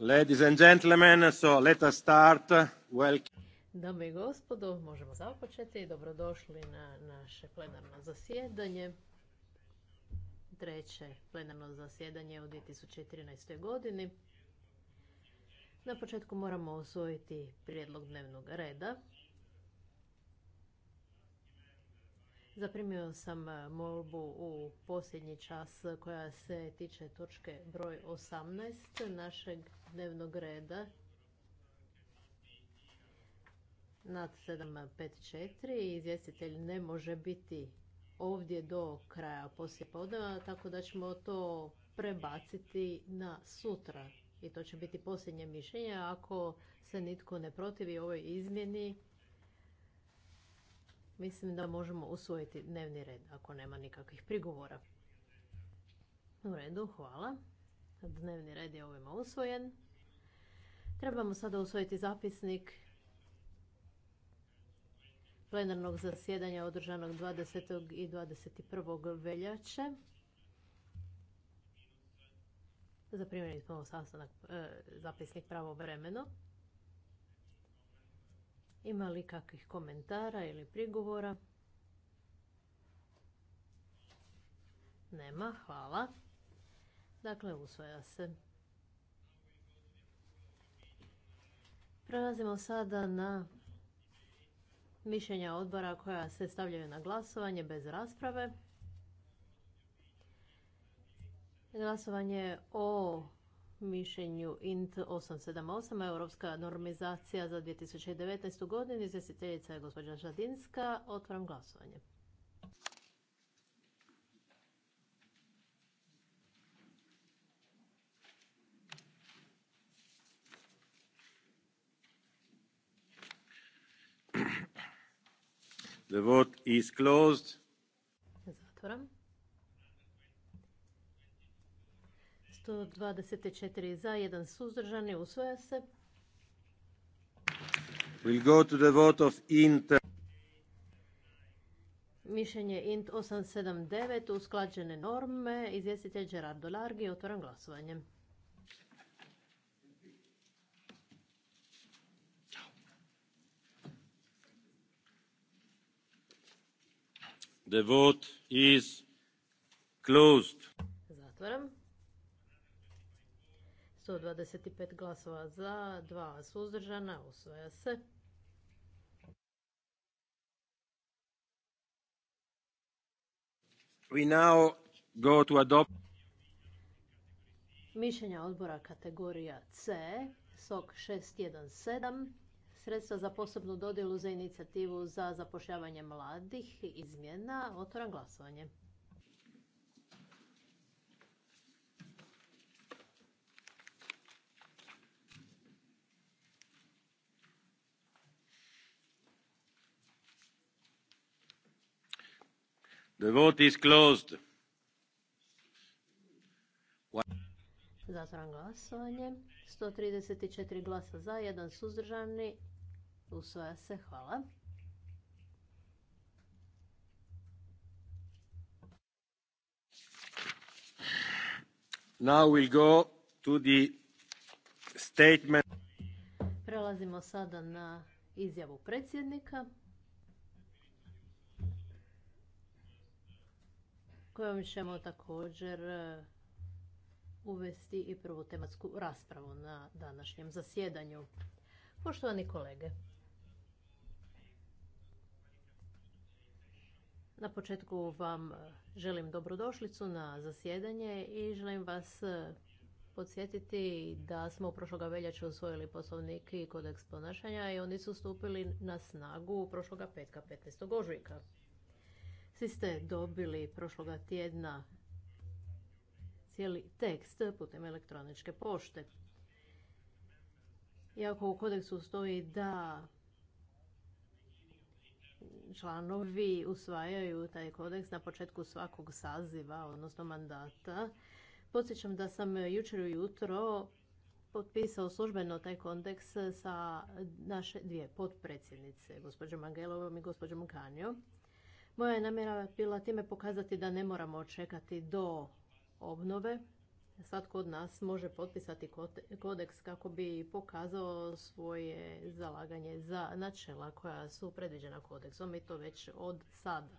Ladies and gentlemen, so let us start. Dame i gospodo, možemo započeti dobrodošli na naše plenarno zasjedanje. Treće plenarno zasjedanje u 2013. godini. Na početku moramo osvojiti prijedlog dnevnog reda. Zaprimio sam e, molbu u posljednji čas koja se tiče točke broj 18 našeg dnevnog reda nad 754. Izvjestitelj ne može biti ovdje do kraja podneva tako da ćemo to prebaciti na sutra. I to će biti posljednje mišljenje. Ako se nitko ne protivi ovoj izmjeni, Mislim da možemo usvojiti dnevni red ako nema nikakvih prigovora. U redu, hvala. Dnevni red je ovima usvojen. Trebamo sada usvojiti zapisnik plenarnog zasjedanja održanog 20. i 21. veljače. Zaprimili smo sastanak, e, zapisnik vremeno. Ima li kakvih komentara ili prigovora? Nema, hvala. Dakle, usvaja se. Prelazimo sada na mišljenja odbora koja se stavljaju na glasovanje bez rasprave. Glasovanje o mišljenju INT 878, Europska normizacija za 2019. godinu. Izvjestiteljica je gospođa Žadinska. Otvaram glasovanje. The vote is closed. 124 za, jedan suzdržani, usvoja se. We'll go to the vote of int. Mišljenje int 879, usklađene norme, izvjestitelj Gerardo Largi, otvoram glasovanje. The vote is closed. Zatvaram. 125 glasova za, 2 suzdržana, usvaja se. We now go to adopt... Mišljenja odbora kategorija C, SOK 617, sredstva za posebnu dodjelu za inicijativu za zapošljavanje mladih, izmjena, otvoran glasovanje. The vote is closed. Zatvaram glasovanje. 134 glasa za, jedan suzdržani. Usvaja se. Hvala. Now we'll go to the statement. Prelazimo sada na izjavu predsjednika. kojom ćemo također e, uvesti i prvu tematsku raspravu na današnjem zasjedanju. Poštovani kolege, na početku vam e, želim dobrodošlicu na zasjedanje i želim vas e, podsjetiti da smo prošloga veljače usvojili poslovnik i kodeks ponašanja i oni su stupili na snagu prošloga petka 15. ožujka. Svi ste dobili prošloga tjedna cijeli tekst putem elektroničke pošte. Iako u kodeksu stoji da članovi usvajaju taj kodeks na početku svakog saziva, odnosno mandata, podsjećam da sam jučer ujutro potpisao službeno taj kodeks sa naše dvije potpredsjednice, gospođom Angelovom i gospođom Kanjom. Moja je namjera bila time pokazati da ne moramo čekati do obnove. Svatko od nas može potpisati kodeks kako bi pokazao svoje zalaganje za načela koja su predviđena kodeksom i to već od sada.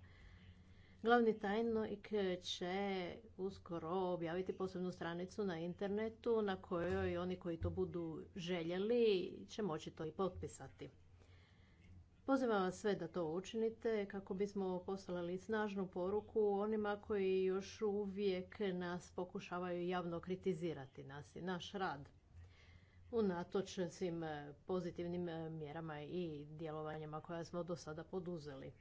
Glavni tajnik će uskoro objaviti posebnu stranicu na internetu na kojoj oni koji to budu željeli će moći to i potpisati. Pozivam vas sve da to učinite kako bismo poslali snažnu poruku onima koji još uvijek nas pokušavaju javno kritizirati nas i naš rad. Unatoč svim e, pozitivnim e, mjerama i djelovanjima koja smo do sada poduzeli.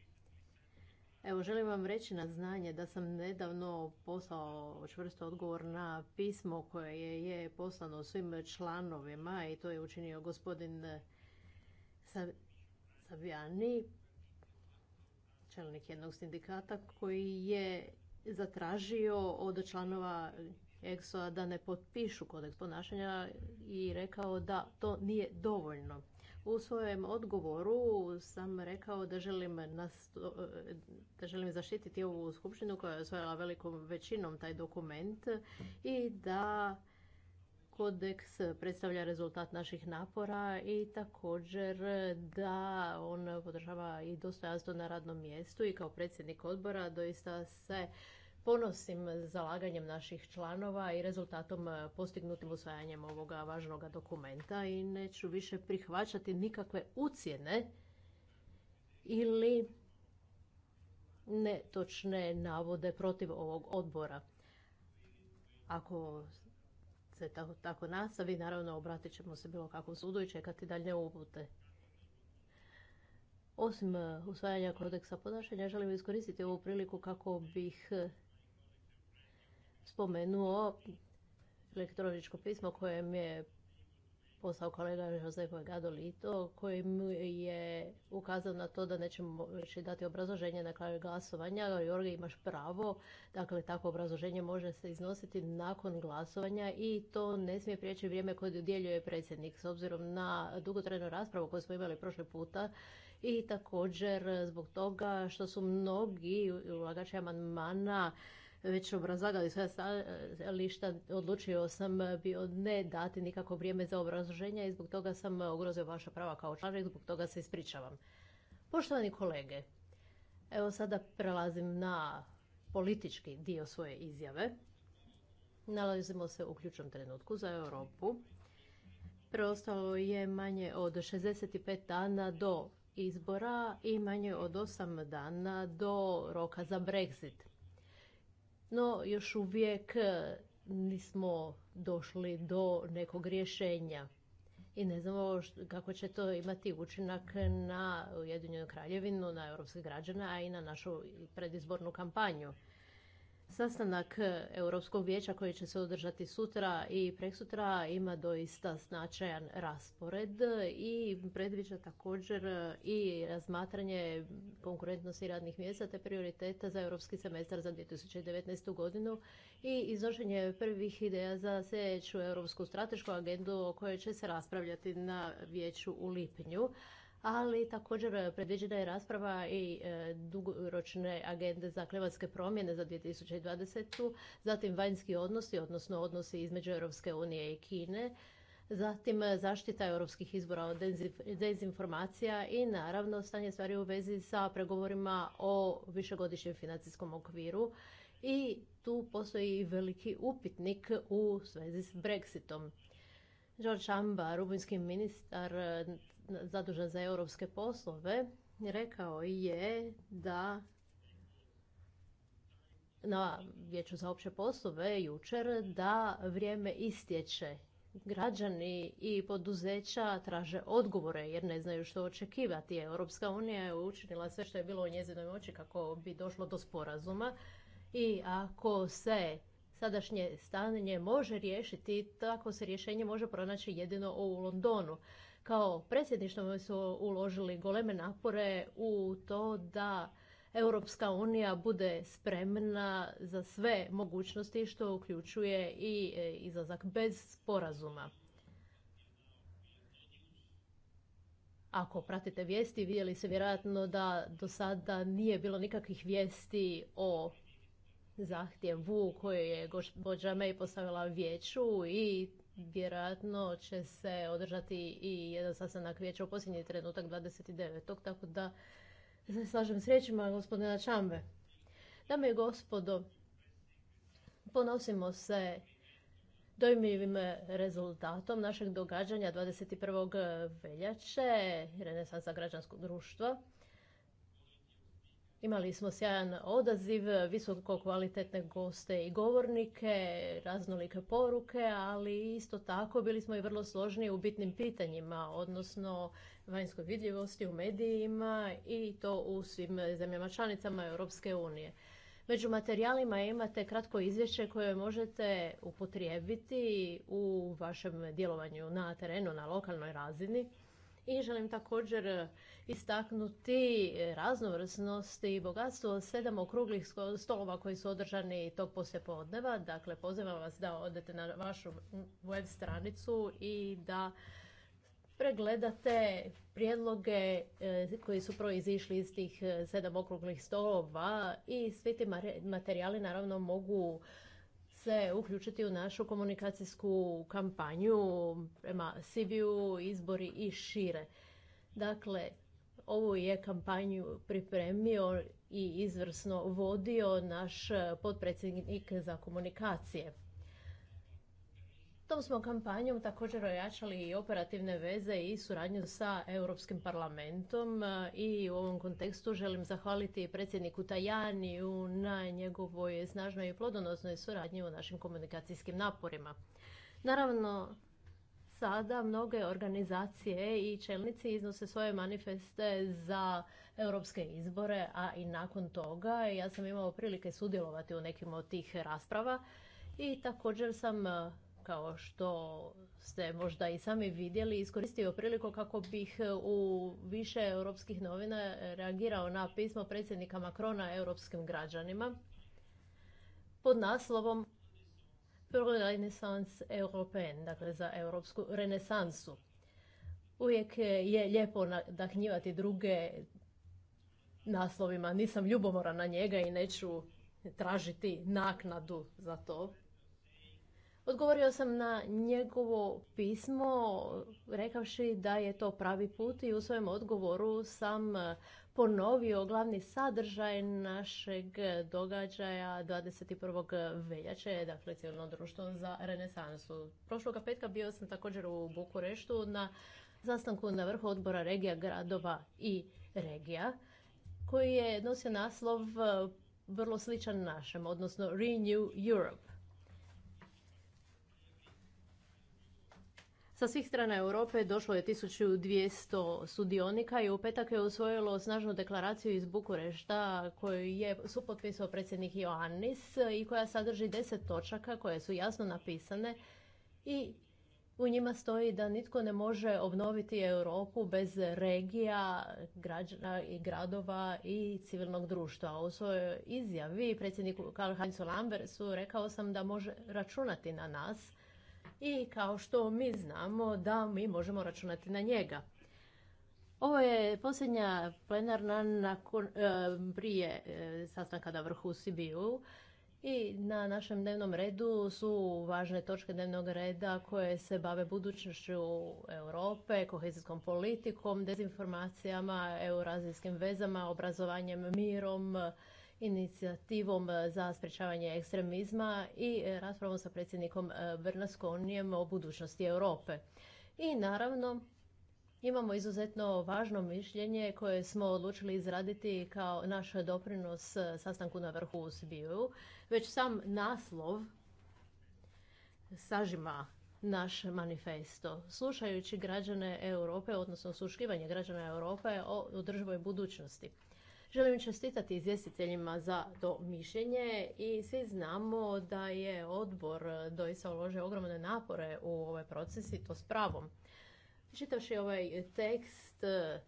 Evo, želim vam reći na znanje da sam nedavno poslao čvrsto odgovor na pismo koje je poslano svim članovima i to je učinio gospodin e, Sabijani, čelnik jednog sindikata koji je zatražio od članova EXO-a da ne potpišu kodeks ponašanja i rekao da to nije dovoljno. U svojem odgovoru sam rekao da želim, zaštititi ovu skupštinu koja je osvojila velikom većinom taj dokument i da kodeks predstavlja rezultat naših napora i također da on podržava i dostojanstvo na radnom mjestu i kao predsjednik odbora doista se ponosim zalaganjem naših članova i rezultatom postignutim usvajanjem ovoga važnog dokumenta i neću više prihvaćati nikakve ucjene ili netočne navode protiv ovog odbora. Ako se tako, tako nastavi, naravno obratit ćemo se bilo kakvom sudu i čekati dalje upute. Osim e, usvajanja kodeksa ponašanja, želim iskoristiti ovu priliku kako bih e, spomenuo elektroničko pismo koje mi je posao kolega Josefa Gadolito mu je ukazao na to da nećemo dati obrazloženje na kraju glasovanja. Jorge, imaš pravo. Dakle, takvo obrazloženje može se iznositi nakon glasovanja i to ne smije prijeći vrijeme koje dodjeljuje predsjednik. S obzirom na dugotrajnu raspravu koju smo imali prošli puta, i također zbog toga što su mnogi ulagači amandmana već obrazlagali svoja stajališta, odlučio sam bio ne dati nikako vrijeme za obrazloženje i zbog toga sam ugrozio vaša prava kao član i zbog toga se ispričavam. Poštovani kolege, evo sada prelazim na politički dio svoje izjave. Nalazimo se u ključnom trenutku za Europu. Preostalo je manje od 65 dana do izbora i manje od 8 dana do roka za Brexit. No, još uvijek e, nismo došli do nekog rješenja i ne znamo kako će to imati učinak na Ujedinjenu kraljevinu, na europske građane, a i na našu predizbornu kampanju. Sastanak e, Europskog vijeća koji će se održati sutra i preksutra ima doista značajan raspored i predviđa također e, i razmatranje konkurentnosti radnih mjesta te prioriteta za europski semestar za 2019. godinu i iznošenje prvih ideja za sljedeću europsku stratešku agendu o kojoj će se raspravljati na vijeću u lipnju ali također e, predviđena je rasprava i e, dugoročne agende za klimatske promjene za 2020. Zatim vanjski odnosi, odnosno odnosi između Europske unije i Kine. Zatim e, zaštita europskih izbora od dezinformacija i naravno stanje stvari u vezi sa pregovorima o višegodišnjem financijskom okviru. I tu postoji veliki upitnik u svezi s Brexitom. George Amba, rubinski ministar zadužen za europske poslove, rekao je da na Vijeću za opće poslove jučer da vrijeme istječe. Građani i poduzeća traže odgovore jer ne znaju što očekivati. Europska unija je učinila sve što je bilo u njezinoj moći kako bi došlo do sporazuma i ako se sadašnje stanje može riješiti, tako se rješenje može pronaći jedino u Londonu. Kao predsjedništvo su uložili goleme napore u to da Europska unija bude spremna za sve mogućnosti što uključuje i e, izazak bez sporazuma. Ako pratite vijesti, vidjeli se vjerojatno da do sada nije bilo nikakvih vijesti o zahtjevu koje je gospođa May postavila vijeću i vjerojatno će se održati i jedan sastanak vijeća u posljednji trenutak 29. Tako da se slažem s riječima gospodina Čambe. Dame i gospodo, ponosimo se dojmljivim rezultatom našeg događanja 21. veljače, renesansa građanskog društva. Imali smo sjajan odaziv, visoko kvalitetne goste i govornike, raznolike poruke, ali isto tako bili smo i vrlo složni u bitnim pitanjima, odnosno vanjskoj vidljivosti u medijima i to u svim zemljama članicama Europske unije. Među materijalima imate kratko izvješće koje možete upotrijebiti u vašem djelovanju na terenu, na lokalnoj razini. I želim također e, istaknuti e, raznovrsnost i bogatstvo sedam okruglih stolova koji su održani tog poslijepodneva. Dakle, pozivam vas da odete na vašu web stranicu i da pregledate prijedloge e, koji su proizišli iz tih sedam okruglih stolova i svi ti materijali naravno mogu se uključiti u našu komunikacijsku kampanju prema Sibiju, izbori i šire. Dakle, ovu je kampanju pripremio i izvrsno vodio naš potpredsjednik za komunikacije. Tom smo kampanjom također ojačali i operativne veze i suradnju sa Europskim parlamentom e, i u ovom kontekstu želim zahvaliti predsjedniku Tajaniju na njegovoj snažnoj i plodonosnoj suradnji u našim komunikacijskim naporima. Naravno, sada mnoge organizacije i čelnici iznose svoje manifeste za europske izbore, a i nakon toga ja sam imao prilike sudjelovati u nekim od tih rasprava i također sam e, kao što ste možda i sami vidjeli, iskoristio priliku kako bih e, u više europskih novina reagirao na pismo predsjednika Macrona europskim građanima pod naslovom Pro Renaissance Européenne, dakle za europsku renesansu. Uvijek je lijepo nadahnjivati druge naslovima. Nisam ljubomora na njega i neću tražiti naknadu za to. Odgovorio sam na njegovo pismo rekavši da je to pravi put i u svojem odgovoru sam eh, ponovio glavni sadržaj našeg događaja 21. veljače, dakle civilno društvo za renesansu. Prošloga petka bio sam također u Bukureštu na zastanku na vrhu odbora regija, gradova i regija koji je nosio naslov eh, vrlo sličan našem, odnosno Renew Europe. Sa svih strana Europe došlo je 1200 sudionika i u petak je usvojilo snažnu deklaraciju iz Bukurešta koju je supotpisao predsjednik Joannis i koja sadrži deset točaka koje su jasno napisane i u njima stoji da nitko ne može obnoviti Europu bez regija, građana i gradova i civilnog društva. U svojoj izjavi predsjedniku Karl Heinz su rekao sam da može računati na nas i kao što mi znamo da mi možemo računati na njega. Ovo je posljednja plenarna nakon, e, prije e, sastanka na vrhu u Sibiju i na našem dnevnom redu su važne točke dnevnog reda koje se bave budućnošću Europe, kohezijskom politikom, dezinformacijama, eurazijskim vezama, obrazovanjem, mirom, inicijativom eh, za sprječavanje ekstremizma i eh, raspravom sa predsjednikom eh, Bernasconijem o budućnosti Europe. I naravno, imamo izuzetno važno mišljenje koje smo odlučili izraditi kao naš doprinos sastanku na vrhu u Već sam naslov sažima naš manifesto. Slušajući građane Europe, odnosno osluškivanje građana Europe o održivoj budućnosti. Želim čestitati izvjestiteljima za to mišljenje i svi znamo da je odbor doista uložio ogromne napore u ovaj proces i to s pravom. Čitavši ovaj tekst e,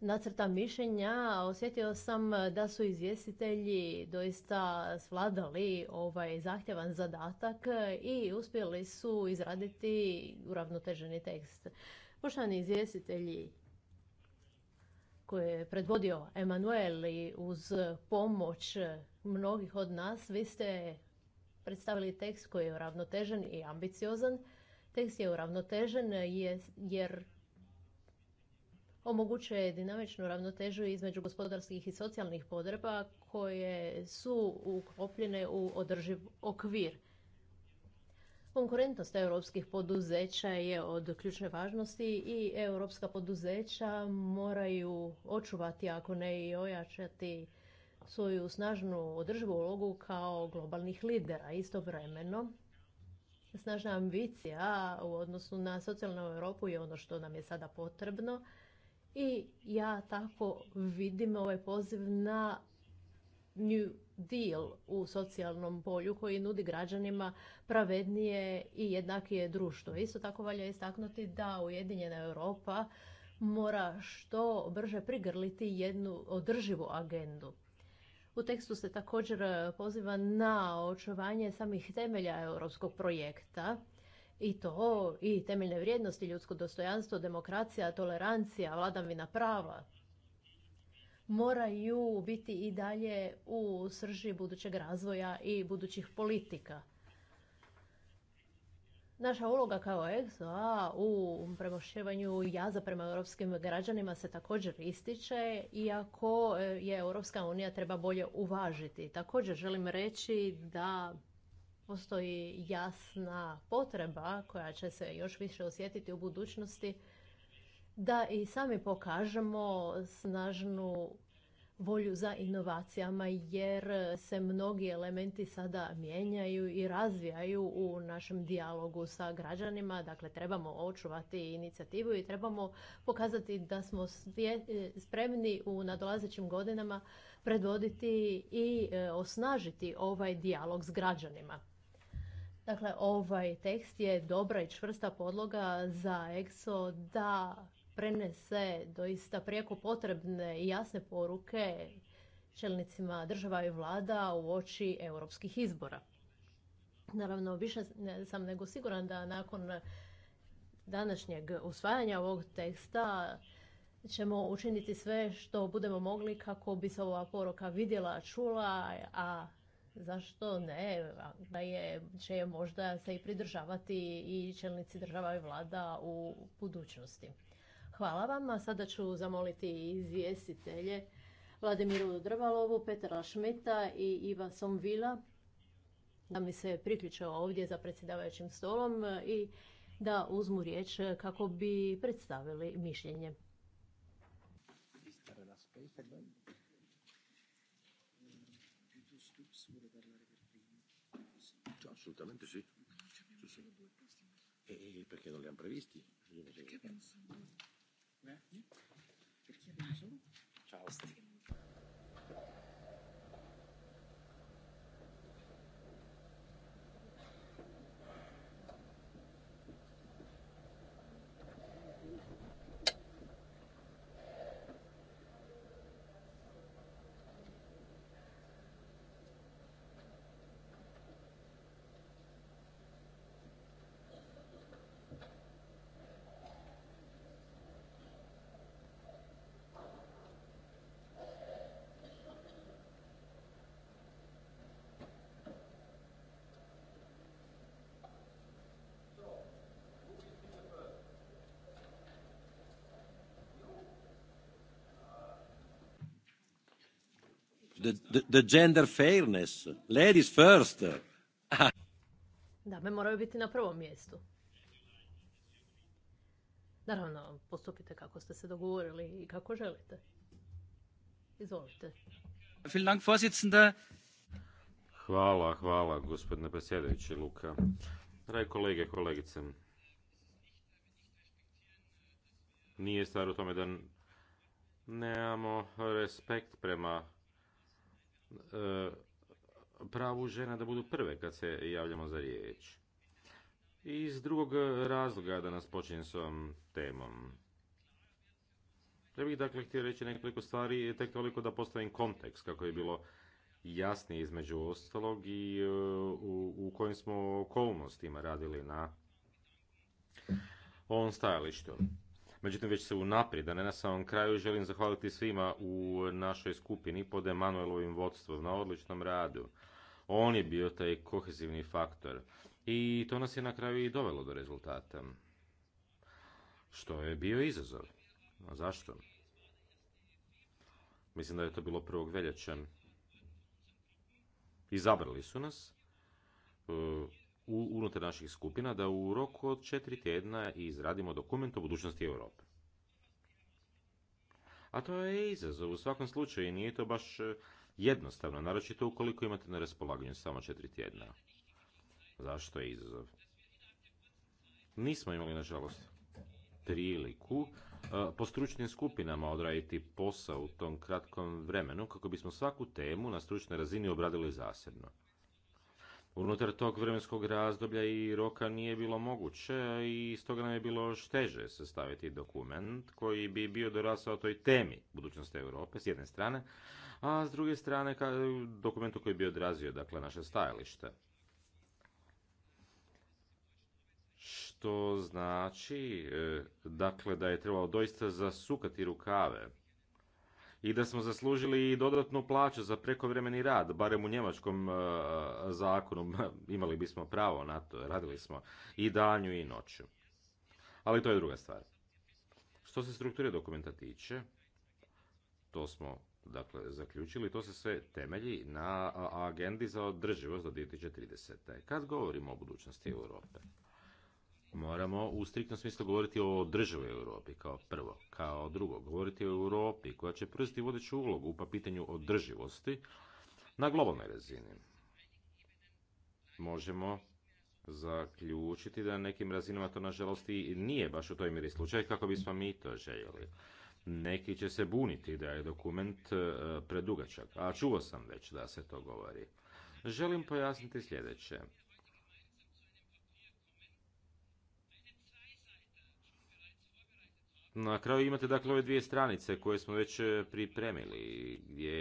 nacrta mišljenja osjetio sam da su izvjestitelji doista svladali ovaj zahtjevan zadatak i uspjeli su izraditi uravnoteženi tekst. Poštovani izvjestitelji je predvodio Emanuel i uz pomoć mnogih od nas vi ste predstavili tekst koji je uravnotežen i ambiciozan. Tekst je uravnotežen jer omogućuje dinamičnu ravnotežu između gospodarskih i socijalnih potreba koje su uklopljene u održiv okvir. Konkurentnost europskih poduzeća je od ključne važnosti i europska poduzeća moraju očuvati, ako ne i ojačati svoju snažnu održivu ulogu kao globalnih lidera. Istovremeno, snažna ambicija u odnosu na socijalnu Europu je ono što nam je sada potrebno i ja tako vidim ovaj poziv na New deal u socijalnom polju koji nudi građanima pravednije i jednakije društvo. Isto tako valja istaknuti da Ujedinjena Europa mora što brže prigrliti jednu održivu agendu. U tekstu se također poziva na očuvanje samih temelja europskog projekta i to i temeljne vrijednosti, ljudsko dostojanstvo, demokracija, tolerancija, vladavina prava moraju biti i dalje u srži budućeg razvoja i budućih politika. Naša uloga kao exo u premošćivanju jaza prema europskim građanima se također ističe, iako e, je Europska unija treba bolje uvažiti. Također želim reći da postoji jasna potreba koja će se još više osjetiti u budućnosti da i sami pokažemo snažnu volju za inovacijama jer se mnogi elementi sada mijenjaju i razvijaju u našem dijalogu sa građanima. Dakle, trebamo očuvati inicijativu i trebamo pokazati da smo e, spremni u nadolazećim godinama predvoditi i e, osnažiti ovaj dijalog s građanima. Dakle, ovaj tekst je dobra i čvrsta podloga za EXO da prenese doista prijeko potrebne i jasne poruke čelnicima država i vlada u oči europskih izbora. Naravno, više sam nego siguran da nakon današnjeg usvajanja ovog teksta ćemo učiniti sve što budemo mogli kako bi se ova poruka vidjela, čula, a zašto ne, da je, će je možda se i pridržavati i čelnici država i vlada u budućnosti. Hvala vam. Sada ću zamoliti izvjestitelje Vladimiru Drvalovu, Petra Šmeta i Iva Somvila da mi se priključe ovdje za predsjedavajućim stolom i da uzmu riječ kako bi predstavili mišljenje. Assolutamente ne? Ciao, the, the, gender fairness. Ladies first. Dame moraju biti na prvom mjestu. Naravno, postupite kako ste se dogovorili i kako želite. Izvolite. Hvala, hvala, gospodine predsjedajući Luka. Raj, kolege, kolegice, nije stvar u tome da nemamo respekt prema E, pravu žena da budu prve kad se javljamo za riječ. I iz drugog razloga da nas počinjem s ovom temom. Ja bih dakle htio reći nekoliko stvari, tek toliko da postavim kontekst kako je bilo jasnije između ostalog i e, u, u kojim smo okolnostima radili na ovom stajalištu. Međutim, već se unaprijed, a ne na samom kraju, želim zahvaliti svima u našoj skupini pod Emanuelovim vodstvom na odličnom radu. On je bio taj kohezivni faktor i to nas je na kraju i dovelo do rezultata. Što je bio izazov. A zašto? Mislim da je to bilo prvog veljača. Izabrali su nas u, unutar naših skupina da u roku od četiri tjedna izradimo dokument o budućnosti Europe. A to je izazov u svakom slučaju nije to baš e, jednostavno, naročito ukoliko imate na raspolaganju samo četiri tjedna. Zašto je izazov? Nismo imali, nažalost, priliku e, po stručnim skupinama odraditi posao u tom kratkom vremenu kako bismo svaku temu na stručnoj razini obradili zasebno unutar tog vremenskog razdoblja i roka nije bilo moguće i stoga nam je bilo teže sastaviti dokument koji bi bio dorasao toj temi budućnosti Europe s jedne strane, a s druge strane dokumentu koji bi odrazio dakle, naše stajalište. Što znači, e, dakle, da je trebalo doista zasukati rukave i da smo zaslužili i dodatnu plaću za prekovremeni rad, barem u njemačkom e, zakonu imali bismo pravo na to, radili smo i danju i noću. Ali to je druga stvar. Što se strukture dokumenta tiče, to smo dakle, zaključili, to se sve temelji na agendi za održivost do 2030. Kad govorimo o budućnosti Europe, Moramo u striktnom smislu govoriti o održivoj Europi kao prvo, kao drugo, govoriti o Europi koja će prsti vodeću ulogu pa pitanju održivosti na globalnoj razini. Možemo zaključiti da na nekim razinama to nažalost i nije baš u toj mjeri slučaj kako bismo mi to željeli. Neki će se buniti da je dokument e, predugačak, a čuo sam već da se to govori. Želim pojasniti sljedeće. Na kraju imate dakle ove dvije stranice koje smo već e, pripremili, gdje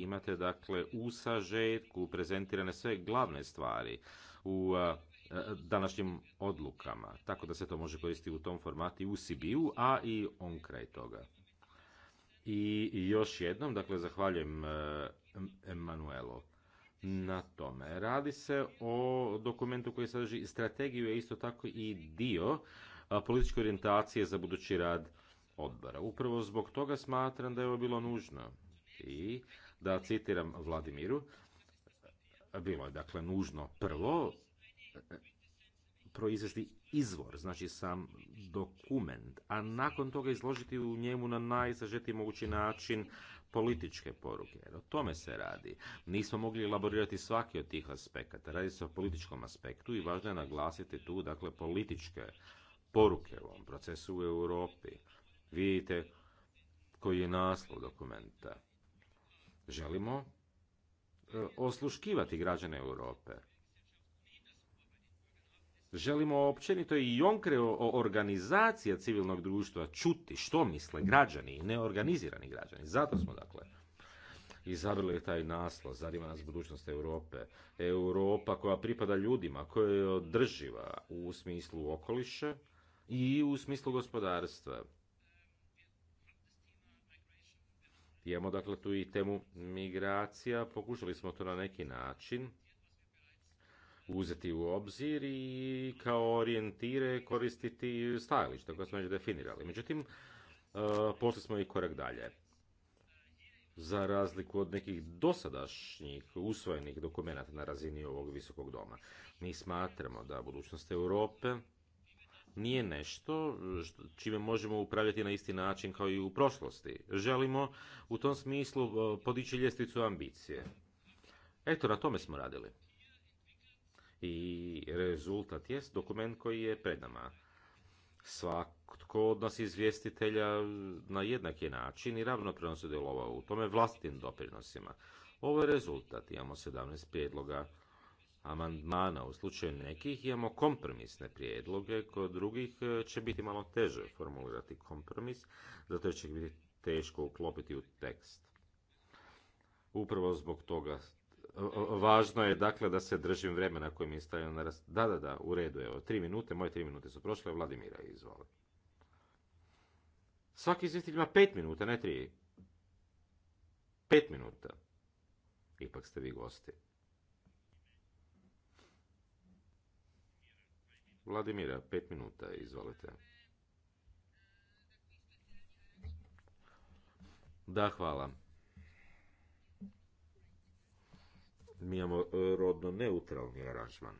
imate dakle u sažetku prezentirane sve glavne stvari u e, današnjim odlukama, tako da se to može koristiti u tom formati u Sibiju, a i on kraj toga. I još jednom, dakle, zahvaljujem e, Emanuelo na tome. Radi se o dokumentu koji sadrži strategiju, je isto tako i dio političke orijentacije za budući rad odbora. Upravo zbog toga smatram da je ovo bilo nužno i da citiram Vladimiru, bilo je dakle nužno prvo e, proizvesti izvor, znači sam dokument, a nakon toga izložiti u njemu na najsažetiji mogući način političke poruke. o tome se radi. Nismo mogli elaborirati svaki od tih aspekata. Radi se o političkom aspektu i važno je naglasiti tu dakle političke poruke u ovom procesu u Europi. Vidite koji je naslov dokumenta. Želimo e, osluškivati građane Europe. Želimo općenito i onkre organizacija civilnog društva čuti što misle građani i neorganizirani građani. Zato smo dakle izabrali taj naslov. Zanima nas budućnost Europe. Europa koja pripada ljudima, koja je održiva u smislu okoliša, i u smislu gospodarstva. Imamo dakle tu i temu migracija, pokušali smo to na neki način uzeti u obzir i kao orijentire koristiti stajalište, koje smo već definirali. Međutim, e, pošli smo i korak dalje. Za razliku od nekih dosadašnjih usvojenih dokumenata na razini ovog visokog doma. Mi smatramo da budućnost Europe nije nešto e, čime možemo upravljati na isti način kao i u prošlosti. Želimo u tom smislu e, podići ljestvicu ambicije. Eto, na tome smo radili. I rezultat jest dokument koji je pred nama. Svatko od nas izvjestitelja na jednaki način i ravnopravno sudjelovao u tome vlastitim doprinosima. Ovo je rezultat. Imamo 17 prijedloga amandmana. U slučaju nekih imamo kompromisne prijedloge, kod drugih e, će biti malo teže formulirati kompromis, zato će biti teško uklopiti u tekst. Upravo zbog toga važno je dakle da se držim vremena koje mi je stavljeno na rast... Da, da, da, u redu, evo, tri minute, moje tri minute su prošle, Vladimira, izvoli. Svaki izvjestitelj ima pet minuta, ne tri. Pet minuta. Ipak ste vi gosti. Vladimira, pet minuta, izvolite. Da, hvala. Mi imamo e, rodno neutralni aranžman.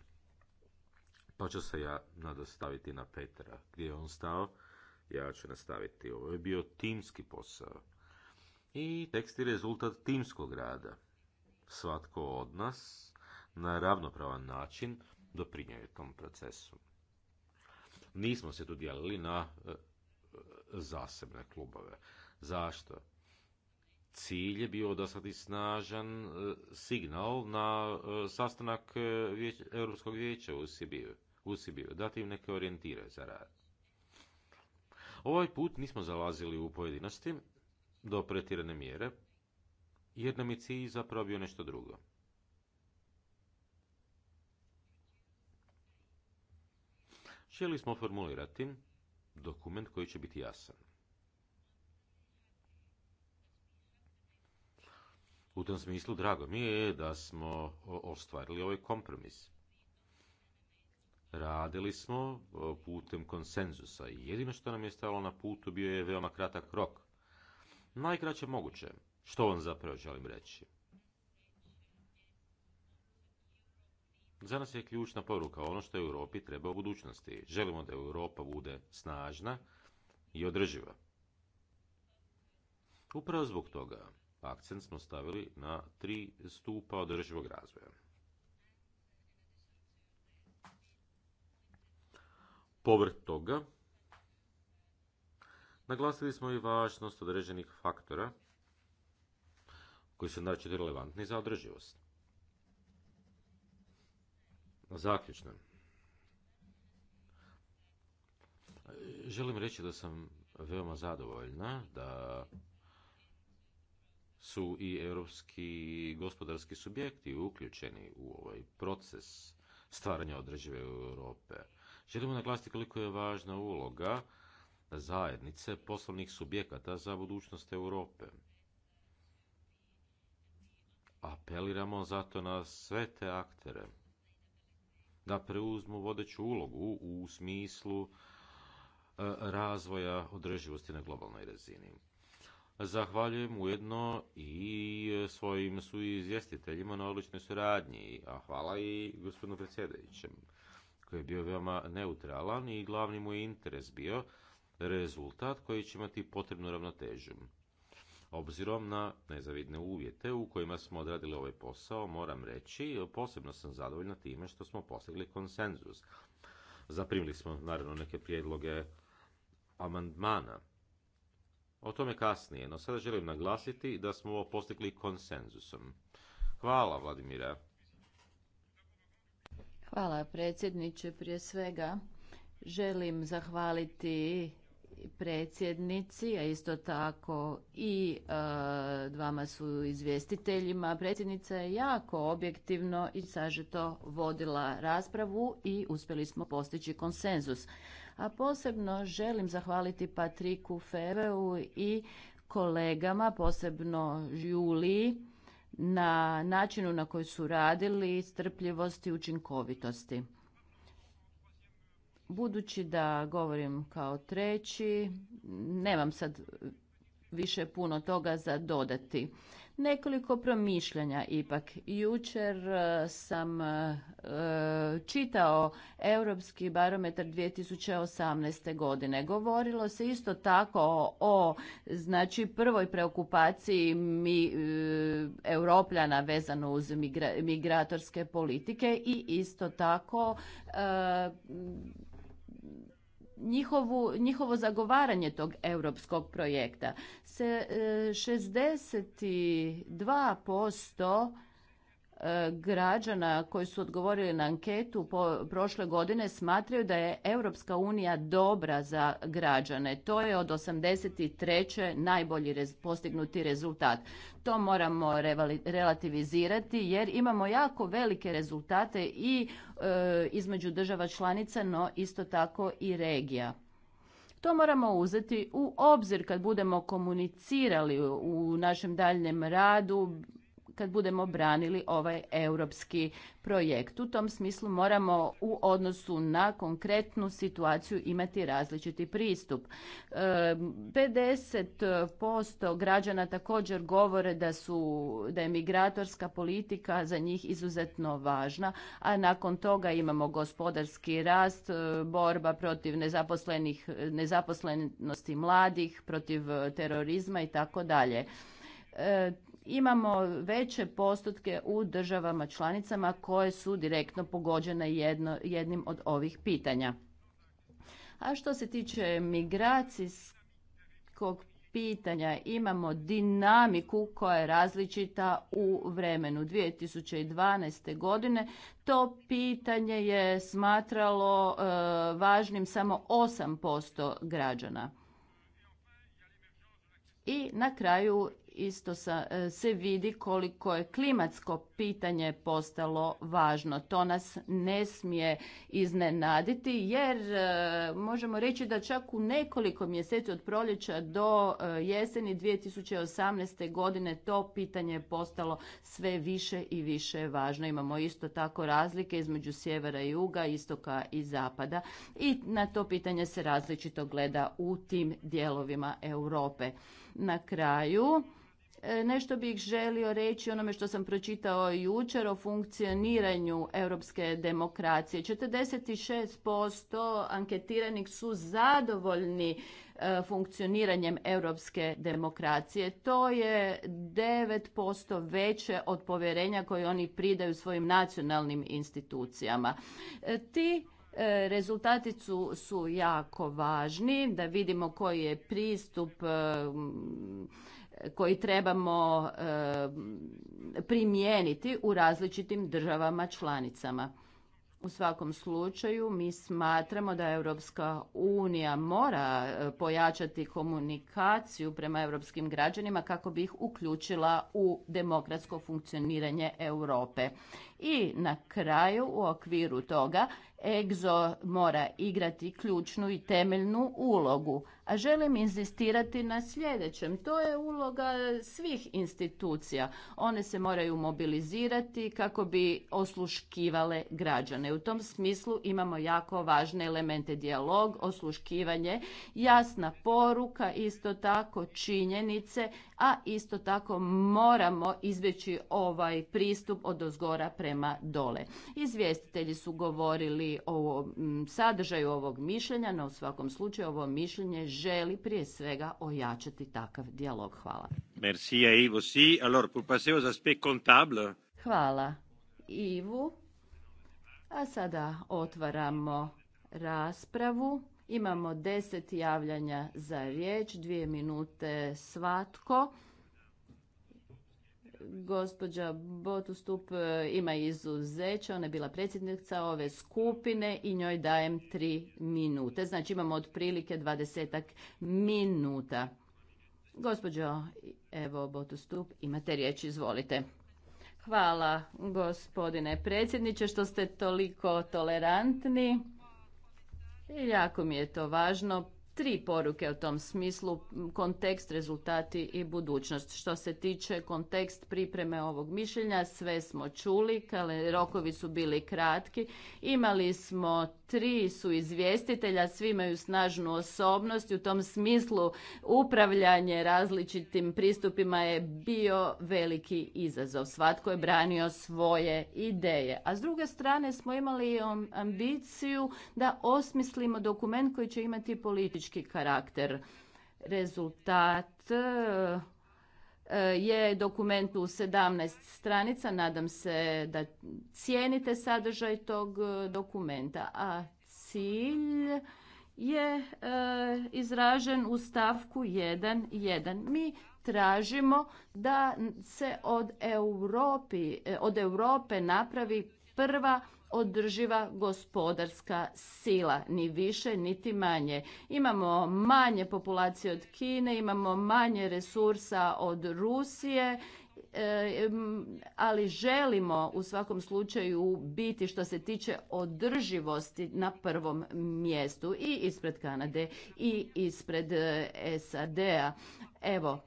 Pa ću se ja nadostaviti na Petra. Gdje je on stao? Ja ću nastaviti. Ovo je bio timski posao. I tekst je rezultat timskog rada. Svatko od nas na ravnopravan način je tom procesu nismo se tu dijelili na e, e, zasebne klubove. Zašto? Cilj je bio i snažan e, signal na sastanak Europskog vijeća u Sibiju, u dati im neke orijentire za rad. Ovaj put nismo zalazili u pojedinosti do pretirane mjere, jer nam je cilj zapravo bio nešto drugo. Htjeli smo formulirati dokument koji će biti jasan. U tom smislu drago mi je da smo ostvarili ovaj kompromis. Radili smo putem konsenzusa i jedino što nam je stalo na putu bio je veoma kratak rok. Najkraće moguće. Što vam zapravo želim reći? Za nas je ključna poruka ono što Europi treba u budućnosti. Želimo da Europa bude snažna i održiva. Upravo zbog toga akcent smo stavili na tri stupa održivog razvoja. Povrh toga, naglasili smo i važnost određenih faktora koji su naročito relevantni za održivost. Zaključno. Želim reći da sam veoma zadovoljna da su i europski gospodarski subjekti uključeni u ovaj proces stvaranja održive Europe. Želimo naglasiti koliko je važna uloga zajednice poslovnih subjekata za budućnost Europe. Apeliramo zato na sve te aktere da preuzmu vodeću ulogu u smislu e, razvoja održivosti na globalnoj razini. Zahvaljujem ujedno i svojim su izvjestiteljima na odličnoj suradnji, a hvala i gospodinu predsjedajućem koji je bio veoma neutralan i glavni mu je interes bio rezultat koji će imati potrebnu ravnotežu. Obzirom na nezavidne uvjete u kojima smo odradili ovaj posao, moram reći, posebno sam zadovoljna time što smo postigli konsenzus. Zaprimili smo naravno neke prijedloge amandmana. O tome kasnije, no sada želim naglasiti da smo ovo postigli konsenzusom. Hvala, Vladimira. Hvala, predsjedniče. Prije svega želim zahvaliti predsjednici, a isto tako i e, dvama su izvjestiteljima. Predsjednica je jako objektivno i sažeto vodila raspravu i uspjeli smo postići konsenzus. A posebno želim zahvaliti Patriku Feveu i kolegama, posebno Juliji, na načinu na koji su radili, strpljivosti i učinkovitosti. Budući da govorim kao treći, nemam sad više puno toga za dodati. Nekoliko promišljanja ipak. Jučer e, sam e, čitao Europski barometar 2018. godine. Govorilo se isto tako o, znači prvoj preokupaciji mi, e, europljana vezano uz migratorske politike i isto tako njihovu, njihovo zagovaranje tog europskog projekta. Se, 62% e, E, građana koji su odgovorili na anketu po prošle godine smatraju da je Europska unija dobra za građane. To je od 83. najbolji postignuti rezultat. To moramo relativizirati jer imamo jako velike rezultate i e, između država članica, no isto tako i regija. To moramo uzeti u obzir kad budemo komunicirali u našem daljnjem radu, kad budemo branili ovaj europski projekt. U tom smislu moramo u odnosu na konkretnu situaciju imati različiti pristup. 50% građana također govore da su da je migratorska politika za njih izuzetno važna, a nakon toga imamo gospodarski rast, e, borba protiv nezaposlenih nezaposlenosti mladih, protiv e, terorizma i tako dalje. E, imamo veće postotke u državama članicama koje su direktno pogođene jedno, jednim od ovih pitanja. A što se tiče migracijskog pitanja imamo dinamiku koja je različita u vremenu. 2012. godine to pitanje je smatralo e, važnim samo 8% građana. I na kraju isto sa, e, se vidi koliko je klimatsko pitanje postalo važno. To nas ne smije iznenaditi jer e, možemo reći da čak u nekoliko mjeseci od proljeća do e, jeseni 2018. godine to pitanje je postalo sve više i više važno. Imamo isto tako razlike između sjevera i juga, istoka i zapada i na to pitanje se različito gleda u tim dijelovima Europe. Na kraju E, nešto bih želio reći onome što sam pročitao jučer o funkcioniranju europske demokracije. 46% anketiranih su zadovoljni e, funkcioniranjem europske demokracije. To je 9% veće od povjerenja koje oni pridaju svojim nacionalnim institucijama. E, ti Rezultati su, su jako važni, da vidimo koji je pristup koji trebamo eh, primijeniti u različitim državama članicama. U svakom slučaju mi smatramo da Europska unija mora eh, pojačati komunikaciju prema europskim građanima kako bi ih uključila u demokratsko funkcioniranje Europe. I na kraju u okviru toga EGZO mora igrati ključnu i temeljnu ulogu, a želim inzistirati na sljedećem. To je uloga svih institucija. One se moraju mobilizirati kako bi osluškivale građane. U tom smislu imamo jako važne elemente dijalog, osluškivanje, jasna poruka, isto tako činjenice a isto tako moramo izveći ovaj pristup od ozgora prema dole. Izvjestitelji su govorili o mm, sadržaju ovog mišljenja, no u svakom slučaju ovo mišljenje želi prije svega ojačati takav dijalog. Hvala. Merci Ivo. Si, alors pour passer aux aspects Hvala Ivu. A sada otvaramo raspravu. Imamo deset javljanja za riječ, dvije minute svatko. Gospođa Botustup e, ima izuzeće, ona je bila predsjednica ove skupine i njoj dajem tri minute. Znači imamo otprilike dvadesetak minuta. Gospođo, evo Botustup, imate riječ, izvolite. Hvala gospodine predsjedniče što ste toliko tolerantni. Jako mi je to važno tri poruke u tom smislu, kontekst, rezultati i budućnost. Što se tiče kontekst pripreme ovog mišljenja, sve smo čuli, rokovi su bili kratki, imali smo tri su izvjestitelja, svi imaju snažnu osobnost i u tom smislu upravljanje različitim pristupima je bio veliki izazov. Svatko je branio svoje ideje. A s druge strane smo imali ambiciju da osmislimo dokument koji će imati politički karakter. Rezultat e, je dokument u 17 stranica. Nadam se da cijenite sadržaj tog e, dokumenta. A cilj je e, izražen u stavku 1.1. Mi tražimo da se od Europi, od Europe napravi prva održiva gospodarska sila, ni više niti manje. Imamo manje populacije od Kine, imamo manje resursa od Rusije, e, ali želimo u svakom slučaju biti što se tiče održivosti na prvom mjestu i ispred Kanade i ispred e, SAD-a. Evo,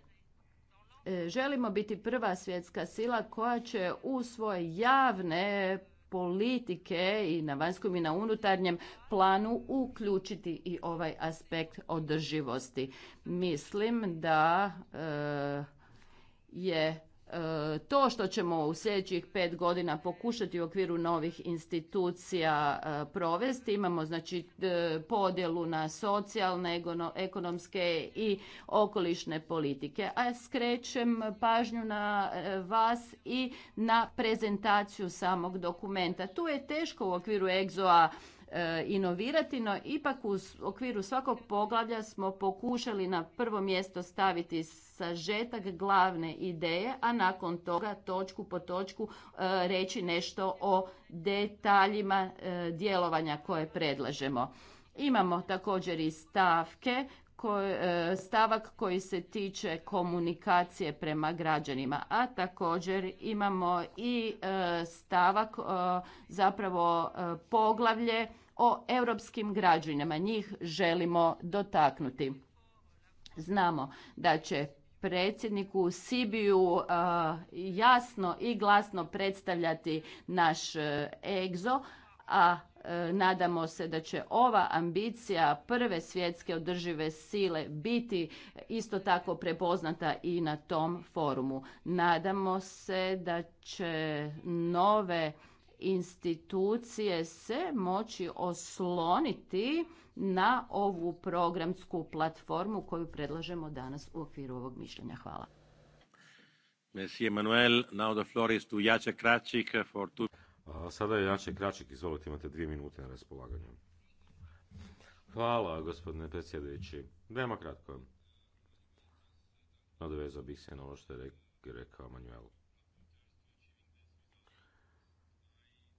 e, želimo biti prva svjetska sila koja će u svoje javne politike i na vanjskom i na unutarnjem planu uključiti i ovaj aspekt održivosti. Mislim da e, je E, to što ćemo u sljedećih pet godina pokušati u okviru novih institucija e, provesti, imamo znači podjelu na socijalne, ekonomske i okolišne politike. A skrećem pažnju na e, vas i na prezentaciju samog dokumenta. Tu je teško u okviru egzoa E, inovirati, no ipak u okviru svakog poglavlja smo pokušali na prvo mjesto staviti sažetak glavne ideje, a nakon toga točku po točku e, reći nešto o detaljima e, djelovanja koje predlažemo. Imamo također i stavke stavak koji se tiče komunikacije prema građanima, a također imamo i stavak zapravo poglavlje o europskim građanima. Njih želimo dotaknuti. Znamo da će predsjedniku Sibiju uh, jasno i glasno predstavljati naš uh, egzo, a uh, nadamo se da će ova ambicija prve svjetske održive sile biti isto tako prepoznata i na tom forumu. Nadamo se da će nove institucije se moći osloniti na ovu programsku platformu koju predlažemo danas u okviru ovog mišljenja. Hvala. Merci Emanuel. Now the floor is to Kračik for two... sada je Jace Kračik, izvolite, imate dvije minute na raspolaganju. Hvala, gospodine predsjedajući. Veoma kratko. Nadovezao bih se na ovo što je rekao Manuel.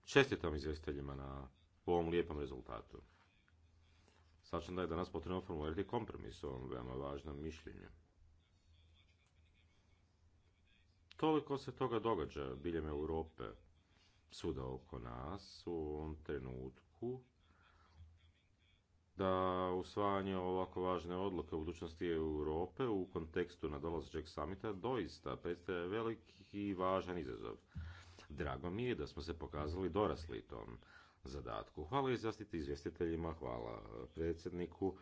Čestitam izvjestiteljima na ovom lijepom rezultatu. Sačem da je danas potrebno formulirati kompromis o ovom veoma važnom mišljenju. Toliko se toga događa biljem Europe, svuda oko nas, u ovom trenutku, da usvajanje ovako važne odluke u budućnosti Europe u kontekstu nadolazećeg samita doista predstavlja veliki i važan izazov. Drago mi je da smo se pokazali dorasli tom zadatku. Hvala zastiti izvjestiteljima, hvala e, predsjedniku,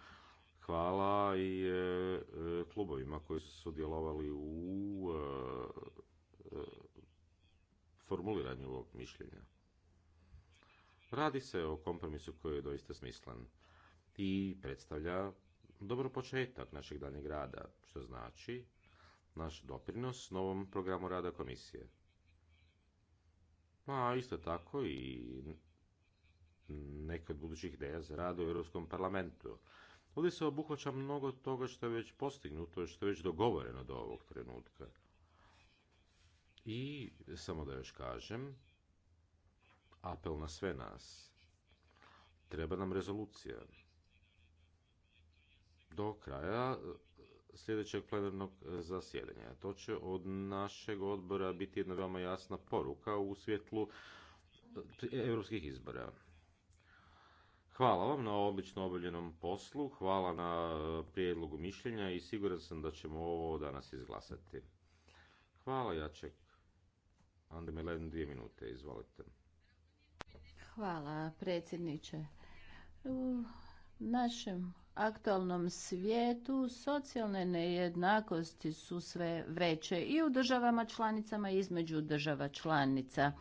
hvala i e, e, klubovima koji su sudjelovali u formuliranju ovog mišljenja. Radi se o kompromisu koji je doista smislen i predstavlja dobro početak našeg daljnjeg rada, što znači naš doprinos novom programu rada komisije. Ma pa, isto tako i neke od budućih ideja za rad u Europskom parlamentu. Ovdje se obuhvaća mnogo toga što je već postignuto, što je već dogovoreno do ovog trenutka. I, samo da još kažem, apel na sve nas. Treba nam rezolucija. Do kraja sljedećeg plenarnog e, zasjedanja. To će od našeg odbora biti jedna veoma jasna poruka u svjetlu e, europskih izbora. Hvala vam na obično obavljenom poslu, hvala na e, prijedlogu mišljenja i siguran sam da ćemo ovo danas izglasati. Hvala Jaček. Ande Milen, dvije minute, izvolite. Hvala predsjedniče. U našem aktualnom svijetu socijalne nejednakosti su sve veće i u državama članicama i između država članica.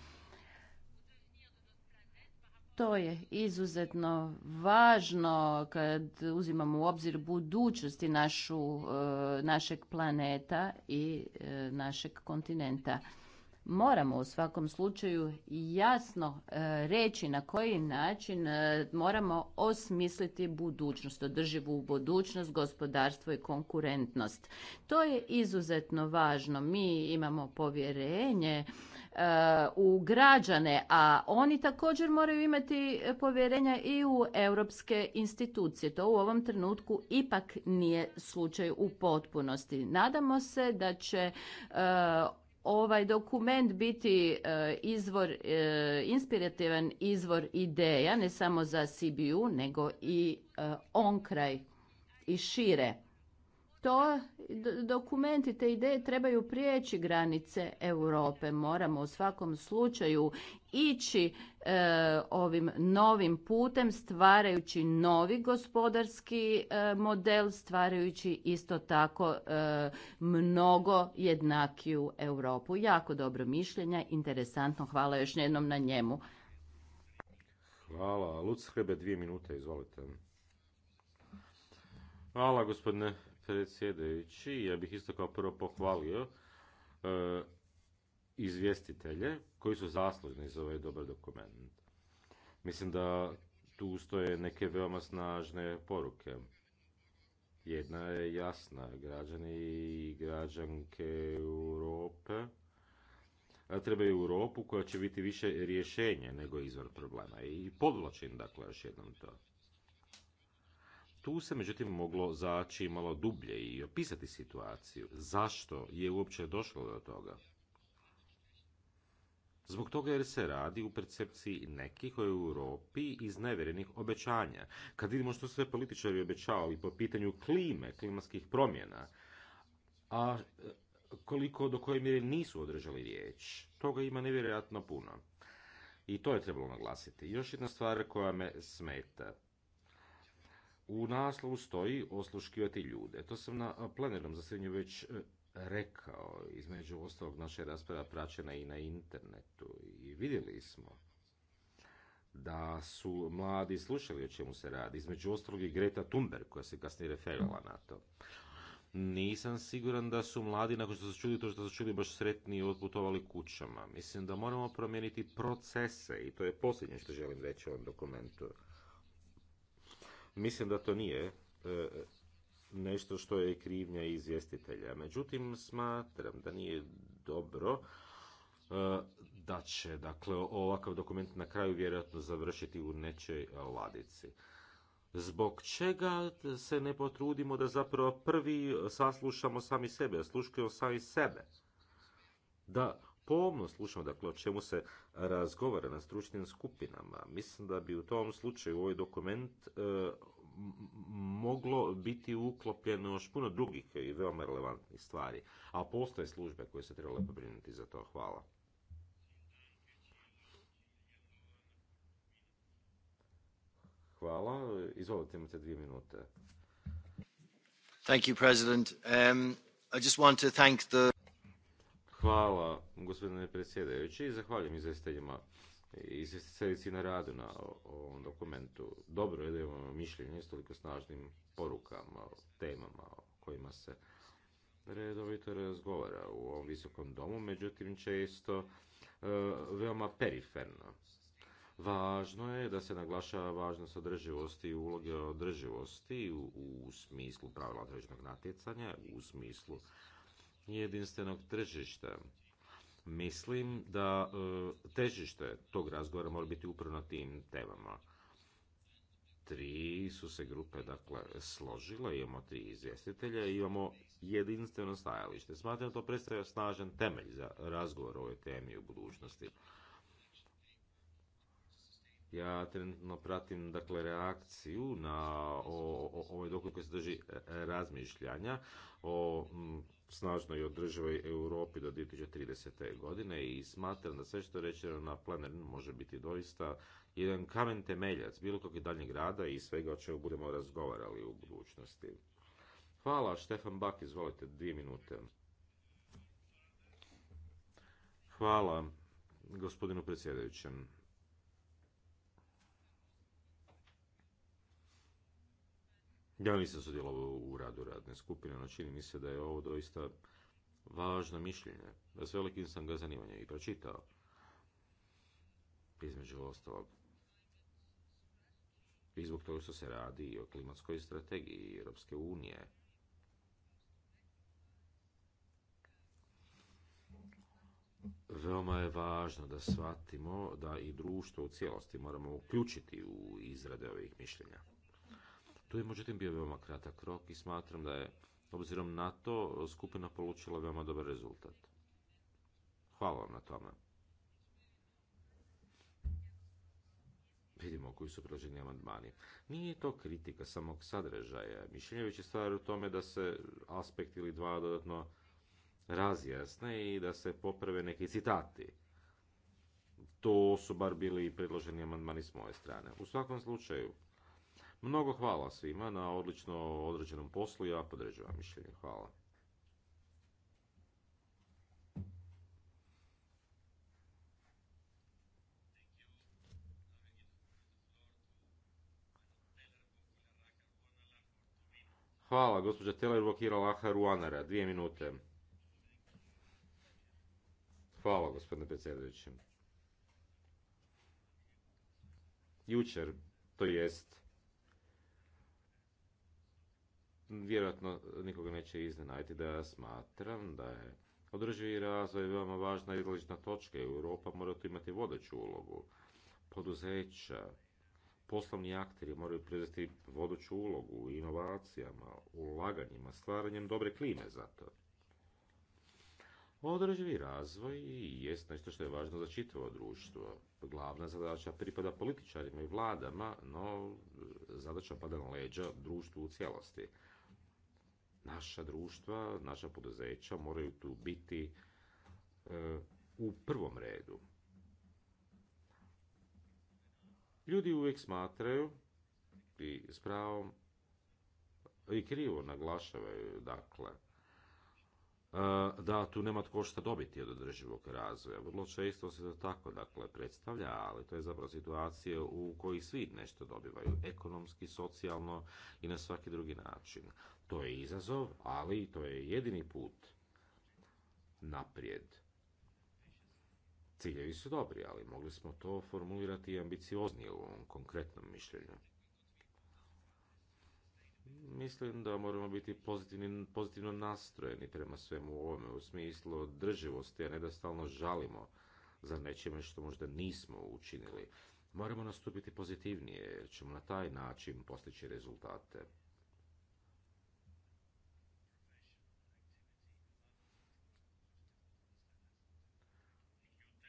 To je izuzetno važno kad uzimamo u obzir budućnosti našu, e, našeg planeta i e, našeg kontinenta moramo u svakom slučaju jasno e, reći na koji način e, moramo osmisliti budućnost, održivu budućnost, gospodarstvo i konkurentnost. To je izuzetno važno. Mi imamo povjerenje e, u građane, a oni također moraju imati povjerenja i u europske institucije. To u ovom trenutku ipak nije slučaj u potpunosti. Nadamo se da će ovaj dokument biti e, izvor, e, inspirativan izvor ideja, ne samo za CBU, nego i e, onkraj i šire. To dokumenti, te ideje trebaju prijeći granice Europe. Moramo u svakom slučaju ići e, ovim novim putem stvarajući novi gospodarski e, model, stvarajući isto tako e, mnogo jednakiju Europu. Jako dobro mišljenja, interesantno. Hvala još jednom na njemu. Hvala. Luc dvije minute, izvolite. Hvala, gospodine predsjedajući. Ja bih isto kao prvo pohvalio e, izvjestitelje koji su zaslužni za ovaj dobar dokument. Mislim da tu stoje neke veoma snažne poruke. Jedna je jasna, građani i građanke Europe trebaju Europu koja će biti više rješenje nego izvor problema. I podvlačim dakle još jednom to. Tu se međutim moglo zaći malo dublje i opisati situaciju. Zašto je uopće došlo do toga? Zbog toga jer se radi u percepciji nekih u Europi nevjerenih obećanja. Kad vidimo što sve političari obećavali po pitanju klime, klimatskih promjena, a e, koliko do koje mjere nisu održali riječ, toga ima nevjerojatno puno. I to je trebalo naglasiti. Još jedna stvar koja me smeta. U naslovu stoji osluškivati ljude. To sam na plenarnom zasjedanju već e, rekao, između ostalog naša rasprava praćena i na internetu i vidjeli smo da su mladi slušali o čemu se radi, između ostalog i Greta Thunberg koja se kasnije referirala na to. Nisam siguran da su mladi nakon što su čuli to što su čuli baš sretni i kućama. Mislim da moramo promijeniti procese i to je posljednje što želim reći o ovom dokumentu. Mislim da to nije e, nešto što je krivnja izvjestitelja. Međutim, smatram da nije dobro e, da će dakle, ovakav dokument na kraju vjerojatno završiti u nečoj ladici. Zbog čega se ne potrudimo da zapravo prvi saslušamo sami sebe, sluškujemo sami sebe? Da pomno slušamo dakle, o čemu se razgovara na stručnim skupinama. Mislim da bi u tom slučaju ovaj dokument e, moglo biti uklopljeno još puno drugih i veoma relevantnih stvari. A postoje službe koje se trebale pobrinuti za to. Hvala. Hvala. Izvolite, imate dvije minute. Thank you, President. Um, I just want to thank the Hvala, gospodine predsjedajući, i zahvaljujem izvjestiteljima i izvjestiteljici na radu na ovom dokumentu. Dobro je da imamo mišljenje s toliko snažnim porukama, temama o kojima se redovito razgovara u ovom visokom domu, međutim često e, veoma periferno. Važno je da se naglašava važnost održivosti i uloge održivosti u, smislu pravila određenog natjecanja, u smislu jedinstvenog tržišta. Mislim da e, težište tog razgovora mora biti upravo na tim temama. Tri su se grupe dakle, složile, imamo tri izvjestitelja i imamo jedinstveno stajalište. Smatram da to predstavlja snažan temelj za razgovor o ovoj temi u budućnosti. Ja trenutno pratim dakle, reakciju na o, o, ovaj dokument koji se drži razmišljanja o snažnoj održivoj Europi do 2030. godine i smatram da sve što je rečeno na plenarnom može biti doista jedan kamen temeljac bilo i daljnjeg rada i svega o čemu budemo razgovarali u budućnosti. Hvala, Štefan Bak, izvolite, dvije minute. Hvala, gospodinu predsjedajućem. Ja nisam sudjelovao u radu radne skupine, no čini mi se da je ovo doista važno mišljenje. Da s velikim sam ga zanimanje i pročitao. Između ostalog. I zbog toga što se radi i o klimatskoj strategiji Europske unije. Veoma je važno da shvatimo da i društvo u cijelosti moramo uključiti u izrade ovih mišljenja. Tu je međutim bio veoma kratak rok i smatram da je, obzirom na to, skupina polučila veoma dobar rezultat. Hvala vam na tome. Vidimo koji su priloženi amandmani. Nije to kritika samog sadržaja. Mišljenje već je stvar u tome da se aspekt ili dva dodatno razjasne i da se poprave neki citati. To su bar bili predloženi amandmani s moje strane. U svakom slučaju, Mnogo hvala svima na odlično određenom poslu, ja podređujem mišljenje. Hvala. Hvala, gospođa tele blokira Laha Ruanara. Dvije minute. Hvala, gospodine predsjedajući. Jučer, to jest Vjerojatno nikoga neće iznenaditi da smatram da je održivi razvoj veoma važna izlična točka. Europa mora tu imati vodeću ulogu. Poduzeća, poslovni akteri moraju preuzeti vodeću ulogu u inovacijama, ulaganjima, stvaranjem dobre klime za to. Održivi razvoj jest nešto što je važno za čitavo društvo. Glavna zadaća pripada političarima i vladama, no zadaća pada na leđa društvu u cijelosti naša društva, naša poduzeća moraju tu biti e, u prvom redu. Ljudi uvijek smatraju i s pravom i krivo naglašavaju, dakle, e, da tu nema tko šta dobiti od održivog razvoja. Vrlo često se to tako dakle, predstavlja, ali to je zapravo situacija u kojoj svi nešto dobivaju, ekonomski, socijalno i na svaki drugi način. To je izazov, ali to je jedini put naprijed. Ciljevi su dobri, ali mogli smo to formulirati i ambicioznije u ovom konkretnom mišljenju. Mislim da moramo biti pozitivni, pozitivno nastrojeni prema svemu ovome, u smislu održivosti, a ne da stalno žalimo za nečime što možda nismo učinili. Moramo nastupiti pozitivnije, jer ćemo na taj način postići rezultate.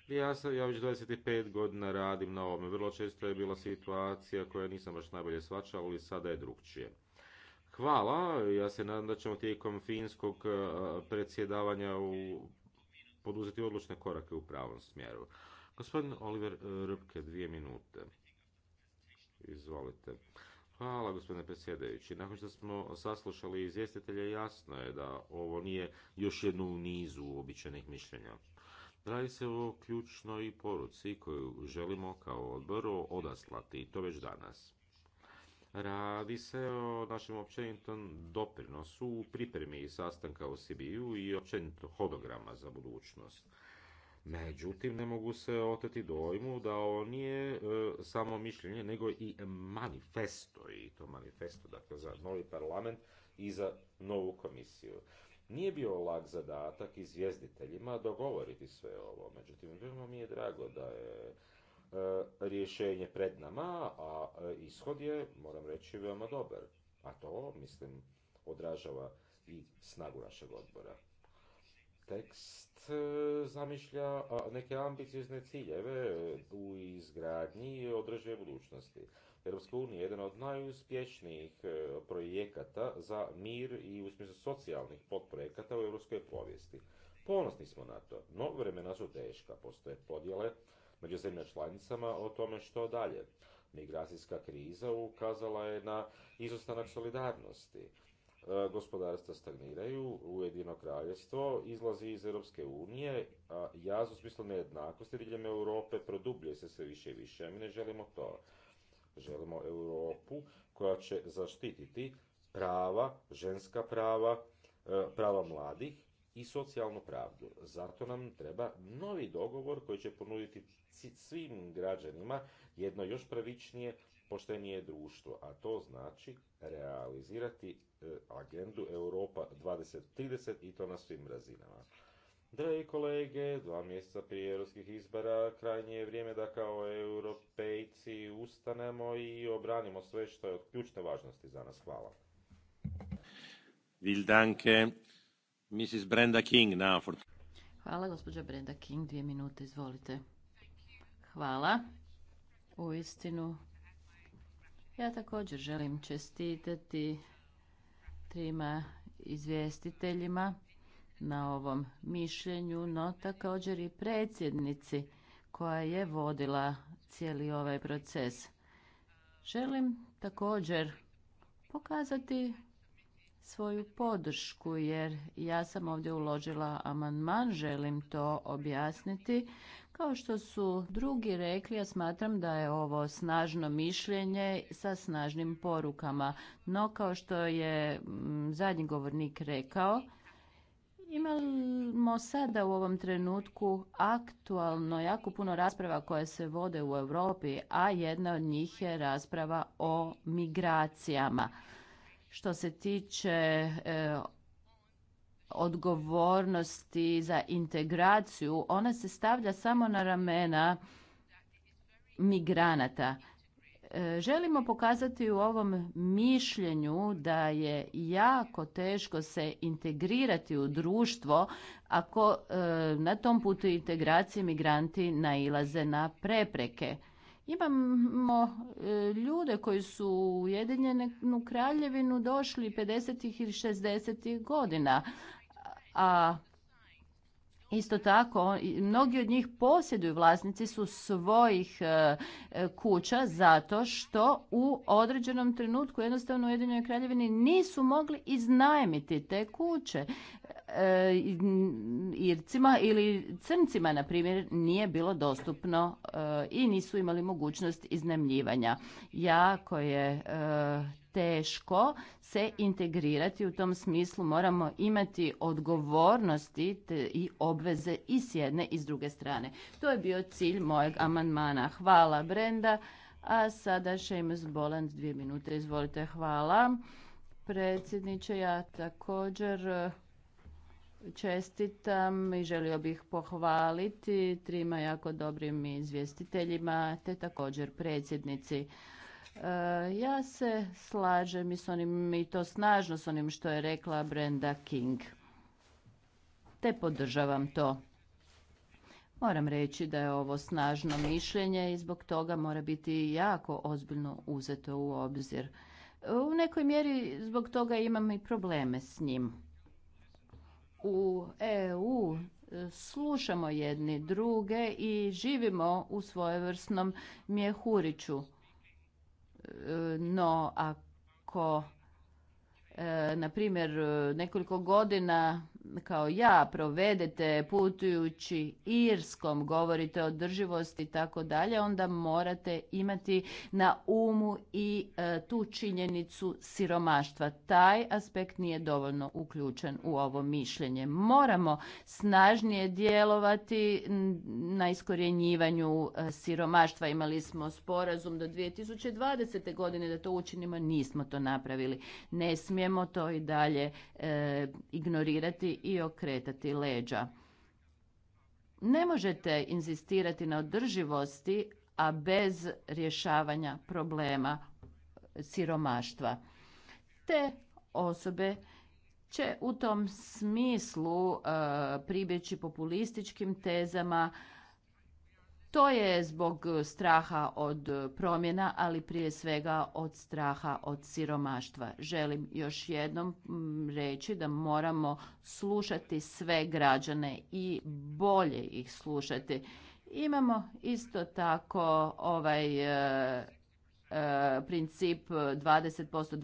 Ja, ja već 25 godina radim na ovome. Vrlo često je bila situacija koja nisam baš najbolje svačao, ali sada je drugčije. Hvala, ja se nadam da ćemo tijekom finskog e, predsjedavanja u, poduzeti odlučne korake u pravom smjeru. Gospodin Oliver Rbke, dvije minute. Izvolite. Hvala gospodine predsjedajući. Nakon što smo saslušali izvjestitelje jasno je da ovo nije još jednu u nizu uobičajenih mišljenja. Radi se o ključnoj poruci koju želimo kao odbor odaslati i to već danas. Radi se o našem općenitom doprinosu u pripremi sastanka u Sibiju i općenito hodograma za budućnost. Međutim, ne mogu se oteti dojmu da ovo nije e, samo mišljenje, nego i manifesto, i to manifesto, dakle, za novi parlament i za novu komisiju. Nije bio lak zadatak zvijezditeljima dogovoriti sve ovo, međutim, vrlo mi je drago da je e, rješenje pred nama, a e, ishod je, moram reći, veoma dobar. A to, mislim, odražava i snagu našeg odbora. Tekst e, zamišlja neke ambiciozne ciljeve u izgradnji održve budućnosti. Europske unije jedan od najuspješnijih e, projekata za mir i u smislu socijalnih podprojekata u europskoj povijesti. Ponosni smo na to, no vremena su teška, postoje podjele među zemljama članicama o tome što dalje. Migracijska kriza ukazala je na izostanak solidarnosti. E, gospodarstva stagniraju, Ujedino kraljevstvo izlazi iz Europske unije, a jaz u smislu nejednakosti diljem Europe produbljuje se sve više i više, a mi ne želimo to. Želimo Europu koja će zaštititi prava, ženska prava, e, prava mladih i socijalnu pravdu. Zato nam treba novi dogovor koji će ponuditi svim građanima jedno još pravičnije, poštenije društvo, a to znači realizirati e, agendu Europa 2030 i to na svim razinama. Drage kolege, dva mjeseca prije europskih izbora krajnje je vrijeme da kao europejci ustanemo i obranimo sve što je od ključne važnosti za nas. Hvala. Vildanke, Mrs. Brenda King, now Hvala, gospođa Brenda King, dvije minute, izvolite. Hvala, u istinu. Ja također želim čestitati trima izvjestiteljima na ovom mišljenju, no također i predsjednici koja je vodila cijeli ovaj proces. Želim također pokazati svoju podršku jer ja sam ovdje uložila amandman, želim to objasniti. Kao što su drugi rekli, ja smatram da je ovo snažno mišljenje sa snažnim porukama. No, kao što je mm, zadnji govornik rekao, Imamo sada u ovom trenutku aktualno jako puno rasprava koje se vode u Europi, a jedna od njih je rasprava o migracijama. Što se tiče e, odgovornosti za integraciju, ona se stavlja samo na ramena migranata Želimo pokazati u ovom mišljenju da je jako teško se integrirati u društvo ako e, na tom putu integracije migranti nailaze na prepreke. Imamo e, ljude koji su u Ujedinjenu kraljevinu došli 50. ili 60. godina, a Isto tako, mnogi od njih posjeduju vlasnici su svojih e, e, kuća zato što u određenom trenutku jednostavno u Ujedinjenoj kraljevini nisu mogli iznajmiti te kuće. E, ircima ili crncima, na primjer, nije bilo dostupno i nisu imali mogućnost iznajmljivanja. Jako je teško se integrirati. U tom smislu moramo imati odgovornosti i obveze i s jedne i s druge strane. To je bio cilj mojeg amandmana. Hvala Brenda. A sada Seamus Boland, dvije minute, izvolite, hvala. Predsjedniče, ja također e, čestitam i želio bih pohvaliti trima jako dobrim izvjestiteljima, te također predsjednici. E, ja se slažem i, s onim, i to snažno s onim što je rekla Brenda King. Te podržavam to. Moram reći da je ovo snažno mišljenje i zbog toga mora biti jako ozbiljno uzeto u obzir. U nekoj mjeri zbog toga imam i probleme s njim. U EU slušamo jedni druge i živimo u svojevrsnom mjehuriću no ako e, na primjer e, nekoliko godina kao ja provedete putujući Irskom, govorite o drživosti i tako dalje, onda morate imati na umu i e, tu činjenicu siromaštva. Taj aspekt nije dovoljno uključen u ovo mišljenje. Moramo snažnije djelovati na iskorjenjivanju e, siromaštva. Imali smo sporazum do 2020. godine da to učinimo, nismo to napravili. Ne smijemo to i dalje e, ignorirati i okretati leđa. Ne možete inzistirati na održivosti, a bez rješavanja problema e, siromaštva. Te osobe će u tom smislu e, pribjeći populističkim tezama to je zbog e, straha od e, promjena, ali prije svega od straha od siromaštva. Želim još jednom reći da moramo slušati sve građane i bolje ih slušati. Imamo isto tako ovaj e, princip 20%,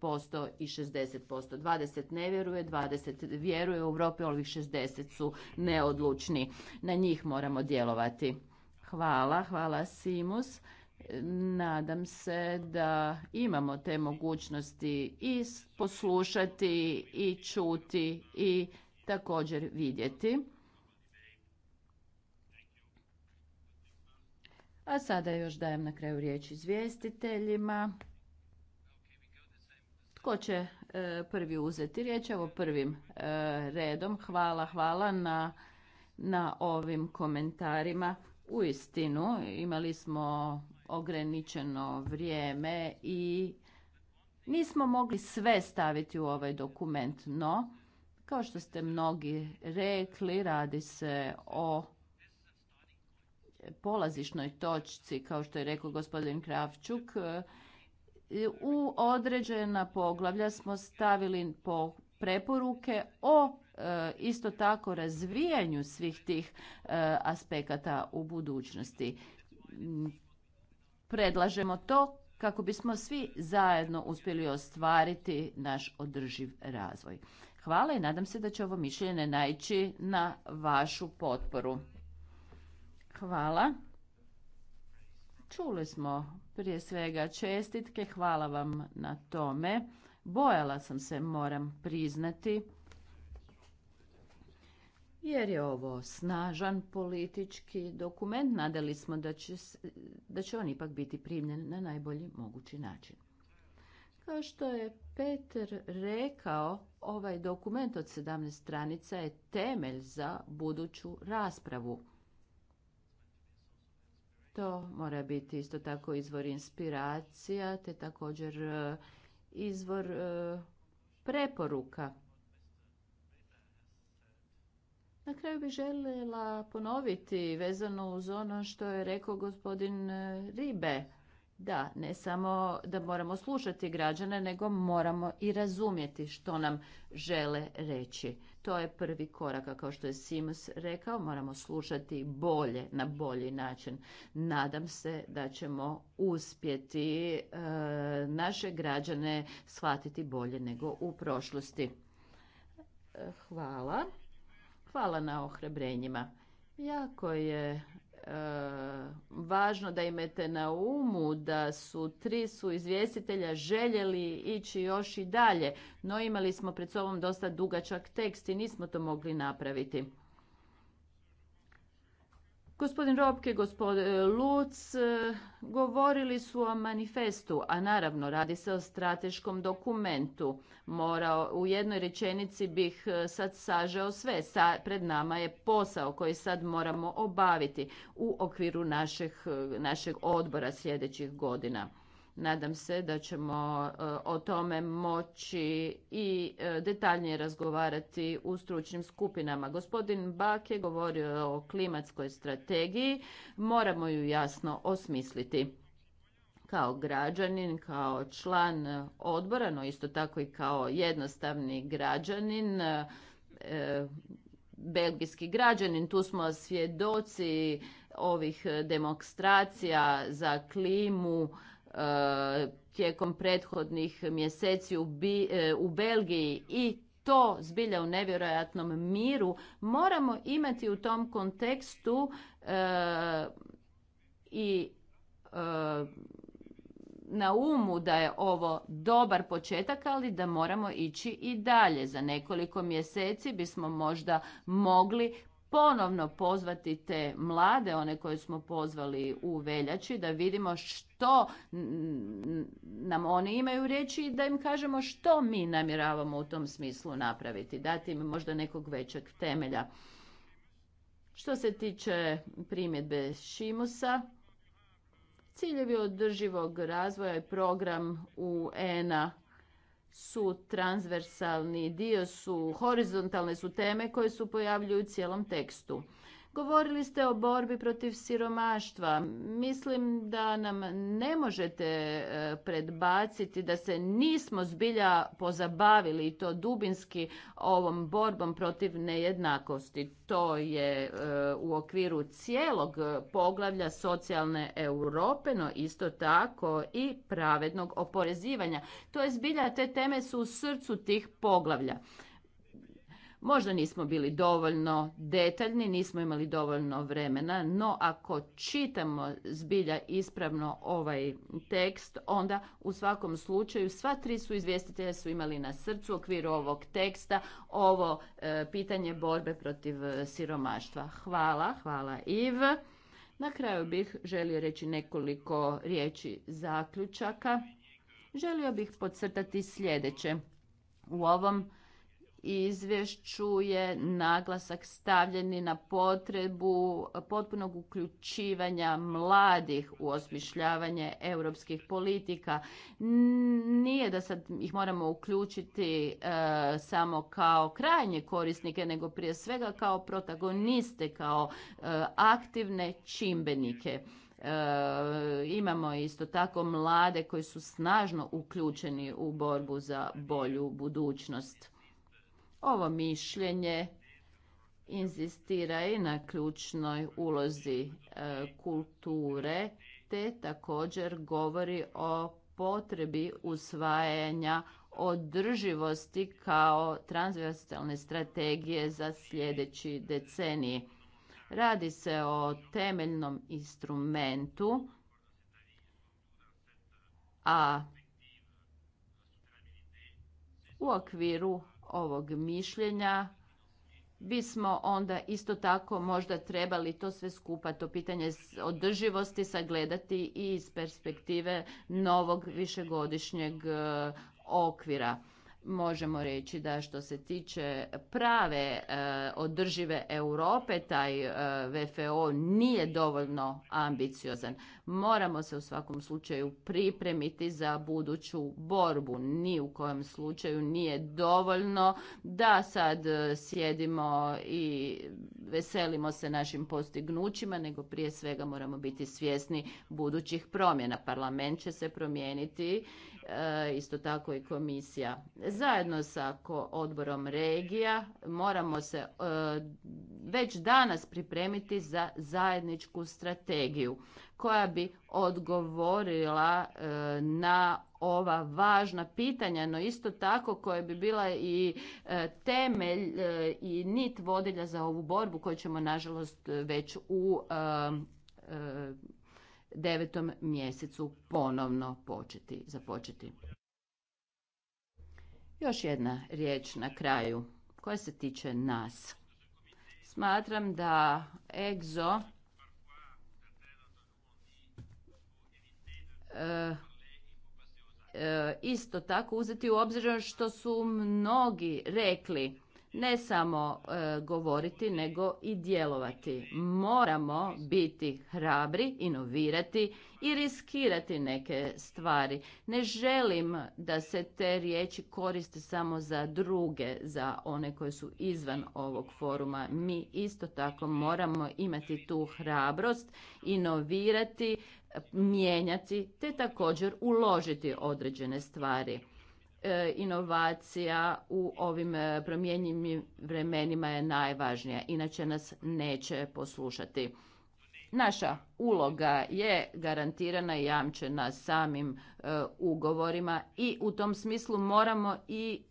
20% i 60%. 20 ne vjeruje, 20 vjeruje u Europi, ovih 60 su neodlučni. Na njih moramo djelovati. Hvala, hvala Simus. Nadam se da imamo te mogućnosti i poslušati i čuti i također vidjeti. A sada još dajem na kraju riječ izvjestiteljima. Tko će e, prvi uzeti riječ? Evo prvim e, redom. Hvala, hvala na ovim komentarima istinu, imali smo ograničeno vrijeme i nismo mogli sve staviti u ovaj dokument, no kao što ste mnogi rekli, radi se o polazišnoj točci, kao što je rekao gospodin Kravčuk, u određena poglavlja smo stavili po preporuke o Eh, isto tako razvijanju svih tih eh, aspekata u budućnosti. Mm, predlažemo to kako bismo svi zajedno uspjeli ostvariti naš održiv razvoj. Hvala i nadam se da će ovo mišljenje naići na vašu potporu. Hvala. Čuli smo prije svega čestitke, hvala vam na tome. Bojala sam se, moram priznati, jer je ovo snažan politički dokument. Nadali smo da će, da će on ipak biti primljen na najbolji mogući način. Kao što je Peter rekao, ovaj dokument od 17 stranica je temelj za buduću raspravu. To mora biti isto tako izvor inspiracija, te također e, izvor e, preporuka. Na kraju bih željela ponoviti vezano uz ono što je rekao gospodin e, Ribe. Da, ne samo da moramo slušati građane, nego moramo i razumjeti što nam žele reći. To je prvi korak, a kao što je Simus rekao, moramo slušati bolje, na bolji način. Nadam se da ćemo uspjeti e, naše građane shvatiti bolje nego u prošlosti. E, hvala. Hvala na ohrebrenjima. Jako je E, važno da imate na umu da su tri su izvjestitelja željeli ići još i dalje, no imali smo pred sobom dosta dugačak tekst i nismo to mogli napraviti. Gospodin Robke, gospodin e, Luc e, govorili su o manifestu, a naravno radi se o strateškom dokumentu. Morao, u jednoj rečenici bih e, sad sažao sve. pred nama je posao koji sad moramo obaviti u okviru našeg, našeg odbora sljedećih godina. Nadam se da ćemo e, o tome moći i e, detaljnije razgovarati u stručnim skupinama. Gospodin Bak je govorio o klimatskoj strategiji, moramo ju jasno osmisliti kao građanin, kao član odbora, no isto tako i kao jednostavni građanin, e, belgijski građanin, tu smo svjedoci ovih demonstracija za klimu, E, tijekom prethodnih mjeseci e, u Belgiji i to zbilja u nevjerojatnom miru moramo imati u tom kontekstu e, i e, na umu da je ovo dobar početak, ali da moramo ići i dalje. Za nekoliko mjeseci bismo možda mogli ponovno pozvati te mlade, one koje smo pozvali u veljači, da vidimo što nam oni imaju reći i da im kažemo što mi namjeravamo u tom smislu napraviti, dati im možda nekog većeg temelja. Što se tiče primjedbe Šimusa, ciljevi održivog razvoja i program UN-a su transversalni dio su horizontalne su teme koje su pojavljuju u cijelom tekstu Govorili ste o borbi protiv siromaštva. Mislim da nam ne možete e, predbaciti da se nismo zbilja pozabavili i to dubinski ovom borbom protiv nejednakosti. To je e, u okviru cijelog poglavlja socijalne Europe, no isto tako i pravednog oporezivanja. To je zbilja, te teme su u srcu tih poglavlja. Možda nismo bili dovoljno detaljni, nismo imali dovoljno vremena, no ako čitamo zbilja ispravno ovaj tekst, onda u svakom slučaju sva tri su izvjestitelja su imali na srcu u okviru ovog teksta ovo e, pitanje borbe protiv e, siromaštva. Hvala, hvala Iv. Na kraju bih želio reći nekoliko riječi zaključaka. Želio bih podcrtati sljedeće. U ovom izvješću je naglasak stavljeni na potrebu potpunog uključivanja mladih u osmišljavanje europskih politika. Nije da sad ih moramo uključiti e, samo kao krajnje korisnike, nego prije svega kao protagoniste, kao e, aktivne čimbenike. E, imamo isto tako mlade koji su snažno uključeni u borbu za bolju budućnost. Ovo mišljenje inzistira i na ključnoj ulozi e, kulture, te također govori o potrebi usvajanja održivosti kao transversalne strategije za sljedeći deceniji. Radi se o temeljnom instrumentu, a u okviru ovog mišljenja bismo onda isto tako možda trebali to sve skupa, to pitanje održivosti sagledati i iz perspektive novog višegodišnjeg e, okvira možemo reći da što se tiče prave e, održive Europe, taj e, VFO nije dovoljno ambiciozan. Moramo se u svakom slučaju pripremiti za buduću borbu. Ni u kojem slučaju nije dovoljno da sad e, sjedimo i veselimo se našim postignućima, nego prije svega moramo biti svjesni budućih promjena. Parlament će se promijeniti E, isto tako i komisija. Zajedno sa odborom regija moramo se e, već danas pripremiti za zajedničku strategiju koja bi odgovorila e, na ova važna pitanja, no isto tako koja bi bila i temelj i nit vodilja za ovu borbu koju ćemo nažalost već u devetom mjesecu ponovno početi, započeti. Još jedna riječ na kraju koja se tiče nas. Smatram da EGZO eh, eh, isto tako uzeti u obzir što su mnogi rekli ne samo e, govoriti nego i djelovati. Moramo biti hrabri, inovirati i riskirati neke stvari. Ne želim da se te riječi koriste samo za druge, za one koji su izvan ovog foruma. Mi isto tako moramo imati tu hrabrost, inovirati, mijenjati te također uložiti određene stvari. E, inovacija u ovim e, promjenjivim vremenima je najvažnija, inače nas neće poslušati. Naša uloga je garantirana i jamčena samim e, ugovorima i u tom smislu moramo i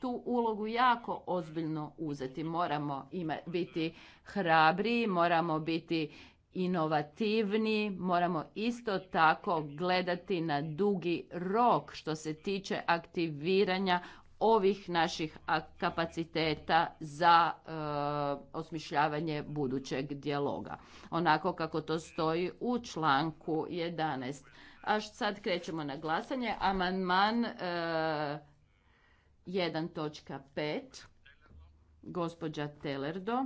tu ulogu jako ozbiljno uzeti. Moramo biti hrabri, moramo biti inovativni, moramo isto tako gledati na dugi rok što se tiče aktiviranja ovih naših kapaciteta za e, osmišljavanje budućeg dijaloga. Onako kako to stoji u članku 11. A sad krećemo na glasanje. Amandman e, 1.5. Gospođa Telerdo.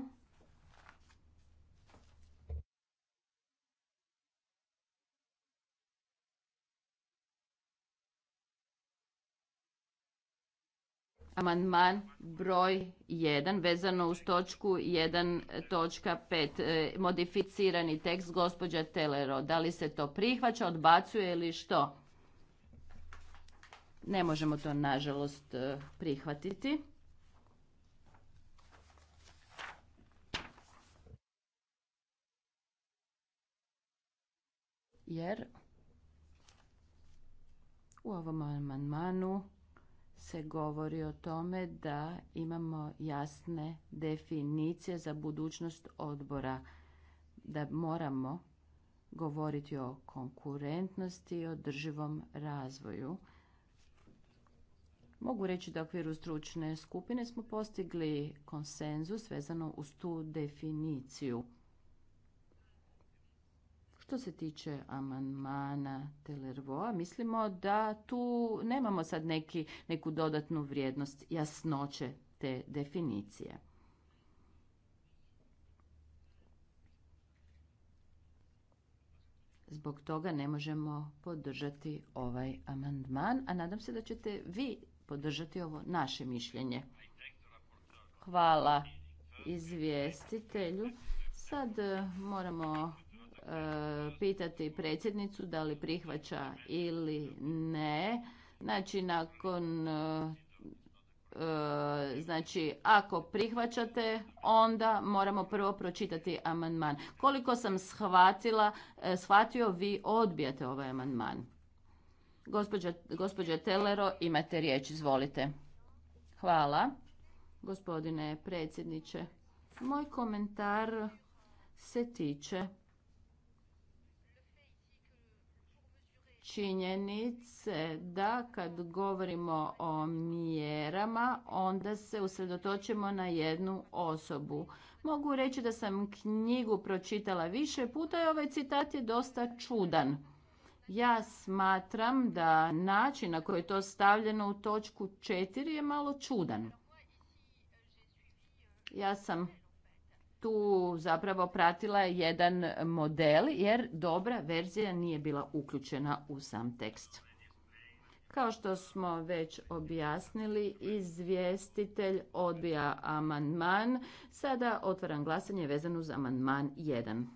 Amandman broj 1 vezano uz točku 1.5 e, modificirani tekst gospođa Telero. Da li se to prihvaća, odbacuje ili što? Ne možemo to nažalost e, prihvatiti. Jer u ovom amandmanu se govori o tome da imamo jasne definicije za budućnost odbora, da moramo govoriti o konkurentnosti i održivom razvoju. Mogu reći da u okviru stručne skupine smo postigli konsenzus vezano uz tu definiciju. Što se tiče amandmana Telervoa, mislimo da tu nemamo sad neki, neku dodatnu vrijednost jasnoće te definicije. Zbog toga ne možemo podržati ovaj amandman, a nadam se da ćete vi podržati ovo naše mišljenje. Hvala izvjestitelju. Sad eh, moramo E, pitati predsjednicu da li prihvaća ili ne. Znači, nakon e, e, znači ako prihvaćate onda moramo prvo pročitati amandman. Koliko sam shvatila, shvatio vi odbijate ovaj amandman. Gospođa, Telero, imate riječ, izvolite. Hvala, gospodine predsjedniče. Moj komentar se tiče činjenice da kad govorimo o mjerama onda se usredotočimo na jednu osobu. Mogu reći da sam knjigu pročitala više puta i ovaj citat je dosta čudan. Ja smatram da način na koji je to stavljeno u točku 4 je malo čudan. Ja sam tu zapravo pratila jedan model jer dobra verzija nije bila uključena u sam tekst. Kao što smo već objasnili, izvjestitelj odbija amandman. Sada otvaram glasanje vezano za amandman 1.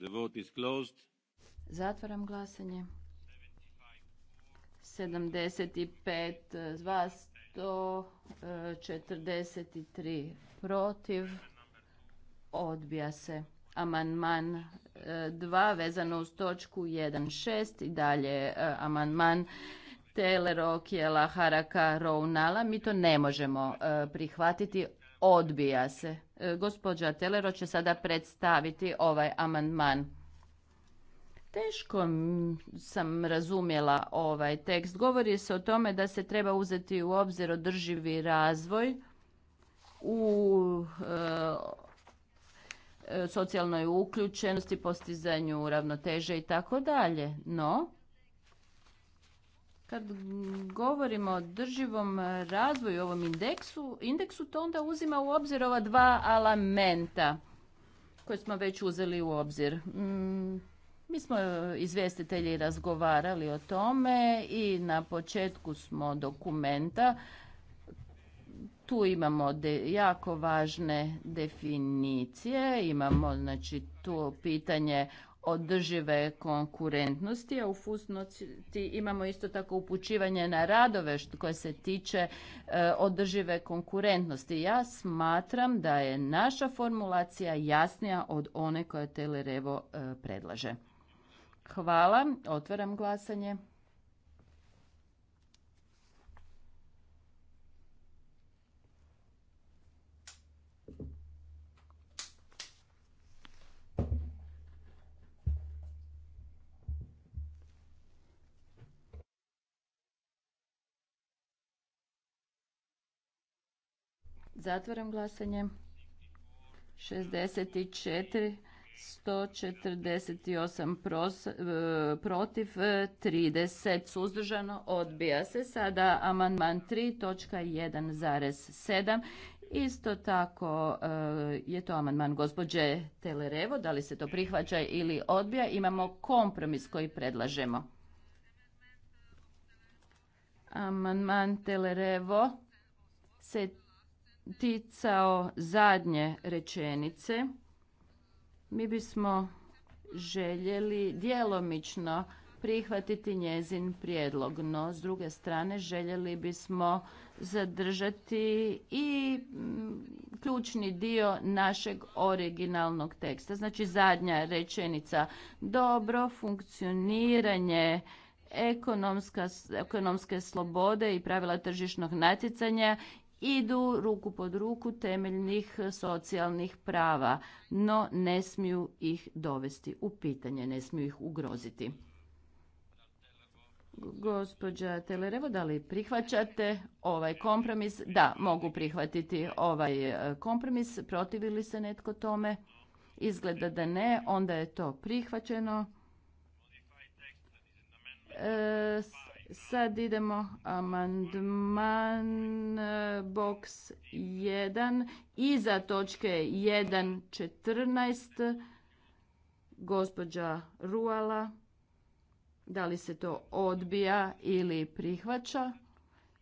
The vote is closed. Zatvaram glasanje. 75 vas, 143 protiv. Odbija se amandman 2 e, vezano uz točku 1.6 i dalje e, amandman Telerokije Laharaka Rounala. Mi to ne možemo e, prihvatiti. Odbija se. Gospođa Telero će sada predstaviti ovaj amandman. Teško sam razumjela ovaj tekst. Govori se o tome da se treba uzeti u obzir održivi razvoj u e, socijalnoj uključenosti, postizanju ravnoteže i tako dalje. No, kad govorimo o drživom razvoju ovom indeksu, indeksu to onda uzima u obzir ova dva alamenta koje smo već uzeli u obzir. Mm, mi smo izvjestitelji razgovarali o tome i na početku smo dokumenta. Tu imamo jako važne definicije, imamo znači tu pitanje održive konkurentnosti, a u fusnoti imamo isto tako upućivanje na radove što koje se tiče e, održive konkurentnosti. Ja smatram da je naša formulacija jasnija od one koje Telerevo e, predlaže. Hvala, otvaram glasanje. Zatvaram glasanje. 64, 148 e, protiv, 30 e, suzdržano odbija se. Sada amandman 3.1,7. Isto tako e, je to amandman gospođe Telerevo. Da li se to prihvaća ili odbija? Imamo kompromis koji predlažemo. Amandman Telerevo se ticao zadnje rečenice, mi bismo željeli djelomično prihvatiti njezin prijedlog, no s druge strane željeli bismo zadržati i mm, ključni dio našeg originalnog teksta. Znači zadnja rečenica dobro funkcioniranje ekonomske slobode i pravila tržišnog natjecanja idu ruku pod ruku temeljnih socijalnih prava, no ne smiju ih dovesti u pitanje, ne smiju ih ugroziti. Gospođa Telerevo, da li prihvaćate ovaj kompromis? Da, mogu prihvatiti ovaj e, kompromis. Protivi li se netko tome? Izgleda da ne, onda je to prihvaćeno. E, Sad idemo amandman e, box 1 iza točke 1.14 gospođa Ruala. Da li se to odbija ili prihvaća?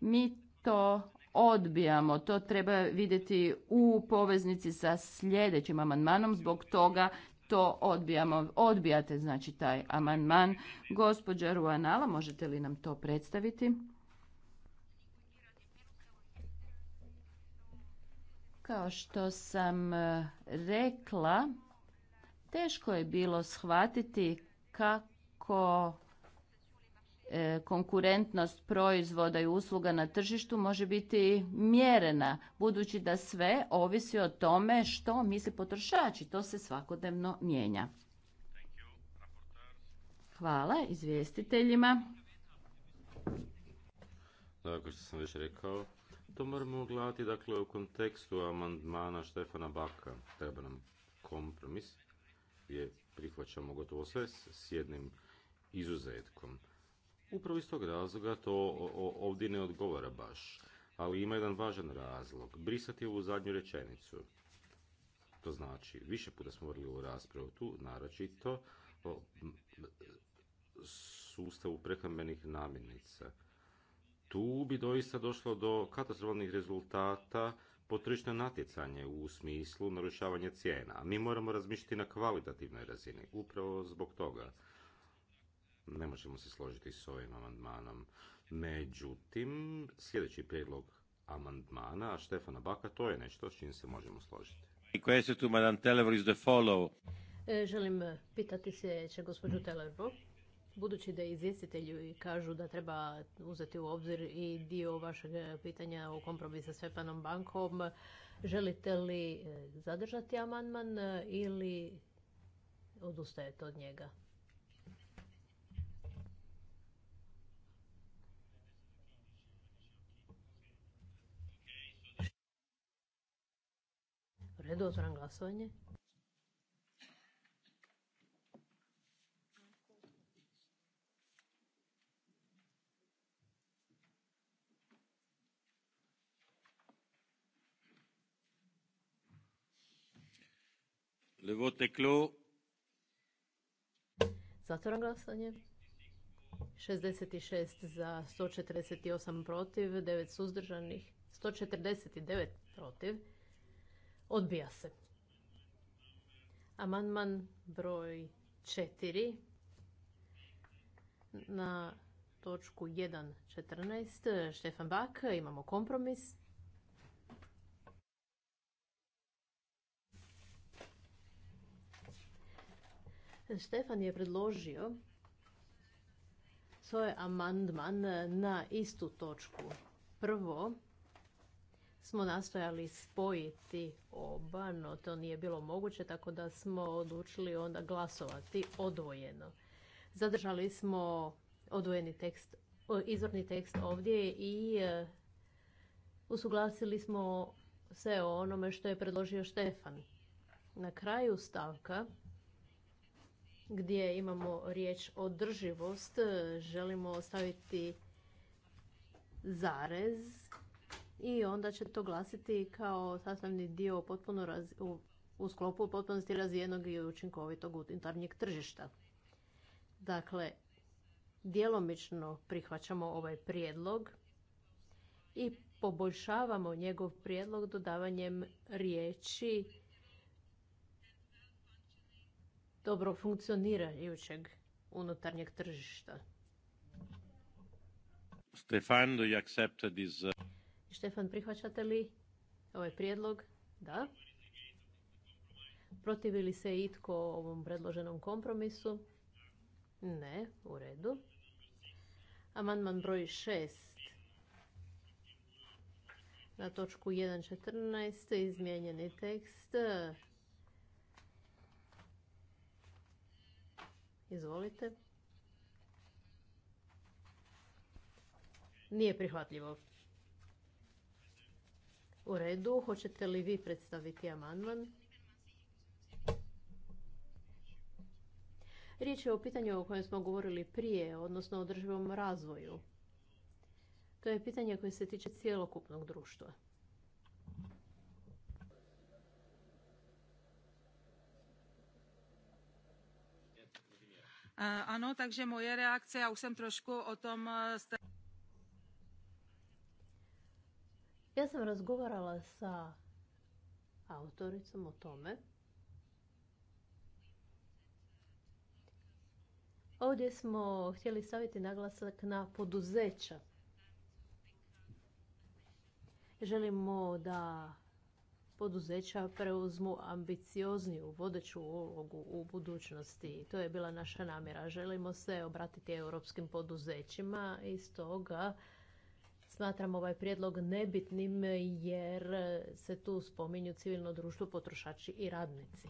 Mi to odbijamo. To treba vidjeti u poveznici sa sljedećim amandmanom. Zbog toga to odbijamo. Odbijate znači taj amandman. Gospođa Ruanala, možete li nam to predstaviti? Kao što sam e, rekla, teško je bilo shvatiti kako E, konkurentnost proizvoda i usluga na tržištu može biti mjerena, budući da sve ovisi o tome što misli potrošači. to se svakodnevno mijenja. Hvala izvjestiteljima. što sam već rekao, to moramo gledati dakle, u kontekstu amandmana Štefana Baka. Treba nam kompromis, je prihvaćamo gotovo sve s jednim izuzetkom. Upravo iz tog razloga to ovdje ne odgovara baš, ali ima jedan važan razlog. Brisati ovu zadnju rečenicu. To znači, više puta smo vrli u raspravu tu, naročito o sustavu prehrambenih namirnica. Tu bi doista došlo do katastrofalnih rezultata po tržišno natjecanje u smislu narušavanja cijena. A mi moramo razmišljati na kvalitativnoj razini, upravo zbog toga ne možemo se složiti s ovim amandmanom. Međutim, sljedeći prijedlog amandmana Štefana Baka, to je nešto s čim se možemo složiti. I follow? E, želim e, pitati sljedeće, gospođu Tellerbo. Budući da izvjestitelju kažu da treba uzeti u obzir i dio vašeg e, pitanja o kompromisu s Svepanom Bankom, želite li zadržati amandman ili odustajete od njega? redu, otvoram glasovanje. Le vote est clos. Zatvoram 66 za, 148 protiv, 9 suzdržanih, 149 protiv. Odbija se. Amandman broj četiri na točku 1.14. Štefan Bak, imamo kompromis. Štefan je predložio svoj amandman na istu točku. Prvo, smo nastojali spojiti oba, no to nije bilo moguće, tako da smo odlučili onda glasovati odvojeno. Zadržali smo odvojeni tekst, izvorni tekst ovdje i e, usuglasili smo sve o onome što je predložio Štefan. Na kraju stavka gdje imamo riječ održivost, e, želimo staviti zarez i onda će to glasiti kao sastavni dio potpuno raz, u, sklopu potpunosti razvijenog i učinkovitog unutarnjeg tržišta. Dakle, djelomično prihvaćamo ovaj prijedlog i poboljšavamo njegov prijedlog dodavanjem riječi dobro funkcionirajućeg unutarnjeg tržišta. Stefan, do accept this? Uh, Štefan, prihvaćate li ovaj prijedlog? Da. Protivi li se itko ovom predloženom kompromisu? Ne, u redu. Amandman broj 6 na točku 1.14 izmijenjeni tekst. Izvolite. Nije prihvatljivo. U redu, hoćete li vi predstaviti amandman? Riječ je o pitanju o kojem smo govorili prije, odnosno o državom razvoju. To je pitanje koje se tiče cijelokupnog društva. E, ano, takže moje reakce, ja už jsem trošku o tom e, Ja sam razgovarala sa autoricom o tome. Ovdje smo htjeli staviti naglasak na poduzeća. Želimo da poduzeća preuzmu ambiciozniju vodeću ulogu u budućnosti. To je bila naša namjera. Želimo se obratiti europskim poduzećima i stoga Smatram ovaj prijedlog nebitnim jer se tu spominju civilno društvo, potrošači i radnici.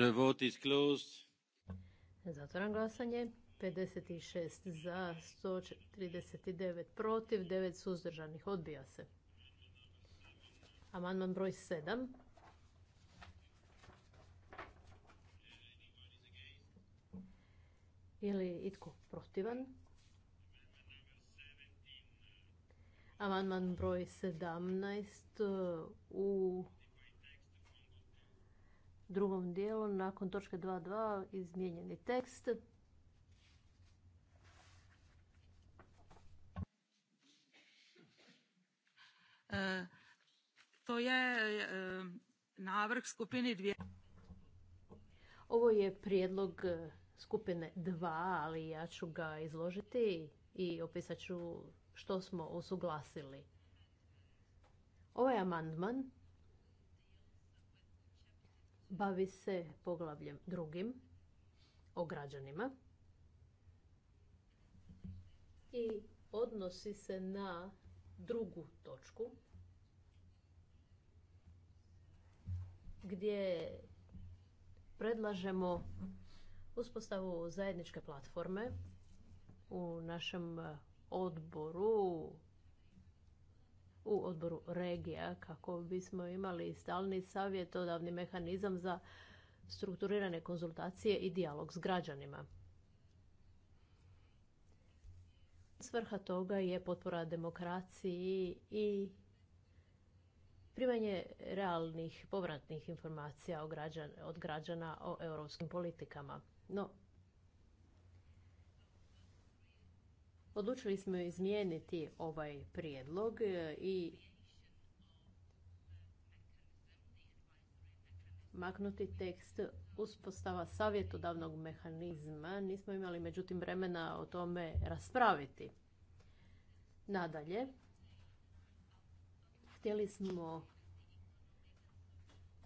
The vote is closed. glasanje. 56 za, 139 protiv, 9 suzdržanih. Odbija se. Amandman broj 7. Ili itko protivan? Amandman broj 17 uh, u drugom dijelu nakon točke 2.2 izmijenjeni tekst. E, to je e, navrh skupine dvije. Ovo je prijedlog e, skupine 2, ali ja ću ga izložiti i opisat ću što smo usuglasili. Ovaj amandman bavi se poglavljem drugim o građanima i odnosi se na drugu točku gdje predlažemo uspostavu zajedničke platforme u našem odboru u odboru regija kako bismo imali stalni savjetodavni mehanizam za strukturirane konzultacije i dijalog s građanima. Svrha toga je potpora demokraciji i primanje realnih povratnih informacija od građana o europskim politikama. No, Odlučili smo izmijeniti ovaj prijedlog e, i maknuti tekst uspostava savjetodavnog mehanizma. Nismo imali međutim vremena o tome raspraviti. Nadalje, htjeli smo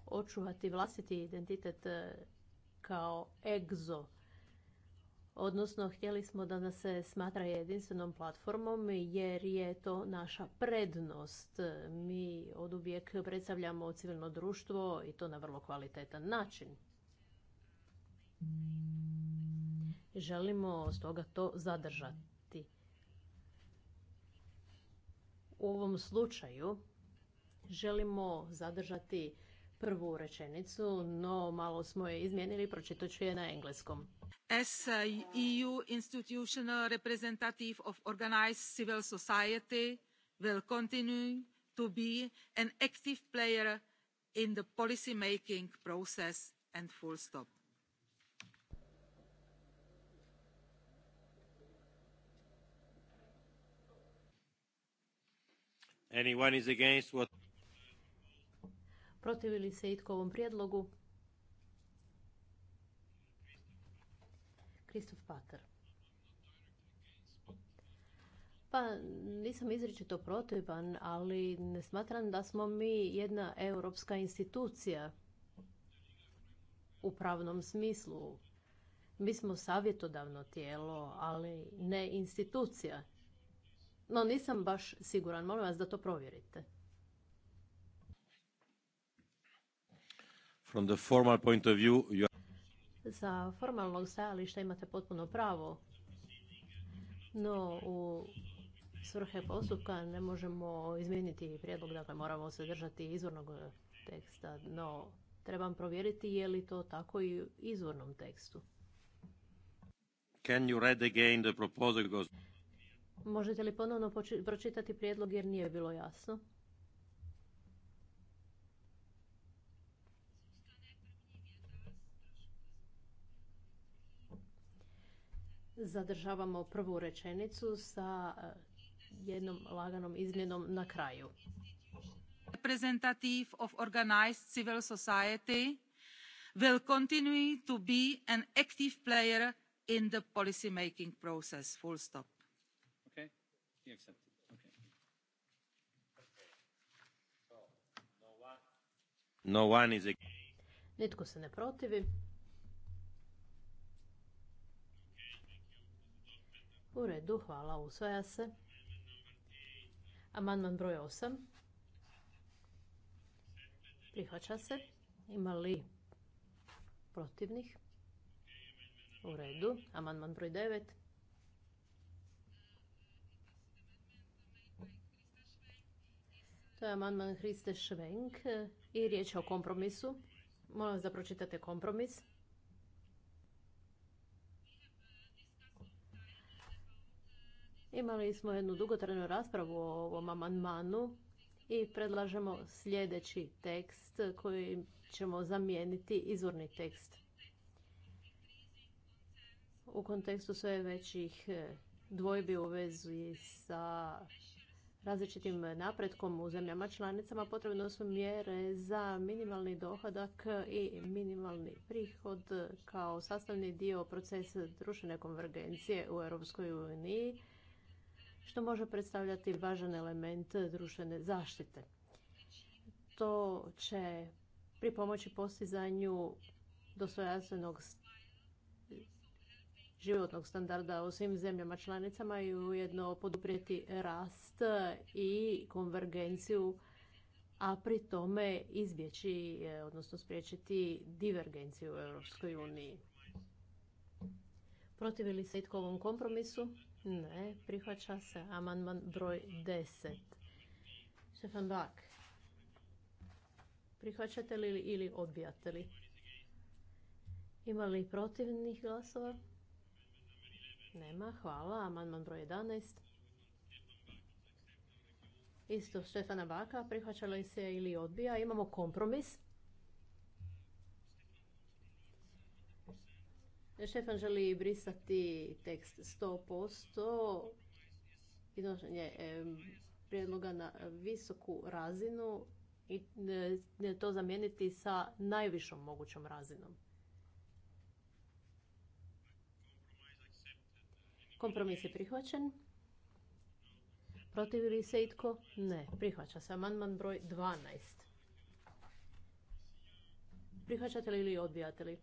očuvati vlastiti identitet e, kao egzo odnosno htjeli smo da nas se smatra jedinstvenom platformom jer je to naša prednost. Mi od uvijek predstavljamo civilno društvo i to na vrlo kvalitetan način. Želimo stoga to zadržati. U ovom slučaju želimo zadržati prvu rečenicu, no malo smo je izmijenili, pročitat ću je na engleskom. As EU institutional representative of organized civil society will continue to be an active player in the policy making process and full stop. Anyone is against what Protivi li se itko ovom prijedlogu? Kristof Pater. Pa nisam izričito protivan, ali ne smatram da smo mi jedna europska institucija u pravnom smislu. Mi smo savjetodavno tijelo, ali ne institucija. No nisam baš siguran, molim vas da to provjerite. From Za formalnog stajališta imate potpuno pravo, no u svrhe postupka ne možemo izmijeniti prijedlog, dakle moramo se držati izvornog teksta, no trebam provjeriti je li to tako i u izvornom tekstu. Možete li ponovno pročitati prijedlog jer nije bilo jasno? zadržavamo prvu rečenicu sa eh, jednom laganom izmjenom na kraju. Representative of organized civil society will continue to be an active player in the policy making process. Full stop. Okay. You accept no one. No one is... Nitko se ne protivi. U redu, hvala, usvaja se. Amandman broj 8. Prihvaća se. Ima li protivnih? U redu. Amandman broj 9. To je amandman Hriste Švenk i riječ je o kompromisu. Molim vas da pročitate kompromis. Imali smo jednu dugotrajnu raspravu o ovom amandmanu i predlažemo sljedeći tekst koji ćemo zamijeniti izvorni tekst. U kontekstu sve većih e, dvojbi u vezi sa različitim napretkom u zemljama članicama potrebno su mjere za minimalni dohodak i minimalni prihod kao sastavni dio procesa društvene konvergencije u Europskoj što može predstavljati važan element društvene zaštite. To će pri pomoći postizanju dostojanstvenog životnog standarda u svim zemljama članicama i ujedno poduprijeti rast i konvergenciju, a pri tome izbjeći, e, odnosno spriječiti divergenciju u Europskoj uniji. Protivi se itko ovom kompromisu? Ne, prihvaća se amandman broj 10. Stefan Bak. Prihvaćate li ili odbijate li? Ima li protivnih glasova? Nema, hvala. Amandman broj 11. Isto Štefana Baka, prihvaća li se ili odbija? Imamo kompromis. Štefan želi brisati tekst 100%, iznošenje prijedloga na visoku razinu i e, to zamijeniti sa najvišom mogućom razinom. Kompromis je prihvaćen. Protiv li se itko? Ne. Prihvaća se amandman broj 12. Prihvaćate li ili odbijate li?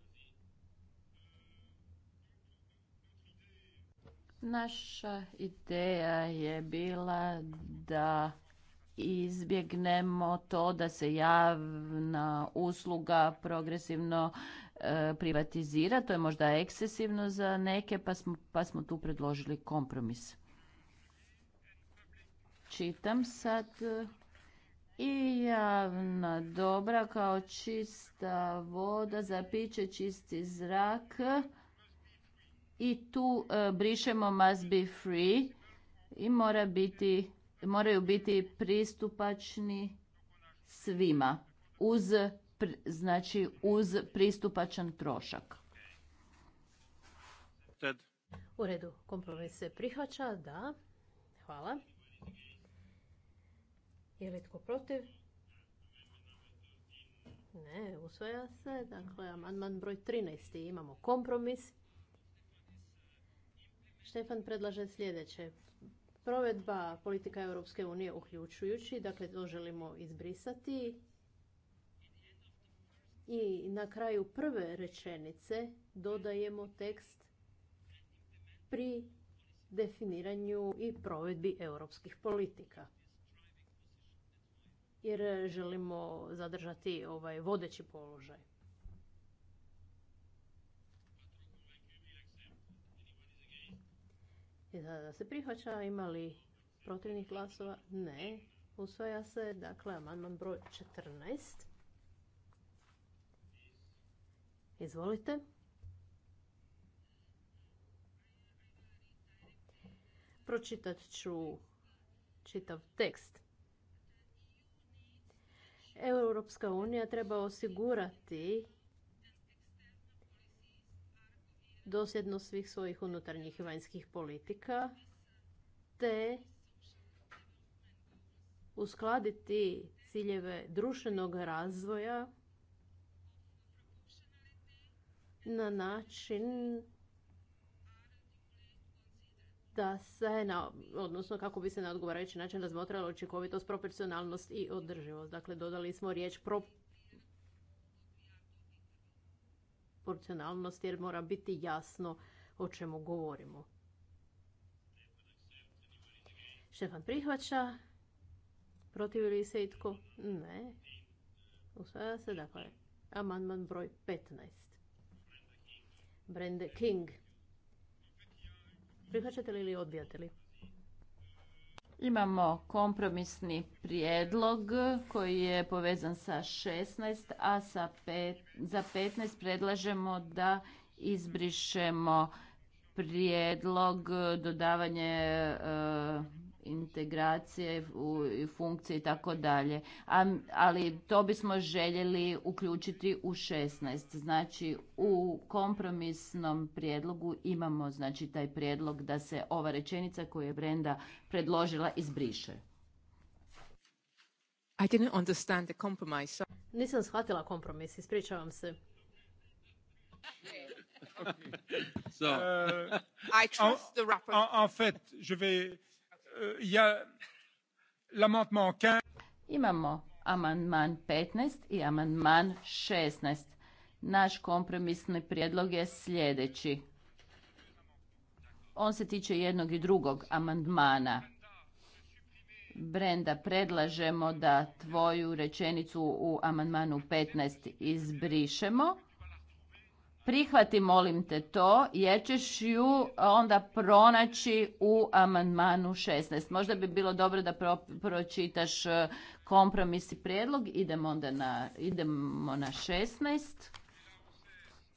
Naša ideja je bila da izbjegnemo to da se javna usluga progresivno e, privatizira. To je možda ekscesivno za neke, pa smo, pa smo tu predložili kompromis. Čitam sad e, i javna dobra kao čista voda za piće, čisti zrak i tu e, brišemo must be free i moraju biti pristupačni svima uz znači uz pristupačan trošak. U redu, kompromis se prihvaća, da. Hvala. Je li tko protiv? Ne, usvaja se. Dakle, amandman broj 13. Imamo kompromis. Štefan predlaže sljedeće. Provedba politika Europske unije uključujući, dakle to želimo izbrisati. I na kraju prve rečenice dodajemo tekst pri definiranju i provedbi europskih politika. Jer želimo zadržati ovaj vodeći položaj. da se prihvaća, imali protivnih glasova? Ne. Usvaja se, dakle, amandman broj 14. Izvolite. Pročitat ću čitav tekst. Europska unija treba osigurati dosljednost svih svojih unutarnjih i vanjskih politika, te uskladiti ciljeve društvenog razvoja na način da se, na, odnosno kako bi se na odgovarajući način razmotrala učinkovitost, proporcionalnost i održivost. Dakle, dodali smo riječ pro proporcionalnost jer mora biti jasno o čemu govorimo. Štefan prihvaća. Protivi li se itko? Ne. Usvaja se, dakle, amandman broj 15. Brende King. Prihvaćate li ili odbijate li? Imamo kompromisni prijedlog koji je povezan sa 16, a sa za 15 predlažemo da izbrišemo prijedlog dodavanje e, integracije u funkcije i tako dalje. Ali to bismo željeli uključiti u 16. Znači u kompromisnom prijedlogu imamo znači taj prijedlog da se ova rečenica koju je Brenda predložila izbriše. I didn't understand the compromise. So... Nisam shvatila kompromis, ispričavam se. so, uh, I trust the rapper. en fait, je vais Eh, Imamo amandman 15 i amandman 16. Naš kompromisni prijedlog je sljedeći. On se tiče jednog i drugog amandmana. Brenda, predlažemo da tvoju rečenicu u amandmanu 15 izbrišemo Prihvati, molim te, to, jer ćeš ju onda pronaći u amandmanu 16. Možda bi bilo dobro da pročitaš e, kompromis i prijedlog. Idemo onda na, idemo na 16.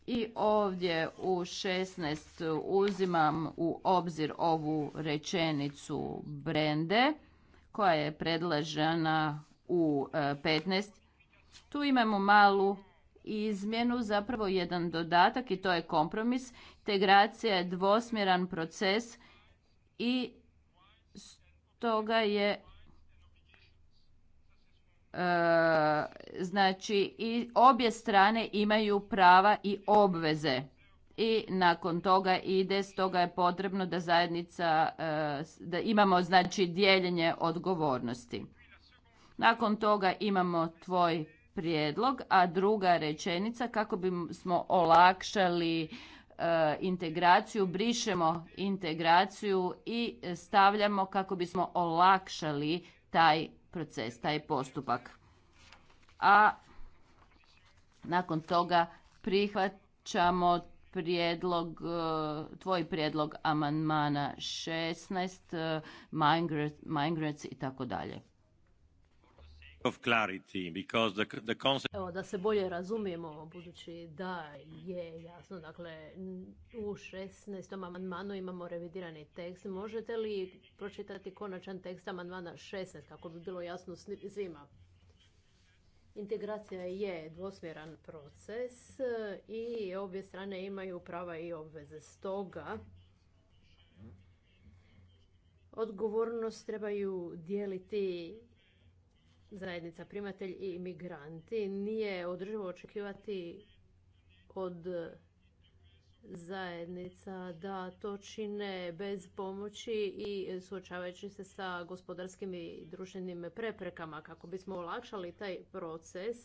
I ovdje u 16 uzimam u obzir ovu rečenicu brende koja je predlažena u 15. E, tu imamo malu izmjenu zapravo jedan dodatak i to je kompromis. Integracija je dvosmjeran proces i stoga je e, znači i obje strane imaju prava i obveze i nakon toga ide stoga je potrebno da zajednica e, da imamo znači dijeljenje odgovornosti. Nakon toga imamo tvoj prijedlog, a druga rečenica kako bismo olakšali e, integraciju, brišemo integraciju i stavljamo kako bismo olakšali taj proces, taj postupak. A nakon toga prihvaćamo prijedlog, e, tvoj prijedlog amandmana 16, e, migrants i tako dalje clarity Evo, da se bolje razumijemo, budući da je jasno, dakle, u 16. amandmanu imamo revidirani tekst. Možete li pročitati konačan tekst amandmana 16, kako bi bilo jasno svima? Integracija je dvosmjeran proces i obje strane imaju prava i obveze. Stoga, odgovornost trebaju dijeliti zajednica primatelj i imigranti. Nije održivo očekivati od zajednica da to čine bez pomoći i suočavajući se sa gospodarskim i društvenim preprekama kako bismo olakšali taj proces.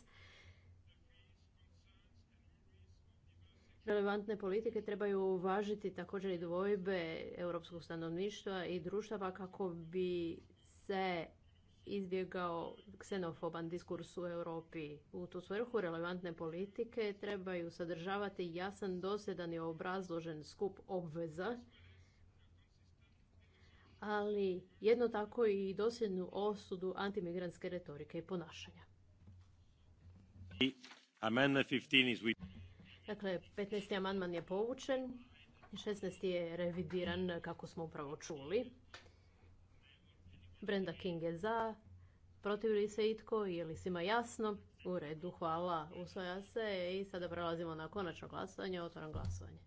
Relevantne politike trebaju uvažiti također i dvojbe europskog stanovništva i društava kako bi se izbjegao ksenofoban diskurs u Europi. U tu svrhu relevantne politike trebaju sadržavati jasan, dosjedan i obrazložen skup obveza, ali jedno tako i dosljednu osudu antimigrantske retorike i ponašanja. Dakle, 15. amandman je povučen, 16. je revidiran kako smo upravo čuli. Brenda King je za. Protiv li se itko? Je li svima jasno? U redu, hvala. Usvaja se i sada prelazimo na konačno glasovanje. Otvaram glasovanje.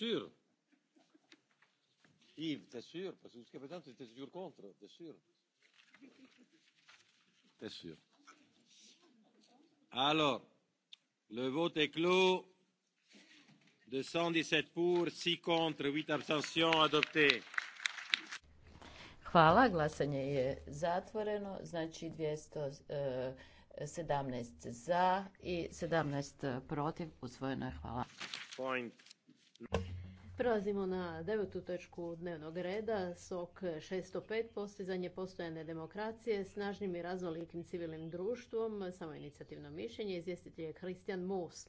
sûr. Yves, t'es sûr Parce que jusqu'à présent, tu étais toujours contre. T'es sûr T'es sûr. Alors, le vote est clos. 217 pour, 6 contre, 8 abstentions adoptées. Hvala, glasanje je zatvoreno, znači 217 e, za i 17 protiv, usvojeno je hvala. Point. Prelazimo na devetu točku dnevnog reda, SOK 605, postizanje postojane demokracije, snažnim i raznolikim civilnim društvom, samo inicijativno mišljenje, izvjestitelj je Kristijan Moos.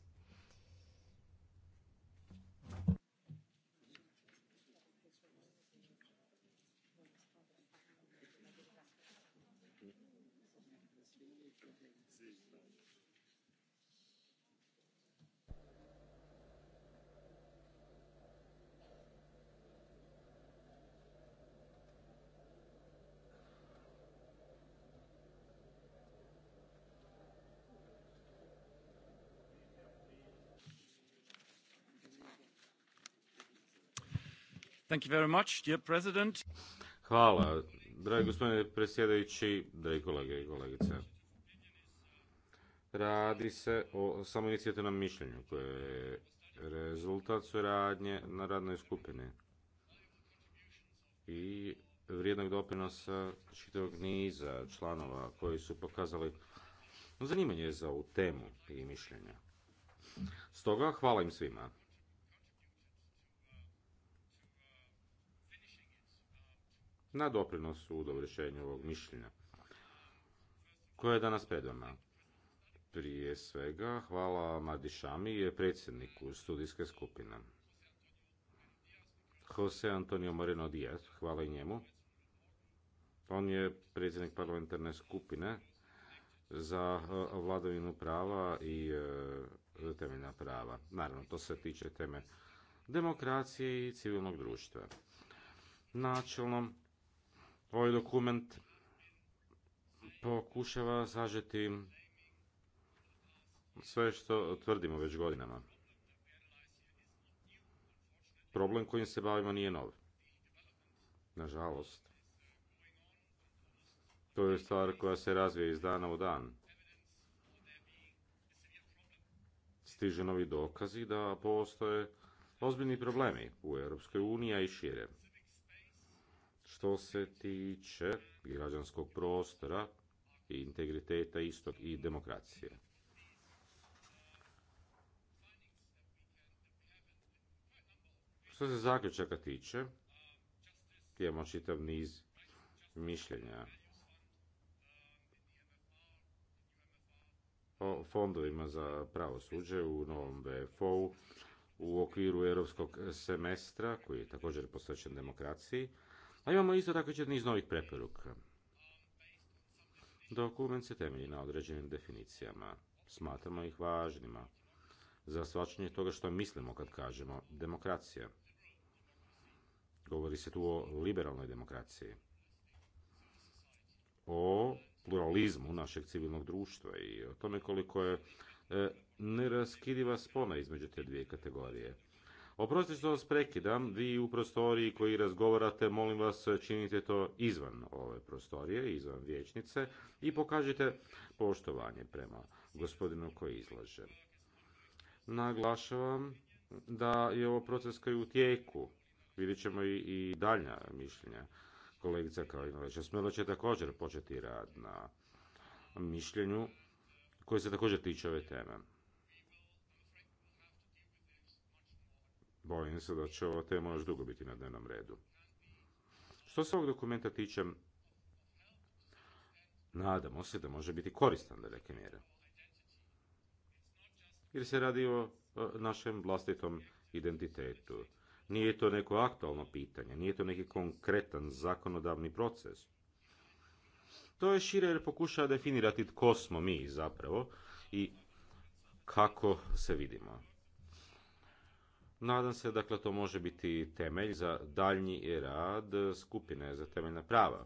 Thank you very Hvala, dragi gospodine predsjedajući, dragi kolege i kolegice. Radi se o samoinicijativnom mišljenju koje je rezultat suradnje na radnoj skupini i vrijednog doprinosa čitavog niza članova koji su pokazali zanimanje za ovu temu i mišljenja. Stoga hvala im svima. na doprinosu u dovršenju ovog mišljenja koje je danas pred vama. Prije svega, hvala Madišami je predsjedniku studijske skupine. Jose Antonio Moreno Diaz, hvala i njemu. On je predsjednik parlamentarne skupine za e, vladavinu prava i e, temeljna prava. Naravno, to se tiče teme demokracije i civilnog društva. Načelnom Ovaj dokument pokušava sažeti sve što tvrdimo već godinama. Problem kojim se bavimo nije nov. Nažalost. To je stvar koja se razvija iz dana u dan. Stiže novi dokazi da postoje ozbiljni problemi u Europskoj i šire što se tiče građanskog prostora i integriteta istog i demokracije. Što se zaključaka tiče, imamo čitav niz mišljenja o fondovima za pravosuđe u novom BFO-u u okviru europskog semestra koji je također posvećen demokraciji a imamo isto tako niz novih preporuka. Dokument se temelji na određenim definicijama. Smatramo ih važnima za svačanje toga što mislimo kad kažemo demokracija. Govori se tu o liberalnoj demokraciji, o pluralizmu našeg civilnog društva i o tome koliko je e, neraskidiva spona između te dvije kategorije. Oprostite što vas prekidam, vi u prostoriji koji razgovarate, molim vas, činite to izvan ove prostorije, izvan vječnice i pokažite poštovanje prema gospodinu koji izlaže. Naglašavam da je ovo proces koji u tijeku. Vidjet ćemo i, i daljnja mišljenja. Kolegica Kalinovića Smelo će također početi rad na mišljenju koje se također tiče ove teme. bojim se da će ova tema još dugo biti na dnevnom redu. Što se ovog dokumenta tiče, nadamo se da može biti koristan da neke mjere. Jer se radi o našem vlastitom identitetu. Nije to neko aktualno pitanje, nije to neki konkretan zakonodavni proces. To je šire jer pokušava definirati tko smo mi zapravo i kako se vidimo. Nadam se, dakle, to može biti temelj za daljnji rad skupine za temeljna prava,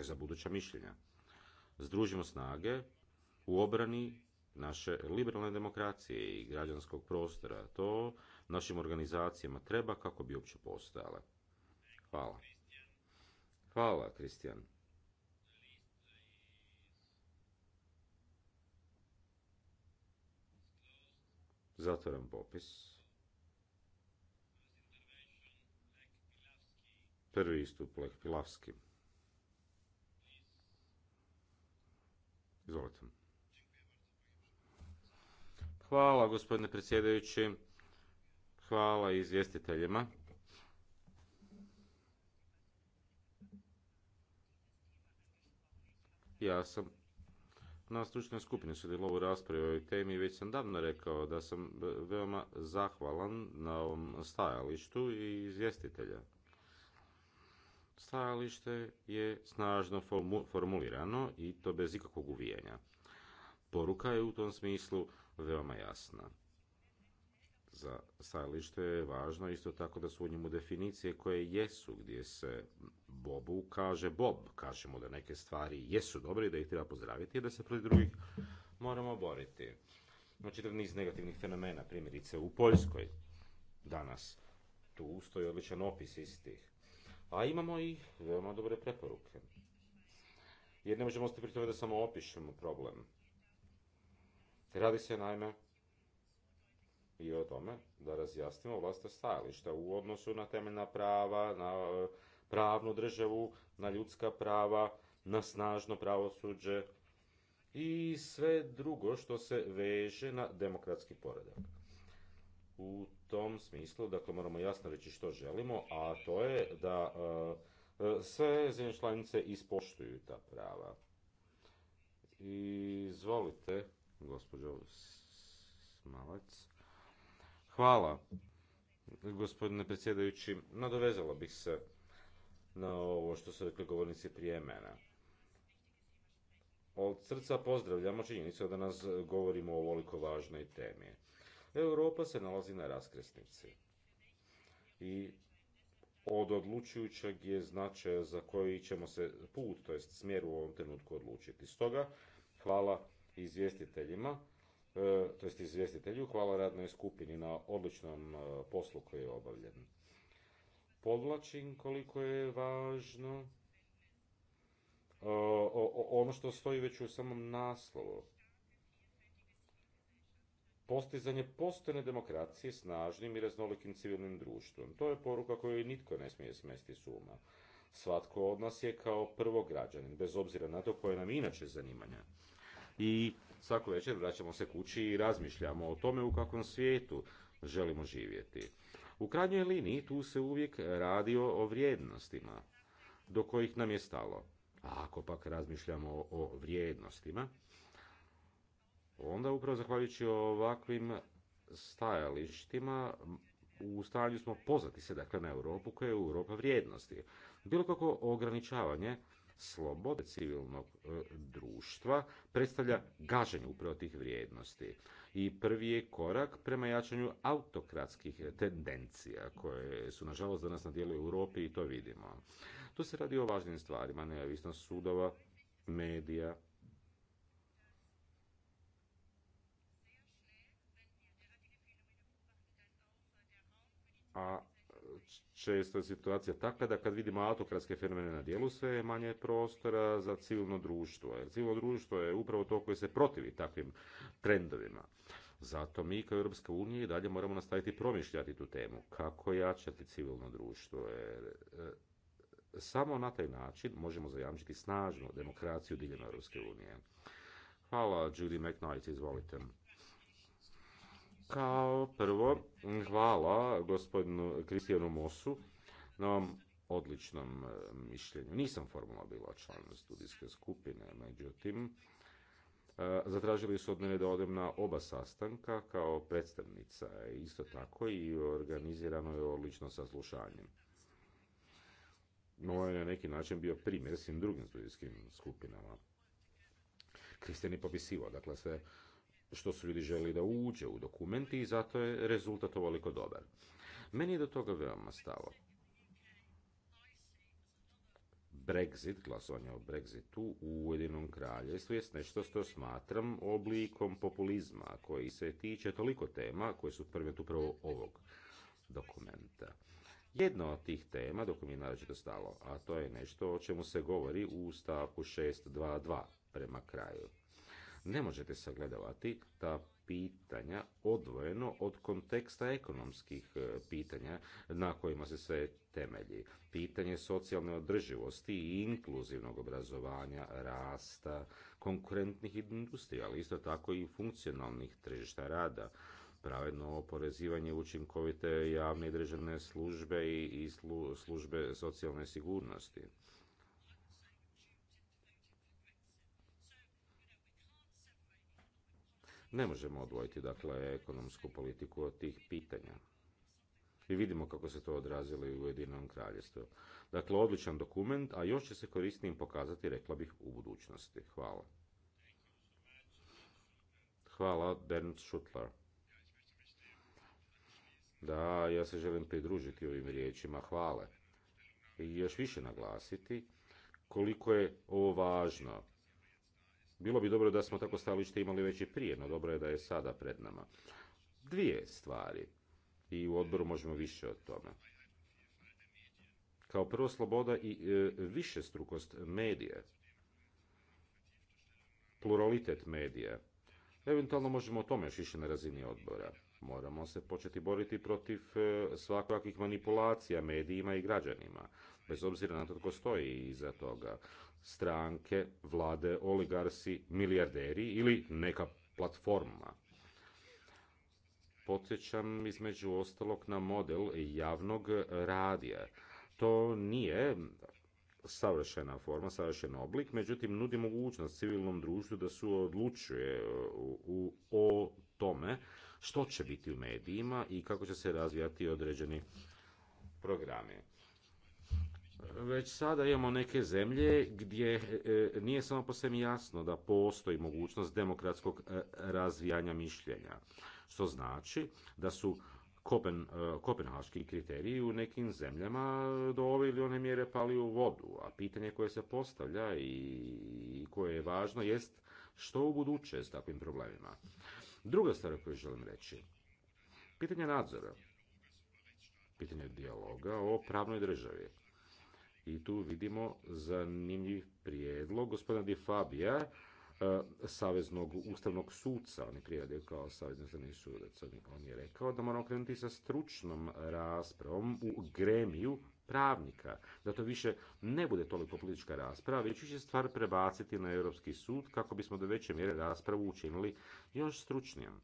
za buduća mišljenja. Združimo snage u obrani naše liberalne demokracije i građanskog prostora. To našim organizacijama treba kako bi uopće postojale. Hvala. Hvala, Kristijan. Zatvoram popis. Prvi istup Leh Pilavski. Izvolite. Hvala gospodine predsjedajući. Hvala izvjestiteljima. Ja sam na stručnoj skupini sudjelovao u raspravi o ovoj temi i već sam davno rekao da sam veoma zahvalan na ovom stajalištu i izvjestitelja stajalište je snažno formulirano i to bez ikakvog uvijenja. Poruka je u tom smislu veoma jasna. Za stajalište je važno isto tako da su u njemu definicije koje jesu, gdje se Bobu kaže Bob. Kažemo da neke stvari jesu dobre i da ih treba pozdraviti i da se protiv drugih moramo boriti. Ima čitav niz negativnih fenomena, primjerice u Poljskoj danas. Tu stoji odličan opis istih a imamo i veoma dobre preporuke. Jer ne možemo ostati pri da samo opišemo problem. Radi se naime i o tome da razjasnimo vlastne stajališta u odnosu na temeljna prava, na e, pravnu državu, na ljudska prava, na snažno pravosuđe i sve drugo što se veže na demokratski poredak. U tom smislu, dakle moramo jasno reći što želimo, a to je da e, sve zemlje članice ispoštuju ta prava. Izvolite, gospođo Smalac. Hvala, gospodine predsjedajući. Nadovezala bih se na ovo što su rekli govornici prije mene. Od srca pozdravljamo činjenicu da nas govorimo o ovoliko važnoj temi. Europa se nalazi na raskresnici. I od odlučujućeg je značaja za koji ćemo se put, to jest smjer u ovom trenutku odlučiti. Stoga, hvala izvjestiteljima, e, to jest izvjestitelju, hvala radnoj skupini na odličnom e, poslu koji je obavljen. Podvlačim koliko je važno e, ono što stoji već u samom naslovu postizanje postojne demokracije snažnim i raznolikim civilnim društvom. To je poruka koju nitko ne smije smesti s uma. Svatko od nas je kao prvo građanin, bez obzira na to koje nam inače zanimanja. I svako večer vraćamo se kući i razmišljamo o tome u kakvom svijetu želimo živjeti. U krajnjoj liniji tu se uvijek radi o vrijednostima do kojih nam je stalo. A ako pak razmišljamo o vrijednostima, onda upravo zahvaljujući ovakvim stajalištima u stanju smo pozvati se dakle na Europu koja je Europa vrijednosti. Bilo kako ograničavanje slobode civilnog e, društva predstavlja gaženje upravo tih vrijednosti. I prvi je korak prema jačanju autokratskih tendencija koje su nažalost danas na dijelu Europi i to vidimo. Tu se radi o važnim stvarima, neovisnost sudova, medija, često je situacija takva da kad vidimo autokratske fenomene na dijelu, sve je manje prostora za civilno društvo. Jer civilno društvo je upravo to koje se protivi takvim trendovima. Zato mi kao Europska unija i dalje moramo nastaviti promišljati tu temu. Kako jačati civilno društvo? Jer, e, samo na taj način možemo zajamčiti snažnu demokraciju diljem Europske unije. Hvala, Judy McKnight, izvolite. Kao prvo, hvala gospodinu Kristijanu Mosu na ovom odličnom e, mišljenju. Nisam formalno bila član studijske skupine, međutim, e, Zatražili su od mene da odem na oba sastanka kao predstavnica, e, isto tako i organizirano je odlično saslušanje. Ovo je na neki način bio primjer svim drugim studijskim skupinama. Kristijan je popisivao, dakle, se što su ljudi želi da uđe u dokumenti i zato je rezultat ovoliko dobar. Meni je do toga veoma stalo. Brexit, glasovanje o Brexitu u Ujedinom kraljevstvu je nešto što smatram oblikom populizma koji se tiče toliko tema koje su predmet upravo ovog dokumenta. Jedna od tih tema dok mi je naročito stalo, a to je nešto o čemu se govori u stavku 6.2.2 prema kraju. Ne možete sagledavati ta pitanja odvojeno od konteksta ekonomskih e, pitanja na kojima se sve temelji. Pitanje socijalne održivosti i inkluzivnog obrazovanja, rasta, konkurentnih industrija, ali isto tako i funkcionalnih tržišta rada pravedno oporezivanje učinkovite javne i državne službe i službe socijalne sigurnosti. Ne možemo odvojiti dakle ekonomsku politiku od tih pitanja. I vidimo kako se to odrazilo i u Ujedinom kraljestvu. Dakle, odličan dokument, a još će se korisnijim pokazati, rekla bih, u budućnosti. Hvala. Hvala, Bernd Schutler. Da, ja se želim pridružiti ovim riječima hvale. I još više naglasiti koliko je ovo važno bilo bi dobro da smo tako stajalište imali već i prije, no dobro je da je sada pred nama. Dvije stvari i u odboru možemo više od tome. Kao prvo sloboda i e, strukost medije, pluralitet medija. Eventualno možemo o tome još više na razini odbora. Moramo se početi boriti protiv e, svakakvih manipulacija medijima i građanima bez obzira na to tko stoji iza toga. Stranke, vlade, oligarsi, milijarderi ili neka platforma. Podsjećam između ostalog na model javnog radija. To nije savršena forma, savršen oblik, međutim nudi mogućnost civilnom društvu da su odlučuje e, u, o tome što će biti u medijima i kako će se razvijati određeni programi već sada imamo neke zemlje gdje e, nije samo po jasno da postoji mogućnost demokratskog e, razvijanja mišljenja. Što znači da su Kopen, e, kopenhaški kriteriji u nekim zemljama do ove ili one mjere pali u vodu. A pitanje koje se postavlja i koje je važno jest što u buduće s takvim problemima. Druga stvar koju želim reći, pitanje nadzora, pitanje dijaloga o pravnoj državi i tu vidimo zanimljiv prijedlog gospodina Di Fabija, e, saveznog ustavnog suca, on je prijavio kao savezni ustavni sudac, on je rekao da moramo krenuti sa stručnom raspravom u gremiju pravnika, da to više ne bude toliko politička rasprava, već će stvar prebaciti na Europski sud kako bismo do veće mjere raspravu učinili još stručnijom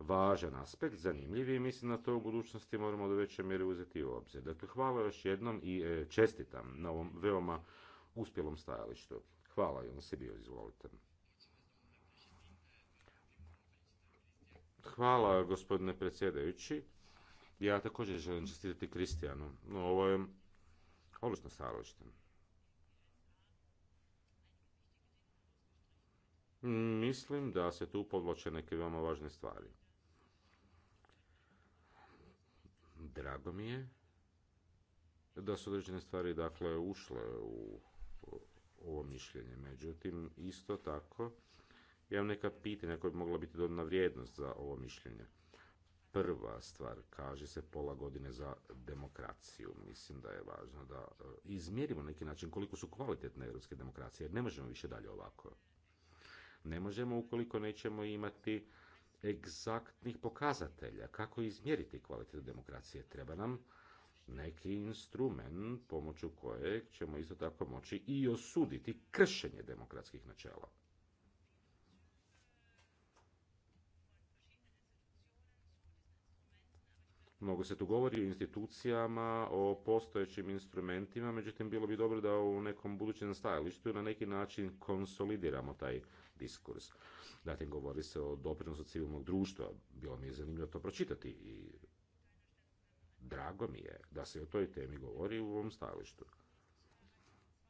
važan aspekt, zanimljiv i mislim da to u budućnosti moramo do veće mjere uzeti u obzir. Dakle, hvala još jednom i e, čestitam na ovom veoma uspjelom stajalištu. Hvala i se bio, izvolite. Hvala, gospodine predsjedajući. Ja također želim čestitati Kristijanu. Ovo je odlično stajalište. Mislim da se tu podloče neke veoma važne stvari. Drago mi je da su određene stvari dakle ušle u ovo mišljenje. Međutim, isto tako, ja imam neka pitanja koja bi mogla biti dodana vrijednost za ovo mišljenje. Prva stvar, kaže se pola godine za demokraciju. Mislim da je važno da e, izmjerimo neki način koliko su kvalitetne europske demokracije, jer ne možemo više dalje ovako. Ne možemo ukoliko nećemo imati egzaktnih pokazatelja kako izmjeriti kvalitetu demokracije. Treba nam neki instrument pomoću kojeg ćemo isto tako moći i osuditi kršenje demokratskih načela. Mnogo se tu govori o institucijama, o postojećim instrumentima, međutim bilo bi dobro da u nekom budućem stajalištu na neki način konsolidiramo taj diskurs. Zatim govori se o doprinosu civilnog društva. Bilo mi je zanimljivo to pročitati i drago mi je da se o toj temi govori u ovom stajalištu.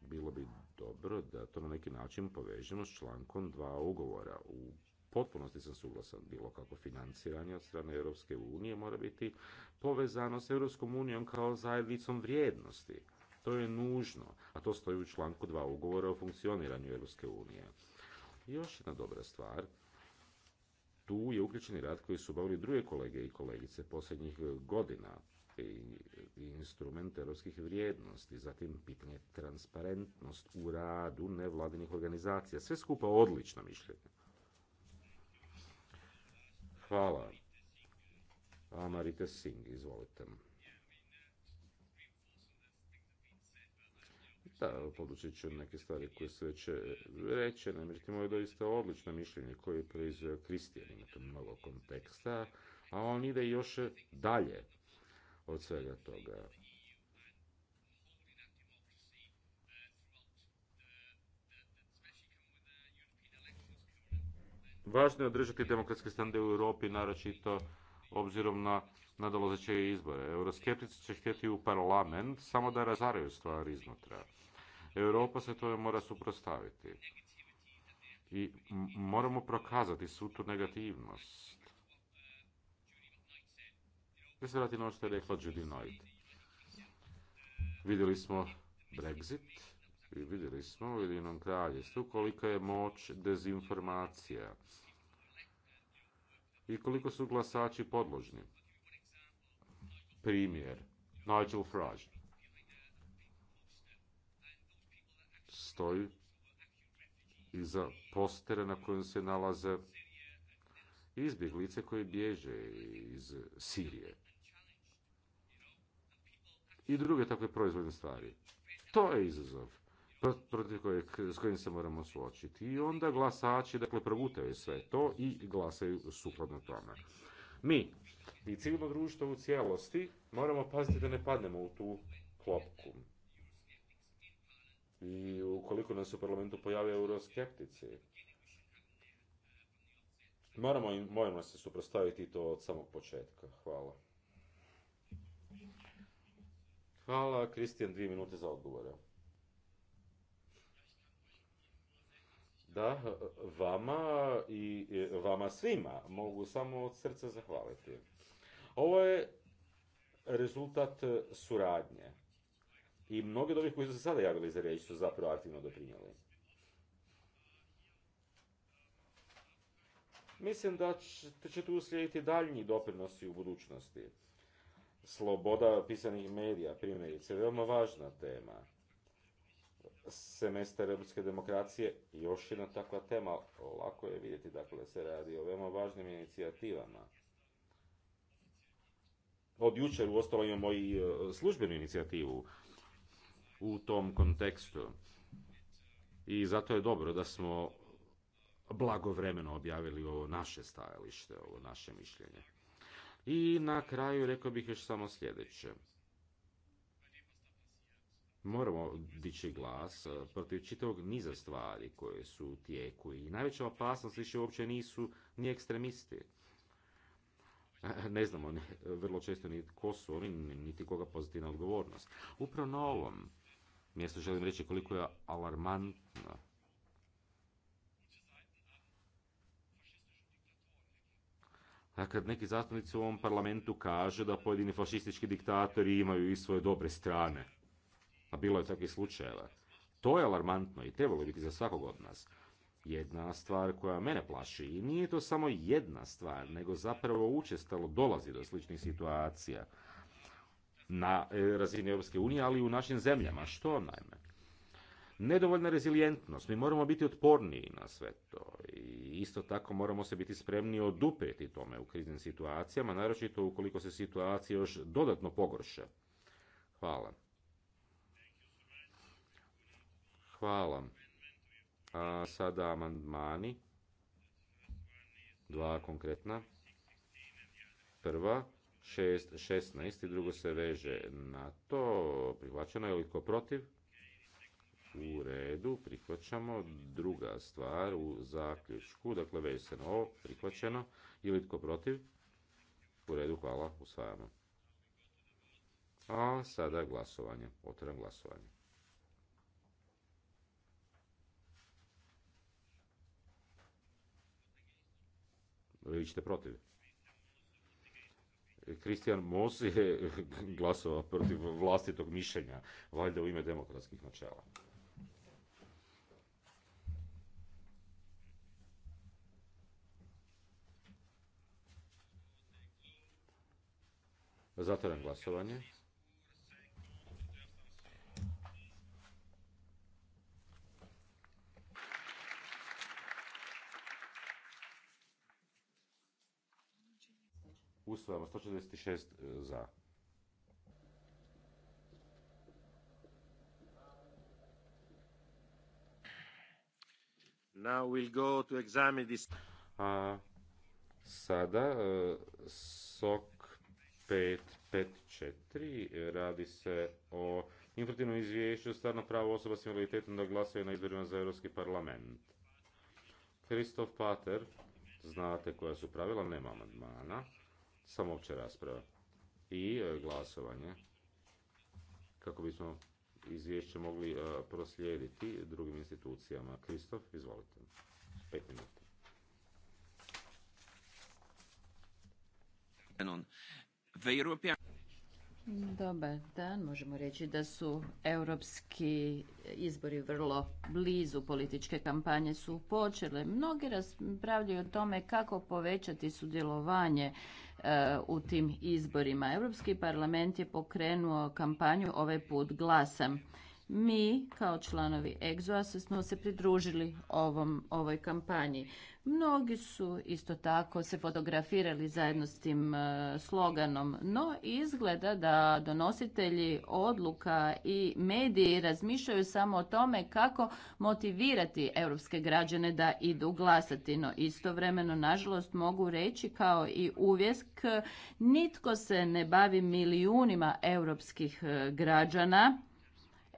Bilo bi dobro da to na neki način povežemo s člankom dva ugovora. U potpunosti sam suglasan, bilo kako financiranje od strane Europske unije mora biti povezano s Europskom unijom kao zajednicom vrijednosti. To je nužno, a to stoji u članku dva ugovora o funkcioniranju Europske unije. Još jedna dobra stvar, tu je uključeni rad koji su obavili druge kolege i kolegice posljednjih godina i instrument europskih vrijednosti, zatim pitanje transparentnost u radu nevladinih organizacija. Sve skupa odlično mišljenje. Hvala. Amarite Singh, izvolite. Da, podučit ću neke stvari koje su već e, rečene, međutim ovo je doista odlično mišljenje koje je proizveo Kristijan, ima mnogo konteksta, a on ide još dalje od svega toga. Važno je održati demokratske stande u Europi, naročito obzirom na nadolazeće izbore. Euroskeptici će htjeti u parlament samo da razaraju stvari iznutra. Europa se tome mora suprostaviti. I moramo prokazati svu tu negativnost. Da se ono što je rekla Judy Noid. Vidjeli smo Brexit i vidjeli smo u Jedinom kraljestvu kolika je moć dezinformacija i koliko su glasači podložni. Primjer, Nigel Farage. stoji iza postere na kojem se nalaze izbjeglice koje bježe iz Sirije. I druge takve proizvodne stvari. To je izazov protiv kojeg, s kojim se moramo suočiti. I onda glasači, dakle, progutaju sve to i glasaju sukladno tome. Mi i civilno društvo u cijelosti moramo paziti da ne padnemo u tu klopku i ukoliko nas u parlamentu pojave euroskeptici. Moramo, im, moramo se suprostaviti to od samog početka. Hvala. Hvala, Kristijan, dvije minute za odgovore. Da, vama i vama svima mogu samo od srca zahvaliti. Ovo je rezultat suradnje i mnogi od ovih koji su se sada javili za riječ su zapravo aktivno doprinijeli. Mislim da će tu uslijediti daljnji doprinosi u budućnosti. Sloboda pisanih medija, primjerice, veoma važna tema. Semestar europske demokracije, još jedna takva tema, lako je vidjeti dakle, da se radi o veoma važnim inicijativama. Od jučer u ostalo imamo i e, službenu inicijativu u tom kontekstu. I zato je dobro da smo blagovremeno objavili ovo naše stajalište, ovo naše mišljenje. I na kraju rekao bih još samo sljedeće. Moramo dići glas e, protiv čitavog niza stvari koje su u tijeku i najveća opasnost više uopće nisu ni ekstremisti. E, ne znamo vrlo često ni ko su oni, niti koga pozitivna odgovornost. Upravo na ovom mjestu želim reći koliko je alarmantno Dakle, neki zastupnici u ovom parlamentu kaže da pojedini fašistički diktatori imaju i svoje dobre strane. A bilo je takvih slučajeva. To je alarmantno i trebalo biti za svakog od nas. Jedna stvar koja mene plaši i nije to samo jedna stvar, nego zapravo učestalo dolazi do sličnih situacija na e, razini Europske unije, ali i u našim zemljama. Što naime? Nedovoljna rezilijentnost, mi moramo biti otporniji na sve to i isto tako moramo se biti spremni oduprijeti tome u kriznim situacijama, naročito ukoliko se situacija još dodatno pogorše. Hvala. Hvala. A sada amandmani. Dva konkretna. Prva Šest, 16 i drugo se veže na to. Prihvaćeno je li tko protiv? U redu, prihvaćamo. Druga stvar u zaključku, dakle veže se na ovo, prihvaćeno. Ili tko protiv? U redu, hvala, usvajamo. A sada glasovanje, otvoram glasovanje. Vi ćete protiv? Kristijan Mos je glasovao protiv vlastitog mišljenja, valjda u ime demokratskih načela. Zatvaram glasovanje. usvajamo 166 e, za. Now we'll go to examine this. A sada e, SOK 554 e, radi se o informativnom izvješću stvarno pravo osoba s invaliditetom da glasuje na izborima za Europski parlament. Kristof Pater, znate koja su pravila, nema amandmana samo opća rasprava i e, glasovanje kako bismo izvješće mogli e, proslijediti drugim institucijama. Kristof, izvolite. Pet minuta. Dobar dan, možemo reći da su europski izbori vrlo blizu, političke kampanje su počele. Mnogi raspravljaju o tome kako povećati sudjelovanje E, u tim izborima. Europski parlament je pokrenuo kampanju ovaj put glasam. Mi, kao članovi exo smo se pridružili ovom, ovoj kampanji. Mnogi su isto tako se fotografirali zajedno s tim e, sloganom, no izgleda da donositelji odluka i mediji razmišljaju samo o tome kako motivirati europske građane da idu glasati. No istovremeno, nažalost, mogu reći kao i uvijesk, nitko se ne bavi milijunima europskih e, građana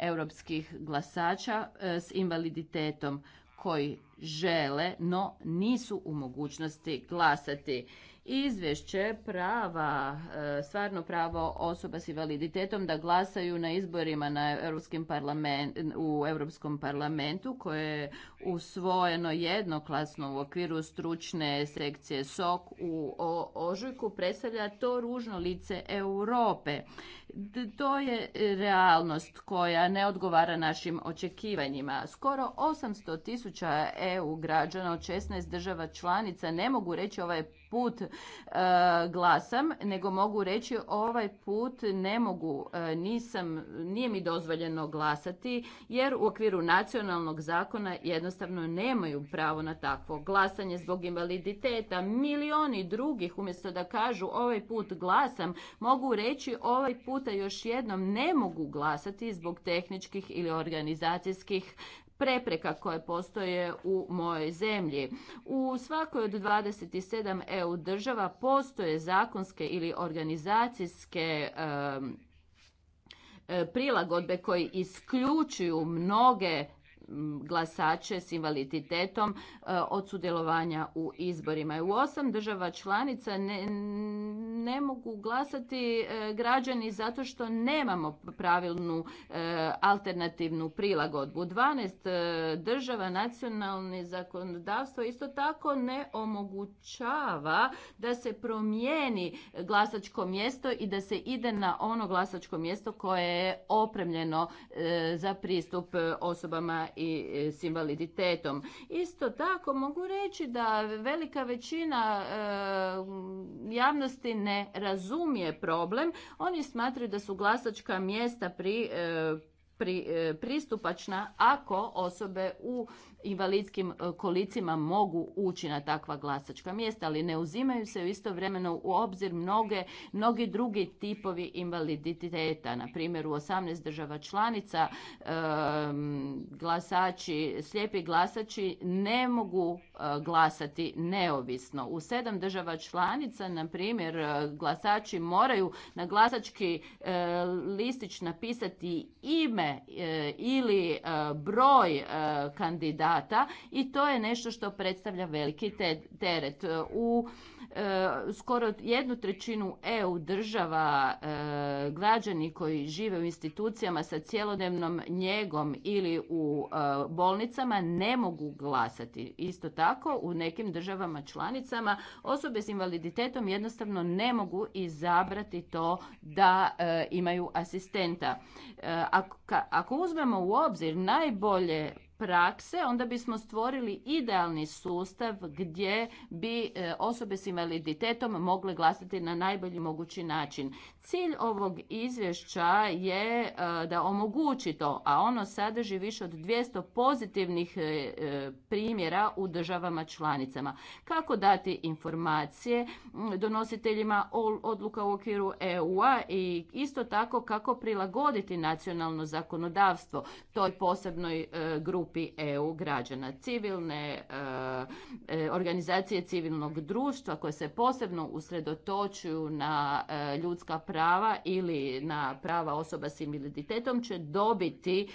europskih glasača e, s invaliditetom koji žele, no nisu u mogućnosti glasati. Izvješće prava, e, stvarno pravo osoba s invaliditetom da glasaju na izborima na Europskim u Europskom parlamentu koje je usvojeno jednoklasno u okviru stručne sekcije SOK u Ožujku predstavlja to ružno lice Europe. To je realnost koja ne odgovara našim očekivanjima. Skoro 800 tisuća EU građana od 16 država članica ne mogu reći ovaj put e, glasam, nego mogu reći ovaj put ne mogu, e, nisam, nije mi dozvoljeno glasati jer u okviru nacionalnog zakona jednostavno nemaju pravo na takvo glasanje zbog invaliditeta. Milioni drugih umjesto da kažu ovaj put glasam, mogu reći ovaj puta još jednom ne mogu glasati zbog tehničkih ili organizacijskih prepreka koje postoje u mojoj zemlji. U svakoj od 27 EU država postoje zakonske ili organizacijske e, prilagodbe koji isključuju mnoge glasače s invaliditetom e, od sudjelovanja u izborima. U osam država članica ne, ne mogu glasati e, građani zato što nemamo pravilnu e, alternativnu prilagodbu. 12 država nacionalni zakonodavstvo isto tako ne omogućava da se promijeni glasačko mjesto i da se ide na ono glasačko mjesto koje je opremljeno za pristup osobama i e, s invaliditetom. Isto tako mogu reći da velika većina e, javnosti ne razumije problem. Oni smatraju da su glasačka mjesta pri e, pristupačna ako osobe u invalidskim e, kolicima mogu ući na takva glasačka mjesta, ali ne uzimaju se istovremeno u obzir mnoge, mnogi drugi tipovi invaliditeta. Na primjer, u 18 država članica glasači, slijepi glasači ne mogu e, glasati neovisno. U sedam država članica, na primjer, e, glasači moraju na glasački listić napisati ime ili broj kandidata i to je nešto što predstavlja veliki teret. E, u e, skoro jednu trećinu EU država e, građani koji žive u institucijama sa cjelodnevnom njegom ili u bolnicama ne mogu glasati. Isto tako u nekim državama članicama osobe s invaliditetom jednostavno ne mogu izabrati to da imaju asistenta. Ako, ako uzmemo u obzir najbolje prakse, onda bismo stvorili idealni sustav gdje bi e, osobe s invaliditetom mogle glasati na najbolji mogući način. Cilj ovog izvješća je e, da omogući to, a ono sadrži više od 200 pozitivnih e, primjera u državama članicama. Kako dati informacije donositeljima odluka u okviru EU-a i isto tako kako prilagoditi nacionalno zakonodavstvo toj posebnoj grupi EU građana. Civilne e, e, organizacije civilnog društva koje se posebno usredotočuju na e, ljudska prava ili na prava osoba s invaliditetom će dobiti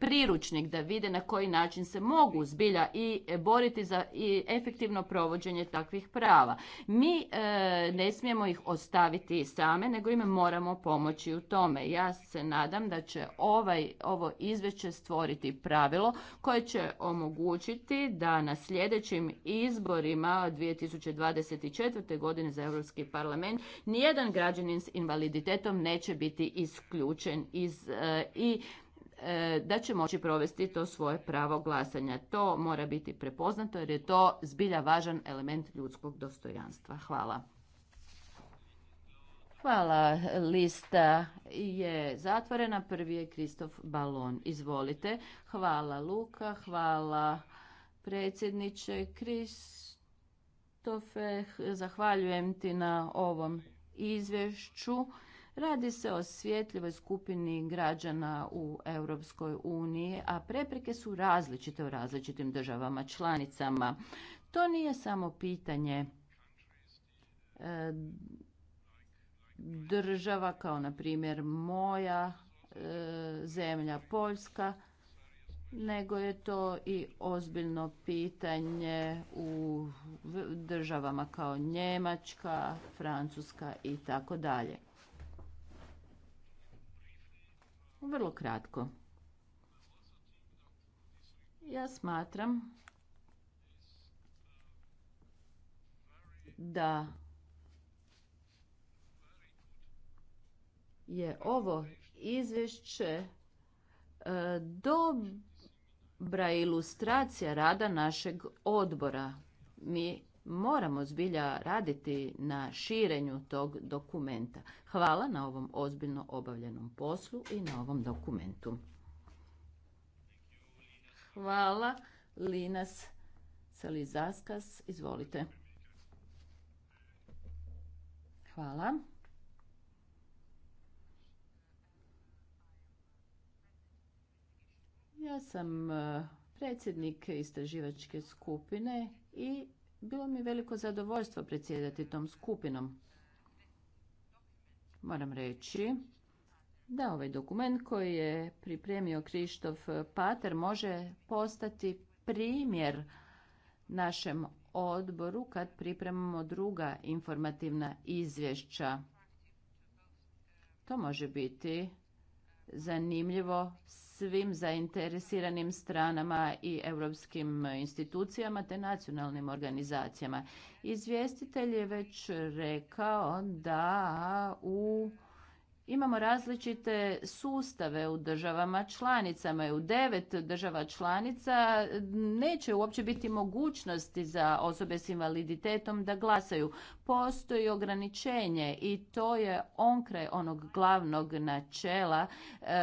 priručnik da vide na koji način se mogu zbilja i boriti za i efektivno provođenje takvih prava. Mi ne smijemo ih ostaviti same, nego im moramo pomoći u tome. Ja se nadam da će ovaj, ovo izvješće stvoriti donijeti pravilo koje će omogućiti da na sljedećim izborima 2024. godine za Europski parlament nijedan građanin s invaliditetom neće biti isključen iz eh, i eh, da će moći provesti to svoje pravo glasanja. To mora biti prepoznato jer je to zbilja važan element ljudskog dostojanstva. Hvala. Hvala. Lista je zatvorena. Prvi je Kristof Balon. Izvolite. Hvala Luka, hvala predsjedniče Kristofe. Zahvaljujem ti na ovom izvješću. Radi se o svjetljivoj skupini građana u Europskoj uniji, a prepreke su različite u različitim državama članicama. To nije samo pitanje e, država kao na primjer moja e, zemlja Poljska nego je to i ozbiljno pitanje u državama kao Njemačka, Francuska i tako dalje. Vrlo kratko. Ja smatram da je ovo izvješće e, dobra ilustracija rada našeg odbora. Mi moramo zbilja raditi na širenju tog dokumenta. Hvala na ovom ozbiljno obavljenom poslu i na ovom dokumentu. Hvala. Linas Salizaskas. izvolite. Hvala. Ja sam e, predsjednik istraživačke skupine i bilo mi veliko zadovoljstvo predsjedati tom skupinom. Moram reći da ovaj dokument koji je pripremio Krištof Pater može postati primjer našem odboru kad pripremamo druga informativna izvješća. To može biti zanimljivo svim zainteresiranim stranama i europskim institucijama te nacionalnim organizacijama. Izvjestitelj je već rekao da u Imamo različite sustave u državama članicama i u devet država članica neće uopće biti mogućnosti za osobe s invaliditetom da glasaju. Postoji ograničenje i to je onkraj onog glavnog načela e, e,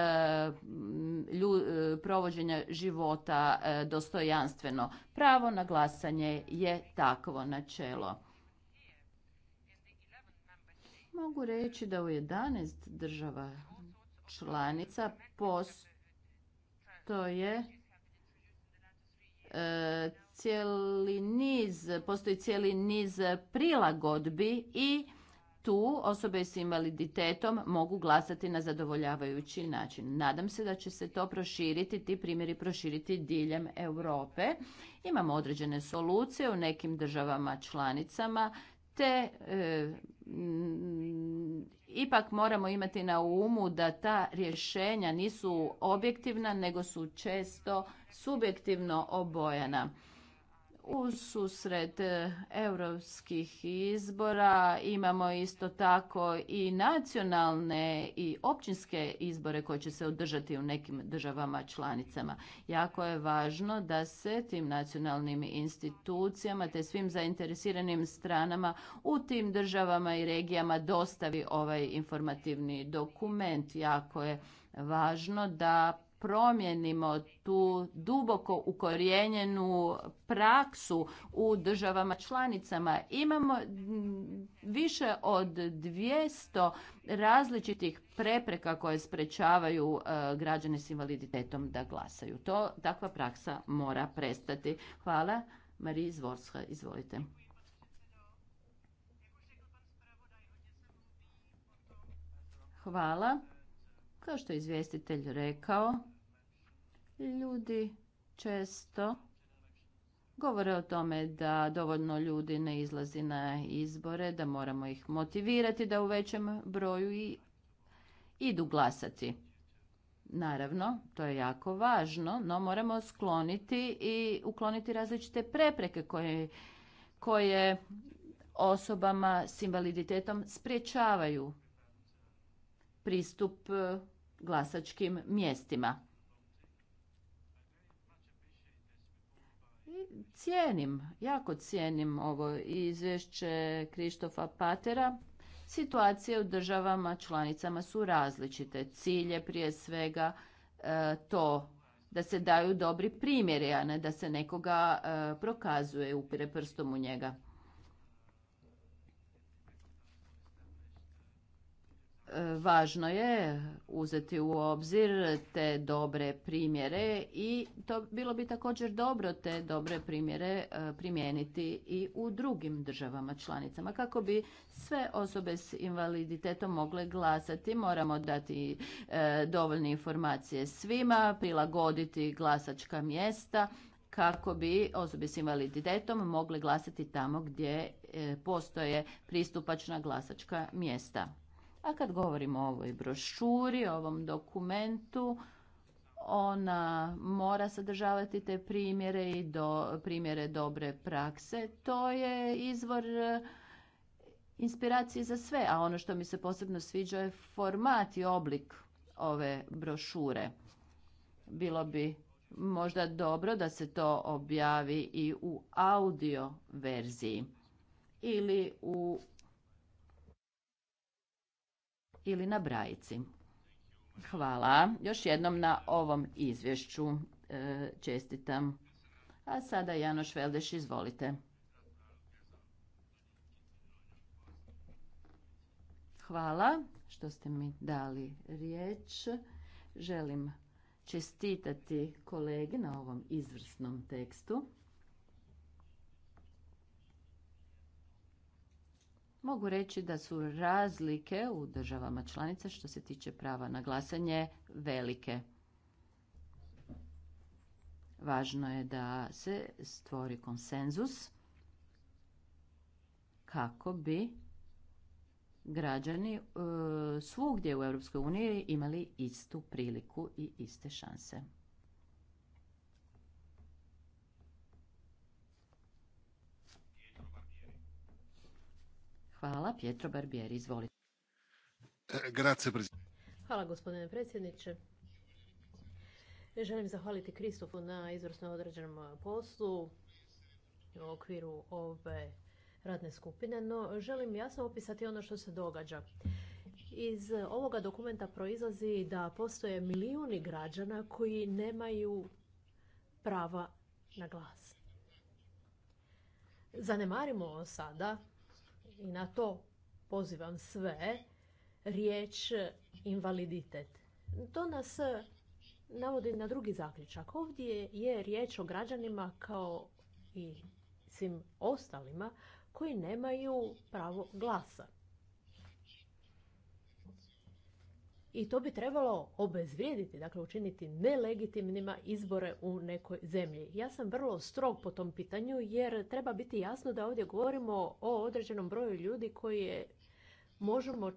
provođenja života e, dostojanstveno. Pravo na glasanje je takvo načelo. Mogu reći da u 11 država članica postoje e, cijeli niz, postoji cijeli niz prilagodbi i tu osobe s invaliditetom mogu glasati na zadovoljavajući način. Nadam se da će se to proširiti, ti primjeri proširiti diljem Europe. Imamo određene solucije u nekim državama članicama te e, mm, ipak moramo imati na umu da ta rješenja nisu objektivna nego su često subjektivno obojana u susret e, europskih izbora imamo isto tako i nacionalne i općinske izbore koji će se održati u nekim državama članicama. Jako je važno da se tim nacionalnim institucijama te svim zainteresiranim stranama u tim državama i regijama dostavi ovaj informativni dokument. Jako je važno da promijenimo tu duboko ukorijenjenu praksu u državama članicama. Imamo više od 200 različitih prepreka koje sprečavaju e, građane s invaliditetom da glasaju. To takva praksa mora prestati. Hvala. Marija Zvorska, izvolite. Hvala. Kao što je izvjestitelj rekao, ljudi često govore o tome da dovoljno ljudi ne izlazi na izbore, da moramo ih motivirati da u većem broju i idu glasati. Naravno, to je jako važno, no moramo skloniti i ukloniti različite prepreke koje, koje osobama s invaliditetom sprječavaju pristup glasačkim mjestima. Cijenim, jako cijenim ovo izvješće Krištofa Patera. Situacije u državama članicama su različite. Cilj je prije svega e, to da se daju dobri primjeri, a ne da se nekoga e, prokazuje, upire prstom u njega. Važno je uzeti u obzir te dobre primjere i to bilo bi također dobro te dobre primjere e, primijeniti i u drugim državama članicama. Kako bi sve osobe s invaliditetom mogle glasati, moramo dati e, dovoljne informacije svima, prilagoditi glasačka mjesta kako bi osobe s invaliditetom mogle glasati tamo gdje e, postoje pristupačna glasačka mjesta. A kad govorimo o ovoj brošuri, o ovom dokumentu, ona mora sadržavati te primjere i do, primjere dobre prakse. To je izvor eh, inspiracije za sve, a ono što mi se posebno sviđa je format i oblik ove brošure. Bilo bi možda dobro da se to objavi i u audio verziji ili u ili na brajici. Hvala još jednom na ovom izvješću. E, čestitam. A sada Janoš Veldeš, izvolite. Hvala što ste mi dali riječ. Želim čestitati kolegi na ovom izvrsnom tekstu. mogu reći da su razlike u državama članica što se tiče prava na glasanje velike. Važno je da se stvori konsenzus kako bi građani e, svugdje u EU imali istu priliku i iste šanse. Hvala. Pietro Barbieri, izvolite. Grazie, Hvala gospodine predsjedniče. Želim zahvaliti Kristofu na izvrsno određenom poslu u okviru ove radne skupine, no želim jasno opisati ono što se događa. Iz ovoga dokumenta proizlazi da postoje milijuni građana koji nemaju prava na glas. Zanemarimo sada i na to pozivam sve, riječ invaliditet. To nas eh, navodi na drugi zaključak. Ovdje je riječ o građanima kao i svim ostalima koji nemaju pravo glasa. i to bi trebalo obezvrijediti, dakle učiniti nelegitimnima izbore u nekoj zemlji. Ja sam vrlo strog po tom pitanju jer treba biti jasno da ovdje govorimo o određenom broju ljudi koje možemo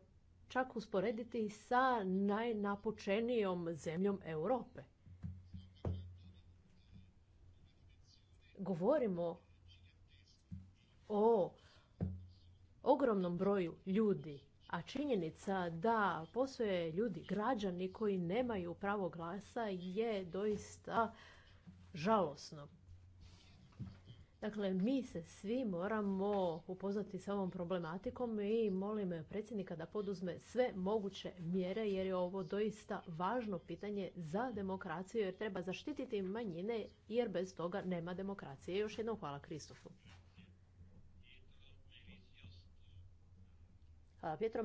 čak usporediti sa najnapučenijom zemljom Europe. Govorimo o ogromnom broju ljudi a činjenica da postoje ljudi, građani koji nemaju pravo glasa je doista žalosno. Dakle, mi se svi moramo upoznati s ovom problematikom i molim predsjednika da poduzme sve moguće mjere jer je ovo doista važno pitanje za demokraciju jer treba zaštititi manjine jer bez toga nema demokracije. Još jednom hvala Kristofu. Pietro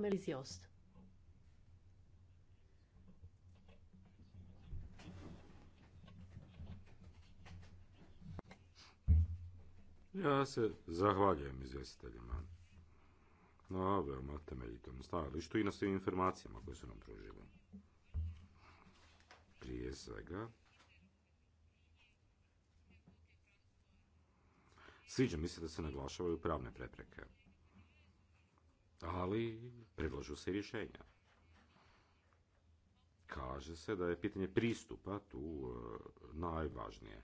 Ja se zahvaljujem izvjestiteljima na veoma temeljitom stajalištu i na svim informacijama koje su nam pružili. Prije svega, sviđa mi se da se naglašavaju pravne prepreke ali predlažu se rješenja. Kaže se da je pitanje pristupa tu e, najvažnije.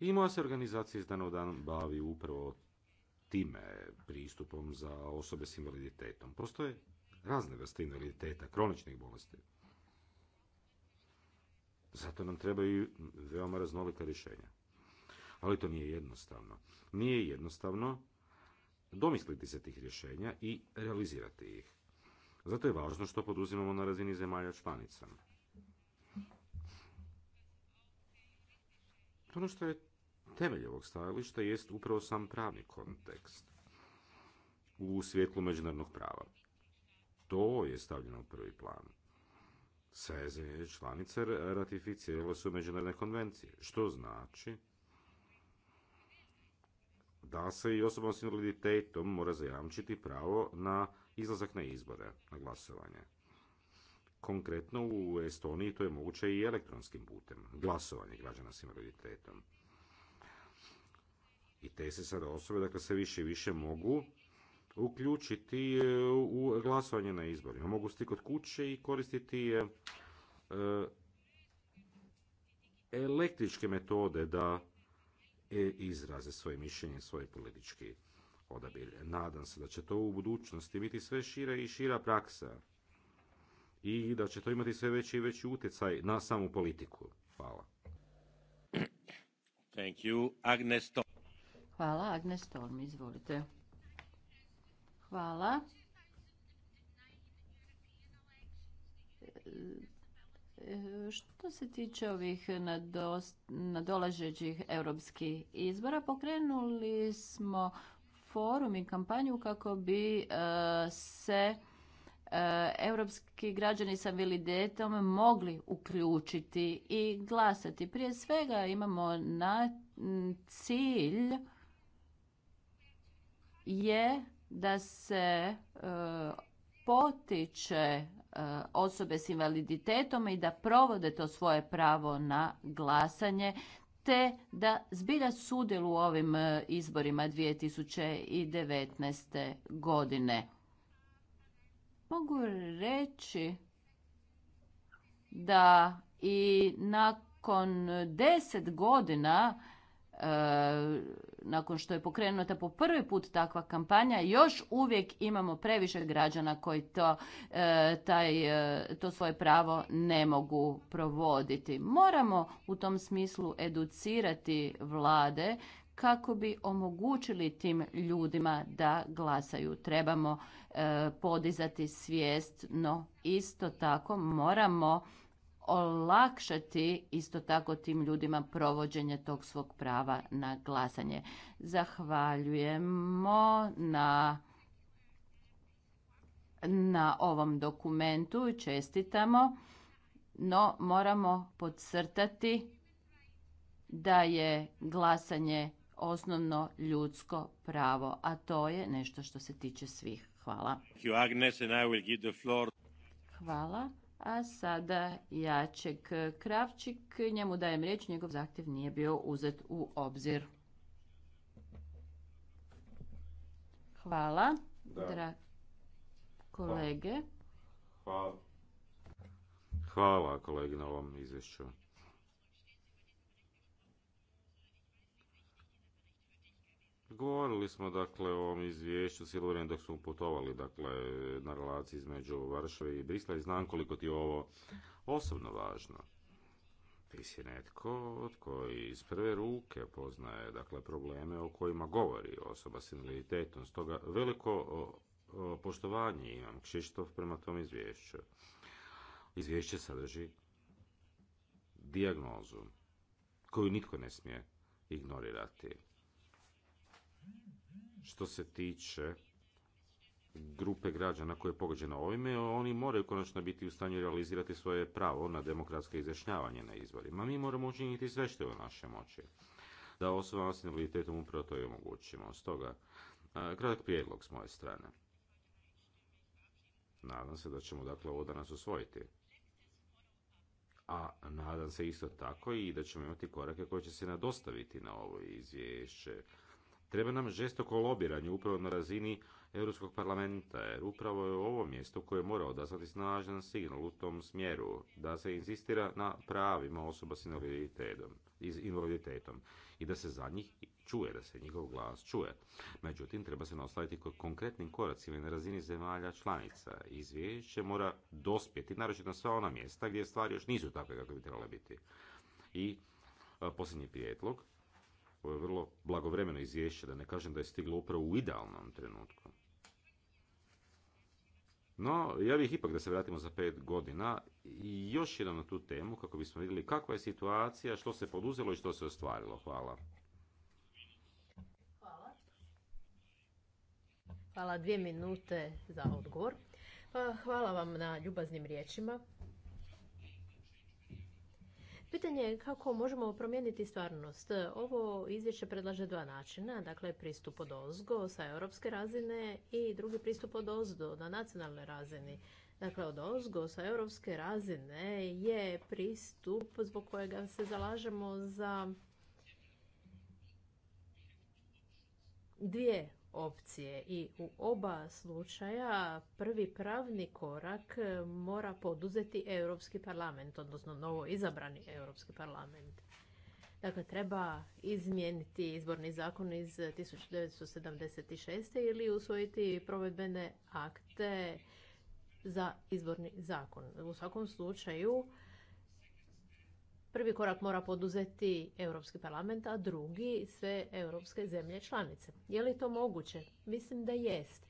I moja se organizacija iz dana u dan bavi upravo time, pristupom za osobe s invaliditetom. Postoje razne vrste invaliditeta, kroničnih bolesti. Zato nam trebaju veoma raznolika rješenja. Ali to nije jednostavno. Nije jednostavno domisliti se tih rješenja i realizirati ih. Zato je važno što poduzimamo na razini zemalja članica. Ono što je temelj ovog stajališta jest upravo sam pravni kontekst u svjetlu međunarodnog prava. To je stavljeno u prvi plan. Sve zemlje članice ratificirale su međunarne konvencije, što znači da se i osobama s invaliditetom mora zajamčiti pravo na izlazak na izbore, na glasovanje. Konkretno u Estoniji to je moguće i elektronskim putem, glasovanje građana s invaliditetom. I te se sada osobe, dakle, sve više i više mogu uključiti e, u glasovanje na izborima. Mogu sti kod kuće i koristiti e, e, električke metode da E izraze svoje mišljenje, svoje političke odabir. Nadam se da će to u budućnosti biti sve šira i šira praksa i da će to imati sve veći i veći utjecaj na samu politiku. Hvala. Thank you. Agnes Hvala, Agnes Tom, izvolite. Hvala. Što se tiče ovih nadolažećih europskih izbora, pokrenuli smo forum i kampanju kako bi e, se e, europski građani sa validetom mogli uključiti i glasati. Prije svega imamo na cilj je da se e, potiče E, osobe s invaliditetom i da provode to svoje pravo na glasanje te da zbilja sudjelu u ovim e, izborima 2019. godine. Mogu reći da i nakon deset godina e, nakon što je pokrenuta po prvi put takva kampanja, još uvijek imamo previše građana koji to, e, taj, e, to svoje pravo ne mogu provoditi. Moramo u tom smislu educirati vlade kako bi omogućili tim ljudima da glasaju. Trebamo e, podizati svijest, no isto tako moramo olakšati isto tako tim ljudima provođenje tog svog prava na glasanje. Zahvaljujemo na na ovom dokumentu i čestitamo, no moramo podcrtati da je glasanje osnovno ljudsko pravo, a to je nešto što se tiče svih. Hvala. Hvala. A sada Jaček Kravčik, njemu dajem riječ, njegov zahtjev nije bio uzet u obzir. Hvala, kolege. Hvala. Hvala kolegi na ovom izvješću. Govorili smo dakle o ovom izvješću cijelo vrijeme dok smo putovali dakle, na relaciji između Varšave i Brisla i znam koliko ti je ovo osobno važno. Ti si netko koji iz prve ruke poznaje dakle, probleme o kojima govori osoba s invaliditetom. Stoga veliko poštovanje imam Kšištov prema tom izvješću. Izvješće sadrži dijagnozu koju nitko ne smije ignorirati što se tiče grupe građana koje je pogođena ovime, oni moraju konačno biti u stanju realizirati svoje pravo na demokratske izjašnjavanje na izvorima. Mi moramo učiniti sve što je u našoj moći da osobama s invaliditetom upravo to i omogućimo. Stoga, e, kratak prijedlog s moje strane. Nadam se da ćemo dakle ovo danas usvojiti. A nadam se isto tako i da ćemo imati korake koje će se nadostaviti na ovo izvješće Treba nam žestoko lobiranje upravo na razini Europskog parlamenta, jer upravo je ovo mjesto koje mora odaslati snažan signal u tom smjeru, da se insistira na pravima osoba s invaliditetom, invaliditetom i da se za njih čuje, da se njihov glas čuje. Međutim, treba se nastaviti konkretnim koracima na razini zemalja članica. Izvješće mora dospjeti, naročito na sva ona mjesta gdje stvari još nisu takve kako bi trebale biti. I posljednji prijedlog, ovo je vrlo blagovremeno izvješće, da ne kažem da je stiglo upravo u idealnom trenutku. No, ja bih ipak da se vratimo za pet godina i još jedan na tu temu kako bismo vidjeli kakva je situacija, što se poduzelo i što se ostvarilo. Hvala. Hvala. Hvala dvije minute za odgovor. Pa, hvala vam na ljubaznim riječima. Pitanje je kako možemo promijeniti stvarnost. Ovo izvješće predlaže dva načina, dakle pristup od ozgo sa europske razine i drugi pristup od ozdo na nacionalnoj razini. Dakle, od ozgo sa europske razine je pristup zbog kojega se zalažemo za dvije opcije i u oba slučaja prvi pravni korak mora poduzeti Europski parlament, odnosno novo izabrani Europski parlament. Dakle, treba izmijeniti izborni zakon iz 1976. ili usvojiti provedbene akte za izborni zakon. U svakom slučaju, Prvi korak mora poduzeti Europski parlament, a drugi sve europske zemlje članice. Je li to moguće? Mislim da jest.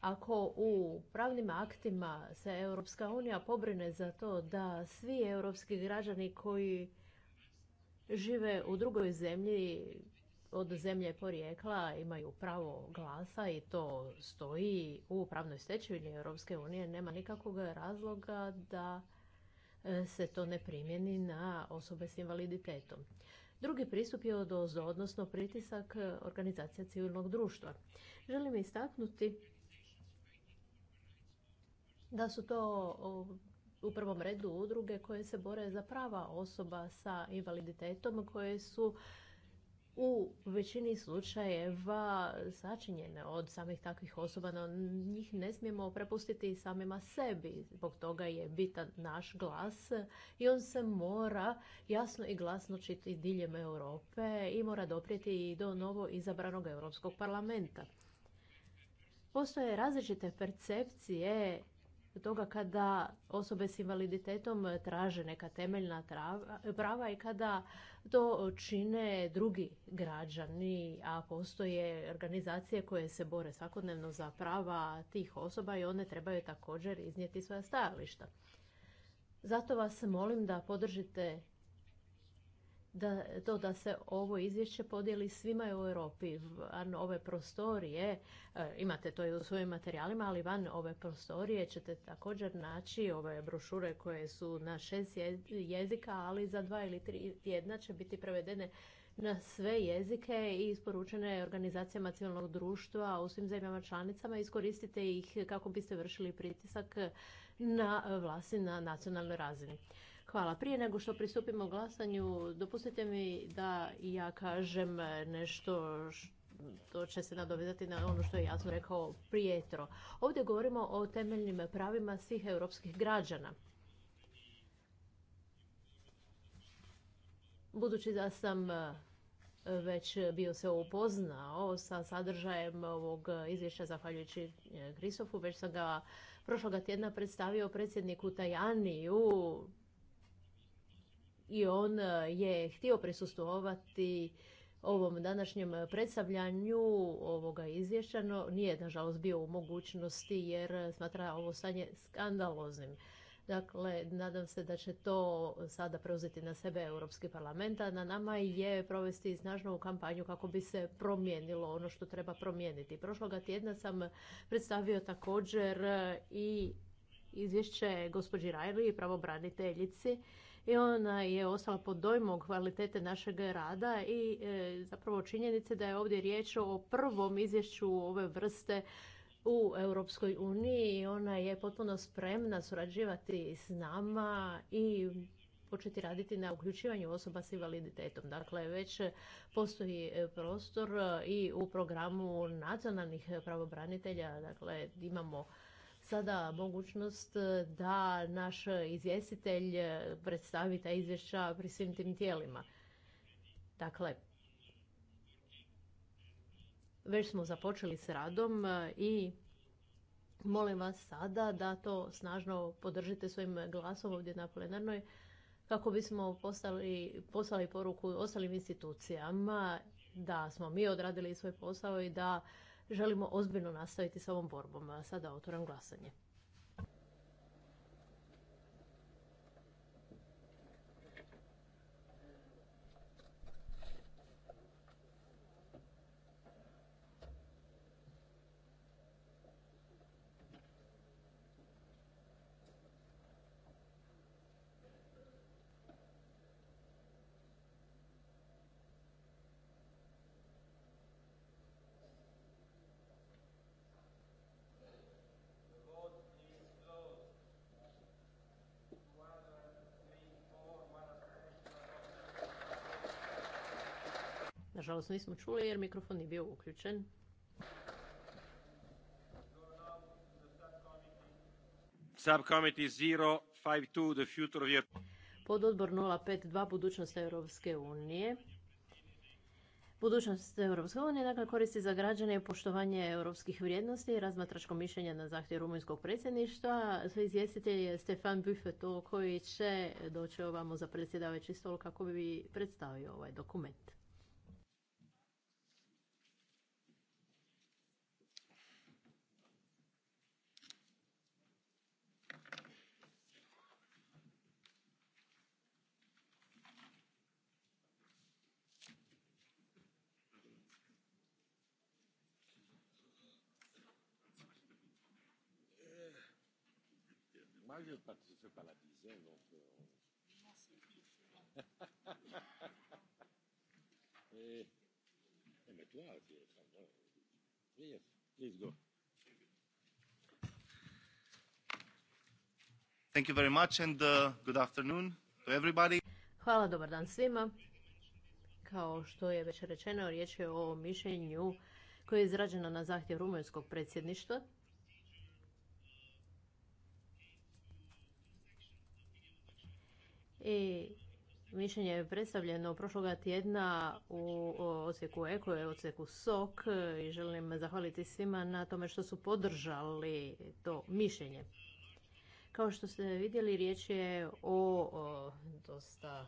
Ako u pravnim aktima se Europska unija pobrine za to da svi europski građani koji žive u drugoj zemlji od zemlje porijekla imaju pravo glasa i to stoji u pravnoj stečevini Europske unije, nema nikakvog razloga da E, se to ne primjeni na osobe s invaliditetom. Drugi pristup je odozo odnosno pritisak e, organizacija civilnog društva. Želim istaknuti da su to u prvom redu udruge koje se bore za prava osoba sa invaliditetom, koje su u većini slučajeva sačinjene od samih takvih osoba, no njih ne smijemo prepustiti samima sebi. Zbog toga je bitan naš glas i on se mora jasno i glasno čiti diljem Europe i mora doprijeti i do novo izabranog Europskog parlamenta. Postoje različite percepcije toga kada osobe s invaliditetom traže neka temeljna prava i kada to čine drugi građani, a postoje organizacije koje se bore svakodnevno za prava tih osoba i one trebaju također iznijeti svoja stajališta. Zato vas molim da podržite da, to da se ovo izvješće podijeli svima u Europi, van ove prostorije, e, imate to i u svojim materijalima, ali van ove prostorije ćete također naći ove brošure koje su na šest jezika, ali za dva ili tri tjedna će biti prevedene na sve jezike i isporučene organizacijama civilnog društva u svim zemljama članicama. Iskoristite ih kako biste vršili pritisak na vlasti na nacionalnoj razini. Hvala. Prije nego što pristupimo glasanju, dopustite mi da ja kažem nešto što će se nadovezati na ono što je jasno rekao Prijetro. Ovdje govorimo o temeljnim pravima svih europskih građana. Budući da sam već bio se upoznao sa sadržajem ovog izvješća zahvaljujući Kristofu, već sam ga prošloga tjedna predstavio predsjedniku Tajaniju i on e, je htio prisustovati ovom današnjem predstavljanju ovoga izvješća, no nije nažalost bio u mogućnosti jer smatra ovo stanje skandaloznim. Dakle, nadam se da će to sada preuzeti na sebe Europski parlament, a na nama je provesti snažnu kampanju kako bi se promijenilo ono što treba promijeniti. Prošloga tjedna sam predstavio također i izvješće gospođi Rajli i pravobraniteljici i ona je ostala pod dojmom kvalitete našeg rada i e, zapravo činjenice da je ovdje riječ o prvom izvješću ove vrste u Europskoj uniji i ona je potpuno spremna surađivati s nama i početi raditi na uključivanju osoba s invaliditetom. Dakle, već postoji prostor i u programu nacionalnih pravobranitelja, dakle, imamo sada mogućnost e, da naš izvjestitelj e, predstavi ta izvješća pri svim tim tijelima. Dakle, već smo započeli s radom e, i molim vas sada da to snažno podržite svojim glasom ovdje na plenarnoj kako bismo poslali poruku ostalim institucijama da smo mi odradili svoj posao i da želimo ozbiljno nastaviti s ovom borbom. Sada otvoram glasanje. nažalost nismo čuli jer mikrofon nije bio uključen. Pod odbor 052 Budućnost Europske unije. Budućnost Europske unije dakle, koristi za građane i poštovanje europskih vrijednosti i razmatračko mišljenje na zahtjev rumunjskog predsjedništva. Sve izvjestitelj je Stefan Buffeto koji će doći ovamo za predsjedavajući stol kako bi predstavio ovaj dokument. please go. Thank you very much and uh, good afternoon to everybody. Hvala, dobar dan svima. Kao što je već rečeno, riječ je o mišljenju koje je izrađeno na zahtjev rumunjskog predsjedništva. I Mišljenje je predstavljeno prošloga tjedna u odsjeku Eko i odsjeku SOK i želim zahvaliti svima na tome što su podržali to mišljenje. Kao što ste vidjeli, riječ je o, dosta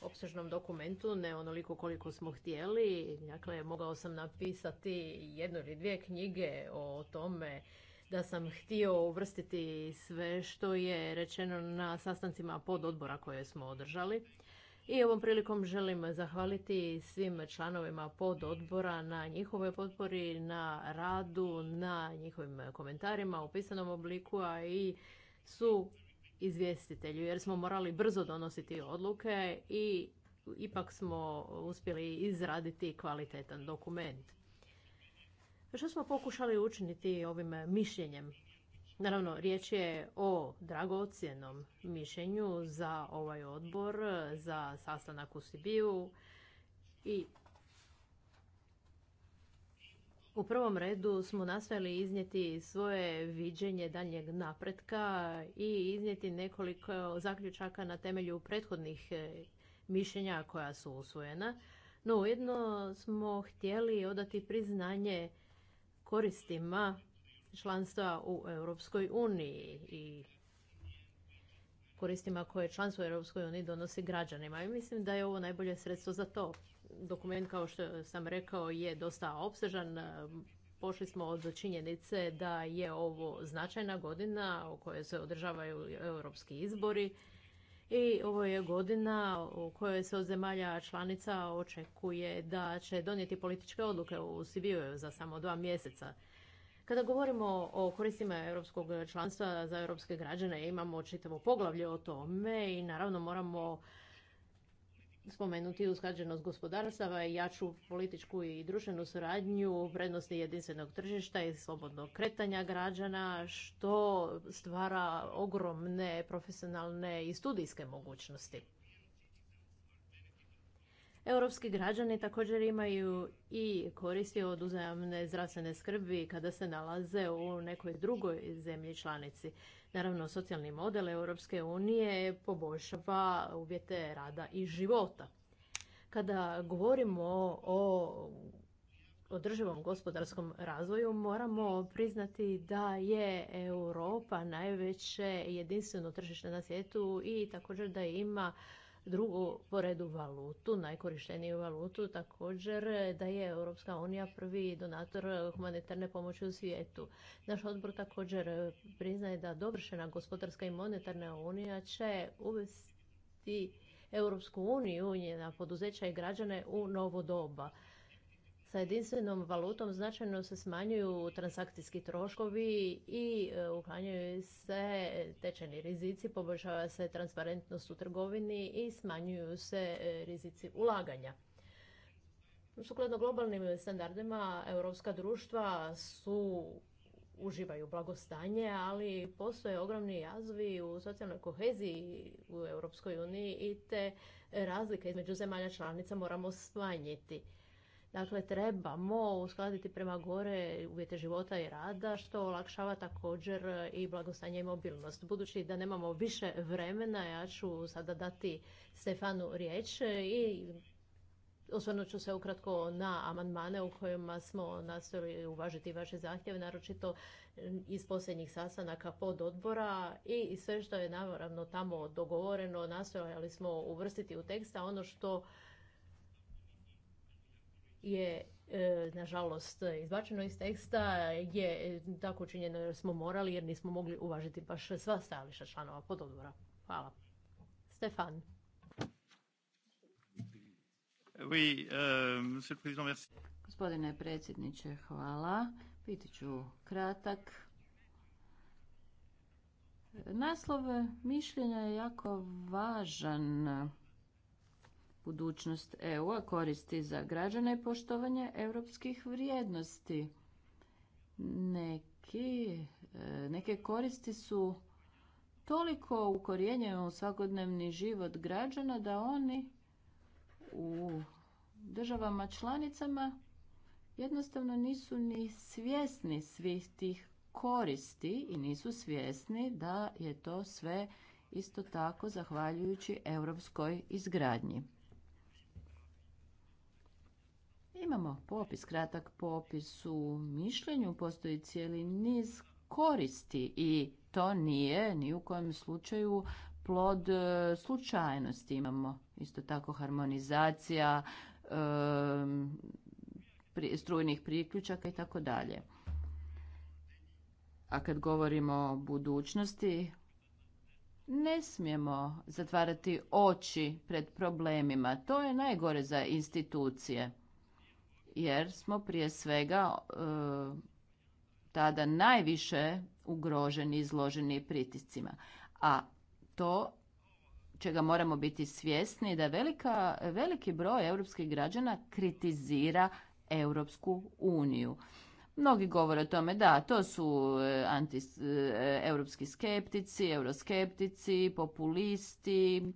opsežnom dokumentu, ne onoliko koliko smo htjeli. Dakle, mogao sam napisati jednu ili dvije knjige o tome da sam htio uvrstiti sve što je rečeno na sastancima pod odbora koje smo održali. I ovom prilikom želim zahvaliti svim članovima pododbora na njihovoj potpori, na radu, na njihovim komentarima u pisanom obliku, a i su izvjestitelju jer smo morali brzo donositi odluke i ipak smo uspjeli izraditi kvalitetan dokument. Što smo pokušali učiniti ovim mišljenjem? Naravno, riječ je o dragocjenom mišljenju za ovaj odbor, za sastanak u Sibiju i u prvom redu smo nastojali iznijeti svoje viđenje daljnjeg napretka i iznijeti nekoliko zaključaka na temelju prethodnih e, mišljenja koja su usvojena. No ujedno smo htjeli odati priznanje koristima članstva u Europskoj uniji i koristima koje članstvo u Europskoj uniji donosi građanima. I mislim da je ovo najbolje sredstvo za to. Dokument, kao što sam rekao, je dosta obsežan. Pošli smo od činjenice da je ovo značajna godina u kojoj se održavaju europski izbori. I ovo je godina u kojoj se od zemalja članica očekuje da će donijeti političke odluke u Sibiju za samo dva mjeseca. Kada govorimo o koristima europskog članstva za europske građane, imamo čitavo poglavlje o tome i naravno moramo spomenuti usklađenost gospodarstava, jaču političku i društvenu suradnju, prednosti jedinstvenog tržišta i slobodnog kretanja građana, što stvara ogromne profesionalne i studijske mogućnosti. Europski građani također imaju i koristi od uzajamne zdravstvene skrbi kada se nalaze u nekoj drugoj zemlji članici. Naravno, socijalni model Europske unije poboljšava uvjete rada i života. Kada govorimo o održivom gospodarskom razvoju moramo priznati da je Europa najveće jedinstveno tržište na svijetu i također da ima drugu poredu valutu, najkorišteniju valutu, također da je Europska unija prvi donator humanitarne pomoći u svijetu. Naš odbor također priznaje da dovršena gospodarska i monetarna unija će uvesti Europsku uniju, njena poduzeća i građane u novo doba. Sa jedinstvenom valutom značajno se smanjuju transakcijski troškovi i e, uklanjaju se tečajni rizici, poboljšava se transparentnost u trgovini i smanjuju se e, rizici ulaganja. Sukladno globalnim standardima, europska društva su uživaju blagostanje, ali postoje ogromni jazvi u socijalnoj koheziji u Europskoj uniji i te razlike između zemalja članica moramo smanjiti. Dakle, trebamo uskladiti prema gore uvjete života i rada, što olakšava također i blagostanje i mobilnost. Budući da nemamo više vremena, ja ću sada dati Stefanu riječ i osvrnut ću se ukratko na amandmane u kojima smo nastojali uvažiti vaše zahtjeve, naročito iz posljednjih sastanaka pod odbora i sve što je naravno tamo dogovoreno nastojali smo uvrstiti u tekst, a ono što je e, nažalost izbačeno iz teksta je e, tako učinjeno jer smo morali jer nismo mogli uvažiti baš sva stajališta članova pododbora. Hvala. Stefan. Oui, euh, Gospodine predsjedniče, hvala. Biti ću kratak. Naslov mišljenja je jako važan budućnost EU-a koristi za građane i poštovanje europskih vrijednosti. E, neke koristi su toliko ukorijenjene u svakodnevni život građana da oni u državama članicama jednostavno nisu ni svjesni svih tih koristi i nisu svjesni da je to sve isto tako zahvaljujući europskoj izgradnji. Imamo popis, kratak popis u mišljenju, postoji cijeli niz koristi i to nije ni u kojem slučaju plod e, slučajnosti. Imamo isto tako harmonizacija strujnih priključaka i tako dalje. A kad govorimo o budućnosti, ne smijemo zatvarati oči pred problemima. To je najgore za institucije jer smo prije svega e, tada najviše ugroženi, izloženi pritiscima. A to čega moramo biti svjesni da velika, veliki broj europskih građana kritizira Europsku uniju. Mnogi govore o tome da to su e, anti, e, europski skeptici, euroskeptici, populisti.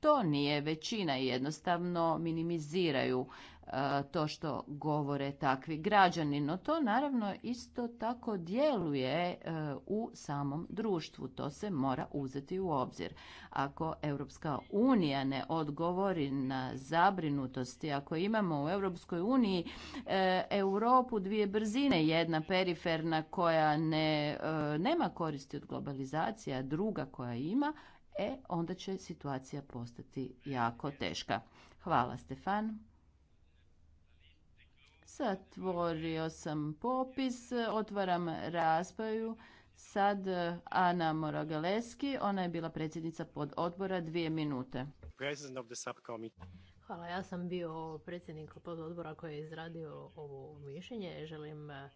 To nije većina i jednostavno minimiziraju E, to što govore takvi građani. No to naravno isto tako djeluje e, u samom društvu. To se mora uzeti u obzir. Ako Europska unija ne odgovori na zabrinutosti, ako imamo u Europskoj uniji e, Europu dvije brzine, jedna periferna koja ne, nema koristi od globalizacije, a druga koja ima, e onda će situacija postati jako teška. Hvala Stefan. Zatvorio sam popis, otvaram raspaju. Sad Ana Moragaleski, ona je bila predsjednica pod odbora dvije minute. Hvala, ja sam bio predsjednik pod odbora koji je izradio ovo mišljenje. Želim eh,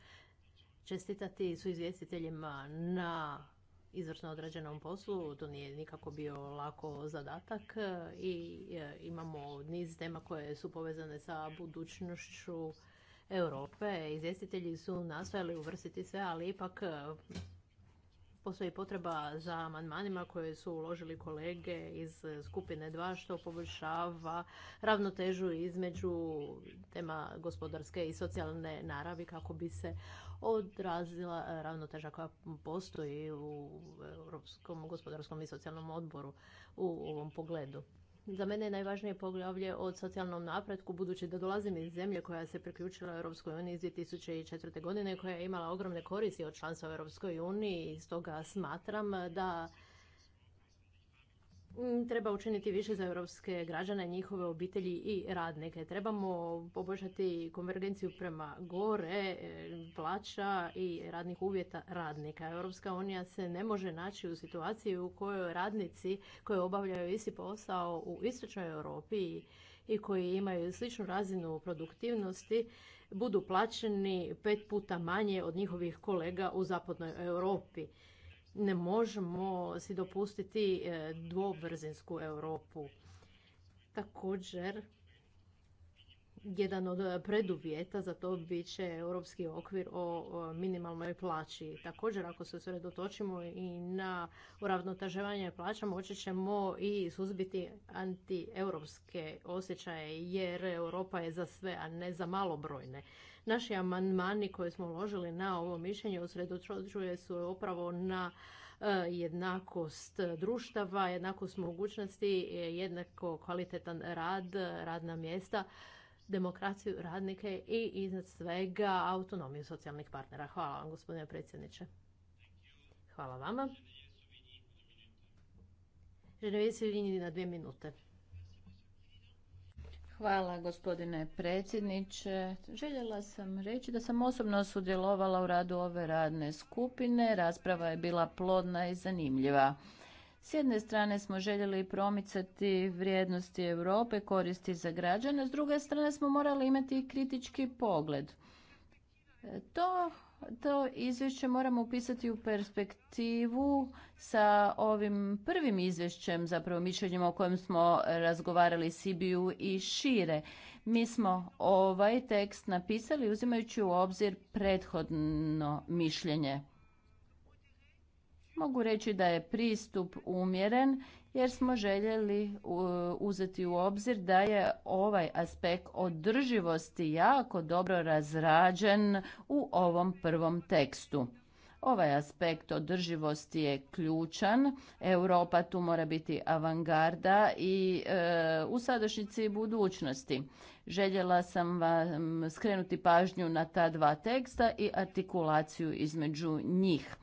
čestitati su izvjestiteljima na izvrsno odrađenom poslu. To nije nikako bio lako zadatak eh, i eh, imamo niz tema koje su povezane sa budućnošću Europe. Izvjestitelji su nastojali uvrstiti sve, ali ipak e, postoji potreba za amandmanima koje su uložili kolege iz skupine 2 što poboljšava ravnotežu između tema gospodarske i socijalne naravi kako bi se odrazila ravnoteža koja postoji u Europskom gospodarskom i socijalnom odboru u ovom pogledu. Za mene je najvažnije poglavlje od socijalnom napretku, budući da dolazim iz zemlje koja se priključila Europskoj uniji iz 2004. godine, koja je imala ogromne koristi od članstva u Europskoj uniji i stoga smatram da Mm, treba učiniti više za europske građane, njihove obitelji i radnike. Trebamo poboljšati konvergenciju prema gore, e, plaća i radnih uvjeta radnika. Europska unija se ne može naći u situaciji u kojoj radnici koji obavljaju isti posao u istočnoj Europi i koji imaju sličnu razinu produktivnosti budu plaćeni pet puta manje od njihovih kolega u zapadnoj Europi ne možemo si dopustiti e, dvobrzinsku Europu. Također, jedan od preduvjeta za to bit će europski okvir o minimalnoj plaći. Također, ako se usredotočimo i na uravnotaževanje plaća, moći ćemo i suzbiti antieuropske osjećaje, jer Europa je za sve, a ne za malobrojne. Naši amandmani koje smo uložili na ovo mišljenje usredotočuje su upravo na e, jednakost društava, jednakost mogućnosti, jednako kvalitetan rad, radna mjesta, demokraciju radnike i iznad svega autonomiju socijalnih partnera. Hvala vam gospodine predsjedniče. Hvala vama. se vidjeti na dvije minute. Hvala gospodine predsjedniče. Željela sam reći da sam osobno sudjelovala u radu ove radne skupine. Rasprava je bila plodna i zanimljiva. S jedne strane smo željeli promicati vrijednosti Europe, koristi za građane, s druge strane smo morali imati kritički pogled. To to izvješće moramo upisati u perspektivu sa ovim prvim izvješćem, zapravo mišljenjem o kojem smo razgovarali Sibiju i šire. Mi smo ovaj tekst napisali uzimajući u obzir prethodno mišljenje. Mogu reći da je pristup umjeren jer smo željeli uzeti u obzir da je ovaj aspekt održivosti jako dobro razrađen u ovom prvom tekstu. Ovaj aspekt održivosti je ključan. Europa tu mora biti avangarda i e, u sadašnjici i budućnosti. Željela sam vam skrenuti pažnju na ta dva teksta i artikulaciju između njih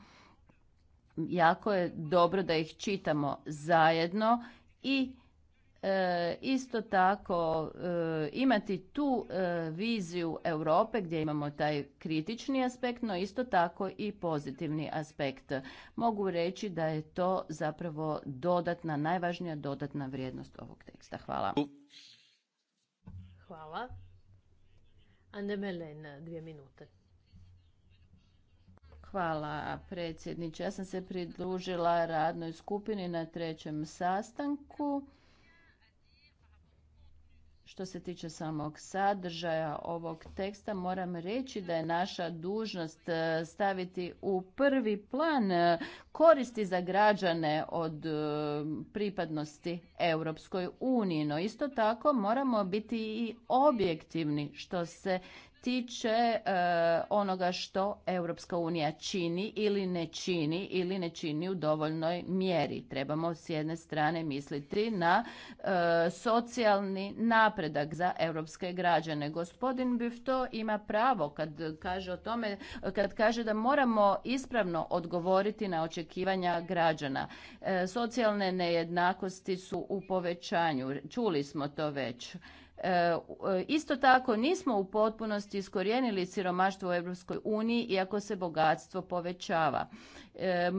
jako je dobro da ih čitamo zajedno i e, isto tako e, imati tu e, viziju Europe gdje imamo taj kritični aspekt, no isto tako i pozitivni aspekt. Mogu reći da je to zapravo dodatna, najvažnija dodatna vrijednost ovog teksta. Hvala. Hvala. Anne dvije minute. Hvala predsjedniče. Ja sam se pridružila radnoj skupini na trećem sastanku. Što se tiče samog sadržaja ovog teksta, moram reći da je naša dužnost e, staviti u prvi plan e, koristi za građane od e, pripadnosti Europskoj uniji. No isto tako moramo biti i objektivni što se tiče e, onoga što Europska unija čini ili ne čini ili ne čini u dovoljnoj mjeri. Trebamo s jedne strane misliti na e, socijalni napredak za europske građane. Gospodin Bifto ima pravo kad kaže o tome, kad kaže da moramo ispravno odgovoriti na očekivanja građana. E, socijalne nejednakosti su u povećanju. Čuli smo to već. E, e, isto tako nismo u potpunosti iskorijenili siromaštvo u Europskoj uniji iako se bogatstvo povećava. E,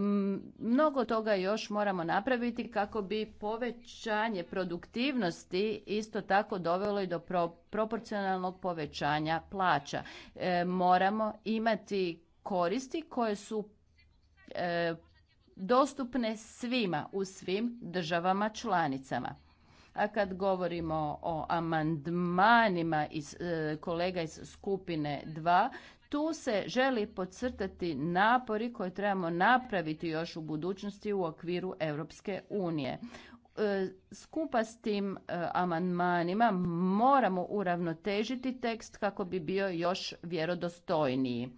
mnogo toga još moramo napraviti kako bi povećanje produktivnosti isto tako dovelo i do proporcionalnog povećanja plaća. Moramo imati koristi koje su dostupne svima u svim državama članicama. A kad govorimo o amandmanima iz, e, kolega iz skupine 2, tu se želi podcrtati napori koje trebamo napraviti još u budućnosti u okviru Europske unije. E, skupa s tim e, amandmanima moramo uravnotežiti tekst kako bi bio još vjerodostojniji.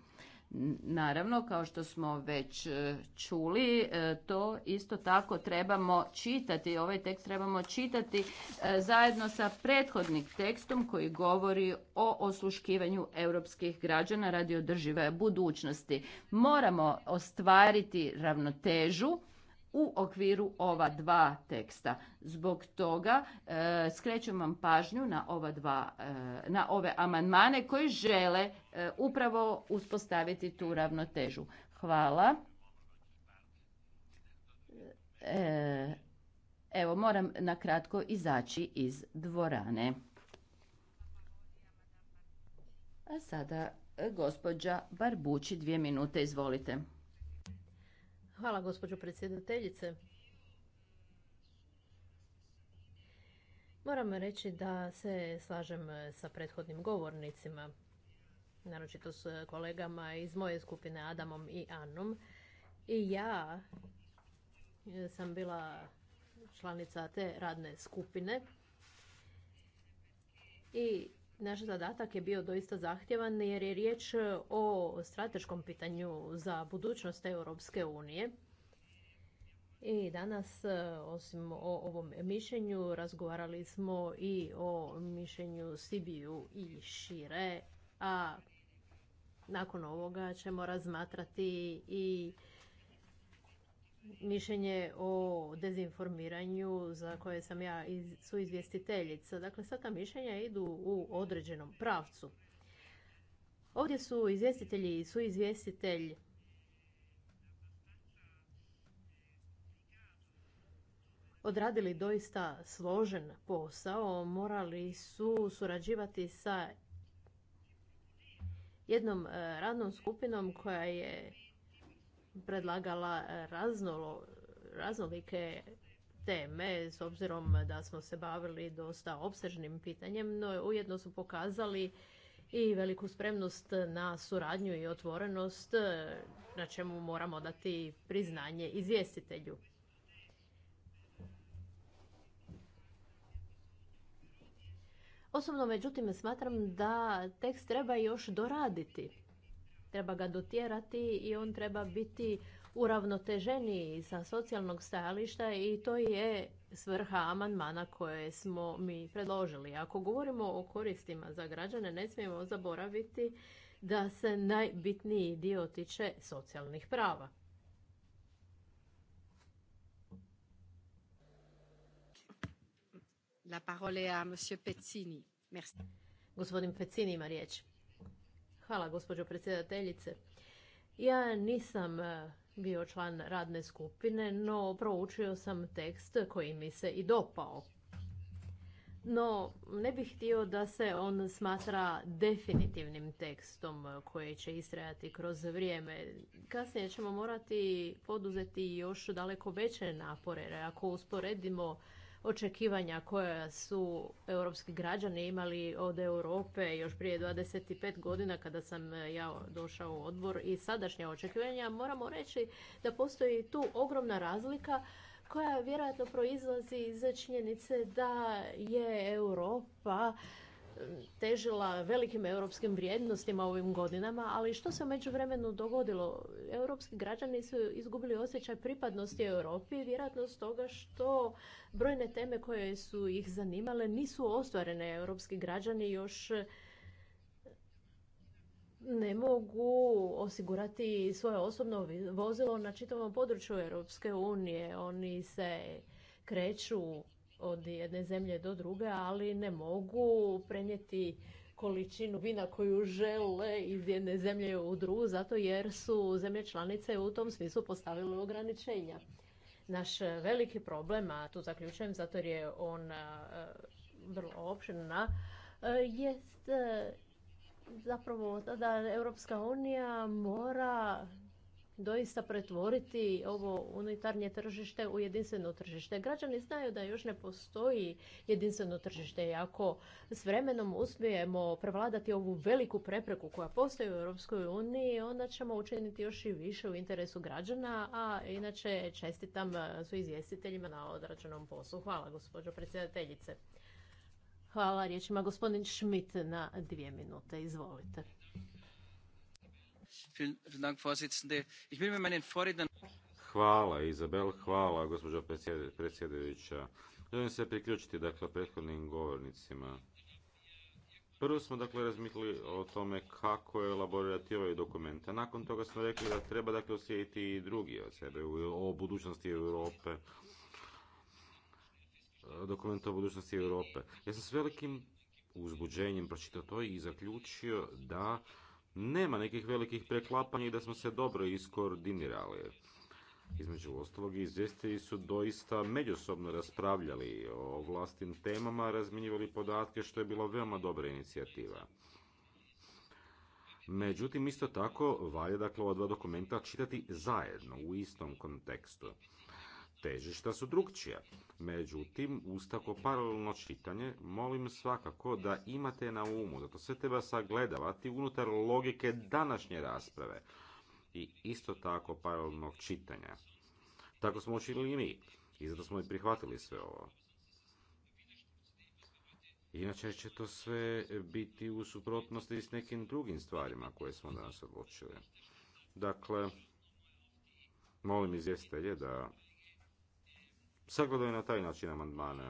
Naravno, kao što smo već e, čuli, e, to isto tako trebamo čitati, ovaj tekst trebamo čitati e, zajedno sa prethodnim tekstom koji govori o osluškivanju europskih građana radi održive budućnosti. Moramo ostvariti ravnotežu u okviru ova dva teksta. Zbog toga e, skrećem vam pažnju na, ova dva, e, na ove amandmane koji žele e, upravo uspostaviti tu ravnotežu. Hvala. Evo, moram nakratko izaći iz dvorane. A sada gospođa Barbući, dvije minute, izvolite. Hvala gospođo predsjedateljice. Moram reći da se slažem sa prethodnim govornicima, naročito s kolegama iz moje skupine Adamom i Annom. I ja sam bila članica te radne skupine i naš zadatak je bio doista zahtjevan jer je riječ o strateškom pitanju za budućnost Europske unije. I danas, e, osim o ovom mišljenju, razgovarali smo i o mišljenju Sibiju i šire, a nakon ovoga ćemo razmatrati i mišljenje o dezinformiranju za koje sam ja su izvjestiteljica. Dakle, sva ta mišljenja idu u određenom pravcu. Ovdje su izvjestitelji i su odradili doista složen posao, morali su surađivati sa jednom eh, radnom skupinom koja je predlagala e, raznolike teme s obzirom da smo se bavili dosta opsežnim pitanjem, no ujedno su pokazali i veliku spremnost na suradnju i otvorenost e, na čemu moramo dati priznanje izvjestitelju. Osobno međutim smatram da tekst treba još doraditi treba ga dotjerati i on treba biti uravnoteženiji sa socijalnog stajališta i to je svrha amandmana koje smo mi predložili. Ako govorimo o koristima za građane, ne smijemo zaboraviti da se najbitniji dio tiče socijalnih prava. La parole Gospodin Pezzini ima riječ. Hvala, gospođo predsjedateljice. Ja nisam e, bio član radne skupine, no proučio sam tekst koji mi se i dopao. No, ne bih htio da se on smatra definitivnim tekstom koji će istrajati kroz vrijeme. Kasnije ćemo morati poduzeti još daleko veće napore. Ako usporedimo očekivanja koja su europski građani imali od Europe još prije 25 godina kada sam e, ja došao u odbor i sadašnja očekivanja, moramo reći da postoji tu ogromna razlika koja vjerojatno proizlazi iz činjenice da je Europa težila velikim europskim vrijednostima ovim godinama, ali što se među vremenu dogodilo? Europski građani su izgubili osjećaj pripadnosti Europi, vjerojatno toga što brojne teme koje su ih zanimale nisu ostvarene. Europski građani još ne mogu osigurati svoje osobno vozilo na čitavom području Europske unije. Oni se kreću od jedne zemlje do druge, ali ne mogu prenijeti količinu vina koju žele iz jedne zemlje u drugu, zato jer su zemlje članice u tom smislu postavile ograničenja. Naš veliki problem, a tu zaključujem zato jer je on e, vrlo opširna, e, jest e, zapravo da Europska unija mora doista pretvoriti ovo unitarnje tržište u jedinstveno tržište. Građani znaju da još ne postoji jedinstveno tržište i ako s vremenom uspijemo prevladati ovu veliku prepreku koja postoji u Europskoj uniji, onda ćemo učiniti još i više u interesu građana, a inače čestitam e, su izvjestiteljima na odrađenom poslu. Hvala gospođo predsjedateljice. Hvala riječima gospodin Schmidt na dvije minute. Izvolite. Hvala Izabel, hvala gospođo predsjedajuća. Želim se priključiti dakle prethodnim govornicima. Prvo smo dakle razmislili o tome kako je elaborirati ovaj dokument, a nakon toga smo rekli da treba dakle osjetiti i drugi od sebe o budućnosti Europe. Dokument o budućnosti Europe. Ja sam s velikim uzbuđenjem pročitao to i zaključio da nema nekih velikih preklapanja i da smo se dobro iskoordinirali. Između ostalog, izvjestitelji su doista međusobno raspravljali o vlastim temama, razminjivali podatke, što je bila veoma dobra inicijativa. Međutim, isto tako, valja dakle ova dva dokumenta čitati zajedno, u istom kontekstu težišta su drugčija. Međutim, uz tako paralelno čitanje, molim svakako da imate na umu, da to sve treba sagledavati unutar logike današnje rasprave i isto tako paralelnog čitanja. Tako smo učinili i mi i zato smo i prihvatili sve ovo. Inače će to sve biti u suprotnosti s nekim drugim stvarima koje smo danas odlučili. Dakle, molim izvjestitelje da sagledaju na taj način amandmane.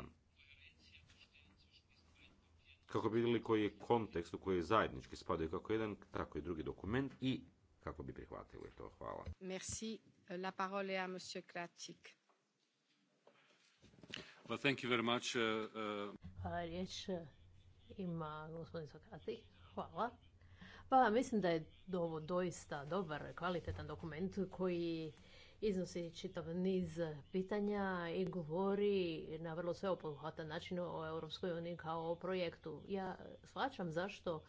Kako bi vidjeli koji je kontekst u koji je zajednički spadaju kako jedan, tako i drugi dokument i kako bi prihvatili to. Hvala. Merci. Euh, la parole je a monsieur Kratik. Well, thank you very much. Uh, uh, Hvala, riječ uh, ima gospodin Sokrati. Hvala. Pa mislim da je ovo doista dobar, kvalitetan dokument koji iznosi čitav niz pitanja i govori na vrlo sveobuhvatan način o Europskoj uniji kao o projektu. Ja shvaćam zašto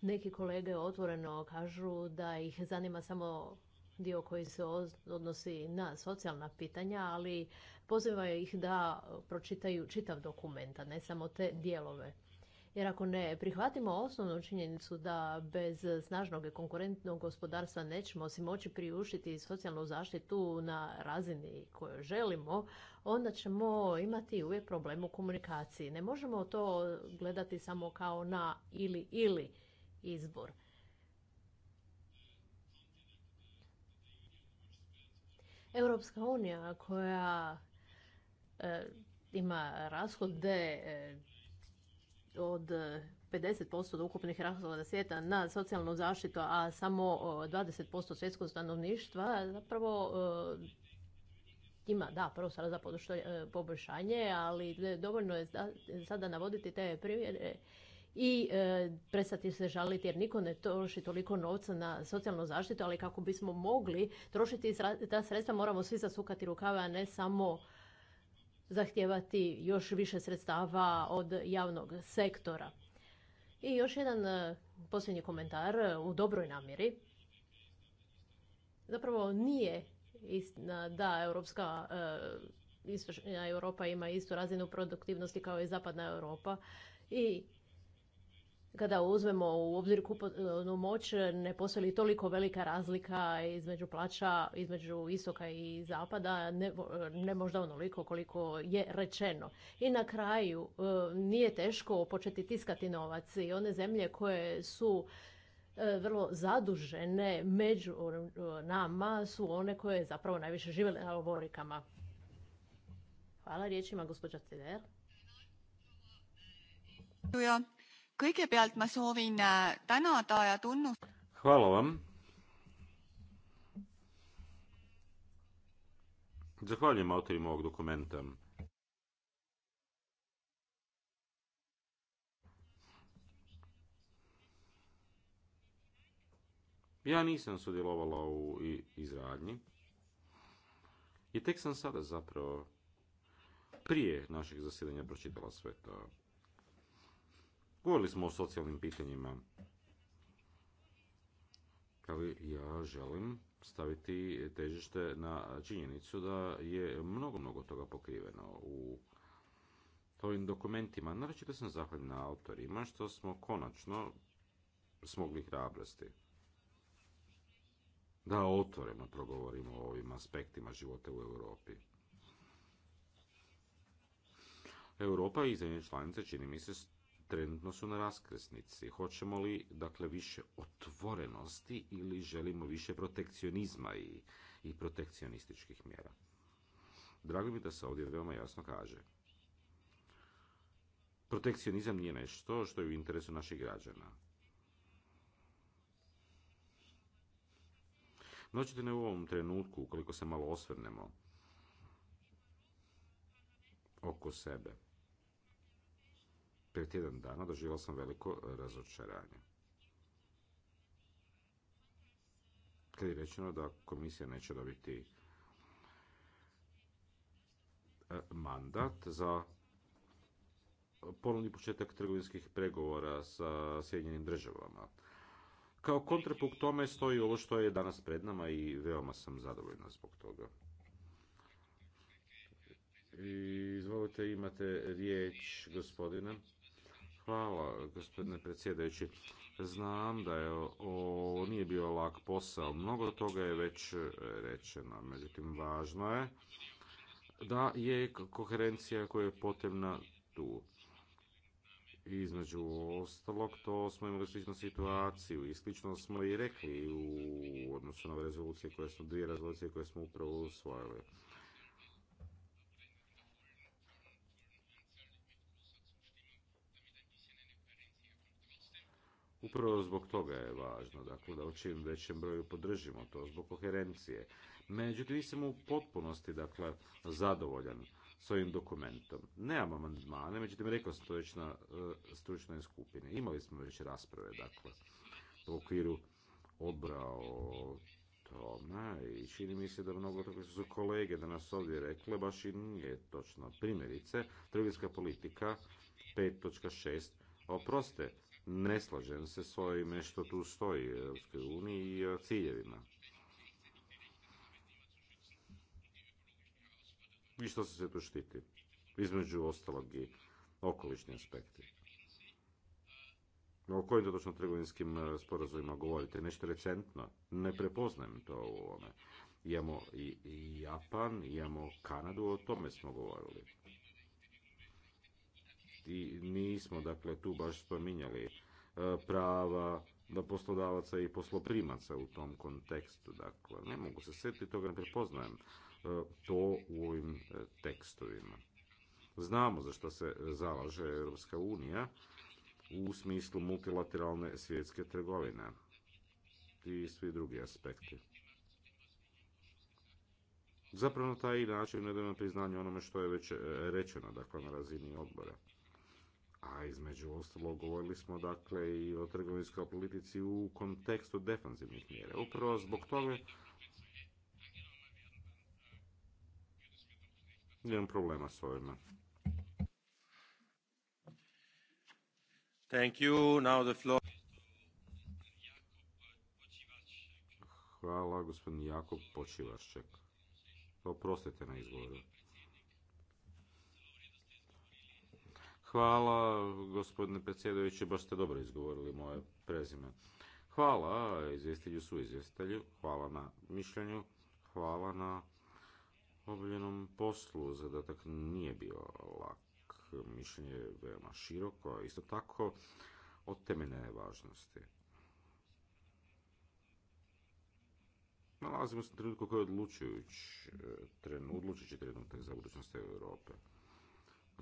neki kolege otvoreno kažu da ih zanima samo dio koji se odnosi na socijalna pitanja, ali pozivaju ih da pročitaju čitav dokument, a ne samo te dijelove. Jer ako ne prihvatimo osnovnu činjenicu da bez snažnog i konkurentnog gospodarstva nećemo si moći priuštiti socijalnu zaštitu na razini koju želimo, onda ćemo imati uvijek problem u komunikaciji. Ne možemo to gledati samo kao na ili ili izbor. Europska unija koja e, ima rashode e, od 50% e, od ukupnih rashoda svijeta na socijalnu zaštitu, a samo 20% svjetskog stanovništva, zapravo e, ima, da, sada za e, poboljšanje, ali dovoljno je sada navoditi te primjere i prestati se žaliti jer niko ne troši toliko novca na socijalnu zaštitu, ali kako bismo mogli trošiti ta sredstva moramo svi zasukati rukave, a ne samo zahtijevati još više sredstava od javnog sektora. I još jedan e, posljednji komentar e, u dobroj namjeri. Zapravo nije istina da Europska e, Istočna Europa ima istu razinu produktivnosti kao i Zapadna Europa i kada uzmemo u obzir kupovnu moć, ne postoji toliko velika razlika između plaća, između istoka i zapada, ne, ne možda onoliko koliko je rečeno. I na kraju, e, nije teško početi tiskati novac i one zemlje koje su e, vrlo zadužene među e, nama su one koje zapravo najviše žive na ovorikama. Hvala riječima, gospođa Cider kõigepealt ma soovin äh, ja Hvala vam. Zahvaljujem autorima ovog dokumenta. Ja nisam sudjelovala u izradnji i tek sam sada zapravo prije našeg zasjedanja pročitala sve to. Govorili smo o socijalnim pitanjima. Ali ja želim staviti težište na činjenicu da je mnogo, mnogo toga pokriveno u ovim dokumentima. da sam zahvaljen na autorima što smo konačno smogli hrabrosti da otvoreno progovorimo o ovim aspektima života u Europi. Europa i zemlje članice čini mi se trenutno su na raskresnici. Hoćemo li dakle više otvorenosti ili želimo više protekcionizma i, i protekcionističkih mjera? Drago mi da se ovdje veoma jasno kaže. Protekcionizam nije nešto što je u interesu naših građana. Noćete ne u ovom trenutku, ukoliko se malo osvrnemo oko sebe, prije tjedan dana doživio sam veliko e, razočaranje. Kad je rečeno da komisija neće dobiti e, mandat za ponovni početak trgovinskih pregovora sa Sjedinjenim državama. Kao kontrapunkt tome stoji ovo što je danas pred nama i veoma sam zadovoljna zbog toga. izvolite, imate riječ, gospodine. Hvala, gospodine predsjedajući. Znam da je ovo nije bio lak posao. Mnogo toga je već rečeno. Međutim, važno je da je koherencija koja je potrebna tu. Između ostalog, to smo imali sličnu situaciju i slično smo i rekli u odnosu na rezolucije koje smo, dvije rezolucije koje smo upravo usvojili. Upravo zbog toga je važno, dakle, da u čim većem broju podržimo to zbog koherencije. Međutim, nisam u potpunosti, dakle, zadovoljan s ovim dokumentom. Nemam amandmane, međutim, rekao sam to već na e, stručnoj skupini. Imali smo već rasprave, dakle, u okviru odbora o tome i čini mi se da mnogo toga su kolege danas ovdje rekle, baš i nije točno. Primjerice, trgovinska politika 5.6. Oproste, ne slažem se s ovime što tu stoji u Europskoj uniji i e, ciljevima. I što se sve tu štiti? Između ostalog i okolišni aspekti. O kojim to točno trgovinskim e, sporazumima govorite? Nešto recentno? Ne prepoznajem to u ovome. Imamo i Japan, imamo Kanadu, o tome smo govorili i nismo dakle tu baš spominjali e, prava da poslodavaca i posloprimaca u tom kontekstu. Dakle, ne mogu se sjetiti toga, ne prepoznajem e, to u ovim e, tekstovima. Znamo za što se zalaže Europska unija u smislu multilateralne svjetske trgovine i svi drugi aspekti. Zapravo na taj način ne dajemo priznanje onome što je već rečeno, dakle na razini odbora a između ostalog govorili smo dakle i o trgovinskoj politici u kontekstu defanzivnih mjera. Upravo zbog toga imam problema s ovima. Thank you. Now the floor. Hvala, gospodin Jakob Počivašček. Oprostite na izgovoru. Hvala, gospodine predsjedoviće, baš ste dobro izgovorili moje prezime. Hvala izvjestelju su izvjestelju, hvala na mišljenju, hvala na obavljenom poslu. Zadatak nije bio lak, mišljenje je veoma široko, a isto tako od temeljne važnosti. Nalazimo se na trenutku koji je odlučujući, e, odlučujući trenutak za budućnost Europe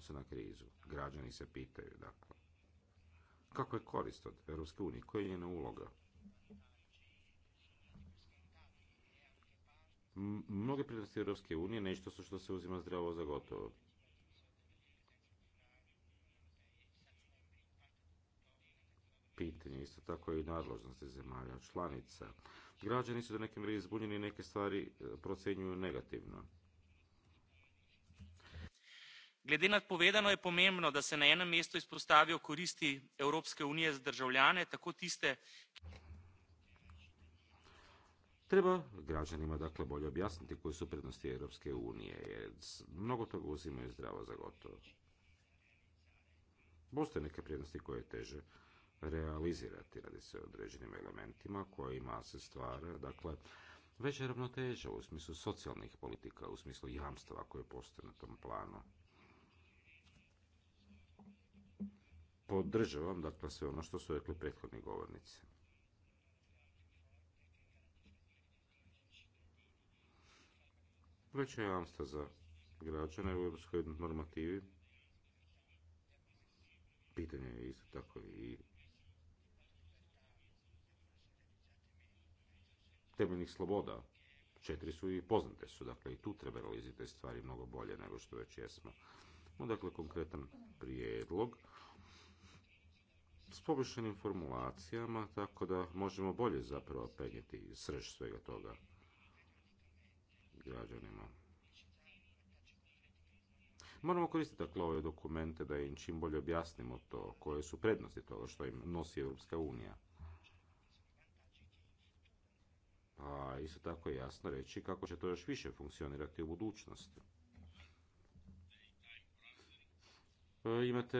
se na krizu. Građani se pitaju, dakle, kako je korist od Europske unije, koja je njena uloga? Mnoge prednosti Europske unije nešto su što se uzima zdravo za gotovo. Pitanje isto tako i nadložnosti zemalja članica. Građani su do neke mjere izbunjeni i neke stvari e, procenjuju negativno glede na povedano je pomembno da se na enem mestu izpostavijo koristi evropske unije za državljane tako tiste Treba građanima dakle bolje objasniti koje su prednosti Europske unije, jer mnogo toga uzimaju zdravo za gotovo. Postoje neke prednosti koje je teže realizirati, radi se o određenim elementima kojima se stvara, dakle, veća ravnoteža u smislu socijalnih politika, u smislu jamstva koje postoje na tom planu. podržavam dakle sve ono što su rekli prethodni govornici. Veća jamstva za građane u europskoj normativi. Pitanje je isto tako i temeljnih sloboda. Četiri su i poznate su, dakle i tu treba realizirati stvari mnogo bolje nego što već jesmo. dakle, konkretan prijedlog s poboljšanim formulacijama, tako da možemo bolje zapravo prenijeti srž svega toga građanima. Moramo koristiti dakle ove dokumente da im čim bolje objasnimo to, koje su prednosti toga što im nosi Europska unija. Pa isto tako je jasno reći kako će to još više funkcionirati u budućnosti. E, imate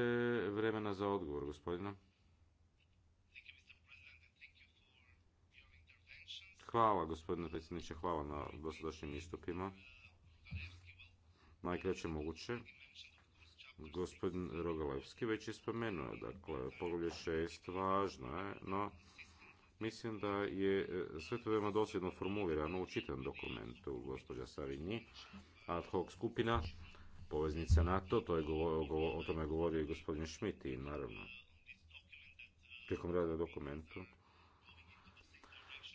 vremena za odgovor, gospodina. Hvala gospodine predsjedniče, hvala na dosadašnjim istupima. Najkraće moguće. Gospodin Rogalevski već je spomenuo, dakle, poglavlje šest važno je, no mislim da je e, sve to veoma dosljedno formulirano u čitavom dokumentu gospođa Sarinji, ad hoc skupina, poveznica NATO, to je o tome je govorio i gospodin Schmidt i naravno tijekom rada dokumentu.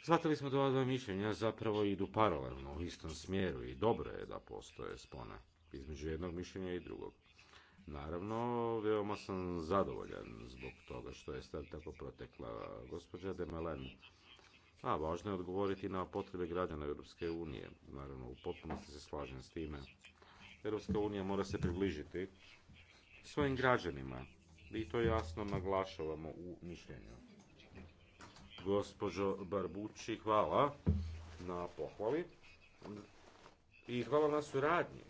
Shvatili smo da dva mišljenja zapravo idu paralelno u istom smjeru i dobro je da postoje spone između jednog mišljenja i drugog. Naravno, veoma sam zadovoljan zbog toga što je stvar tako protekla gospođa de A, važno je odgovoriti na potrebe građana Europske unije. Naravno, u potpunosti se slažem s time. Europska unija mora se približiti svojim građanima i to jasno naglašavamo u mišljenju. Gospođo Barbući, hvala na pohvali i hvala na suradnji.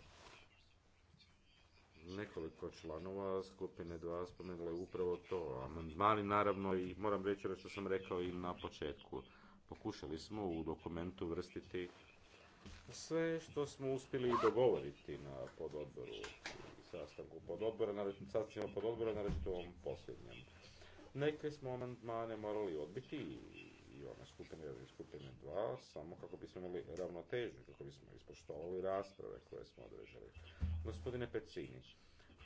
Nekoliko članova skupine dva spomenula je upravo to. Amandmani naravno i moram reći ono što sam rekao i na početku. Pokušali smo u dokumentu vrstiti sve što smo uspjeli dogovoriti na pododboru, sastanku pododbora, na sastancima pododbora, u ovom posljednjem. Neke smo amandmane morali odbiti i ona skupina 1 i skupine dva samo kako bismo imali ravnotežu, kako bismo ispoštovali rasprave koje smo održali. Gospodine Pecinić,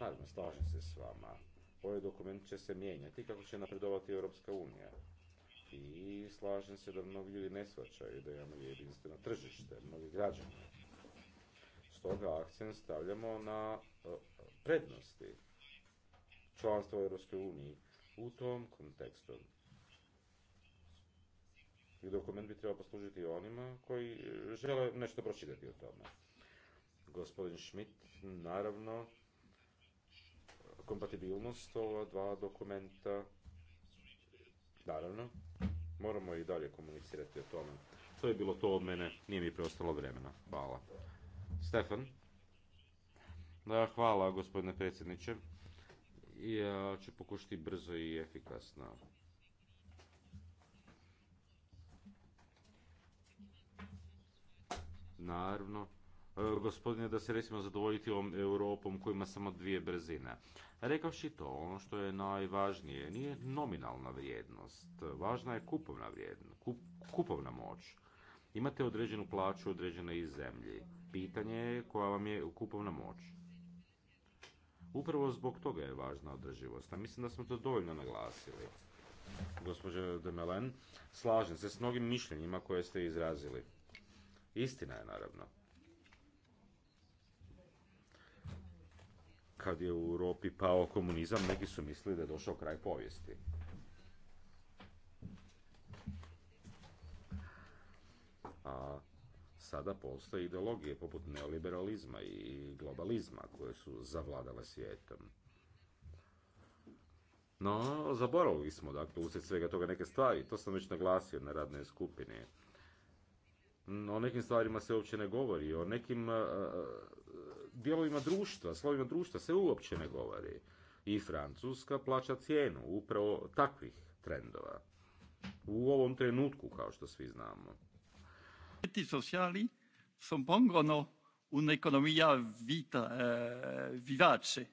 naravno, slažem se s vama. Ovaj dokument će se mijenjati kako će napredovati Europska unija. I slažem se da mnogi ljudi ne shvaćaju da imamo jedinstveno tržište, mnogi građani. Stoga akcent stavljamo na e, prednosti članstva u unije u tom kontekstu. I dokument bi trebao poslužiti onima koji žele nešto pročitati o tome. Gospodin Schmidt, naravno, kompatibilnost ova dva dokumenta, naravno, moramo i dalje komunicirati o tome. To je bilo to od mene, nije mi preostalo vremena. Hvala. Stefan? Da, hvala, gospodine predsjedniče ja ću pokušati brzo i efikasno. Naravno, e, gospodine, da se recimo zadovoljiti ovom Europom kojima ima samo dvije brzine. Rekavši to, ono što je najvažnije nije nominalna vrijednost, važna je kupovna vrijednost, kupovna moć. Imate određenu plaću određene iz zemlji. Pitanje je koja vam je kupovna moć. Upravo zbog toga je važna održivost, a mislim da smo to dovoljno naglasili. Gospođo Demelen, slažem se s mnogim mišljenjima koje ste izrazili. Istina je, naravno. Kad je u Europi pao komunizam, neki su mislili da je došao kraj povijesti. A sada postoje ideologije poput neoliberalizma i globalizma koje su zavladale svijetom. No, zaboravili smo, dakle, usred svega toga neke stvari, to sam već naglasio na radnoj skupini. O nekim stvarima se uopće ne govori, o nekim e, e, dijelovima društva, slovima društva se uopće ne govori. I Francuska plaća cijenu upravo takvih trendova. U ovom trenutku, kao što svi znamo diritti sociali una un'economia vita, eh, vivace.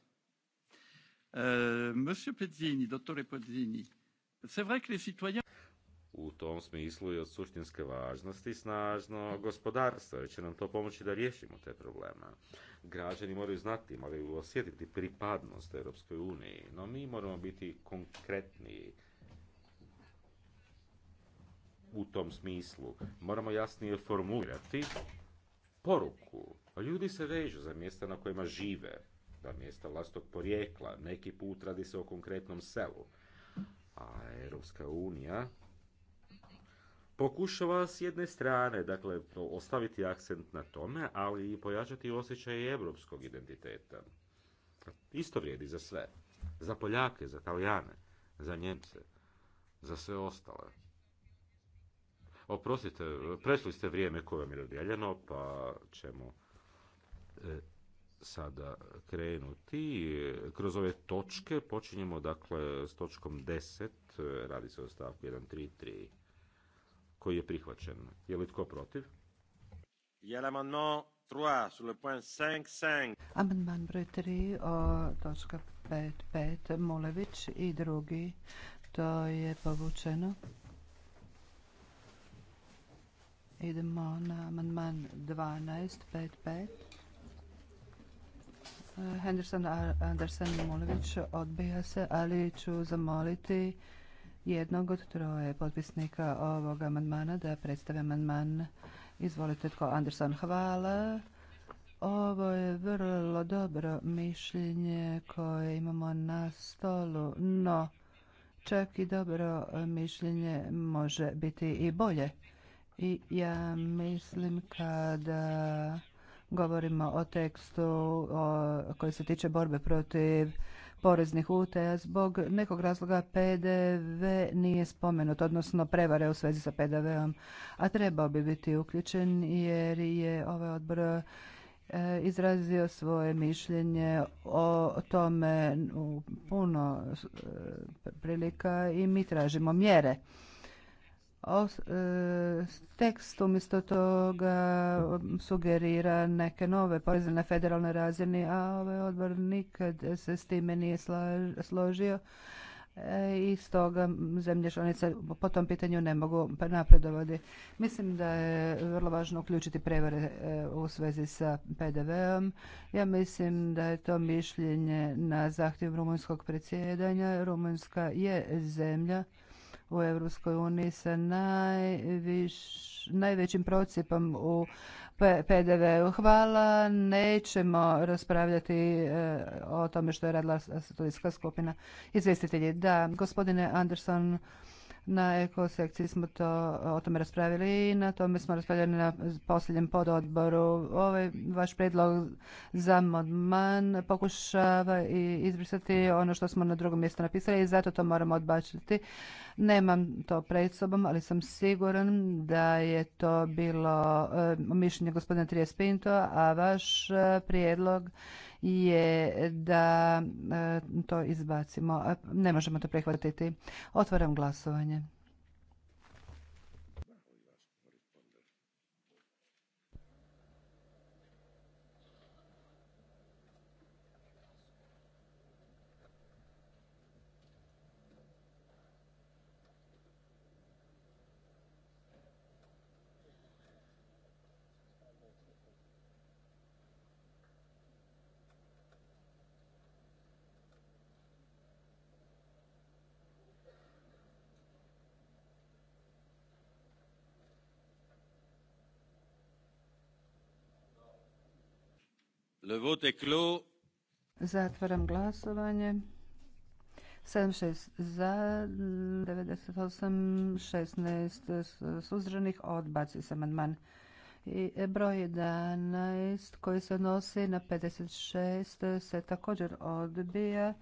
Eh, Monsieur Pezzini, dottore U tom smislu je od suštinske važnosti snažno gospodarstvo, jer će nam to pomoći da riješimo te probleme. Građani moraju znati, moraju osjetiti pripadnost Europskoj uniji, no mi moramo biti konkretni u tom smislu. Moramo jasnije formulirati poruku. Pa ljudi se vežu za mjesta na kojima žive, za mjesta vlastog porijekla. Neki put radi se o konkretnom selu. A Europska unija pokušava s jedne strane, dakle, ostaviti akcent na tome, ali i pojačati osjećaj europskog identiteta. Isto vrijedi za sve. Za Poljake, za Talijane, za Njemce, za sve ostale. Oprostite, prešli ste vrijeme koje vam je dodijeljeno, pa ćemo e, sada krenuti. Kroz ove točke počinjemo dakle s točkom 10, e, radi se o stavku 1.3.3 koji je prihvaćen. Je li tko protiv? Je l'amendement 3 sur le point 5.5. Amandman broj 3 o točka 5.5 Molević i drugi. To je povučeno. Idemo na amandman 12.5.5. Henderson Andersen Mulević odbija se, ali ću zamoliti jednog od troje potpisnika ovog amandmana da predstave amandman. Izvolite tko Anderson. Hvala. Ovo je vrlo dobro mišljenje koje imamo na stolu, no čak i dobro mišljenje može biti i bolje. I ja mislim kada govorimo o tekstu koji se tiče borbe protiv poreznih utaja zbog nekog razloga PDV nije spomenut, odnosno prevare u svezi sa PDV-om, a trebao bi biti uključen jer je ovaj odbor e, izrazio svoje mišljenje o tome u puno e, prilika i mi tražimo mjere. Os, e, tekst umjesto toga sugerira neke nove poreze na federalnoj razini, a ovaj odbor nikad se s time nije složio e, i stoga zemlje članice po tom pitanju ne mogu napredovati. Mislim da je vrlo važno uključiti prevare e, u svezi sa PDV-om. Ja mislim da je to mišljenje na zahtjev rumunjskog predsjedanja. Rumunjska je zemlja u Europskoj uniji sa najvećim procjepom u PDV-u. Hvala, nećemo raspravljati eh, o tome što je radila studijska skupina izvjestitelji. Da, gospodine Anderson, na ekosekciji smo to, o tome raspravili i na tome smo raspravljali na posljednjem pododboru. Ovaj vaš predlog za modman pokušava i izbrisati ono što smo na drugom mjestu napisali i zato to moramo odbačiti. Nemam to pred sobom, ali sam siguran da je to bilo e, mišljenje gospodina Triespinto, a vaš e, prijedlog je da e, to izbacimo. Ne možemo to prihvatiti. Otvaram glasovanje. Le vote clos. Zatvaram glasovanje. 76 za, 98, 16 suzdranih, odbaci se amandman. I broj 11 koji se odnosi na 56 se također odbija.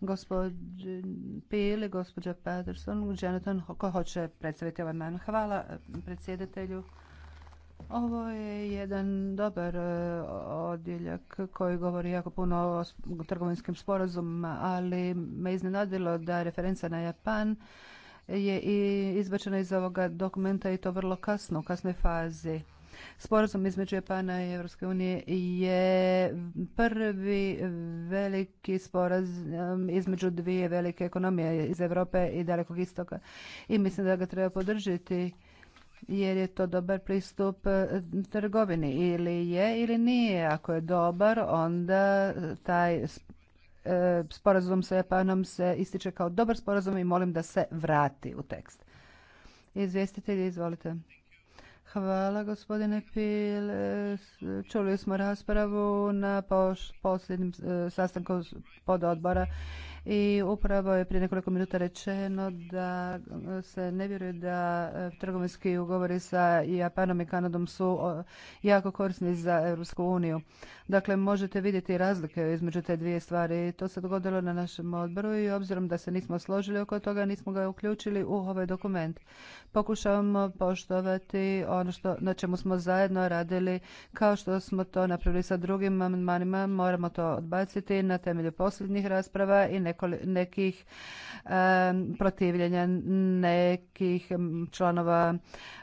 Gospodin Pili, gospođa Patterson, Jonathan, ko hoće predstaviti ovaj man. Hvala predsjedatelju. Ovo je jedan dobar e, odjeljak koji govori jako puno o trgovinskim sporazumima, ali me iznenadilo da referenca na Japan je i izbačena iz ovoga dokumenta i to vrlo kasno, u kasnoj fazi. Sporazum između Japana i Europske unije je prvi veliki sporazum između dvije velike ekonomije iz Europe i Dalekog istoka i mislim da ga treba podržiti jer je to dobar pristup e, trgovini ili je ili nije. Ako je dobar, onda taj e, sporazum sa Japanom se ističe kao dobar sporazum i molim da se vrati u tekst. Izvjestitelji, izvolite. Hvala gospodine Pil. E, čuli smo raspravu na posljednjem sastanku pododbora i upravo je prije nekoliko minuta rečeno da e, se ne vjeruje da e, trgovinski ugovori sa Japanom i Kanadom su jako korisni za Europsku uniju. Dakle, možete vidjeti razlike između te dvije stvari. To se dogodilo na našem odboru i obzirom da se nismo složili oko toga, nismo ga uključili u ovaj dokument. Pokušavamo poštovati ono što, na čemu smo zajedno radili, kao što smo to napravili sa drugim amandmanima, moramo to odbaciti na temelju posljednjih rasprava i ne nekih protivljenja nekih članova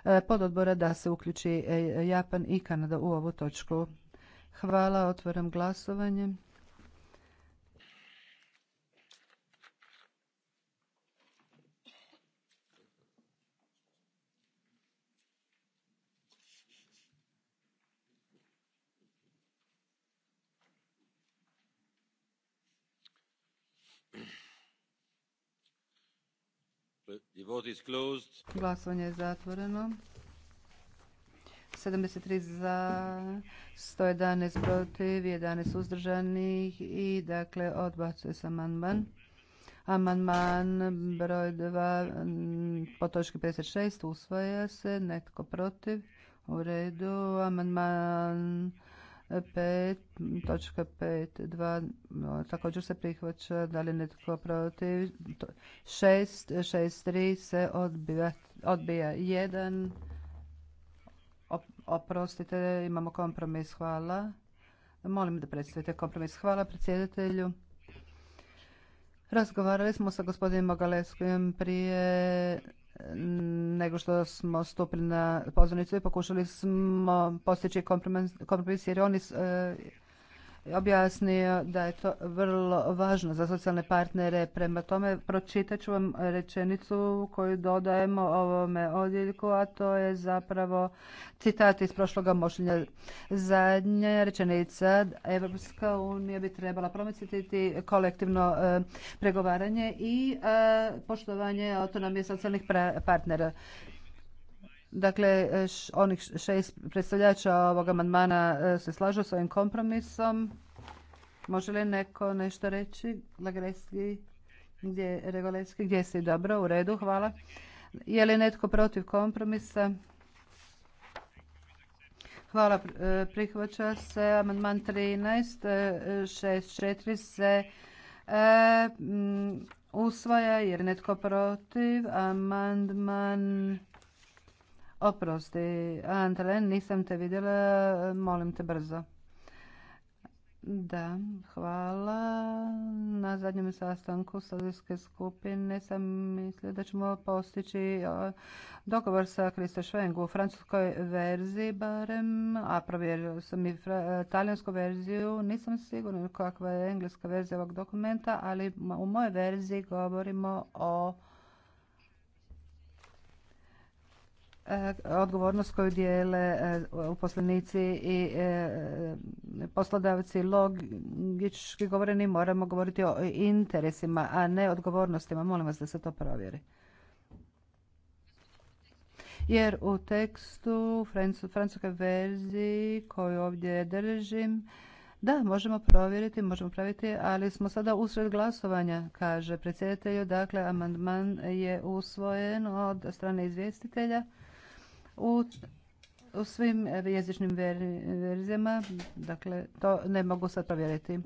e, pododbora da se uključi e, Japan i Kanada u ovu točku. Hvala, otvaram glasovanje. Glasovanje je zatvoreno. 73 za, 111 protiv, 11 uzdržanih i dakle odbacuje se amandman. Amandman broj 2 po točki 56 usvaja se, netko protiv, u redu. Amandman 5.5.2. točka također se prihvaća, da li netko protiv, 6.6.3 se odbija, 1, oprostite, imamo kompromis, hvala. Molim da predstavite kompromis, hvala predsjedatelju. Razgovarali smo sa gospodinom Mogaleskim prije nego što smo stupili na pozornicu i pokušali smo postići kompromis jer oni objasnio da je to vrlo važno za socijalne partnere. Prema tome pročitat ću vam rečenicu koju dodajemo ovome odjeljku, a to je zapravo citat iz prošloga mošljenja. Zadnja rečenica, Evropska unija bi trebala promisliti kolektivno e, pregovaranje i e, poštovanje autonomije socijalnih partnera. Dakle, onih šest predstavljača ovog amandmana e, se slažu s ovim kompromisom. Može li neko nešto reći? Lagreski, gdje, Regoleski, gdje si dobro, u redu, hvala. Je li netko protiv kompromisa? Hvala, e, prihvaća se. Amandman 13, 6, e, se usvaja. Je li netko protiv? Amandman Oprosti, Antele, nisam te vidjela, molim te brzo. Da, hvala. Na zadnjem sastanku Sovjetske skupine sam mislila da ćemo postići dogovor sa Krista Švengu u francuskoj verziji barem, a provjerio sam i talijansku verziju. Nisam sigurna kakva je engleska verzija ovog dokumenta, ali u mojoj verziji govorimo o E, odgovornost koju dijele e, uposlenici i e, poslodavci logički govoreni moramo govoriti o interesima, a ne odgovornostima. Molim vas da se to provjeri. Jer u tekstu Francuske verziji koju ovdje držim, da, možemo provjeriti, možemo praviti, ali smo sada usred glasovanja, kaže predsjedatelju. Dakle, amandman je usvojen od strane izvjestitelja u svim jezičnim verzijama, dakle, to ne mogu sad provjeriti.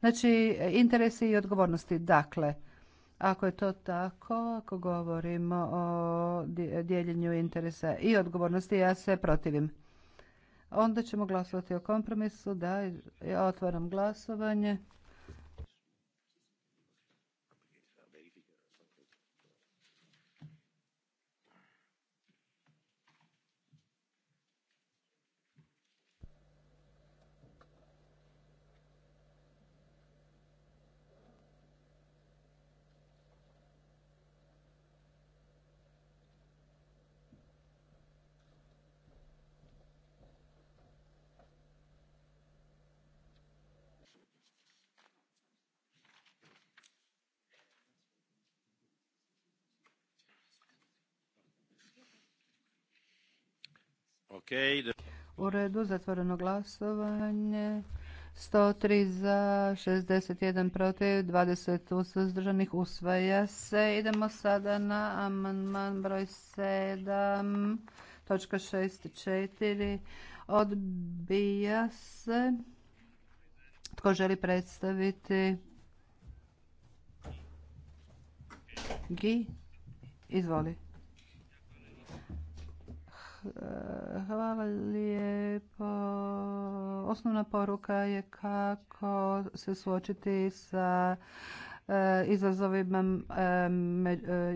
Znači, interesi i odgovornosti, dakle, ako je to tako, ako govorimo o dijeljenju interesa i odgovornosti, ja se protivim. Onda ćemo glasovati o kompromisu, da, ja otvaram glasovanje. Okay. U redu, zatvoreno glasovanje. 103 za, 61 protiv, 20 uzdržanih, usvaja se. Idemo sada na amandman broj 7, točka 6 Odbija se. Tko želi predstaviti? Gi, izvoli. Hvala lijepo. Osnovna poruka je kako se suočiti sa e, izazovima e,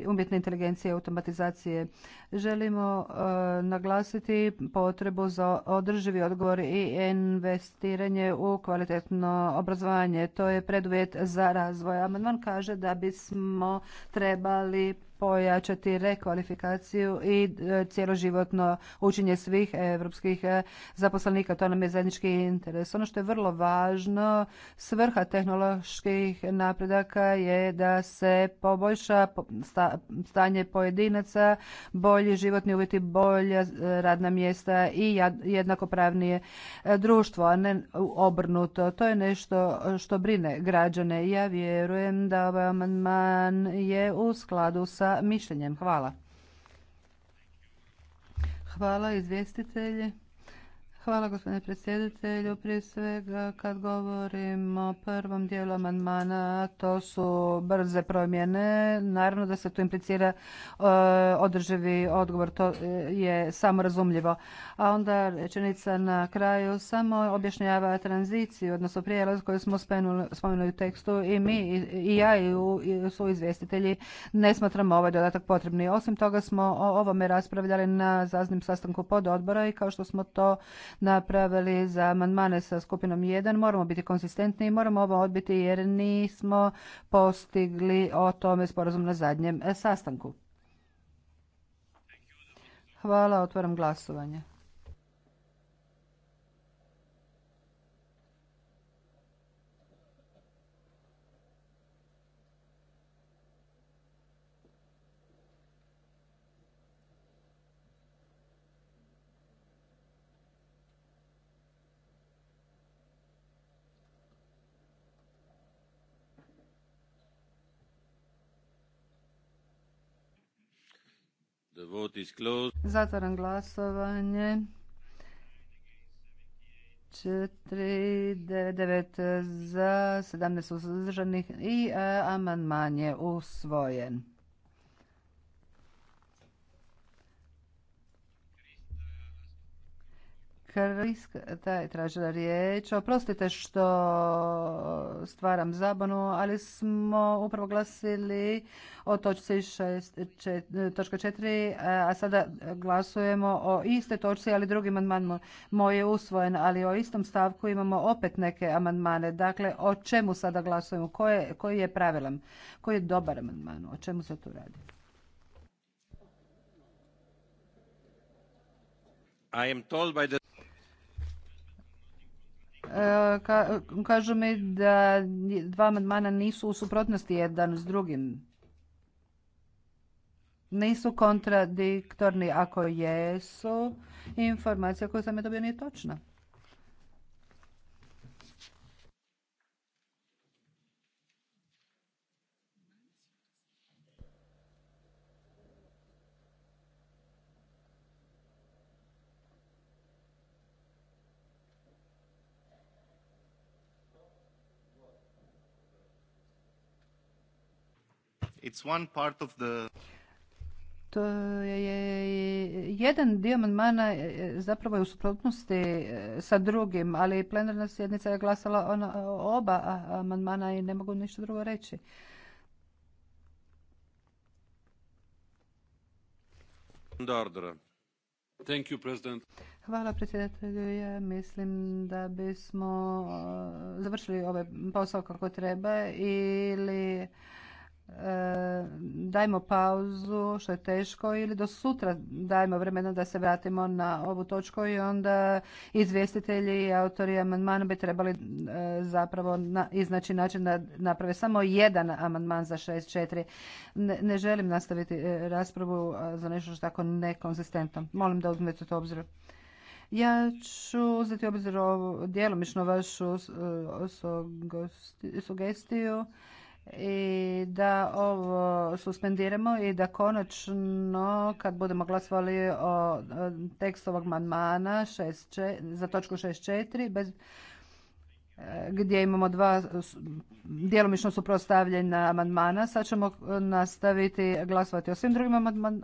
e, umjetne inteligencije i automatizacije. Želimo naglasiti potrebu za održivi odgovor i investiranje u kvalitetno obrazovanje. To je preduvjet za razvoj. Amandman kaže da bismo trebali pojačati rekvalifikaciju i e, cjeloživotno učenje svih europskih e, zaposlenika. To nam je zajednički interes. Ono što je vrlo važno, svrha tehnoloških napredaka je da se poboljša stanje pojedinaca, bolji životni uvjeti, bolja e, radna mjesta i jednakopravnije društvo, a ne obrnuto. To je nešto što brine građane. Ja vjerujem da ovaj amandman je u skladu sa mišljenjem. Hvala. Hvala izvjestitelji. Hvala gospodine predsjedatelju. Prije svega kad govorimo o prvom dijelu amandmana, to su brze promjene. Naravno da se tu implicira e, održivi odgovor, to je samo razumljivo. A onda rečenica na kraju samo objašnjava tranziciju, odnosno prijelaz koju smo spomenuli u tekstu i mi i ja i, u, i su izvjestitelji ne smatramo ovaj dodatak potrebni. Osim toga smo o ovome raspravljali na zaznim sastanku pod odbora i kao što smo to napravili za amandmane sa skupinom 1. Moramo biti konsistentni i moramo ovo odbiti jer nismo postigli o tome sporazum na zadnjem e, sastanku. Hvala, otvaram glasovanje. Zatvaram glasovanje. 499 za, 17 uzdržanih i e, amandman je usvojen. ta je tražila riječ. Oprostite što stvaram zabonu, ali smo upravo glasili o točci točka 4, a sada glasujemo o iste točci, ali drugi amandman moj je usvojen, ali o istom stavku imamo opet neke amandmane. Dakle, o čemu sada glasujemo? koji je pravilan? Koji je dobar amandman? O čemu se tu radi? I am told by E, kažu mi da dva amandmana nisu u suprotnosti jedan s drugim. Nisu kontradiktorni, ako jesu, informacija koju sam je dobio nije točna. It's one part of the... To je jedan dio amandmana e, zapravo je u suprotnosti e, sa drugim, ali plenarna sjednica je glasala ona, e, oba amandmana i ne mogu ništa drugo reći. Thank you, Hvala predsjedatelju. Ja mislim da bismo završili ovaj posao kako treba ili E, dajmo pauzu što je teško ili do sutra dajmo vremena da se vratimo na ovu točku i onda izvjestitelji i autori amandmana bi trebali e, zapravo iznaći način da naprave samo jedan amandman za 6.4. Ne, ne želim nastaviti e, raspravu za nešto što je tako nekonzistentno. Molim da uzmete to obzir. Ja ću uzeti obzir ovu djelomično vašu sugestiju i da ovo suspendiramo i da konačno kad budemo glasovali o tekstu ovog manmana za točku 6.4 bez e, gdje imamo dva djelomično suprotstavljena amandmana. Sad ćemo nastaviti glasovati o svim drugim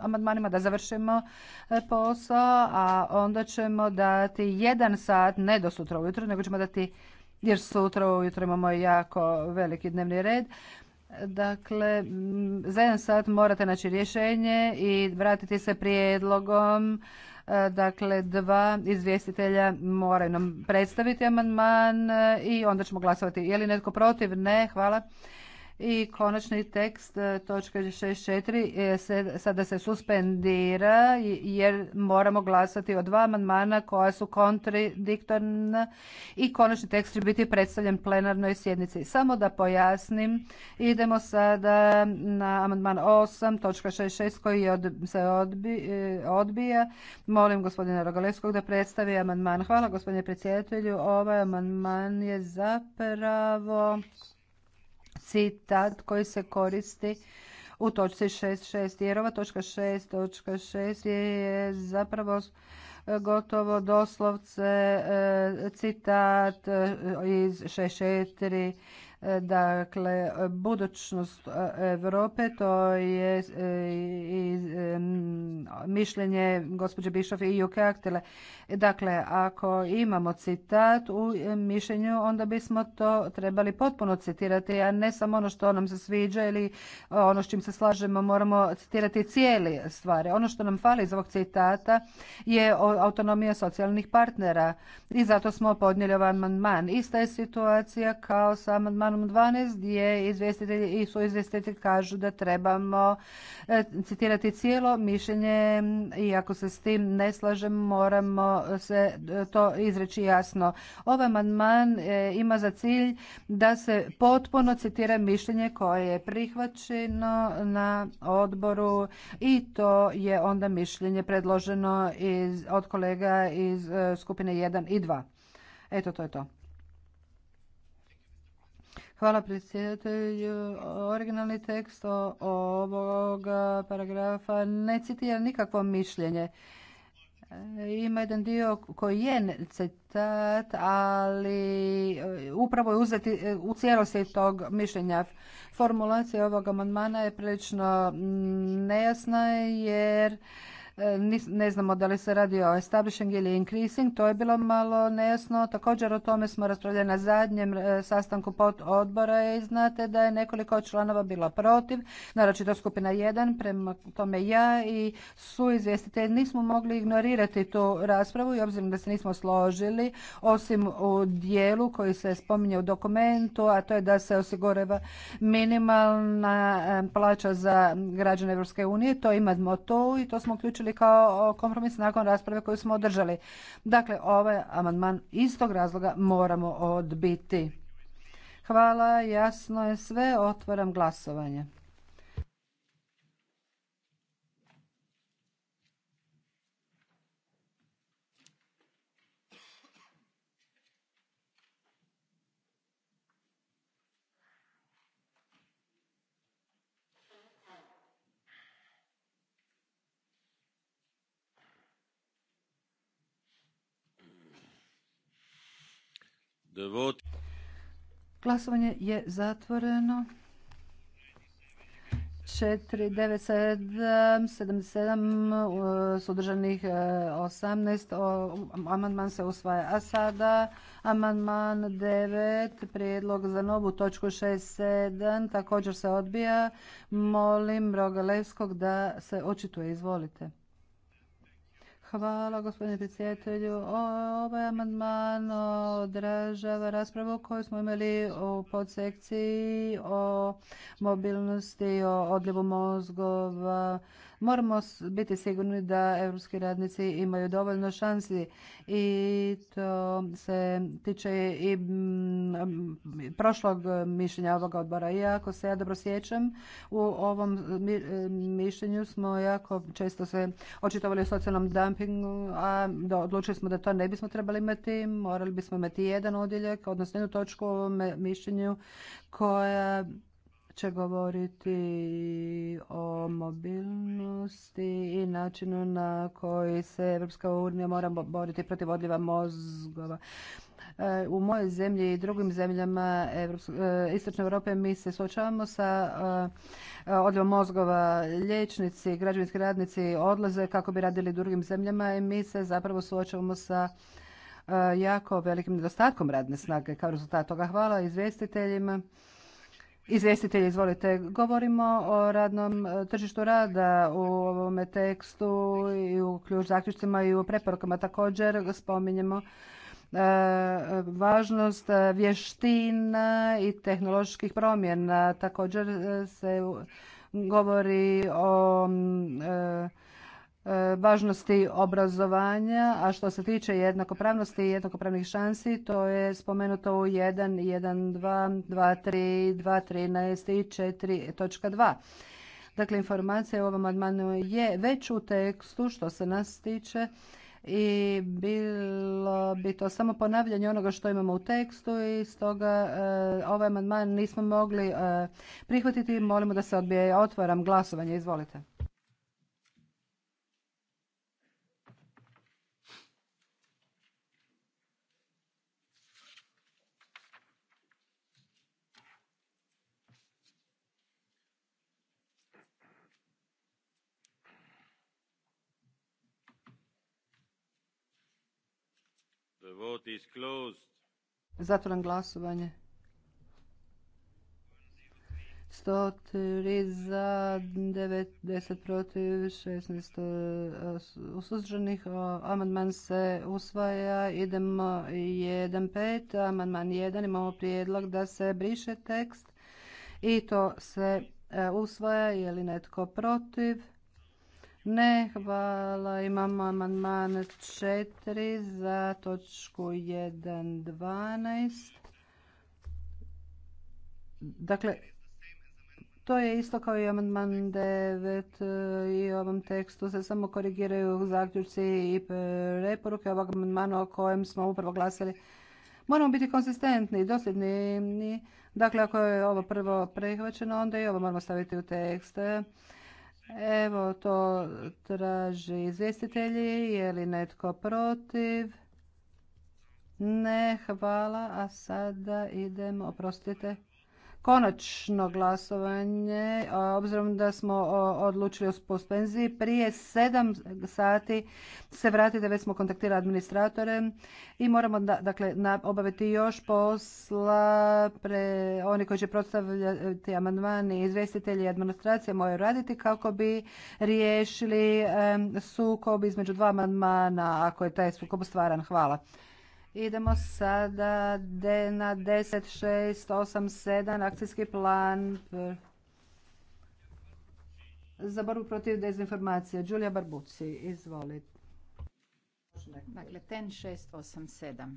amandmanima da završimo e, posao, a onda ćemo dati jedan sat, ne do sutra ujutro, nego ćemo dati jer sutra ujutro imamo jako veliki dnevni red. Dakle, mm, za jedan sat morate naći rješenje i vratiti se prijedlogom. E, dakle, dva izvjestitelja moraju nam predstaviti amandman e, i onda ćemo glasovati. Je li netko protiv? Ne, hvala i konačni tekst e, točka 6.4 e, sada se suspendira jer moramo glasati o dva amandmana koja su kontradiktorna i konačni tekst će biti predstavljen plenarnoj sjednici. Samo da pojasnim, idemo sada na amandman 8 točka 6.6 koji se e, odbija. Molim gospodina Rogalevskog da predstavi amandman. Hvala gospodine predsjedatelju. Ovaj amandman je zapravo citat koji se koristi u točci 6.6. Jer ova točka 6.6 je zapravo e, gotovo doslovce e, citat e, iz 6.4 Dakle, budućnost e, Europe to je e, i e, mišljenje gospođe Bišov i Juke Aktele. Dakle, ako imamo citat u mišljenju, onda bismo to trebali potpuno citirati, a ne samo ono što nam se sviđa ili ono s čim se slažemo, moramo citirati cijeli stvari. Ono što nam fali iz ovog citata je autonomija socijalnih partnera i zato smo podnijeli ovaj amandman. Ista je situacija kao sa amandmanom amandmanom 12 gdje izvjestitelji i su izvestitelji kažu da trebamo e, citirati cijelo mišljenje i ako se s tim ne slažem moramo se e, to izreći jasno. Ovaj amandman e, ima za cilj da se potpuno citira mišljenje koje je prihvaćeno na odboru i to je onda mišljenje predloženo iz, od kolega iz skupine 1 i 2. Eto, to je to. Hvala predsjedatelju. Originalni tekst ovog paragrafa ne citira nikakvo mišljenje. E, ima jedan dio koji je citat, ali e, upravo je uzeti e, u cijelosti tog mišljenja. Formulacija ovog amandmana je prilično nejasna jer E, ne znamo da li se radi o establishing ili increasing, to je bilo malo nejasno. Također o tome smo raspravljali na zadnjem e, sastanku pod odbora i znate da je nekoliko članova bilo protiv, naročito skupina 1, prema tome ja i su izvjestitelji nismo mogli ignorirati tu raspravu i obzirom da se nismo složili, osim u dijelu koji se spominje u dokumentu, a to je da se osigurava minimalna e, plaća za građane Europske unije, to imamo to i to smo uključili predložili kao kompromis nakon rasprave koju smo održali. Dakle, ovaj amandman iz tog razloga moramo odbiti. Hvala, jasno je sve, otvaram glasovanje. Glasovanje je zatvoreno. 497, 77, sudržanih 18, amandman se usvaja. A sada amandman 9, prijedlog za novu točku 67, također se odbija. Molim Rogalevskog da se očituje, izvolite. Hvala gospodine predsjedatelju. Ovaj amandman odražava raspravu koju smo imali u podsekciji o mobilnosti, o odljevu mozgova Moramo biti sigurni da europski radnici imaju dovoljno šansi i to se tiče i prošlog mišljenja ovog odbora. Iako se ja dobro sjećam, u ovom mišljenju smo jako često se očitovali o socijalnom dumpingu, a odlučili smo da to ne bismo trebali imati. Morali bismo imati jedan odjeljak, odnosno jednu točku u ovome mišljenju koja će govoriti o mobilnosti i načinu na koji se Europska unija mora boriti protiv odljiva mozgova. E, u mojoj zemlji i drugim zemljama e, Istočne Europe mi se suočavamo sa e, odljevom mozgova. Liječnici, građevinski radnici odlaze kako bi radili drugim zemljama i mi se zapravo suočavamo sa jako velikim nedostatkom radne snage kao rezultat toga. Hvala izvjestiteljima Izvjestitelji, izvolite. Govorimo o radnom e, tržištu rada u ovome tekstu i u ključ zaključcima i u preporukama. Također spominjemo e, važnost vještina i tehnoloških promjena. Također e, se govori o E, važnosti obrazovanja, a što se tiče jednakopravnosti i jednakopravnih šansi, to je spomenuto u 1, 1, 2, 2, 3, 2, 13 i 4.2. Dakle, informacija u ovom amandmanu je već u tekstu što se nas tiče i bilo bi to samo ponavljanje onoga što imamo u tekstu i stoga e, ovaj amandman nismo mogli e, prihvatiti. Molimo da se odbije. Otvaram glasovanje. Izvolite. Zatvoram glasovanje. 103 za, 90 protiv, 16 usuzdženih. E, amandman se usvaja. Idemo 1.5. Amandman 1. Imamo prijedlog da se briše tekst i to se e, usvaja. Je li netko protiv? Ne, hvala. Imamo amandman 4 za točku 1.12. Dakle, to je isto kao i amandman 9 e, i u ovom tekstu se samo korigiraju zaključci i preporuke ovog amandmana o kojem smo upravo glasili. Moramo biti konsistentni i dosljedni. Dakle, ako je ovo prvo prihvaćeno, onda i ovo moramo staviti u tekst. Evo to traži izvjestitelji. Je li netko protiv? Ne, hvala. A sada idemo, oprostite konačno glasovanje, obzirom da smo odlučili o suspenziji, prije sedam sati se vratite, već smo kontaktirali administratore i moramo dakle, obaviti još posla pre oni koji će predstavljati amandmani, izvestitelji i administracije moraju raditi kako bi riješili sukob između dva amandmana ako je taj sukob stvaran. Hvala. Idemo sada na 10, 6, 8, 7, akcijski plan za borbu protiv dezinformacije. Đulija Barbuci, izvolite. Dakle, 10, 6, 8, 7.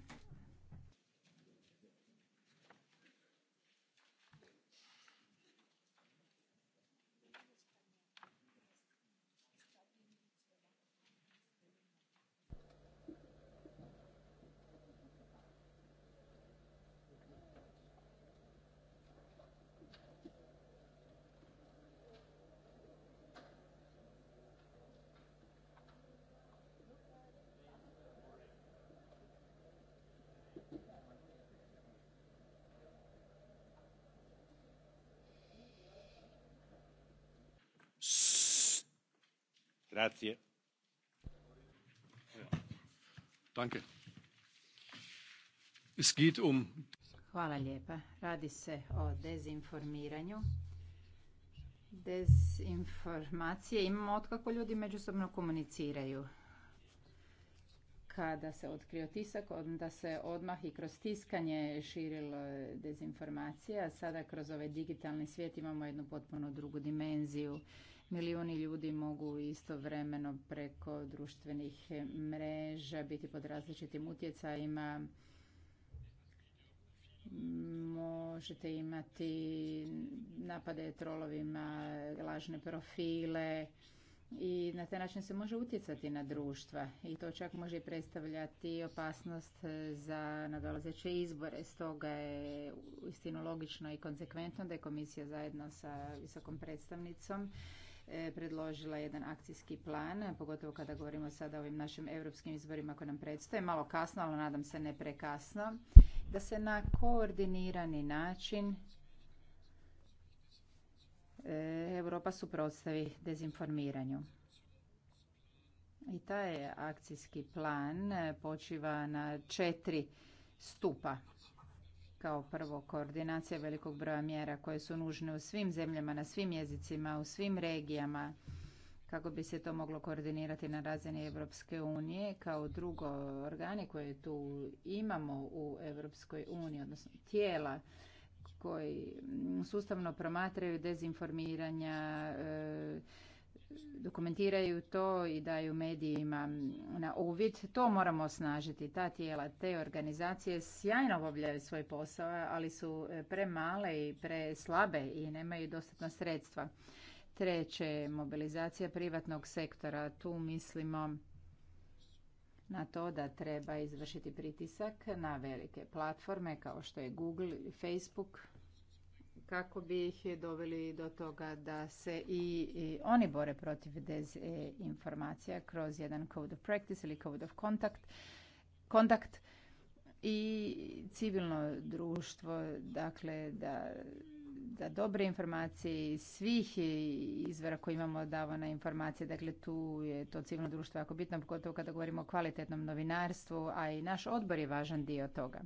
Grazie. Danke. Es geht um... Hvala lijepa. Radi se o dezinformiranju. Dezinformacije imamo otkako ljudi međusobno komuniciraju. Kada se otkrio tisak, onda se odmah i kroz tiskanje širilo dezinformacija. Sada kroz ovaj digitalni svijet imamo jednu potpuno drugu dimenziju Milijuni ljudi mogu istovremeno preko društvenih mreža biti pod različitim utjecajima. Možete imati napade trolovima, lažne profile i na taj način se može utjecati na društva i to čak može predstavljati opasnost za nadolazeće izbore. Stoga je istinologično logično i konsekventno da je komisija zajedno sa visokom predstavnicom E, predložila jedan akcijski plan, pogotovo kada govorimo sada o ovim našim europskim izborima koje nam predstoje. Malo kasno, ali nadam se ne prekasno. Da se na koordinirani način e, Europa suprotstavi dezinformiranju. I taj akcijski plan e, počiva na četiri stupa. Kao prvo, koordinacija velikog broja mjera koje su nužne u svim zemljama, na svim jezicima, u svim regijama, kako bi se to moglo koordinirati na razini Europske unije. Kao drugo, organi koje tu imamo u Europskoj uniji, odnosno tijela koji sustavno promatraju dezinformiranja, e, dokumentiraju to i daju medijima na uvid. To moramo osnažiti. Ta tijela, te organizacije sjajno obavljaju svoj posao, ali su e, premale i preslabe i nemaju dostatna sredstva. Treće, mobilizacija privatnog sektora. Tu mislimo na to da treba izvršiti pritisak na velike platforme kao što je Google i Facebook kako bi ih doveli do toga da se i, oni bore protiv dezinformacija kroz jedan code of practice ili code of contact, kontakt i civilno društvo, dakle da da dobre informacije iz svih izvora koje imamo davana informacije, dakle tu je to civilno društvo jako bitno, pogotovo kada govorimo o kvalitetnom novinarstvu, a i naš odbor je važan dio toga.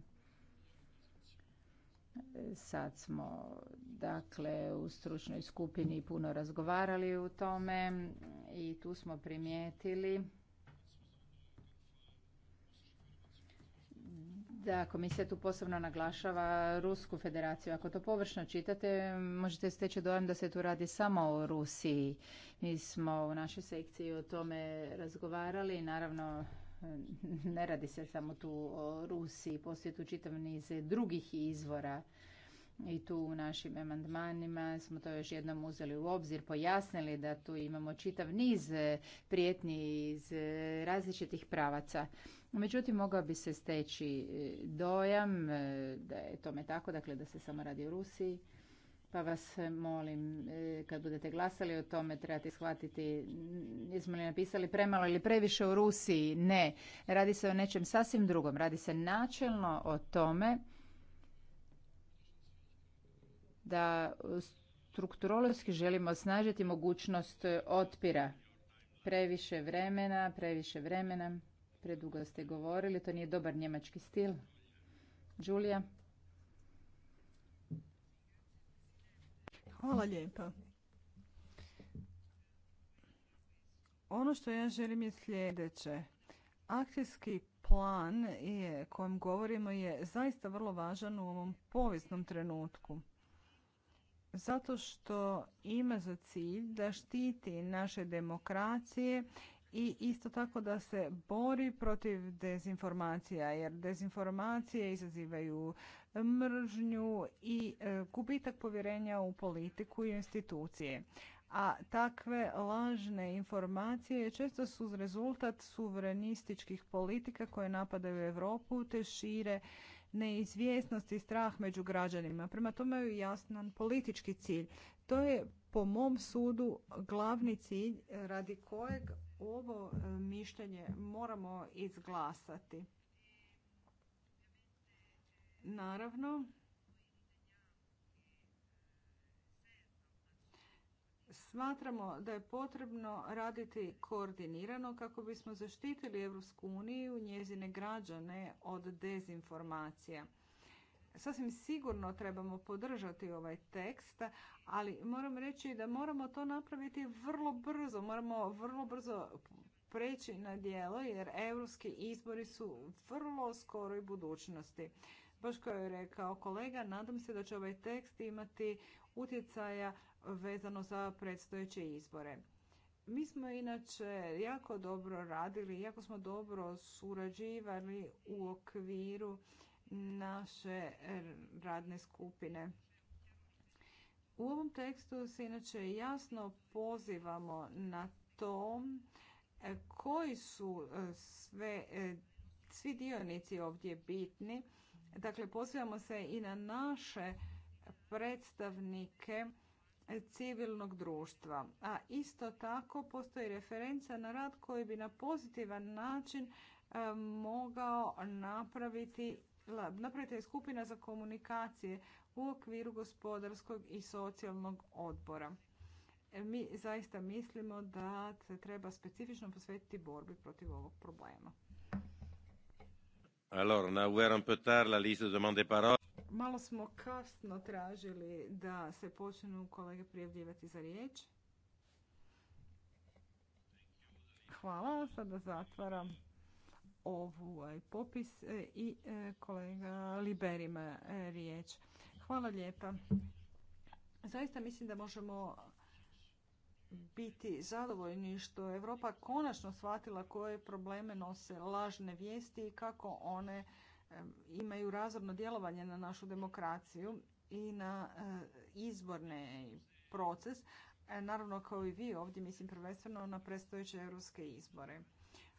Sad smo dakle u stručnoj skupini puno razgovarali u tome i tu smo primijetili da komisija tu posebno naglašava Rusku federaciju. Ako to površno čitate, možete steći dojam da se tu radi samo o Rusiji. Mi smo u našoj sekciji o tome razgovarali. i Naravno, ne radi se samo tu o Rusiji, postoji tu čitav niz drugih izvora i tu u našim amandmanima smo to još jednom uzeli u obzir, pojasnili da tu imamo čitav niz prijetnji iz različitih pravaca. Međutim, mogao bi se steći dojam da je tome tako, dakle da se samo radi o Rusiji pa vas molim e, kad budete glasali o tome trebate shvatiti jesmo li napisali premalo ili previše u Rusiji. Ne, radi se o nečem sasvim drugom. Radi se načelno o tome da strukturološki želimo osnažiti mogućnost otpira. Previše vremena, previše vremena. Predugo ste govorili, to nije dobar njemački stil. Đulija. Hvala lijepa. Ono što ja želim je sljedeće. Akcijski plan je, kojem govorimo je zaista vrlo važan u ovom povijesnom trenutku. Zato što ima za cilj da štiti naše demokracije i isto tako da se bori protiv dezinformacija jer dezinformacije izazivaju mržnju i e, gubitak povjerenja u politiku i institucije. A takve lažne informacije često su rezultat suverenističkih politika koje napadaju Europu te šire neizvjesnost i strah među građanima. Prema tome je jasnan politički cilj. To je po mom sudu glavni cilj radi kojeg ovo e, mišljenje moramo izglasati. Naravno, Smatramo da je potrebno raditi koordinirano kako bismo zaštitili Evropsku uniju, njezine građane od dezinformacija. Sasvim sigurno trebamo podržati ovaj tekst, ali moram reći da moramo to napraviti vrlo brzo. Moramo vrlo brzo preći na dijelo jer europski izbori su vrlo skoroj budućnosti. Baš je rekao kolega, nadam se da će ovaj tekst imati utjecaja vezano za predstojeće izbore. Mi smo inače jako dobro radili, jako smo dobro surađivali u okviru naše radne skupine. U ovom tekstu se inače jasno pozivamo na to e, koji su e, sve, e, svi dionici ovdje bitni Dakle, pozivamo se i na naše predstavnike civilnog društva. A isto tako postoji referenca na rad koji bi na pozitivan način e, mogao napraviti napravite skupina za komunikacije u okviru gospodarskog i socijalnog odbora. E, mi zaista mislimo da se treba specifično posvetiti borbi protiv ovog problema. Alors, on a ouvert un peu tard la liste de parole. Malo smo kasno tražili da se počnu kolege prijavljivati za riječ. Hvala, sada zatvaram ovaj popis e, i e, kolega Liberima e, riječ. Hvala lijepa. Zaista mislim da možemo biti zadovoljni što je Europa konačno shvatila koje probleme nose lažne vijesti i kako one imaju razorno djelovanje na našu demokraciju i na e, izborni proces. E, naravno, kao i vi ovdje, mislim prvenstveno na predstojeće europske izbore.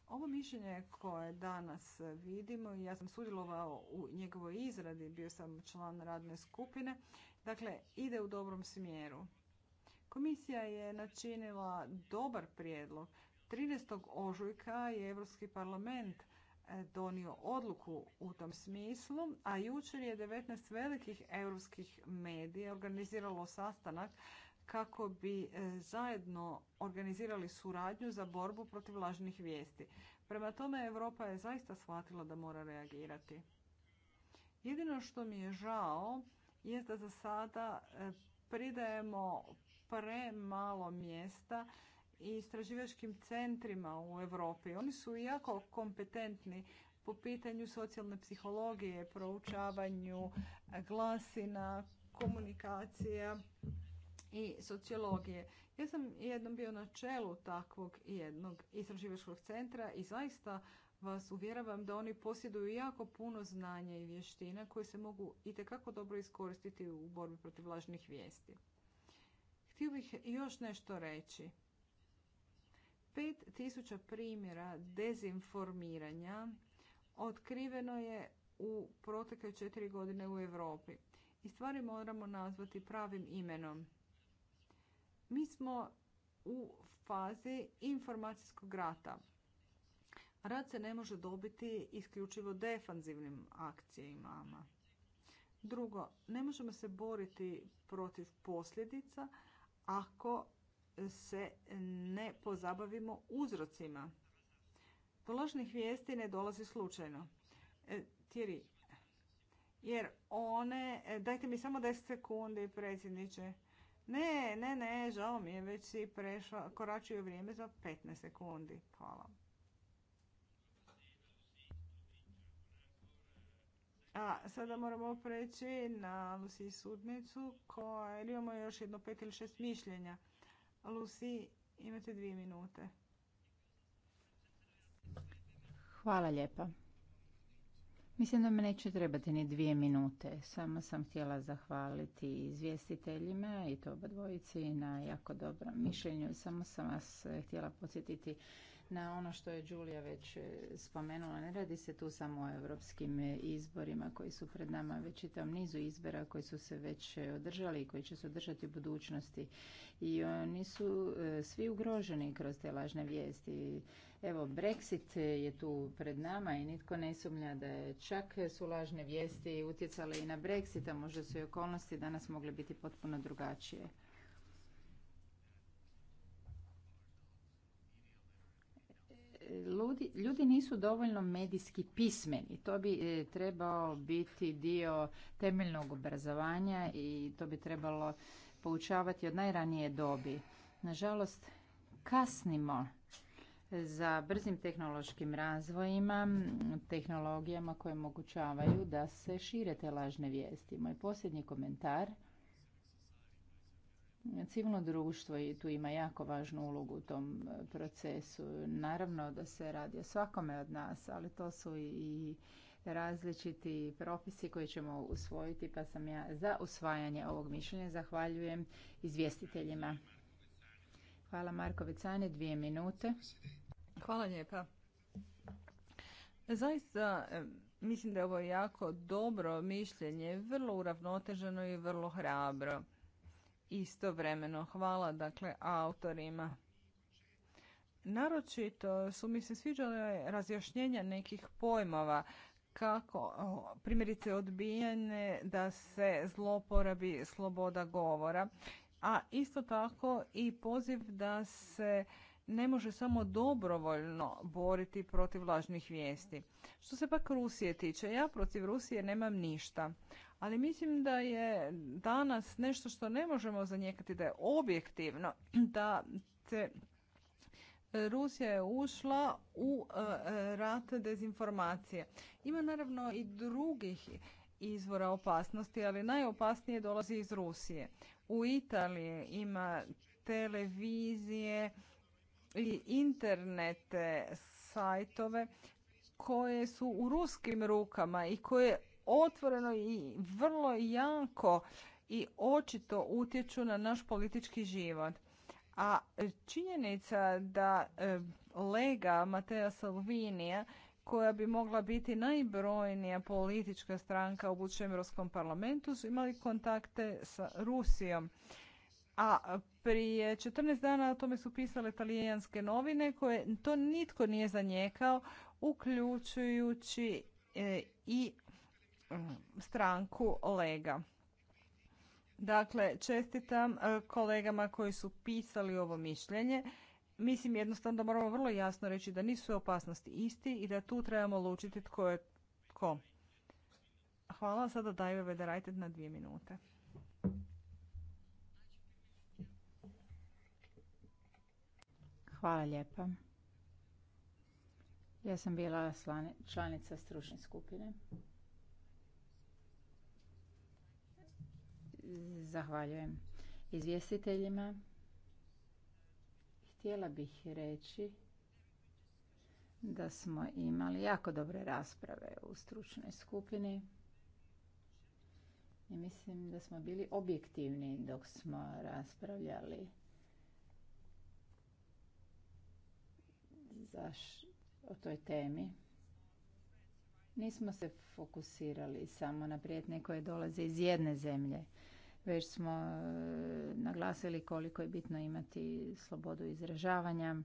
Ovo mišljenje koje danas vidimo, ja sam sudjelovao u njegovoj izradi, bio sam član radne skupine, dakle, ide u dobrom smjeru. Komisija je načinila dobar prijedlog. 13. ožujka je Europski parlament e, donio odluku u tom smislu, a jučer je 19 velikih europskih medija organiziralo sastanak kako bi e, zajedno organizirali suradnju za borbu protiv lažnih vijesti. Prema tome, Europa je zaista shvatila da mora reagirati. Jedino što mi je žao jest da za sada e, pridajemo premalo mjesta i istraživačkim centrima u Europi. Oni su jako kompetentni po pitanju socijalne psihologije, proučavanju glasina, komunikacija i sociologije. Ja sam jednom bio na čelu takvog jednog istraživačkog centra i zaista vas uvjeravam da oni posjeduju jako puno znanja i vještina koje se mogu itekako dobro iskoristiti u borbi protiv lažnih vijesti. Htio bih još nešto reći. 5000 primjera dezinformiranja otkriveno je u protekle četiri godine u Europi. I stvari moramo nazvati pravim imenom. Mi smo u fazi informacijskog rata. Rat se ne može dobiti isključivo defanzivnim akcijama. Drugo, ne možemo se boriti protiv posljedica ako se ne pozabavimo uzrocima. Do vijesti ne dolazi slučajno. E, Tiri, jer one, dajte mi samo 10 sekundi predsjedniče. Ne, ne, ne, žao mi je, već si prešao, koračio vrijeme za 15 sekundi. Hvala. A sada moramo preći na Lucy sudnicu koja jer imamo još jedno pet ili šest mišljenja. Lucy, imate dvije minute. Hvala lijepa. Mislim da me neće trebati ni dvije minute. Samo sam htjela zahvaliti izvjestiteljima i to oba na jako dobrom mišljenju. Samo sam vas eh, htjela podsjetiti na ono što je Đulija već e, spomenula. Ne radi se tu samo o europskim e, izborima koji su pred nama, već čitav nizu izbora koji su se već e, održali i koji će se održati u budućnosti. I oni su svi ugroženi kroz te lažne vijesti. Evo, Brexit je tu pred nama i nitko ne sumnja da je čak su lažne vijesti utjecale i na Brexit, a možda su i okolnosti danas mogle biti potpuno drugačije. ljudi, ljudi nisu dovoljno medijski pismeni. To bi e, trebao biti dio temeljnog obrazovanja i to bi trebalo poučavati od najranije dobi. Nažalost, kasnimo za brzim tehnološkim razvojima, tehnologijama koje omogućavaju da se šire te lažne vijesti. Moj posljednji komentar Civilno društvo i tu ima jako važnu ulogu u tom e, procesu. Naravno da se radi o svakome od nas, ali to su i različiti propisi koje ćemo usvojiti, pa sam ja za usvajanje ovog mišljenja. Zahvaljujem izvjestiteljima. Hvala Marko Vicane, dvije minute. Hvala lijepa. Zaista e, mislim da je ovo jako dobro mišljenje, vrlo uravnoteženo i vrlo hrabro istovremeno. Hvala dakle autorima. Naročito su mi se sviđale razjašnjenja nekih pojmova kako primjerice odbijanje da se zloporabi sloboda govora, a isto tako i poziv da se ne može samo dobrovoljno boriti protiv lažnih vijesti. Što se pak Rusije tiče, ja protiv Rusije nemam ništa. Ali mislim da je danas nešto što ne možemo zanijekati da je objektivno, da se Rusija je ušla u e, rat dezinformacije. Ima naravno i drugih izvora opasnosti, ali najopasnije dolazi iz Rusije. U Italiji ima televizije, i internet sajtove koje su u ruskim rukama i koje otvoreno i vrlo jako i očito utječu na naš politički život. A činjenica da e, lega Mateja Salvinija koja bi mogla biti najbrojnija politička stranka u budućem Europskom parlamentu su imali kontakte sa Rusijom. A prije 14 dana o tome su pisale talijanske novine koje to nitko nije zanjekao, uključujući e, i e, stranku Lega. Dakle, čestitam e, kolegama koji su pisali ovo mišljenje. Mislim jednostavno da moramo vrlo jasno reći da nisu opasnosti isti i da tu trebamo lučiti tko je tko. Hvala, sada daju Vederajtet na dvije minute. Hvala lijepa. Ja sam bila članica stručne skupine. Zahvaljujem izvjestiteljima. Htjela bih reći da smo imali jako dobre rasprave u stručnoj skupini. I mislim da smo bili objektivni dok smo raspravljali o toj temi. Nismo se fokusirali samo na prijetnje koje dolaze iz jedne zemlje, već smo e, naglasili koliko je bitno imati slobodu izražavanja.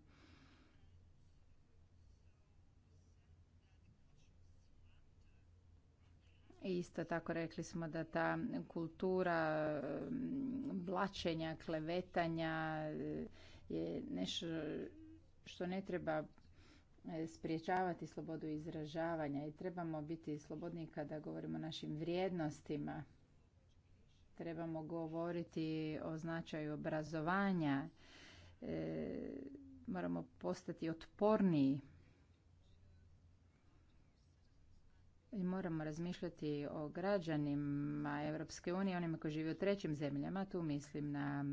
I isto tako rekli smo da ta kultura blačenja, klevetanja e, je nešto što ne treba E, spriječavati slobodu izražavanja i trebamo biti slobodni kada govorimo o našim vrijednostima. Trebamo govoriti o značaju obrazovanja. E, moramo postati otporniji. I moramo razmišljati o građanima Europske unije, onima koji žive u trećim zemljama. Tu mislim na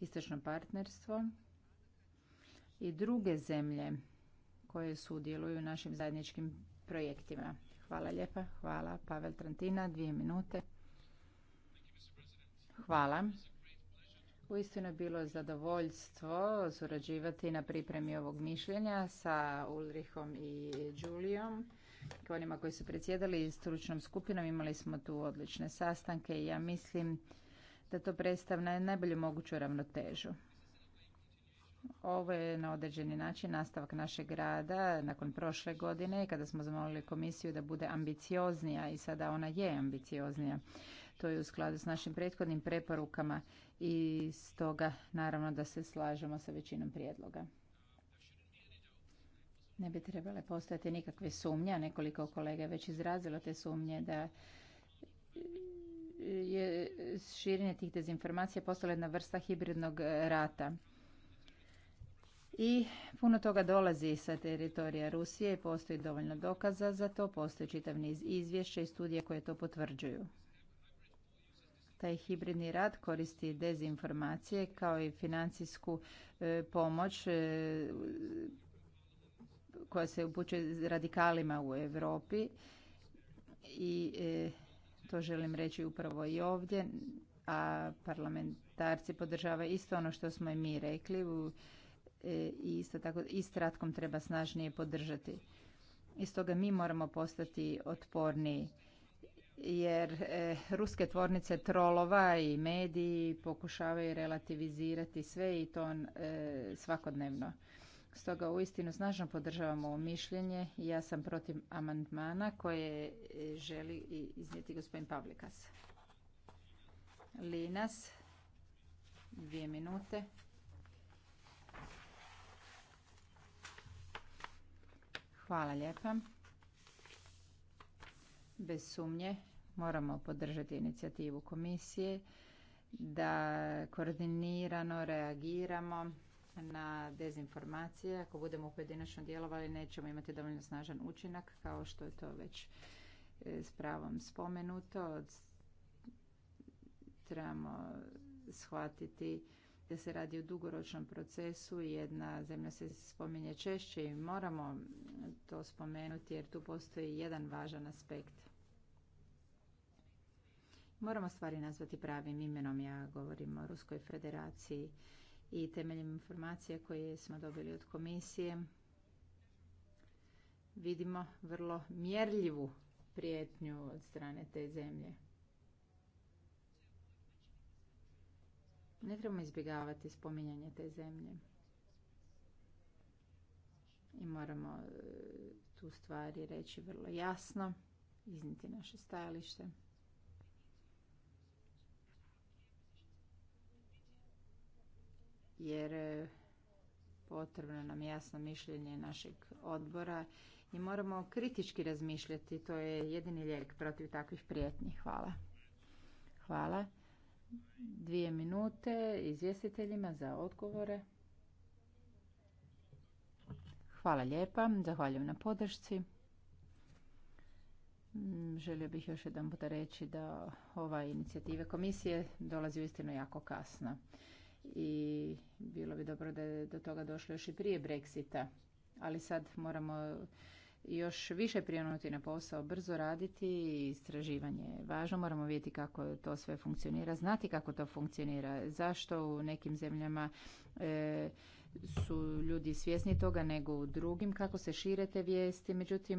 istočno partnerstvo i druge zemlje koje sudjeluju u našim zajedničkim projektima. Hvala lijepa. Hvala. Pavel Trantina, dvije minute. Hvala. Uistinu je bilo zadovoljstvo surađivati na pripremi ovog mišljenja sa Ulrihom i Đulijom. Onima koji su predsjedali stručnom skupinom imali smo tu odlične sastanke i ja mislim da to predstavlja najbolju moguću ravnotežu. Ovo je na određeni način nastavak našeg rada nakon prošle godine kada smo zamolili komisiju da bude ambicioznija i sada ona je ambicioznija. To je u skladu s našim prethodnim preporukama i stoga naravno da se slažemo sa većinom prijedloga. Ne bi trebale postojati nikakve sumnje, nekoliko kolega je već izrazilo te sumnje da je širenje tih dezinformacija postala jedna vrsta hibridnog rata i puno toga dolazi sa teritorija Rusije i postoji dovoljno dokaza za to, postoji čitav niz izvješća i studije koje to potvrđuju. Taj hibridni rad koristi dezinformacije kao i financijsku e, pomoć e, koja se upućuje radikalima u Europi i e, to želim reći upravo i ovdje, a parlamentarci podržavaju isto ono što smo i mi rekli u E, i isto tako i stratkom treba snažnije podržati. I stoga mi moramo postati otporniji jer e, ruske tvornice trolova i mediji pokušavaju relativizirati sve i to e, svakodnevno. Stoga uistinu snažno podržavamo ovo mišljenje i ja sam protiv amandmana koje e, želi iznijeti gospodin Pavlikas. Linas, dvije minute. Hvala lijepa. Bez sumnje moramo podržati inicijativu komisije da koordinirano reagiramo na dezinformacije. Ako budemo pojedinačno djelovali nećemo imati dovoljno snažan učinak kao što je to već e, s pravom spomenuto. Trebamo shvatiti da se radi o dugoročnom procesu. i Jedna zemlja se spominje češće i moramo to spomenuti jer tu postoji jedan važan aspekt. Moramo stvari nazvati pravim imenom. Ja govorim o Ruskoj federaciji i temeljem informacija koje smo dobili od komisije vidimo vrlo mjerljivu prijetnju od strane te zemlje. Ne trebamo izbjegavati spominjanje te zemlje. I moramo e, tu stvari reći vrlo jasno, izniti naše stajalište. Jer e, potrebno nam jasno mišljenje našeg odbora i moramo kritički razmišljati. To je jedini lijek protiv takvih prijetnji. Hvala. Hvala dvije minute izvjestiteljima za odgovore. Hvala lijepa, zahvaljujem na podršci. Mm, želio bih još jedan puta reći da ova inicijativa komisije dolazi istinu jako kasno i bilo bi dobro da je do toga došlo još i prije Brexita, ali sad moramo još više prionuti na posao, brzo raditi i istraživanje važno. Moramo vidjeti kako to sve funkcionira, znati kako to funkcionira, zašto u nekim zemljama e, su ljudi svjesni toga nego u drugim, kako se šire te vijesti. Međutim,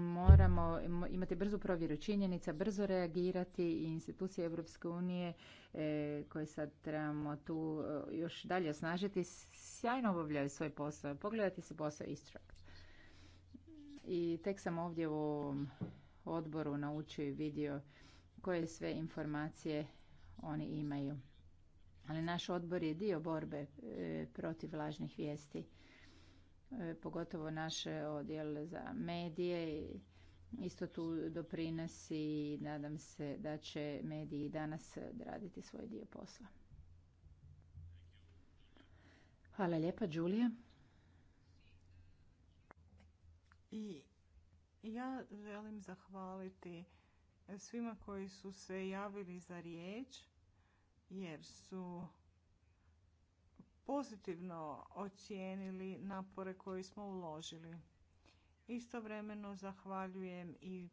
moramo imati brzu provjeru činjenica, brzo reagirati i institucije Europske unije e, koje sad trebamo tu e, još dalje osnažiti, sjajno obavljaju svoj posao. Pogledajte se posao istrakt. I tek sam ovdje u ovom odboru naučio i vidio koje sve informacije oni imaju. Ali naš odbor je dio borbe e, protiv lažnih vijesti. E, pogotovo naš odjel za medije isto tu doprinosi i nadam se da će mediji danas raditi svoj dio posla. Hvala lijepa, Đulija. I ja želim zahvaliti svima koji su se javili za riječ jer su pozitivno ocijenili napore koje smo uložili. Istovremeno zahvaljujem i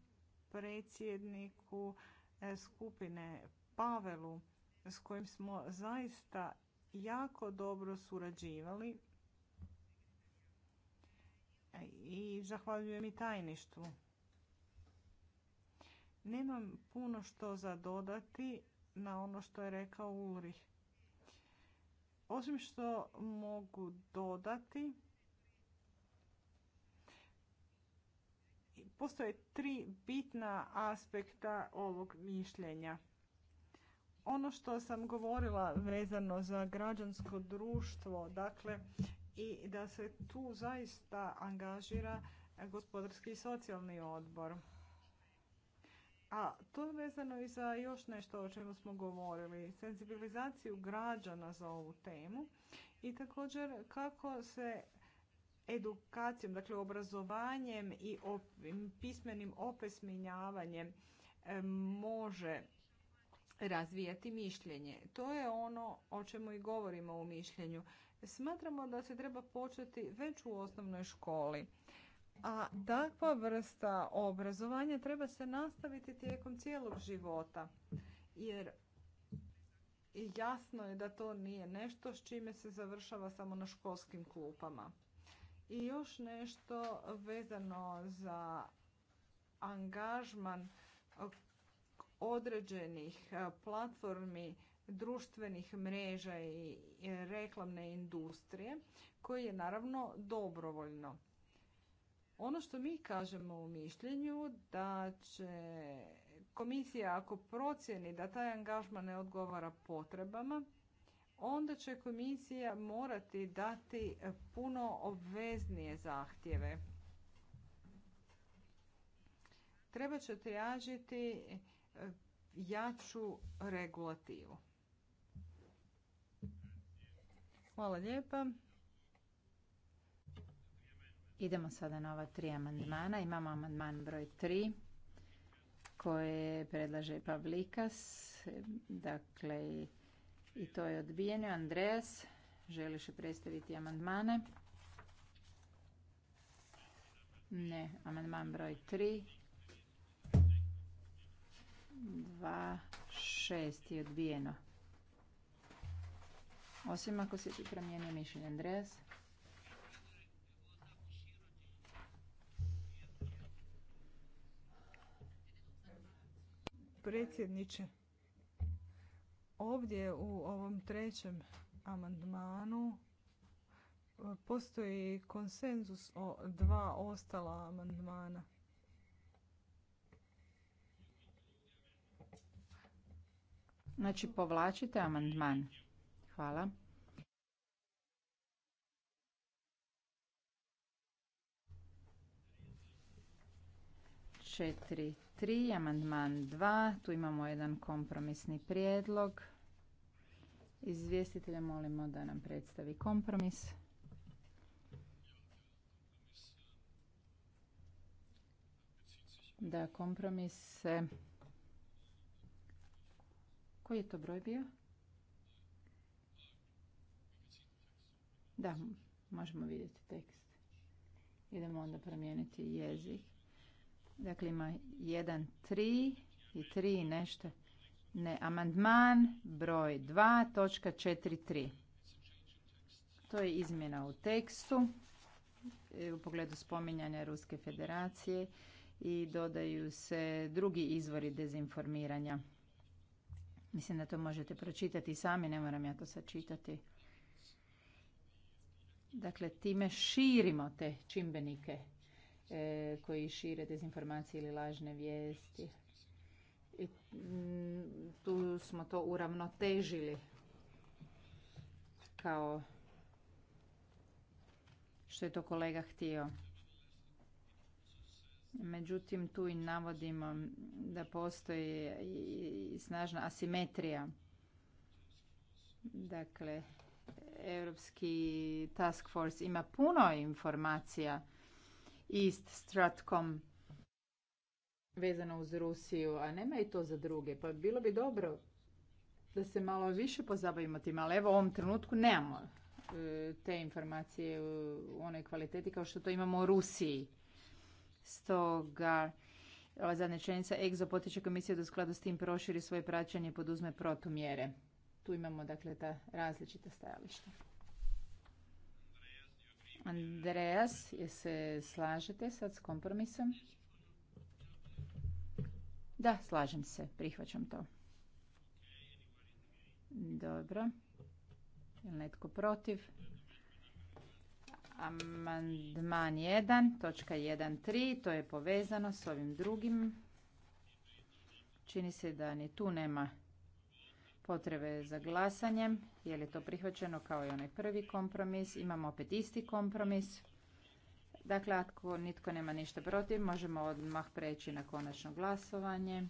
predsjedniku e, skupine Pavelu s kojim smo zaista jako dobro surađivali i zahvaljujem i tajništvu. Nemam puno što za dodati na ono što je rekao Urih. Osim što mogu dodati, postoje tri bitna aspekta ovog mišljenja. Ono što sam govorila vezano za građansko društvo, dakle i da se tu zaista angažira gospodarski i socijalni odbor. A to je vezano i za još nešto o čemu smo govorili, senzibilizaciju građana za ovu temu i također kako se edukacijom, dakle obrazovanjem i pismenim opesminjavanjem e, može razvijati mišljenje. To je ono o čemu i govorimo u mišljenju. Smatramo da se treba početi već u osnovnoj školi. A takva vrsta obrazovanja treba se nastaviti tijekom cijelog života. Jer jasno je da to nije nešto s čime se završava samo na školskim klupama. I još nešto vezano za angažman određenih platformi društvenih mreža i reklamne industrije koje je naravno dobrovoljno. Ono što mi kažemo u mišljenju da će komisija ako procjeni da taj angažman ne odgovara potrebama, onda će komisija morati dati puno obveznije zahtjeve. Treba će tražiti e, jaču regulativu. Hvala lijepa. Idemo sada na ova tri amandmana. Imamo amandman broj 3 koje predlaže Pavlikas. Dakle, i to je odbijeno. Andreas, želiš predstaviti amandmane? Ne, amandman broj 3. 2, 6 je odbijeno. Osim ako se promijenio mišljenje Andreas. Predsjedniče, ovdje u ovom trećem amandmanu e, postoji konsenzus o dva ostala amandmana. Znači povlačite amandman. Hvala. Četiri, tri, amandman dva. Tu imamo jedan kompromisni prijedlog. Izvjestitelja molimo da nam predstavi kompromis. Da, kompromis Koji je to broj bio? Da, možemo vidjeti tekst. Idemo onda promijeniti jezik. Dakle, ima 1, 3 i 3 nešto. Ne, amandman broj točka 2.43. To je izmjena u tekstu e, u pogledu spominjanja Ruske federacije i dodaju se drugi izvori dezinformiranja. Mislim da to možete pročitati sami, ne moram ja to sad čitati. Dakle, time širimo te čimbenike e, koji šire dezinformacije ili lažne vijesti. I mm, tu smo to uravnotežili kao što je to kolega htio. Međutim, tu i navodimo da postoji i snažna asimetrija. Dakle, Europski task force ima puno informacija istratkom vezano uz Rusiju, a nema i to za druge. Pa bilo bi dobro da se malo više pozabavimo tim, ali evo u ovom trenutku nemamo e, te informacije u onoj kvaliteti kao što to imamo u Rusiji. Stoga ova zadnja čenica EGZO potiče komisiju da u skladu s tim proširi svoje praćenje i poduzme protumjere tu imamo dakle ta različita stajališta. Andreas, je se slažete sad s kompromisom? Da, slažem se, prihvaćam to. Dobro. Je netko protiv? Amandman 1, točka 1.3, to je povezano s ovim drugim. Čini se da ni tu nema potrebe za glasanjem. Je li to prihvaćeno kao i onaj prvi kompromis? Imamo opet isti kompromis. Dakle, ako nitko nema ništa protiv, možemo odmah preći na konačno glasovanje.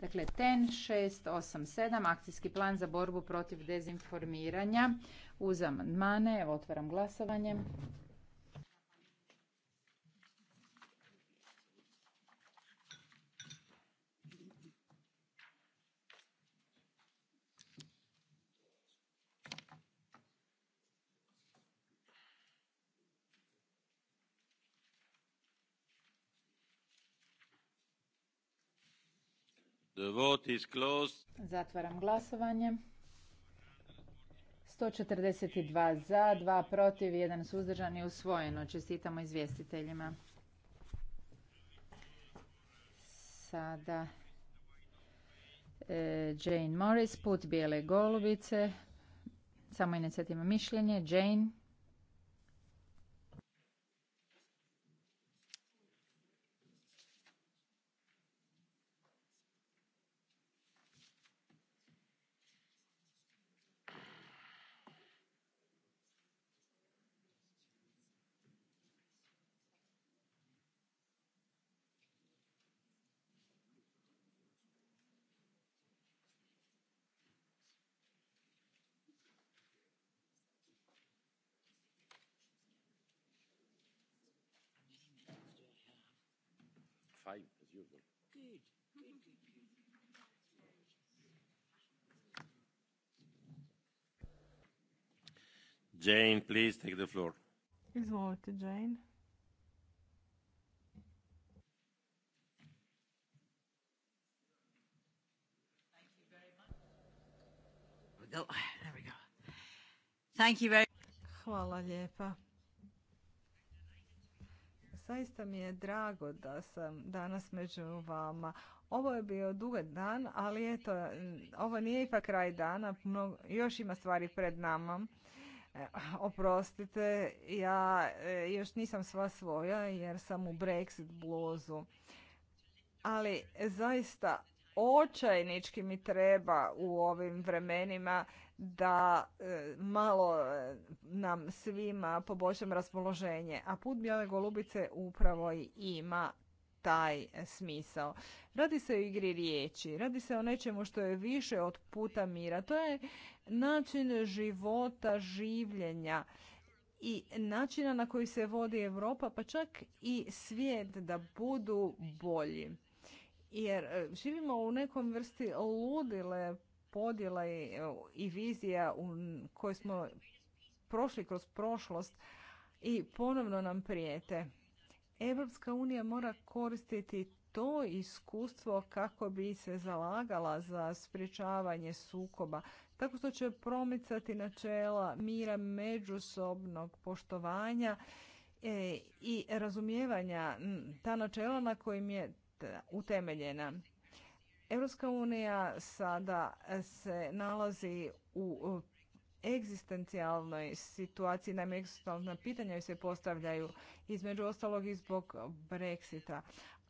Dakle, TEN 687, akcijski plan za borbu protiv dezinformiranja. Uz amandmane, otvaram glasovanje. The vote is closed. Zatvaram glasovanje. 142 za, 2 protiv, 1 suzdržan i usvojeno. Čestitamo izvjestiteljima. Sada e, Jane Morris, Put bijele golubice, samo inicijativa mišljenje. Jane. Jane, please take the floor. Izvolite, Jane. Thank you very much Hvala lijepa. Zaista mi je drago da sam danas među vama. Ovo je bio dugaj dan, ali eto, ovo nije ipak kraj dana. još ima stvari pred nama. E, oprostite, ja e, još nisam sva svoja jer sam u Brexit blozu. Ali zaista očajnički mi treba u ovim vremenima da e, malo e, nam svima poboljšam raspoloženje. A put Bijele Golubice upravo i ima taj smisao. Radi se o igri riječi, radi se o nečemu što je više od puta mira. To je način života, življenja i načina na koji se vodi Europa, pa čak i svijet da budu bolji. Jer e, živimo u nekom vrsti ludile podjela e, i, vizija u, koje smo prošli kroz prošlost i ponovno nam prijete. Europska unija mora koristiti to iskustvo kako bi se zalagala za sprječavanje sukoba, tako što će promicati načela mira međusobnog poštovanja e, i razumijevanja ta načela na kojim je utemeljena. Europska unija sada se nalazi u egzistencijalnoj situaciji, naime egzistencijalna pitanja se postavljaju između ostalog i zbog Brexita.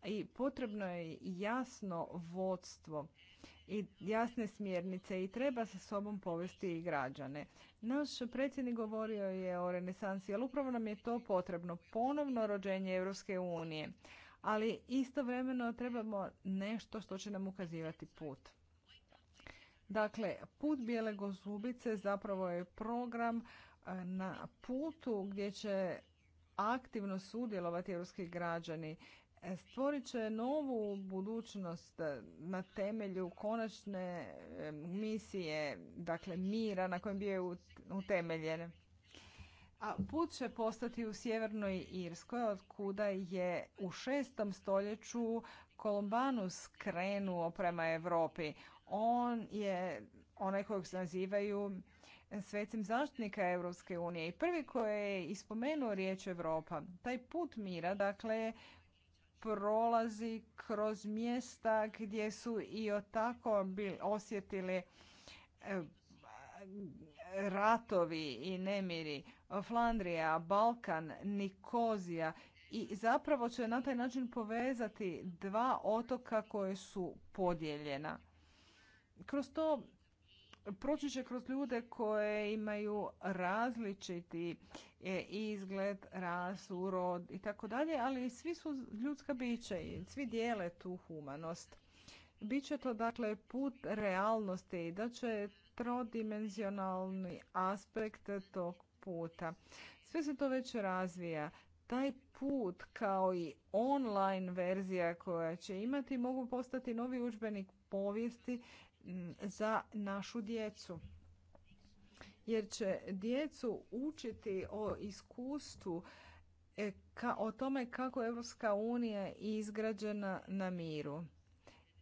I potrebno je jasno vodstvo i jasne smjernice i treba sa sobom povesti i građane. Naš predsjednik govorio je o renesansi, ali upravo nam je to potrebno. Ponovno rođenje Europske unije ali istovremeno trebamo nešto što će nam ukazivati put. Dakle, put bijele gozubice zapravo je program e, na putu gdje će aktivno sudjelovati europski građani. E, stvorit će novu budućnost e, na temelju konačne misije, dakle mira na kojem bi je utemeljen a put će postati u sjevernoj Irskoj, od kuda je u šestom stoljeću Kolumbanus krenuo prema Europi. On je onaj kojeg se nazivaju svecem zaštitnika Evropske unije i prvi koji je ispomenuo riječ Europa. Taj put mira, dakle, prolazi kroz mjesta gdje su i otako osjetili e, ratovi i nemiri, Flandrija, Balkan, Nikozija i zapravo će na taj način povezati dva otoka koje su podijeljena. Kroz to proći će kroz ljude koje imaju različiti e, izgled, ras, urod i tako dalje, ali svi su ljudska bića i svi dijele tu humanost. Biće to dakle put realnosti i da će trodimenzionalni aspekt tog puta. Sve se to već razvija. Taj put kao i online verzija koja će imati mogu postati novi učbenik povijesti za našu djecu. Jer će djecu učiti o iskustvu e, o tome kako Europska unija izgrađena na miru.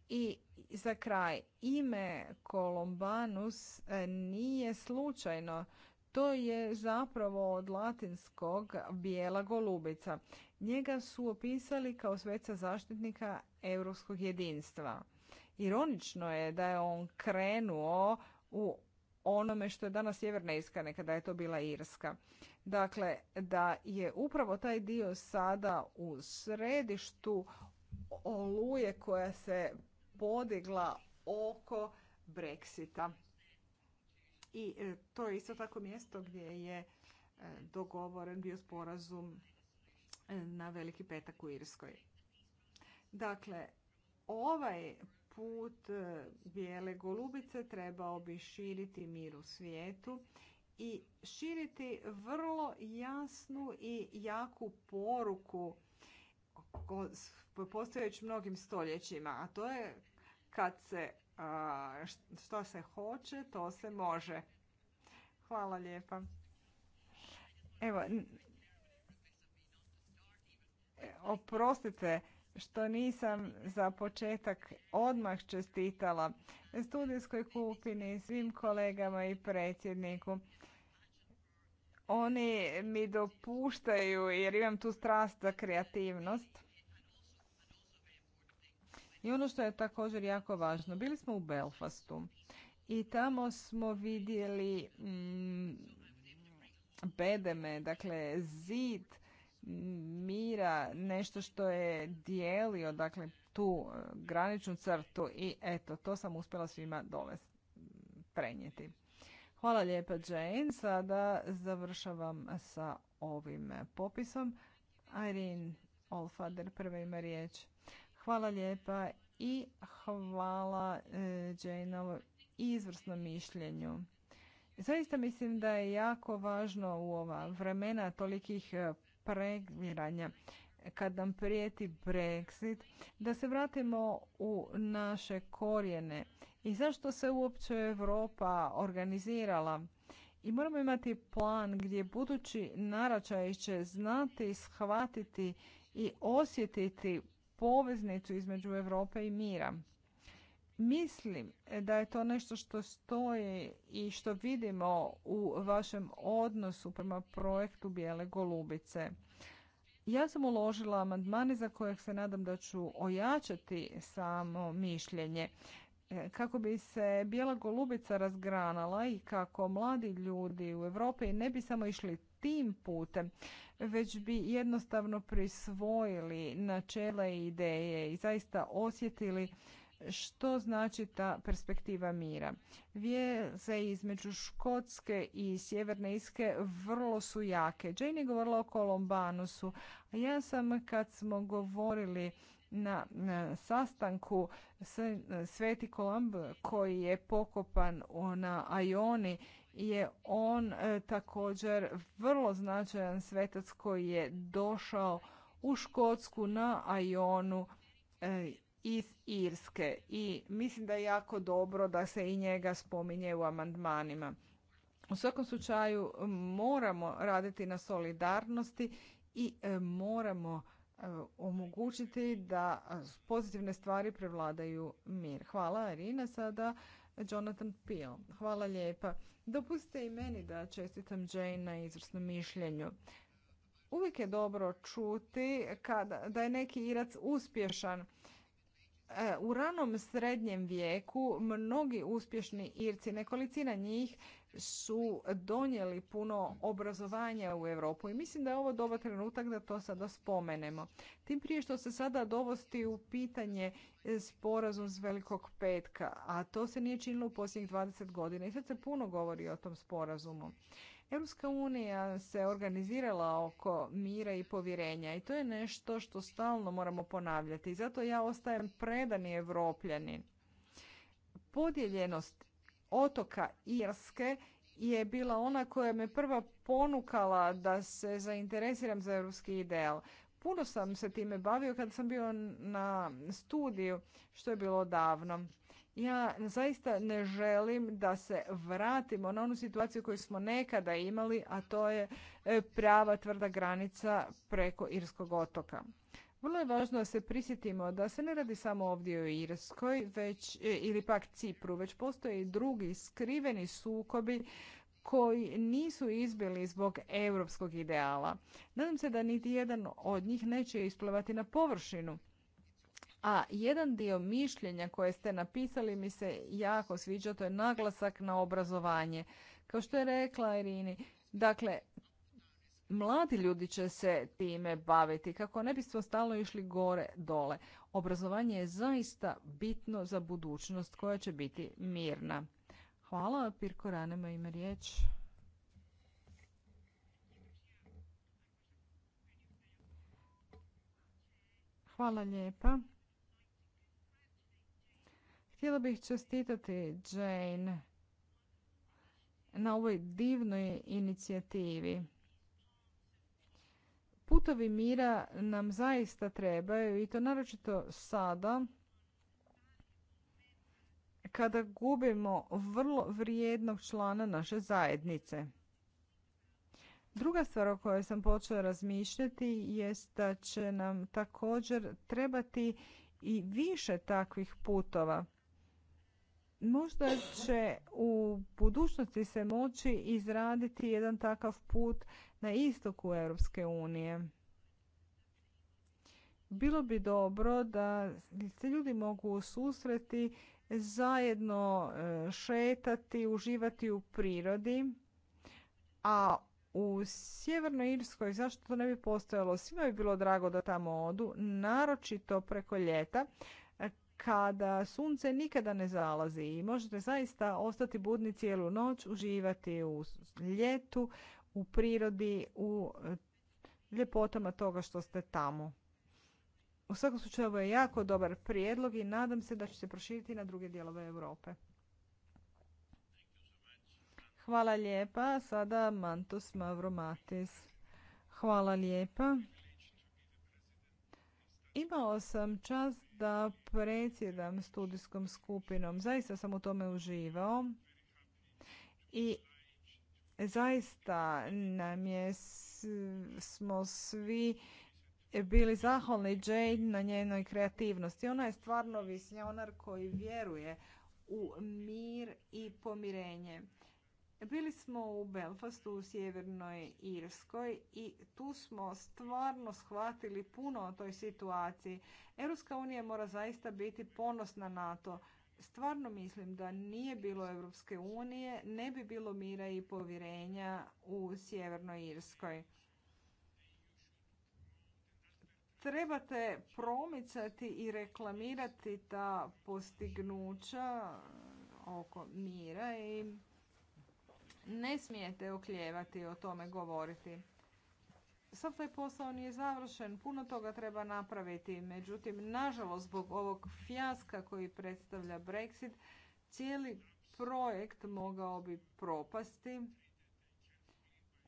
I za kraj, ime Kolombanus e, nije slučajno. To je zapravo od latinskog bijela golubica. Njega su opisali kao sveca zaštitnika europskog jedinstva. Ironično je da je on krenuo u onome što je danas Sjeverna Irska, nekada je to bila Irska. Dakle, da je upravo taj dio sada u središtu oluje koja se podigla oko Brexita. I e, to je isto tako mjesto gdje je e, dogovoren bio sporazum e, na Veliki petak u Irskoj. Dakle, ovaj put bijele golubice trebao bi širiti mir u svijetu i širiti vrlo jasnu i jaku poruku postojeći mnogim stoljećima, a to je kad se što se hoće, to se može. Hvala lijepa. Evo, oprostite što nisam za početak odmah čestitala studijskoj kupini, svim kolegama i predsjedniku. Oni mi dopuštaju jer imam tu strast za kreativnost i ono što je također jako važno, bili smo u Belfastu i tamo smo vidjeli mm, bedeme, dakle zid mira, nešto što je dijelio dakle, tu e, graničnu crtu i eto, to sam uspjela svima dovesti, prenijeti. Hvala lijepa Jane. Sada završavam sa ovim popisom. Irene Olfader prva ima riječ. Hvala lijepa i hvala e, Jane izvrsnom mišljenju. Zaista mislim da je jako važno u ova vremena tolikih e, pregviranja kad nam prijeti Brexit, da se vratimo u naše korijene i zašto se uopće Europa organizirala. I moramo imati plan gdje budući naračaj će znati, shvatiti i osjetiti poveznicu između Europe i mira. Mislim da je to nešto što stoji i što vidimo u vašem odnosu prema projektu Bijele Golubice. Ja sam uložila amandmane za kojeg se nadam da ću ojačati samo mišljenje. E, kako bi se bijela golubica razgranala i kako mladi ljudi u Europi ne bi samo išli tim putem, već bi jednostavno prisvojili načela i ideje i zaista osjetili što znači ta perspektiva mira. Vijeze između Škotske i Sjeverne Iske vrlo su jake. Jane je govorila o Kolombanusu. Ja sam kad smo govorili na, sastanku Sveti Kolumb koji je pokopan na Ajoni je on e, također vrlo značajan svetac koji je došao u Škotsku na Ajonu e, iz Irske i mislim da je jako dobro da se i njega spominje u amandmanima. U svakom slučaju moramo raditi na solidarnosti i e, moramo E, omogućiti da pozitivne stvari prevladaju mir. Hvala Arina. sada Jonathan Peel. Hvala lijepa. Dopustite i meni da čestitam Jane na izvrsnom mišljenju. Uvijek je dobro čuti kada, da je neki Irac uspješan E, u ranom srednjem vijeku mnogi uspješni Irci, nekolicina njih su donijeli puno obrazovanja u Europu i mislim da je ovo dobar trenutak da to sada spomenemo. Tim prije što se sada dovosti u pitanje sporazum s Velikog petka, a to se nije činilo u posljednjih 20 godina i sad se puno govori o tom sporazumu. Europska unija se organizirala oko mira i povjerenja i to je nešto što stalno moramo ponavljati i zato ja ostajem predani Evropljanin. Podijeljenost otoka Irske je bila ona koja me prva ponukala da se zainteresiram za europski ideal. Puno sam se time bavio kad sam bio na studiju, što je bilo davno. Ja zaista ne želim da se vratimo na onu situaciju koju smo nekada imali, a to je e, prava tvrda granica preko Irskog otoka. Vrlo je važno da se prisjetimo da se ne radi samo ovdje o Irskoj već, e, ili pak Cipru, već postoje i drugi skriveni sukobi koji nisu izbili zbog europskog ideala. Nadam se da niti jedan od njih neće isplivati na površinu. A jedan dio mišljenja koje ste napisali mi se jako sviđa, to je naglasak na obrazovanje. Kao što je rekla Irini, dakle, mladi ljudi će se time baviti kako ne bismo stalno išli gore dole. Obrazovanje je zaista bitno za budućnost koja će biti mirna. Hvala, Pirko Ranema ima riječ. Hvala lijepa. Htjela bih čestitati Jane na ovoj divnoj inicijativi. Putovi mira nam zaista trebaju i to naročito sada kada gubimo vrlo vrijednog člana naše zajednice. Druga stvar o kojoj sam počela razmišljati jest da će nam također trebati i više takvih putova. Možda će u budućnosti se moći izraditi jedan takav put na istoku Europske unije. Bilo bi dobro da se ljudi mogu susreti, zajedno e, šetati, uživati u prirodi, a u Sjevernoj Irskoj, zašto to ne bi postojalo? Svima bi bilo drago da tamo odu, naročito preko ljeta, kada sunce nikada ne zalazi i možete zaista ostati budni cijelu noć, uživati u ljetu, u prirodi, u e, ljepotama toga što ste tamo. U svakom slučaju ovo je jako dobar prijedlog i nadam se da će se proširiti na druge dijelove Europe. Hvala lijepa. Sada Mantus Mavromatis. Hvala lijepa. Imao sam čast da predsjedam studijskom skupinom. Zaista sam u tome uživao i zaista nam je, smo svi bili zahvalni Jane na njenoj kreativnosti. Ona je stvarno visnjonar koji vjeruje u mir i pomirenje. Bili smo u Belfastu u sjevernoj Irskoj i tu smo stvarno shvatili puno o toj situaciji. Europska unija mora zaista biti ponosna na to. Stvarno mislim da nije bilo Europske unije, ne bi bilo mira i povjerenja u sjevernoj Irskoj. Trebate promicati i reklamirati ta postignuća oko mira i ne smijete oklijevati o tome govoriti. Sav taj posao nije završen, puno toga treba napraviti. Međutim, nažalost, zbog ovog fijaska koji predstavlja Brexit, cijeli projekt mogao bi propasti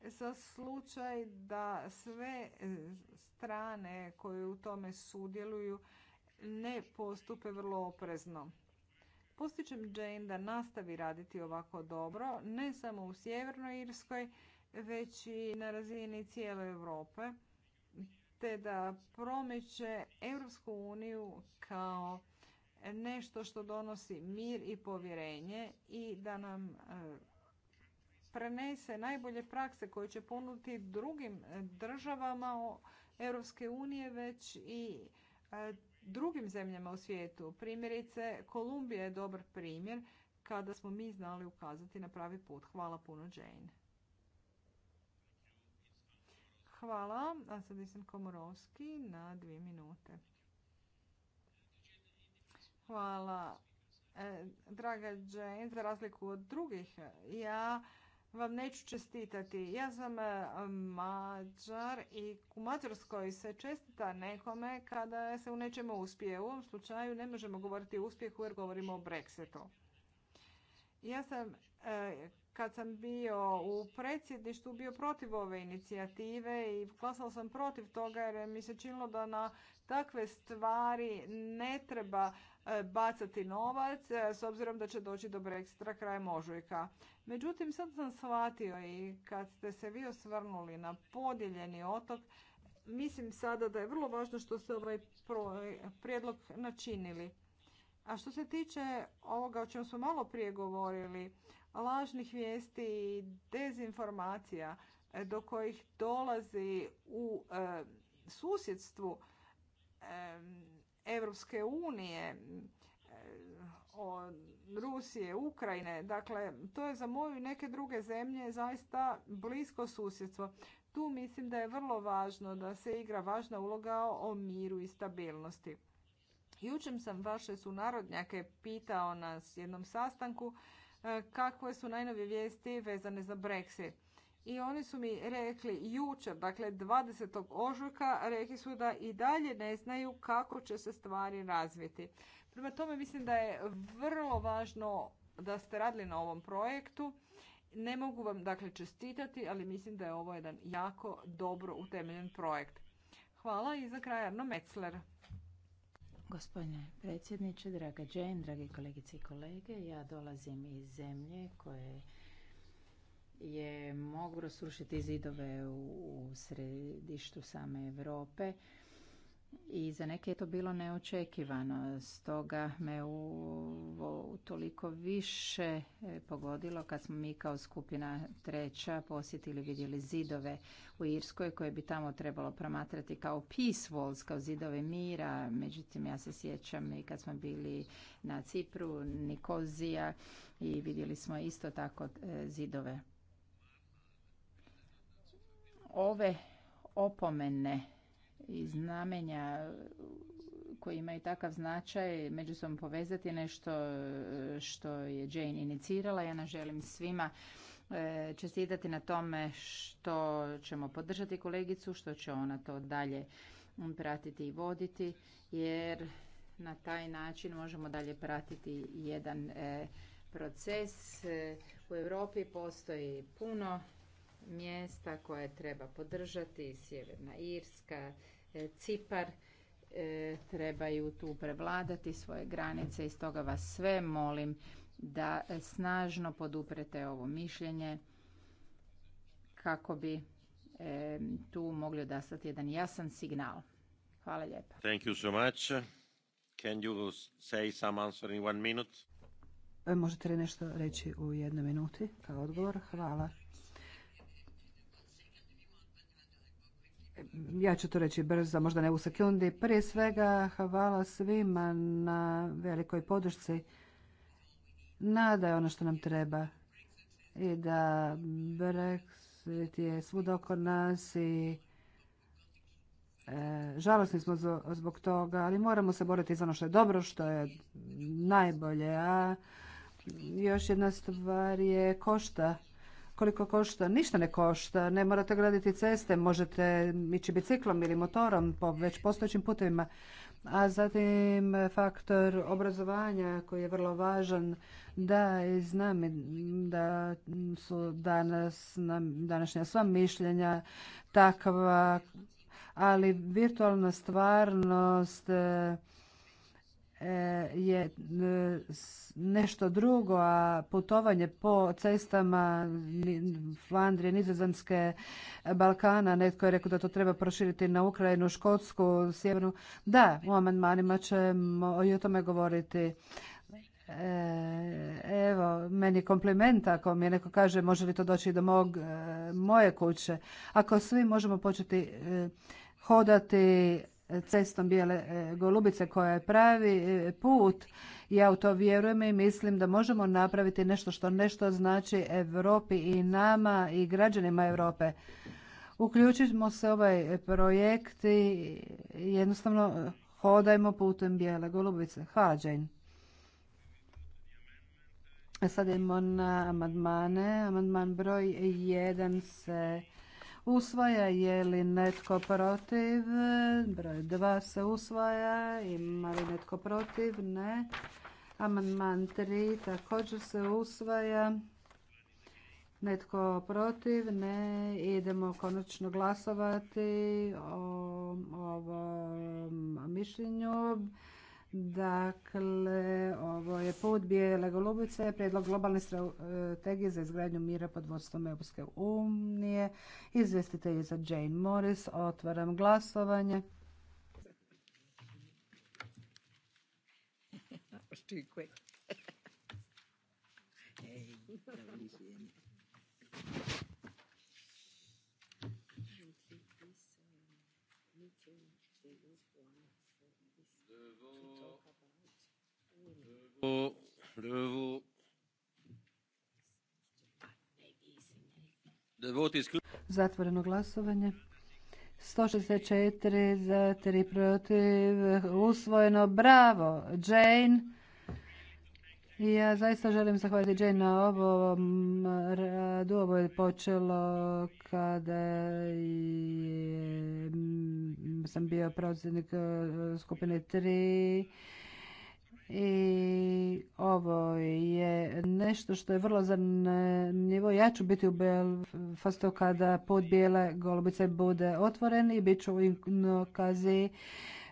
za slučaj da sve strane koje u tome sudjeluju ne postupe vrlo oprezno. Postičem Jane da nastavi raditi ovako dobro, ne samo u Sjevernoj Irskoj, već i na razini cijele Europe, te da promiče Europsku uniju kao nešto što donosi mir i povjerenje i da nam e, prenese najbolje prakse koje će ponuditi drugim e, državama Europske unije, već i e, drugim zemljama u svijetu. Primjerice, Kolumbija je dobar primjer kada smo mi znali ukazati na pravi put. Hvala puno, Jane. Hvala, a sad nisam Komorovski na dvije minute. Hvala, e, draga Jane, za razliku od drugih. Ja vam neću čestitati. Ja sam e, mađar i u Mađarskoj se čestita nekome kada se u nečemu uspije. U ovom slučaju ne možemo govoriti o uspjehu jer govorimo o Brexitu. Ja sam, e, kad sam bio u predsjedništvu, bio protiv ove inicijative i glasala sam protiv toga jer mi se činilo da na takve stvari ne treba e, bacati novac s obzirom da će doći do Brexita krajem ožujka. Međutim, sad sam shvatio i kad ste se vi osvrnuli na podijeljeni otok, mislim sada da je vrlo važno što ste ovaj prijedlog načinili. A što se tiče ovoga o čemu smo malo prije govorili, lažnih vijesti i dezinformacija e, do kojih dolazi u e, susjedstvu e, Evropske unije, e, Rusije, Ukrajine, dakle to je za moju i neke druge zemlje zaista blisko susjedstvo. Tu mislim da je vrlo važno da se igra važna uloga o miru i stabilnosti. Jučer sam vaše sunarodnjake pitao na jednom sastanku e, kakve su najnovije vijesti vezane za Brexit. I oni su mi rekli jučer, dakle 20. ožujka, rekli su da i dalje ne znaju kako će se stvari razviti. Prema tome mislim da je vrlo važno da ste radili na ovom projektu. Ne mogu vam dakle čestitati, ali mislim da je ovo jedan jako dobro utemeljen projekt. Hvala i za kraj Arno Metzler. Gospodine predsjedniče, draga Jane, dragi kolegice i kolege, ja dolazim iz zemlje koje je mogu srušiti zidove u središtu same Europe i za neke je to bilo neočekivano. Stoga me u toliko više e, pogodilo kad smo mi kao skupina treća posjetili vidjeli zidove u Irskoj koje bi tamo trebalo promatrati kao peace walls, kao zidove mira. Međutim, ja se sjećam i kad smo bili na Cipru, Nikozija i vidjeli smo isto tako e, zidove. Ove opomene i znamenja koji imaju takav značaj međusobno povezati nešto e, što je Jane inicirala. Ja nam želim svima e, čestitati na tome što ćemo podržati kolegicu, što će ona to dalje pratiti i voditi, jer na taj način možemo dalje pratiti jedan e, proces. U Europi postoji puno mjesta koje treba podržati, Sjeverna Irska, E, Cipar e, trebaju tu prevladati svoje granice i stoga vas sve molim da snažno poduprete ovo mišljenje kako bi e, tu mogli odastati jedan jasan signal. Hvala lijepa. Thank you so much. Can you say some answer in one minute? Možete li nešto reći u jednoj minuti kao odgovor? Hvala. ja ću to reći brzo, možda ne u sekundi. Prije svega hvala svima na velikoj podršci. Nada je ono što nam treba. I da Brexit je svud oko nas i e, žalosni smo zbog toga, ali moramo se boriti za ono što je dobro, što je najbolje. A još jedna stvar je košta koliko košta. Ništa ne košta, ne morate graditi ceste, možete ići biciklom ili motorom po već postojećim putevima. A zatim faktor obrazovanja koji je vrlo važan. Da, i znam da su danas, današnja sva mišljenja takva, ali virtualna stvarnost je e, nešto drugo, a putovanje po cestama Flandrije, Nizozemske, Balkana, netko je rekao da to treba proširiti na Ukrajinu, Škotsku, Sjevernu. Da, u amandmanima ćemo i o tome govoriti. E, evo, meni komplimenta ako mi neko kaže može li to doći do mog, e, moje kuće. Ako svi možemo početi hodati cestom Bijele e, Golubice koja je pravi e, put. Ja u to vjerujem i mislim da možemo napraviti nešto što nešto znači Europi i nama i građanima Europe. Uključimo se ovaj projekt i jednostavno hodajmo putem Bijele Golubice. Hađajn. Sad idemo na amandmane. Amandman broj 1 se usvaja. Je li netko protiv? Broj 2 se usvaja. Ima li netko protiv? Ne. Amandman 3 također se usvaja. Netko protiv? Ne. Idemo konačno glasovati o ovom mišljenju. Dakle, ovo je put bijele golubice, predlog globalne strategije za izgradnju mira pod vodstvom Europske unije. Izvjestitelj je za Jane Morris. Otvaram glasovanje. Zatvoreno glasovanje. 164 za 3 protiv. Usvojeno. Bravo, Jane. I ja zaista želim zahvaliti Jane na ovom radu. Ovo je počelo kada sam bio predsjednik e, skupine 3 i ovo je nešto što je vrlo zanimljivo. Ja ću biti u Belfastu kada pod bijele golubice bude otvoren i bit ću u okazi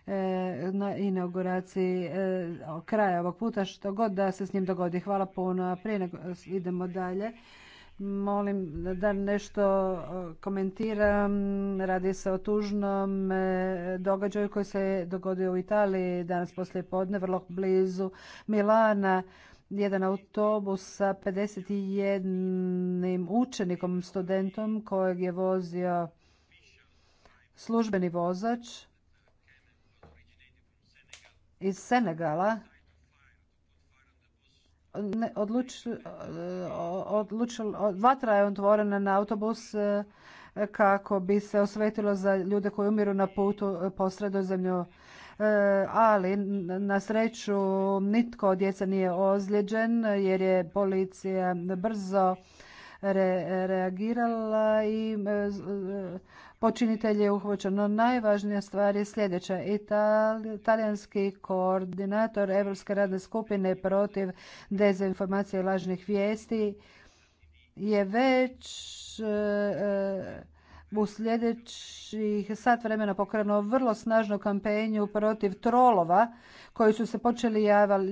e, na inauguraciji e, kraja ovog puta što god da se s njim dogodi. Hvala puno. Prije nego idemo dalje. Molim da nešto e, komentiram. Radi se o tužnom e, događaju koji se dogodio u Italiji danas poslije podne, vrlo blizu Milana. Jedan autobus sa 51 učenikom, studentom kojeg je vozio službeni vozač iz Senegala odluč, e, vatra je otvorena na autobus e, kako bi se osvetilo za ljude koji umiru na putu e, po sredozemlju. Ali na sreću nitko od djeca nije ozlijeđen jer je policija brzo reagirala i počinitelj je uhvaćen. No najvažnija stvar je sljedeća. Italijanski koordinator Evropske radne skupine protiv dezinformacije i lažnih vijesti je već e, e, u sljedećih sat vremena pokrenuo vrlo snažnu kampenju protiv trolova koji su se počeli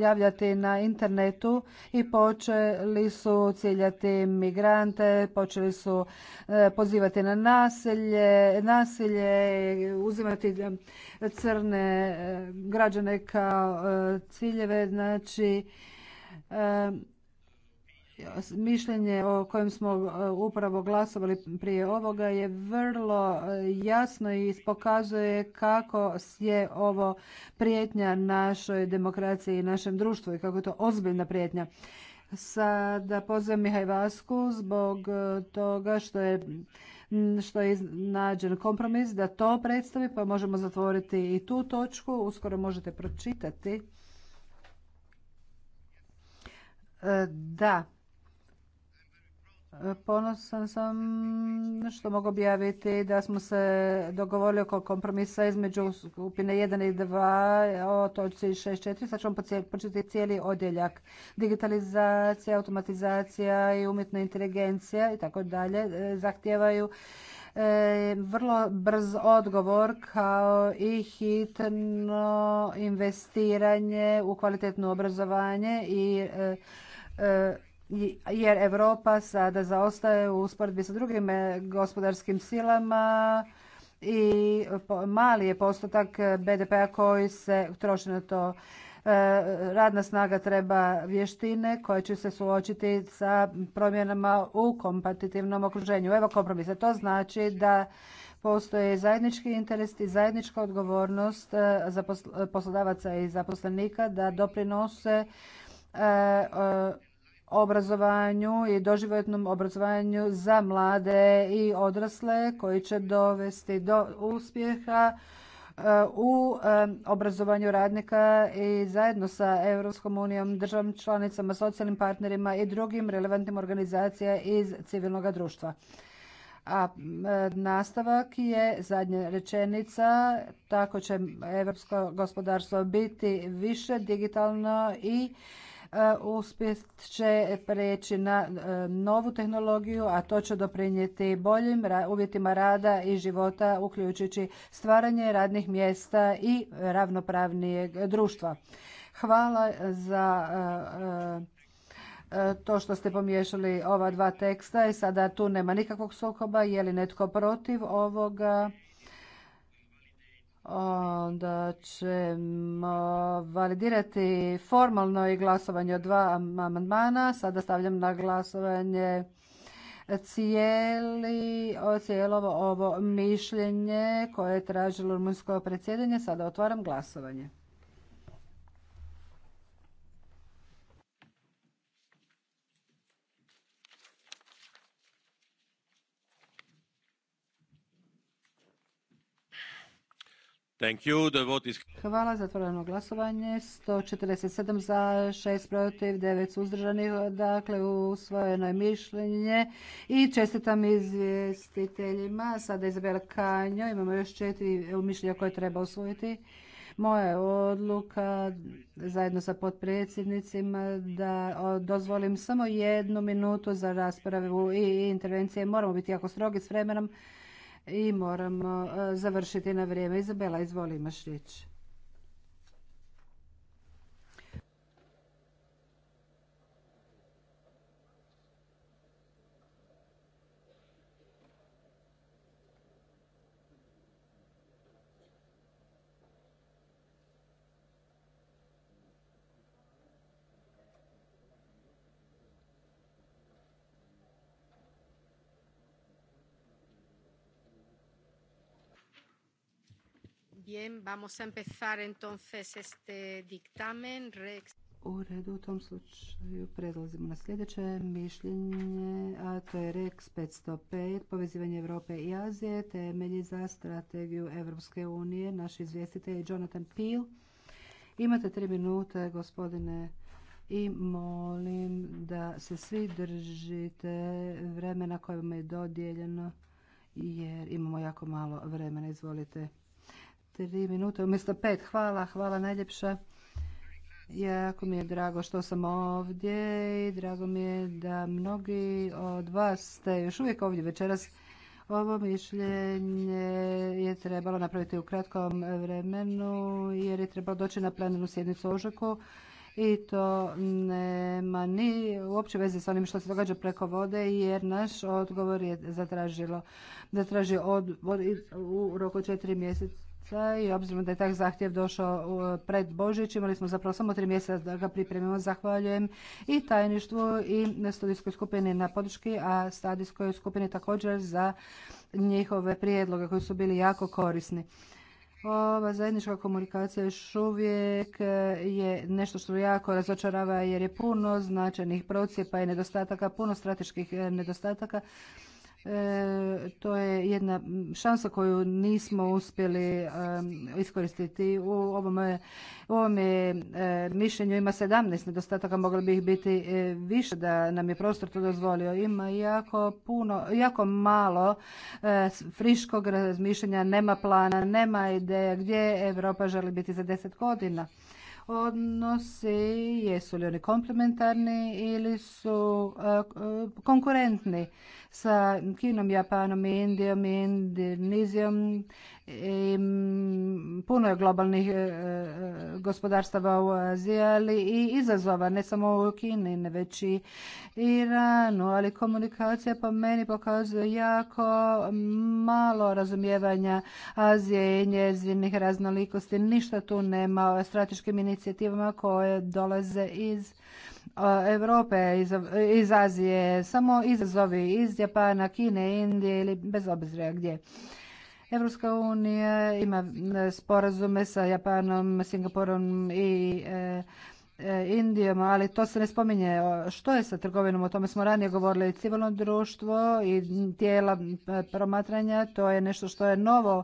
javljati na internetu i počeli su ciljati migrante, počeli su e, pozivati na nasilje, nasilje uzimati e, crne e, građane kao ciljeve. Znači, mišljenje o kojem smo e, upravo glasovali prije ovoga je vrlo e, jasno i pokazuje kako je ovo prijetnja našoj demokraciji i našem društvu i kako je to ozbiljna prijetnja. Sada pozivam Mihaj Vasku zbog e, toga što je što je nađen kompromis da to predstavi pa možemo zatvoriti i tu točku. Uskoro možete pročitati. Da. Ponosan sam što mogu objaviti da smo se dogovorili oko kompromisa između skupine 1 i 2 o točci 6.4. Sad ćemo početi cijeli odjeljak. Digitalizacija, automatizacija i umjetna inteligencija i tako dalje e, zahtijevaju e, vrlo brz odgovor kao i hitno investiranje u kvalitetno obrazovanje i e, jer Europa sada zaostaje u usporedbi sa drugim e, gospodarskim silama i mali je postotak BDP-a koji se troši na to. E, radna snaga treba vještine koje će se suočiti sa promjenama u kompetitivnom okruženju. Evo kompromisa. To znači da postoje zajednički interes i zajednička odgovornost e, poslodavaca i zaposlenika da doprinose obrazovanju i doživotnom obrazovanju za mlade i odrasle koji će dovesti do uspjeha uh, u um, obrazovanju radnika i zajedno sa Europskom unijom, državom članicama, socijalnim partnerima i drugim relevantnim organizacijama iz civilnog društva. A nastavak je zadnja rečenica, tako će europsko gospodarstvo biti više digitalno i E, uspjet će preći na e, novu tehnologiju, a to će doprinijeti boljim uvjetima rada i života, uključujući stvaranje radnih mjesta i ravnopravnijeg društva. Hvala za e, to što ste pomiješali ova dva teksta i sada tu nema nikakvog sukoba. Je li netko protiv ovoga? onda ćemo validirati formalno i glasovanje o dva amandmana. Sada stavljam na glasovanje cijeli, cijelo ovo mišljenje koje je tražilo rumunjsko predsjedanje. Sada otvaram glasovanje. Hvala you. The is... Hvala, glasovanje. 147 za, 6 protiv, 9 suzdržanih. Dakle, usvojeno je mišljenje i čestitam izvjestiteljima. Sada Izabela Kanjo, imamo još četiri mišljenja koje treba usvojiti. Moja je odluka zajedno sa potpredsjednicima da dozvolim samo jednu minutu za raspravu i intervencije. Moramo biti jako strogi s vremenom i moramo e, završiti na vrijeme. Izabela, izvoli imaš riječ. Bien, U redu, u tom slučaju prelazimo na sljedeće mišljenje, a to je REX 505, povezivanje Europe i Azije, temelji za strategiju Evropske unije. Naš izvjestitelj je Jonathan Peel. Imate tri minute, gospodine, i molim da se svi držite vremena koje vam je dodijeljeno, jer imamo jako malo vremena. Izvolite tri minute umjesto pet. Hvala, hvala najljepša. Jako mi je drago što sam ovdje i drago mi je da mnogi od vas ste još uvijek ovdje večeras. Ovo mišljenje je trebalo napraviti u kratkom vremenu jer je trebalo doći na plenarnu sjednicu ožaku. i to nema ni uopće veze s onim što se događa preko vode jer naš odgovor je zatražilo zatražio u roku četiri mjeseca i obzirom da je tak zahtjev došao pred Božić, imali smo zapravo samo tri mjeseca da ga pripremimo. Zahvaljujem i tajništvu i studijskoj skupini na podrški, a stadijskoj skupini također za njihove prijedloge koji su bili jako korisni. Ova zajednička komunikacija još uvijek e, je nešto što jako razočarava jer je puno značajnih procijepa i nedostataka, puno strateških e, nedostataka E, to je jedna šansa koju nismo uspjeli e, iskoristiti. U ovom, e, mišljenju ima 17 nedostataka, mogli bi ih biti više da nam je prostor to dozvolio. Ima jako puno, jako malo friškog razmišljanja, nema plana, nema ideja gdje Europa želi biti za 10 godina odnosi, jesu li oni komplementarni ili su e, e, konkurentni sa Kinom, Japanom, Indijom, Indonezijom, i puno je globalnih e, e, gospodarstava u Aziji, ali i izazova, ne samo u Kini, već i Iranu, ali komunikacija po meni pokazuje jako malo razumijevanja Azije i njezinih raznolikosti. Ništa tu nema o strateškim inicijativama koje dolaze iz e, Europe, iz, iz Azije, samo izazovi iz Japana, Kine, Indije ili bez obzira gdje. Evropska unija ima e, sporazume sa Japanom, Singapurom i e, e, Indijom, ali to se ne spominje. Što je sa trgovinom? O tome smo ranije govorili. Civilno društvo i tijela promatranja, to je nešto što je novo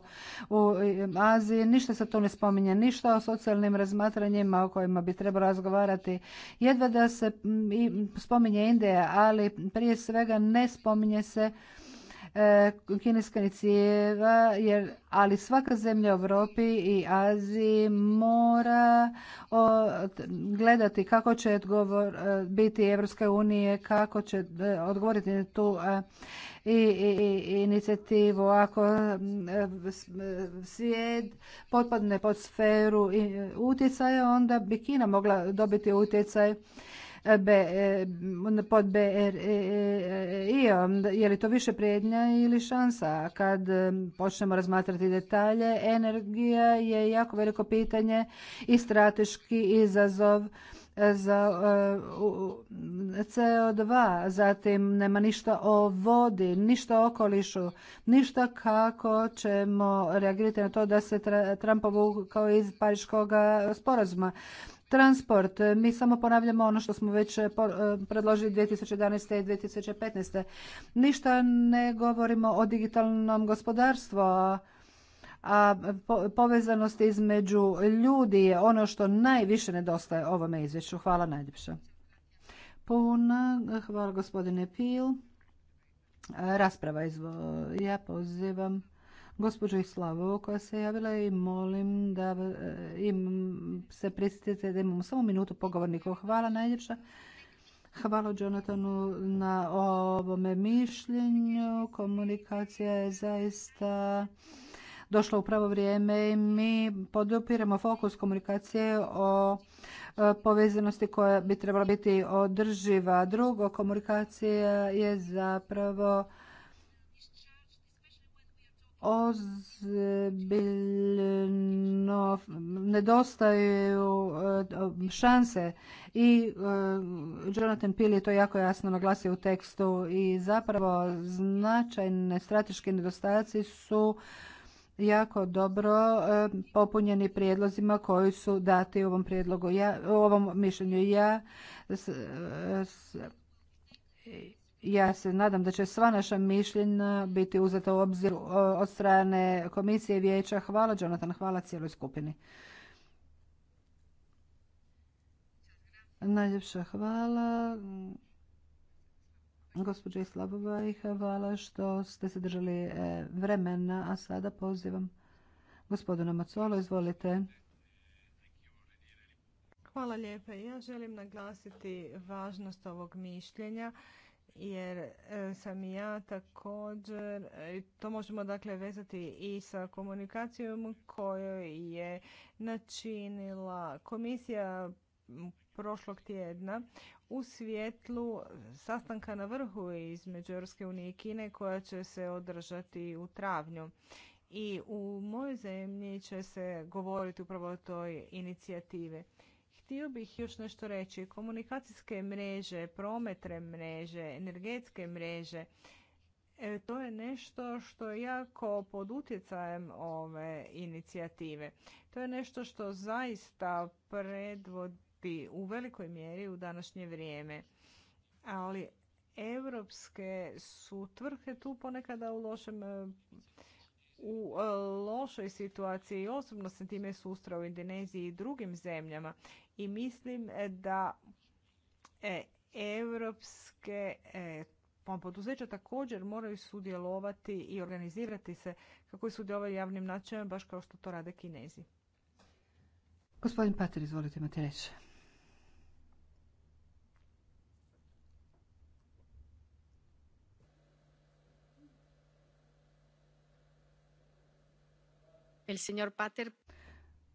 u Aziji. Ništa se tu ne spominje, ništa o socijalnim razmatranjima o kojima bi trebalo razgovarati. Jedva da se spominje Indija, ali prije svega ne spominje se E, kineska inicijeva jer, ali svaka zemlja u Europi i Aziji mora gledati kako će odgovor e, biti Evropske unije, kako će e, odgovoriti na tu i, i, inicijativu. Ako svijet potpadne pod sferu utjecaja, onda bi Kina mogla dobiti utjecaj E, pod BRI-om. E, e, je li to više prijednja ili šansa? Kad počnemo razmatrati detalje, energija je jako veliko pitanje i strateški izazov za CO2, zatim nema ništa o vodi, ništa o okolišu, ništa kako ćemo reagirati na to da se Trumpov kao iz Pariškog sporazuma. Transport. Mi samo ponavljamo ono što smo već eh, eh, predložili 2011. i 2015. Ništa ne govorimo o digitalnom gospodarstvu, a povezanost između ljudi je ono što najviše nedostaje ovome izvješću. Hvala najljepše. Puna. Hvala gospodine Pil. Rasprava izvo... Ja pozivam i Islavovu koja se javila i molim da e, im se prisjetite da imamo samo minutu pogovornikov. Hvala najljepša. Hvala Jonathanu na ovome mišljenju. Komunikacija je zaista došla u pravo vrijeme i mi podupiramo fokus komunikacije o e, povezanosti koja bi trebala biti održiva. Drugo, komunikacija je zapravo ozbiljno nedostaju e, e, šanse i e, Jonathan Peele je to jako jasno naglasio u tekstu i zapravo značajne strateške nedostaci su jako dobro popunjeni prijedlozima koji su dati u ovom prijedlogu u ovom mišljenju ja ja se nadam da će sva naša mišljenja biti uzeta u obzir e, od strane komisije vijeća. Hvala Jonathan, hvala cijeloj skupini. Najljepša hvala. gospođe Slabova i hvala što ste se držali e, vremena, a sada pozivam gospodina Macolo, izvolite. Hvala lijepa. Ja želim naglasiti važnost ovog mišljenja jer e, sam ja također, e, to možemo dakle vezati i sa komunikacijom koju je načinila komisija prošlog tjedna u svjetlu sastanka na vrhu između Europske unije i Kine koja će se održati u travnju. I u mojoj zemlji će se govoriti upravo o toj inicijativi. Htio bih još nešto reći. Komunikacijske mreže, prometre mreže, energetske mreže, e, to je nešto što je jako pod utjecajem ove inicijative. To je nešto što zaista predvodi u velikoj mjeri u današnje vrijeme. Ali europske su tvrtke tu ponekada u lošem u e, lošoj situaciji. Osobno sam time sustrao u Indoneziji i drugim zemljama i mislim e, da europske e, pa poduzeća također moraju sudjelovati i organizirati se kako sudjeluju javnim načinom baš kao što to rade Kinezi. Gospodin Pater, izvolite, imate reći. El señor Pater.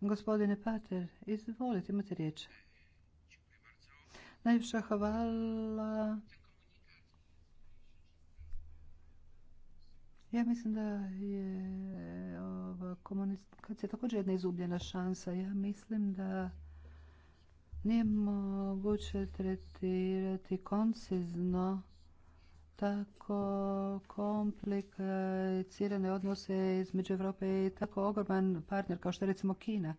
Gospodine Pater, izvolite, imate riječ. Najviša hvala. Ja mislim da je ova komunikacija također jedna izgubljena šansa. Ja mislim da nije moguće tretirati koncizno tako komplikacirane odnose između Europe i tako ogroman partner kao što je recimo Kina.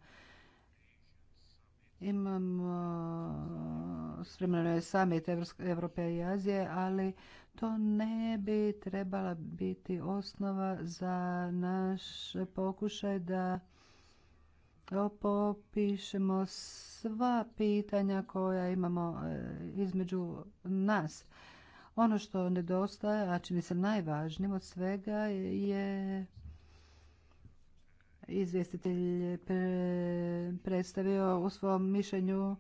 Imamo spremljeno je summit Europe i Azije, ali to ne bi trebala biti osnova za naš pokušaj da popišemo sva pitanja koja imamo e, između nas ono što nedostaje, a čini se najvažnijim od svega, je izvjestitelj predstavio u svom mišljenju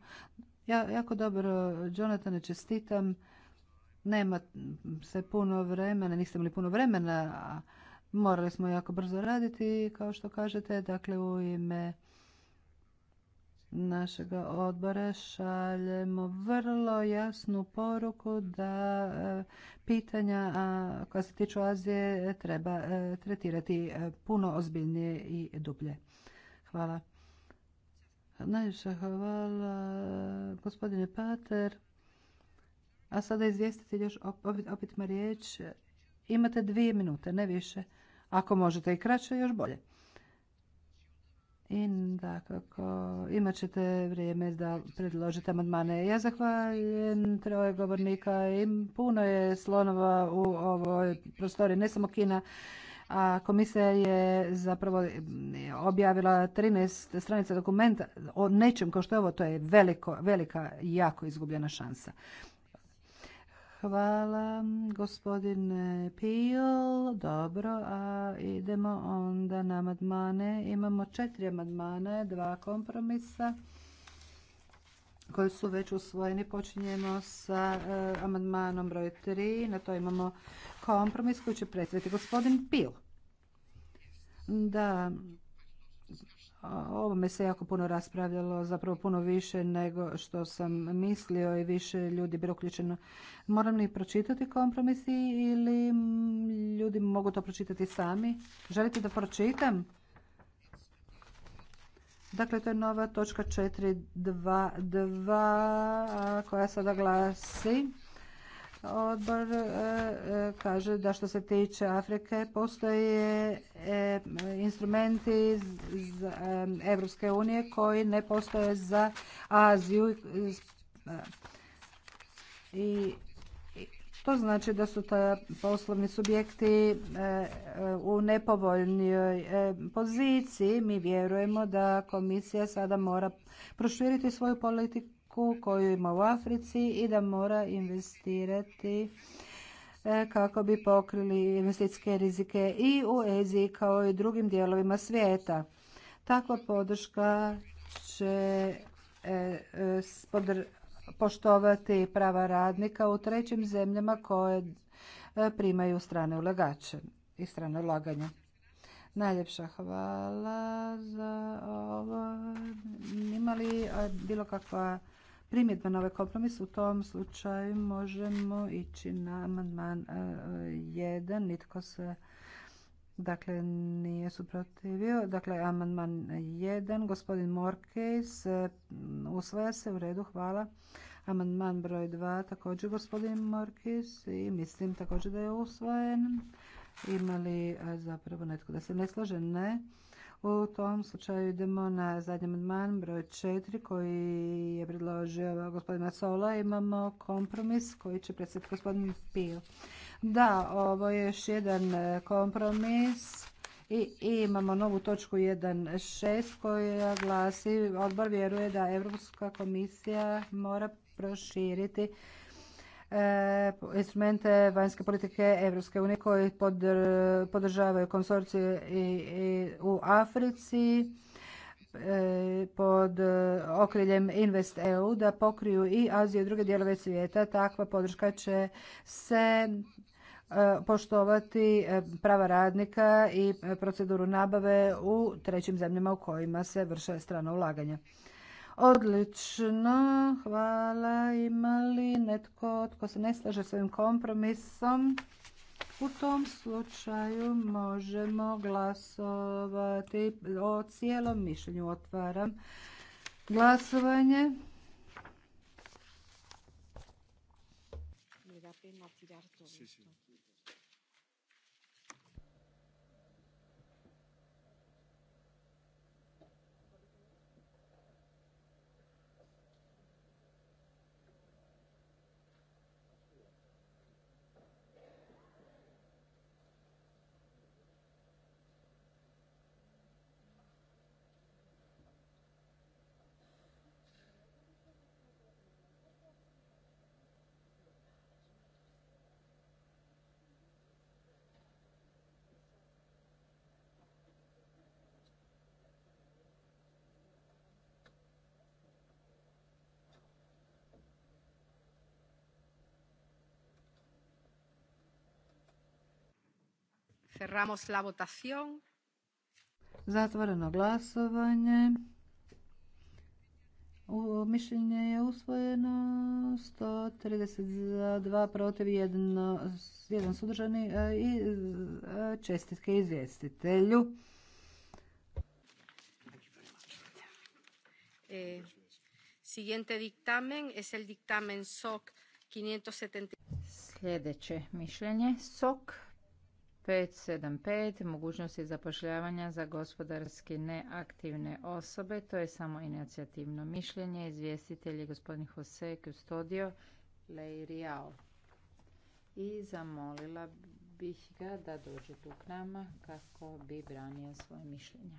ja, jako dobro, Jonathan, čestitam. Nema se puno vremena, niste imali puno vremena, a morali smo jako brzo raditi, kao što kažete. Dakle, u ime našega odbora šaljemo vrlo jasnu poruku da e, pitanja koja se tiču Azije treba e, tretirati e, puno ozbiljnije i dublje. Hvala. Najviše hvala gospodine Pater. A sada izvijestite još opet ma riječ. Imate dvije minute, ne više. Ako možete i kraće, još bolje. I dakako, imat ćete vrijeme da predložite amandmane. Ja zahvaljujem troje govornika i puno je slonova u ovoj prostori, ne samo Kina, a komisija je zapravo objavila 13 stranica dokumenta o nečem kao što je ovo, to je velika, jako izgubljena šansa. Hvala gospodin Pil. Dobro, a idemo onda na amandmane. Imamo četiri amadmane, dva kompromisa koji su već usvojeni. Počinjemo sa eh, amadmanom broj 3. Na to imamo kompromis koji će predstaviti gospodin Pil. Da, o ovome se jako puno raspravljalo, zapravo puno više nego što sam mislio i više ljudi bilo uključeno. Moram li pročitati kompromisi ili ljudi mogu to pročitati sami? Želite da pročitam? Dakle, to je nova točka 4.2.2 koja sada glasi Odbor e, e, kaže da što se tiče Afrike postoje e, instrumenti Evropske unije koji ne postoje za Aziju i to znači da su ta poslovni subjekti u nepovoljnijoj poziciji. Mi vjerujemo da komisija sada mora proširiti svoju politiku koju ima u Africi i da mora investirati e, kako bi pokrili investicijske rizike i u Aziji kao i drugim dijelovima svijeta. Takva podrška će e, e, poštovati prava radnika u trećim zemljama koje primaju strane ulagače i strane ulaganja. Najljepša hvala za ovo. Ima li bilo kakva primjedba na ovaj kompromis, u tom slučaju možemo ići na amandman 1. E, Nitko se dakle nije suprotivio. Dakle, amandman 1. Gospodin Morkejs e, usvaja se u redu. Hvala. Amandman broj 2 također gospodin Morkis i mislim također da je usvojen. Ima li e, zapravo netko da se ne slaže? Ne. U tom slučaju idemo na zadnji amandman broj četiri, koji je predložio gospodina Sola. Imamo kompromis koji će predstaviti gospodin Pil. Da, ovo je još jedan e, kompromis i imamo novu točku 1.6 koja glasi odbor vjeruje da Europska komisija mora proširiti E, instrumente vanjske politike Evropske unije koji podržavaju konsorcije i u Africi e, pod e, okriljem Invest EU da pokriju i Aziju i druge dijelove svijeta. Takva podrška će se poštovati prava radnika i proceduru nabave u trećim zemljama u kojima se vrše strana ulaganja. Odlično, hvala. Ima li netko tko se ne slaže s ovim kompromisom? U tom slučaju možemo glasovati o cijelom mišljenju. Otvaram glasovanje. Cerramos la votación. Zatvoreno glasovanje. U, mišljenje je usvojeno 132 protiv, jedno, jedan sudržani e, i e, čestitke izvjestitelju. E, siguiente dictamen es el dictamen SOC 570. Sljedeće mišljenje SOC 575 mogućnosti zapošljavanja za gospodarski neaktivne osobe, to je samo inicijativno mišljenje, izvjestitelj je gospodin Jose Custodio Leiriao. I zamolila bih ga da dođe tu k nama kako bi branio svoje mišljenje.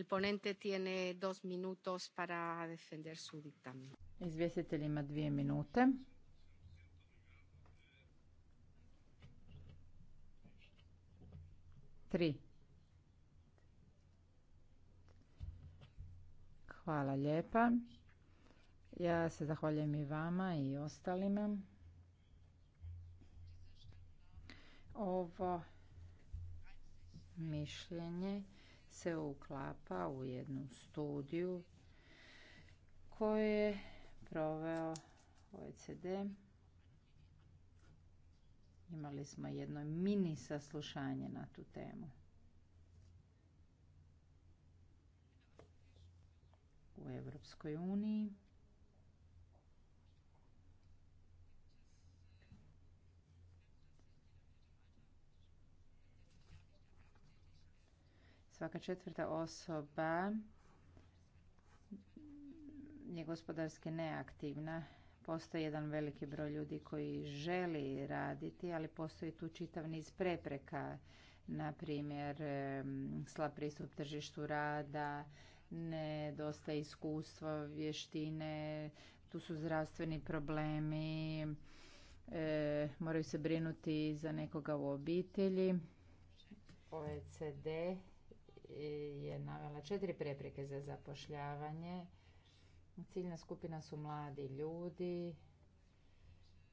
El ponente tiene dos minutos para defender su dictamen. Izvjestitelj ima dvije minute. Tri. Hvala lijepa. Ja se zahvaljujem i vama i ostalima. Ovo mišljenje se uklapa u jednu studiju koju je proveo OECD. Imali smo jedno mini saslušanje na tu temu. U Europskoj uniji svaka četvrta osoba je gospodarski neaktivna. Postoji jedan veliki broj ljudi koji želi raditi, ali postoji tu čitav niz prepreka. Na primjer, slab pristup tržištu rada, nedosta iskustva, vještine, tu su zdravstveni problemi, e, moraju se brinuti za nekoga u obitelji. OECD je navela četiri prepreke za zapošljavanje. Ciljna skupina su mladi ljudi,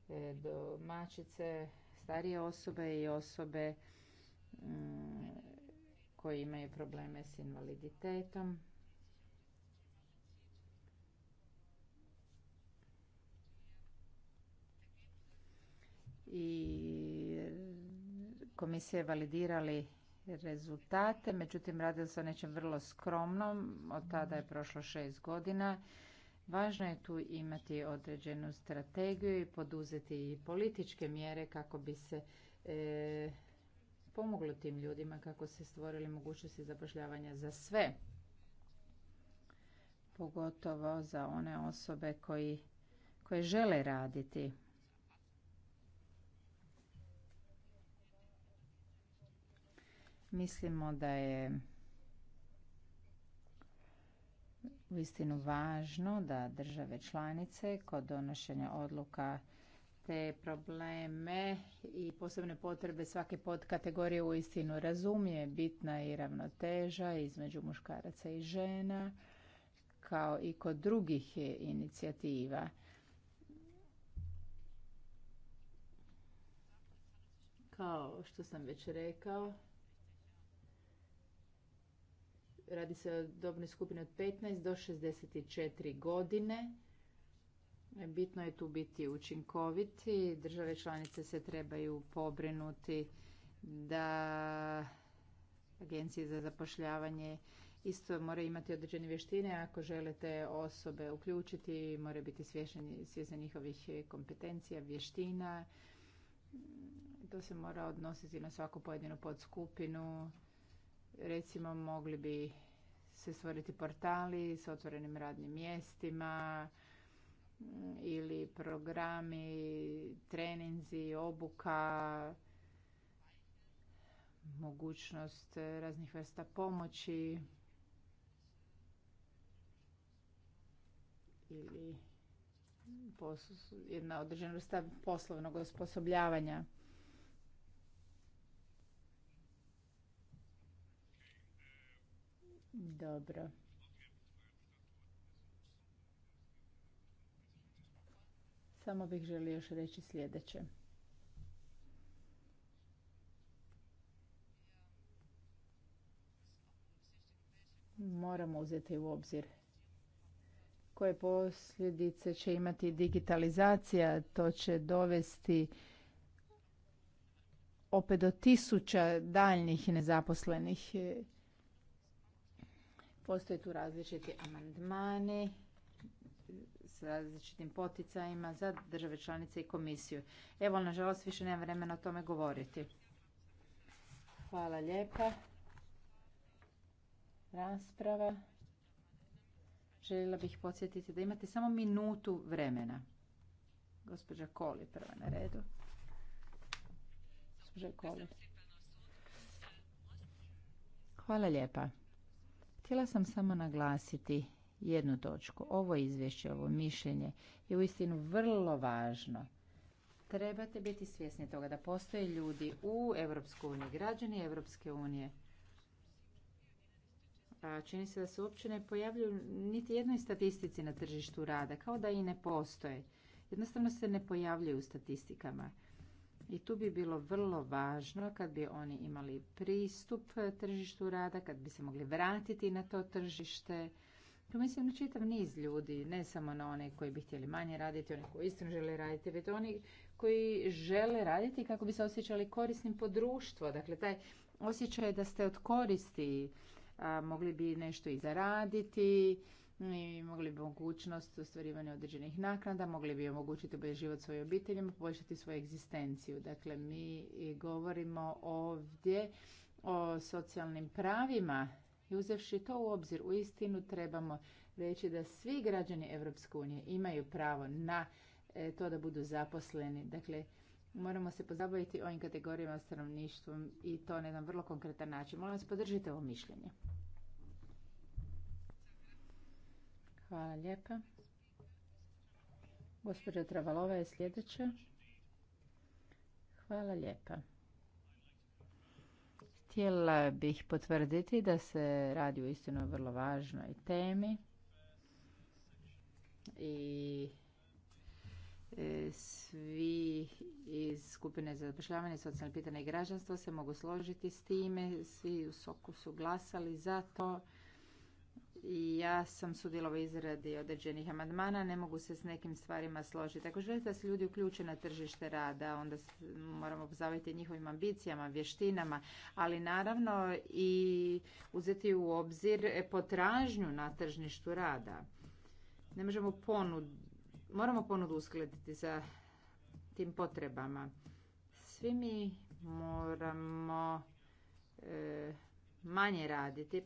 e, domaćice, starije osobe i osobe mm, koji imaju probleme s invaliditetom. I e, komisije validirali rezultate, međutim radilo se o nečem vrlo skromnom, od tada je prošlo šest godina. Važno je tu imati određenu strategiju i poduzeti i političke mjere kako bi se e, pomoglo tim ljudima, kako se stvorili mogućnosti zapošljavanja za sve. Pogotovo za one osobe koji, koje žele raditi. Mislimo da je uistinu važno da države članice kod donošenja odluka te probleme i posebne potrebe svake podkategorije uistinu razumije. Bitna i ravnoteža između muškaraca i žena kao i kod drugih inicijativa. Kao što sam već rekao, Radi se o dobnoj skupini od 15 do 64 godine. Bitno je tu biti učinkoviti. Države članice se trebaju pobrinuti da agencije za zapošljavanje isto moraju imati određene vještine. Ako želite osobe uključiti, moraju biti svjesni njihovih kompetencija, vještina. To se mora odnositi na svaku pojedinu podskupinu Recimo, mogli bi se stvoriti portali s otvorenim radnim mjestima mm, ili programi, treninzi, obuka, mogućnost raznih vrsta pomoći ili jedna određena vrsta poslovnog osposobljavanja. Dobro. Samo bih želio još reći sljedeće. Moramo uzeti u obzir koje posljedice će imati digitalizacija. To će dovesti opet do tisuća daljnjih nezaposlenih Postoje tu različiti amandmani s različitim poticajima za države članice i komisiju. Evo, nažalost, više nemam vremena o tome govoriti. Hvala lijepa. Rasprava. Željela bih podsjetiti da imate samo minutu vremena. Gospođa Koli prva na redu. Gospođa Koli. Hvala lijepa. Htjela sam samo naglasiti jednu točku. Ovo izvješće, ovo mišljenje je uistinu vrlo važno. Trebate biti svjesni toga da postoje ljudi u EU. građani Europske unije. A čini se da se uopće ne pojavljuju niti jednoj statistici na tržištu rada, kao da i ne postoje. Jednostavno se ne pojavljuju u statistikama. I tu bi bilo vrlo važno kad bi oni imali pristup tržištu rada, kad bi se mogli vratiti na to tržište. Tu mislim na čitav niz ljudi, ne samo na one koji bi htjeli manje raditi, one koji istinu žele raditi, već oni koji žele raditi kako bi se osjećali korisnim po društvo. Dakle, taj osjećaj da ste od koristi, mogli bi nešto i zaraditi, i mogli bi mogućnost ostvarivanja određenih naknada, mogli bi omogućiti bolje život svojim obiteljima, poboljšati svoju egzistenciju. Dakle, mi govorimo ovdje o socijalnim pravima i uzevši to u obzir, u istinu trebamo reći da svi građani Europske unije imaju pravo na e, to da budu zaposleni. Dakle, moramo se pozabaviti ovim kategorijama stanovništvom i to na jedan vrlo konkretan način. Molim vas, podržite ovo mišljenje. Hvala lijepa. Gospođa Travalova je sljedeća. Hvala lijepa. Htjela bih potvrditi da se radi u istinu o vrlo važnoj temi i e, svi iz skupine za zapošljavanje, socijalne pitanje i građanstvo se mogu složiti s time. Svi u soku su glasali za to ja sam sudjelovao izradi određenih amandmana, ne mogu se s nekim stvarima složiti. Ako želite da se ljudi uključe na tržište rada, onda moramo obzaviti njihovim ambicijama, vještinama, ali naravno i uzeti u obzir potražnju na tržištu rada. Ne možemo ponud, moramo ponudu uskladiti sa tim potrebama. Svi mi moramo e, manje raditi,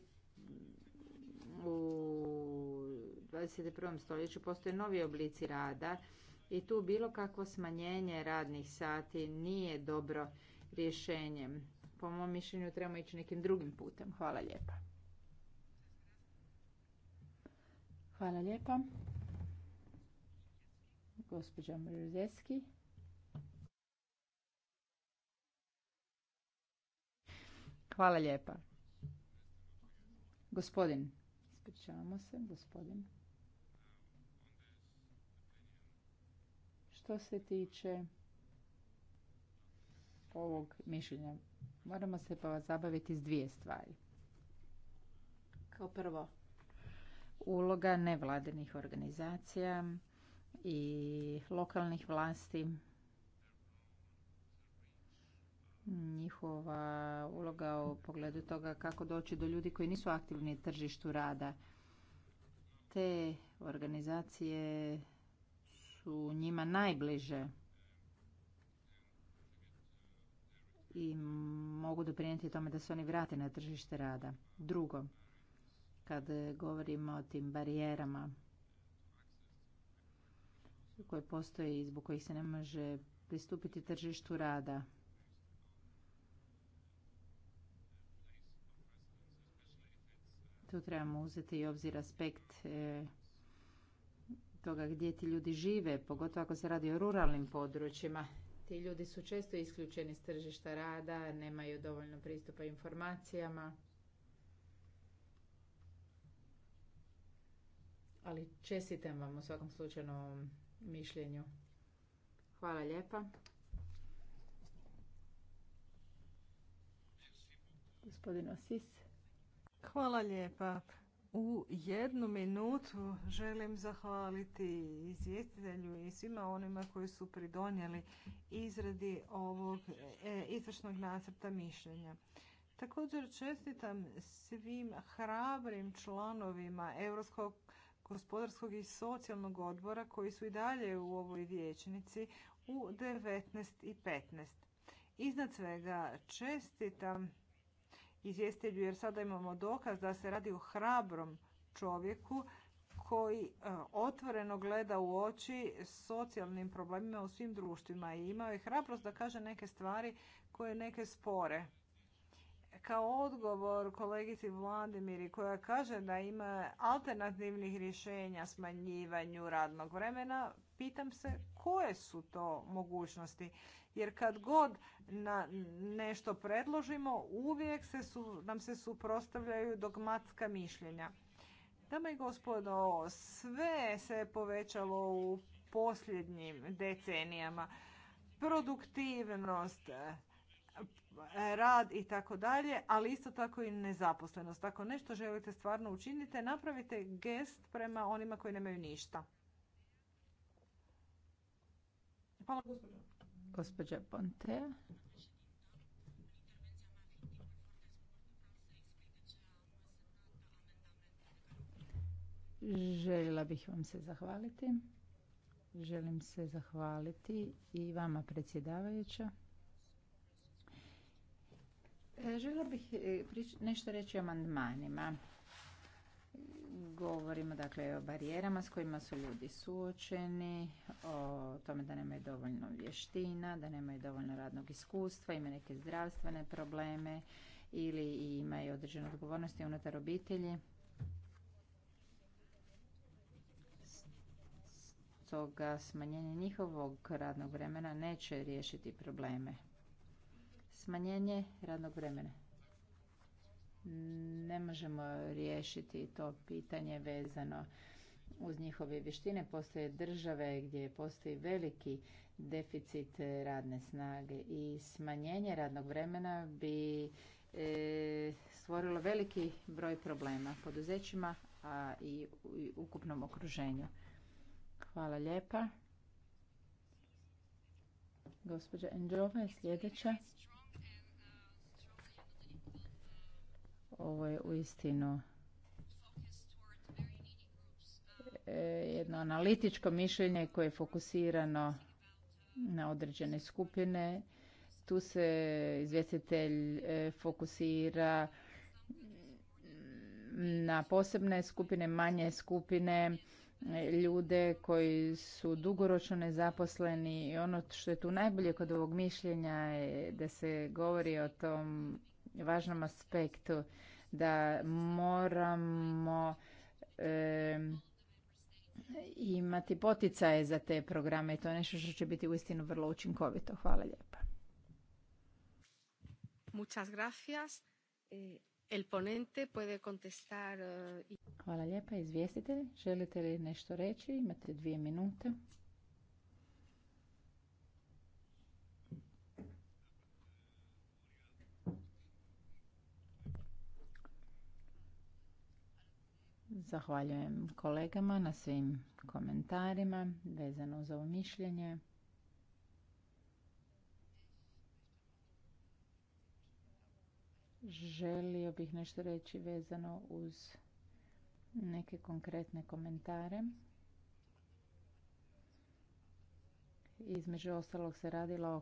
u 21. stoljeću postoje novi oblici rada i tu bilo kakvo smanjenje radnih sati nije dobro rješenje. Po mom mišljenju trebamo ići nekim drugim putem. Hvala lijepa. Hvala lijepa. Gospođa Mrzeski. Hvala lijepa. Gospodin Ispričavamo se, gospodin. Što se tiče ovog mišljenja, moramo se pa zabaviti s dvije stvari. Kao prvo, uloga nevladinih organizacija i lokalnih vlasti njihova uloga u pogledu toga kako doći do ljudi koji nisu aktivni tržištu rada. Te organizacije su njima najbliže i mogu doprinijeti tome da se oni vrate na tržište rada. Drugo, kad govorimo o tim barijerama koje postoji i zbog kojih se ne može pristupiti tržištu rada, Tu trebamo uzeti i obzir aspekt e, toga gdje ti ljudi žive, pogotovo ako se radi o ruralnim područjima. Ti ljudi su često isključeni s tržišta rada, nemaju dovoljno pristupa informacijama. Ali čestitam vam u svakom slučaju na ovom mišljenju. Hvala lijepa. Gospodin Osis. Hvala lijepa. U jednu minutu želim zahvaliti izvjestitelju i svima onima koji su pridonijeli izradi ovog e, izvršnog nacrta mišljenja. Također čestitam svim hrabrim članovima Europskog gospodarskog i socijalnog odbora koji su i dalje u ovoj vijećnici u 19 i 15. Iznad svega čestitam izvjestitelju jer sada imamo dokaz da se radi o hrabrom čovjeku koji e, otvoreno gleda u oči socijalnim problemima u svim društvima i imao je hrabrost da kaže neke stvari koje neke spore. Kao odgovor kolegici Vladimiri koja kaže da ima alternativnih rješenja smanjivanju radnog vremena, pitam se koje su to mogućnosti jer kad god na nešto predložimo uvijek se su, nam se suprostavljaju dogmatska mišljenja. Dame i gospodo, sve se povećalo u posljednjim decenijama. Produktivnost, rad i tako dalje, ali isto tako i nezaposlenost. Ako nešto želite stvarno učiniti, napravite gest prema onima koji nemaju ništa. Hvala Gospođa Pontea. Željela bih vam se zahvaliti. Želim se zahvaliti i vama predsjedavajuća. E, Žela bih e, nešto reći o amandmanima. Govorimo dakle o barijerama s kojima su ljudi suočeni, o tome da nemaju dovoljno vještina, da nemaju dovoljno radnog iskustva, imaju neke zdravstvene probleme ili imaju određene odgovornosti unutar obitelji. Stoga smanjenje njihovog radnog vremena neće riješiti probleme. Smanjenje radnog vremena ne možemo riješiti to pitanje vezano uz njihove vještine. Postoje države gdje postoji veliki deficit radne snage i smanjenje radnog vremena bi e, stvorilo veliki broj problema poduzećima, a i ukupnom okruženju. Hvala lijepa. Gospođa Enđova je sljedeća. Ovo je uistinu e, jedno analitičko mišljenje koje je fokusirano na određene skupine. Tu se izvjestitelj e, fokusira na posebne skupine, manje skupine, e, ljude koji su dugoročno nezaposleni i ono što je tu najbolje kod ovog mišljenja je da se govori o tom važnom aspektu da moramo imati poticaje za te programe i to je nešto što će biti uistinu vrlo učinkovito. Hvala lijepa. Muchas gracias. Eh, el ponente puede contestar... Eh, Hvala lijepa, izvjestitelj. Želite li nešto reći? Imate dvije minute. Zahvaljujem kolegama na svim komentarima vezano za ovo mišljenje. Želio bih nešto reći vezano uz neke konkretne komentare. Između ostalog se radilo o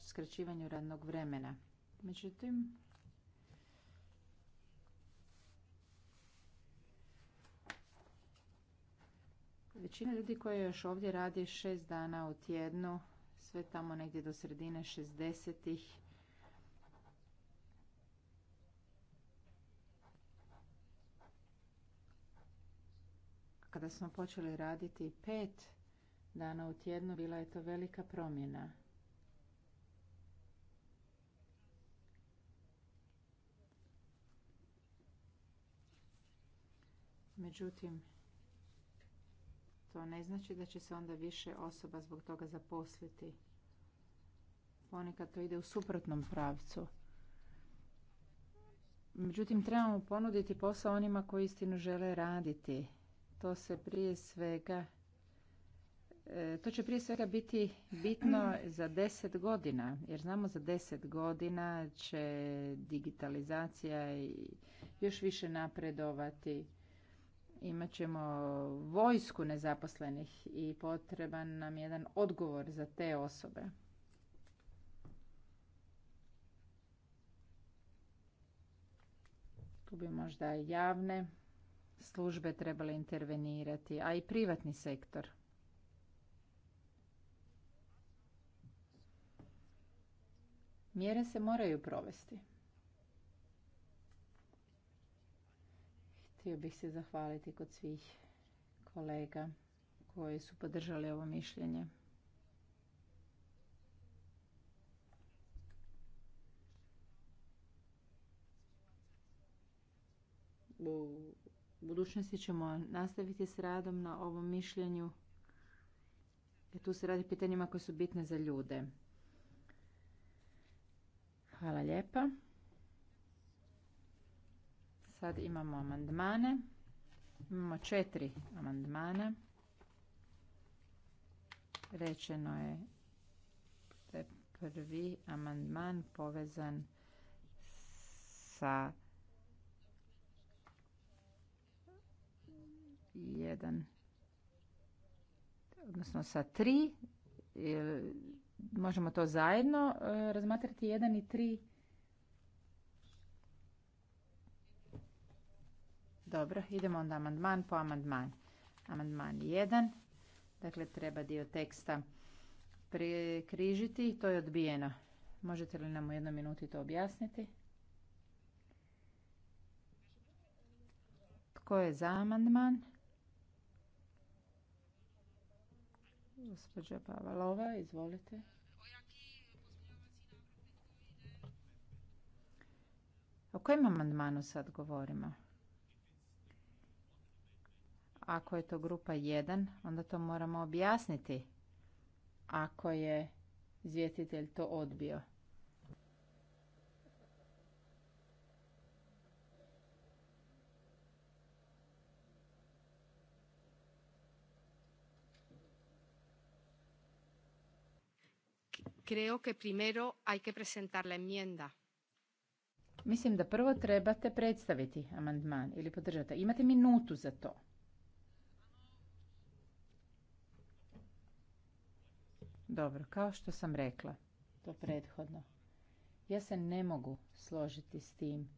skraćivanju radnog vremena. Međutim, Većina ljudi koja još ovdje radi šest dana u tjednu, sve tamo negdje do sredine 60 kada smo počeli raditi pet dana u tjednu, bila je to velika promjena. Međutim, to ne znači da će se onda više osoba zbog toga zaposliti. Ponekad to ide u suprotnom pravcu. Međutim, trebamo ponuditi posao onima koji istinu žele raditi. To se prije svega e, to će prije svega biti bitno za deset godina, jer znamo za deset godina će digitalizacija još više napredovati imat ćemo vojsku nezaposlenih i potreban nam jedan odgovor za te osobe. Tu bi možda javne službe trebale intervenirati, a i privatni sektor. Mjere se moraju provesti. Htio bih se zahvaliti kod svih kolega koji su podržali ovo mišljenje. U budućnosti ćemo nastaviti s radom na ovom mišljenju. Jer tu se radi pitanjima koje su bitne za ljude. Hvala lijepa. Sad imamo amandmane. Imamo četiri amandmana. Rečeno je da je prvi amandman povezan sa jedan odnosno sa tri možemo to zajedno e, razmatrati jedan i tri Dobro, idemo onda amandman po amandman. Amandman 1. Dakle, treba dio teksta prekrižiti. To je odbijeno. Možete li nam u jednoj minuti to objasniti? Tko je za amandman? Gospođa Pavalova, izvolite. O kojem amandmanu sad govorimo? Ako je to grupa 1, onda to moramo objasniti. Ako je izvjetitelj to odbio. Creo que primero hay que presentar la enmienda. Mislim da prvo trebate predstaviti amandman ili podržati. Imate minutu za to. Dobro, kao što sam rekla to prethodno, ja se ne mogu složiti s tim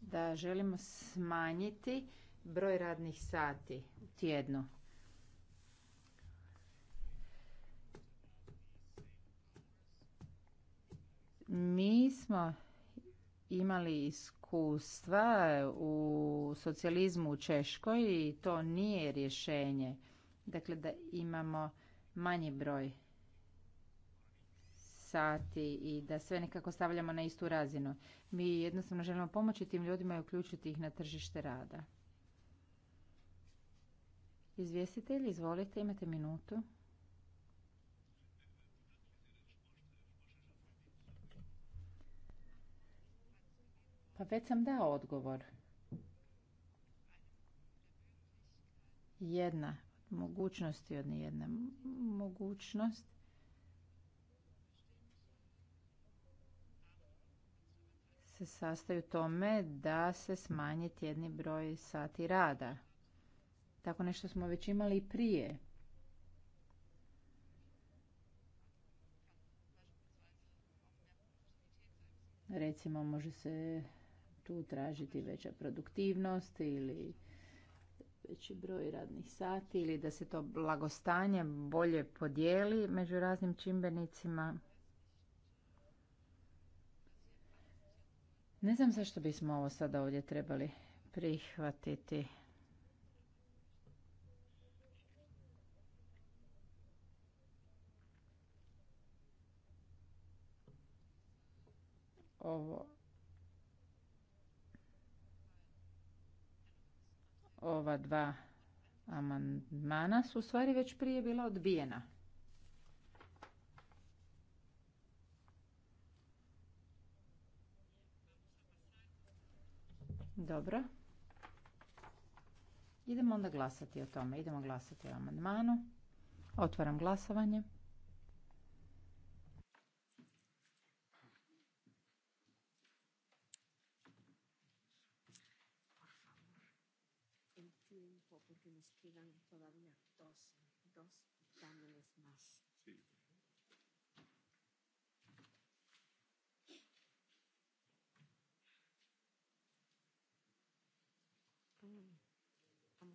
da želimo smanjiti broj radnih sati tjedno. Mi smo imali iskustva u socijalizmu u Češkoj i to nije rješenje. Dakle, da imamo manji broj sati i da sve nekako stavljamo na istu razinu. Mi jednostavno želimo pomoći tim ljudima i uključiti ih na tržište rada. ili izvolite, imate minutu. Pa već sam dao odgovor. Jedna mogućnosti od nijedne mogućnost. se sastaju u tome da se smanji tjedni broj sati rada. Tako nešto smo već imali i prije. Recimo može se tu tražiti veća produktivnost ili veći broj radnih sati ili da se to blagostanje bolje podijeli među raznim čimbenicima. Ne znam zašto bismo ovo sada ovdje trebali prihvatiti. Ovo ova dva amandmana su u stvari već prije bila odbijena. Dobro. Idemo onda glasati o tome. Idemo glasati o amandmanu. Otvaram glasovanje.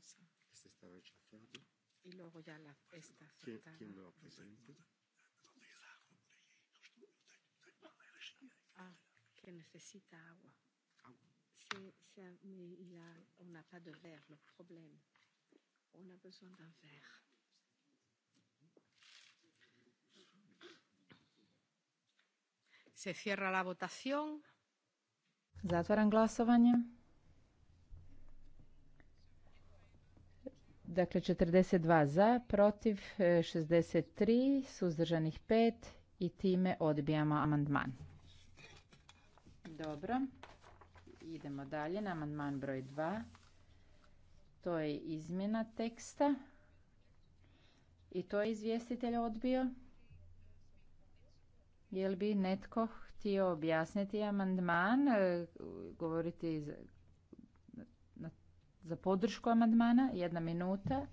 cosa. Este está rechazado. Y luego ya la, esta aceptada. ¿Quién, ¿Quién lo presenta? Ah, que necesita agua. Agua. C'est, c'est, mais la, a, on n'a pas de verre, le problème. On a besoin d'un verre. Se cierra la votación. Zatvaram glasovanje. Dakle, 42 za, protiv 63, e, suzdržanih 5 i time odbijamo amandman. Dobro. Idemo dalje na amandman broj 2. To je izmjena teksta. I to je izvjestitelj odbio. li bi netko htio objasniti amandman, e, govoriti za podršku amandmana. Jedna minuta.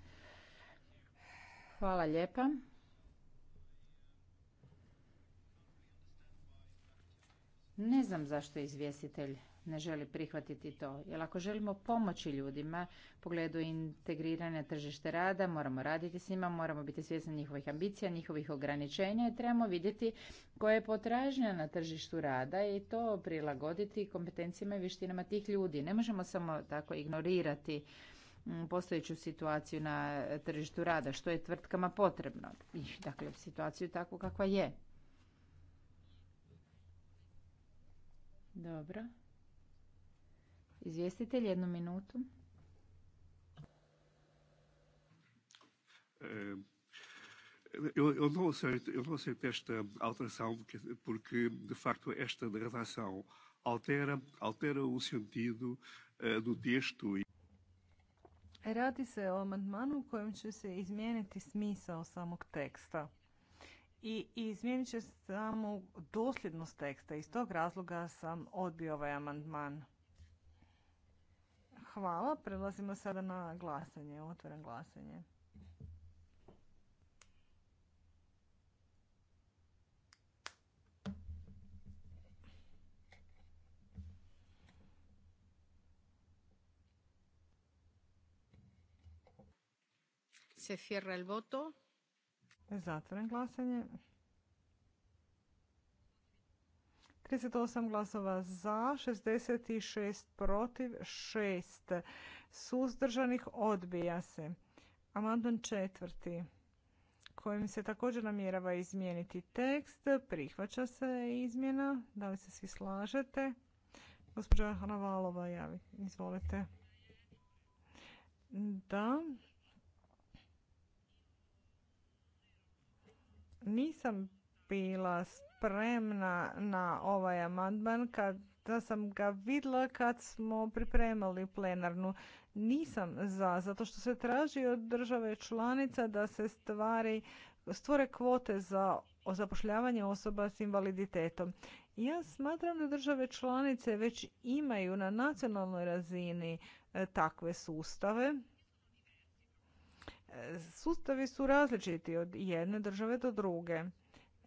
Hvala lijepa. Ne znam zašto je izvjestitelj ne želi prihvatiti to. Jer ako želimo pomoći ljudima u pogledu integriranja tržište rada, moramo raditi s njima, moramo biti svjesni njihovih ambicija, njihovih ograničenja i trebamo vidjeti koja je potražnja na tržištu rada i to prilagoditi kompetencijama i vještinama tih ljudi. Ne možemo samo tako ignorirati mm, postojeću situaciju na tržištu rada, što je tvrtkama potrebno. I, dakle, situaciju takvu kakva je. Dobro. Izvjestitelj, jednu minutu. E, eu, não aceito, eu não esta alteração porque, de facto, esta gravação altera, altera o sentido e, do texto. E Radi se o amandmanu u kojem će se izmijeniti smisao samog teksta i izmijenit će samo dosljednost teksta. Iz tog razloga sam odbio ovaj amandman. Hvala. Prelazimo sada na glasanje. Otvaram glasanje. Se cierra el voto. zatvoren glasanje. 38 glasova za, 66 protiv, 6 suzdržanih odbija se. Amandman četvrti kojim se također namjerava izmijeniti tekst. Prihvaća se izmjena. Da li se svi slažete? Gospođa Hanavalova javi. Izvolite. Da. Nisam bila spremna na ovaj amandman kad da sam ga vidjela kad smo pripremali plenarnu. Nisam za, zato što se traži od države članica da se stvari, stvore kvote za zapošljavanje osoba s invaliditetom. Ja smatram da države članice već imaju na nacionalnoj razini e, takve sustave. E, sustavi su različiti od jedne države do druge.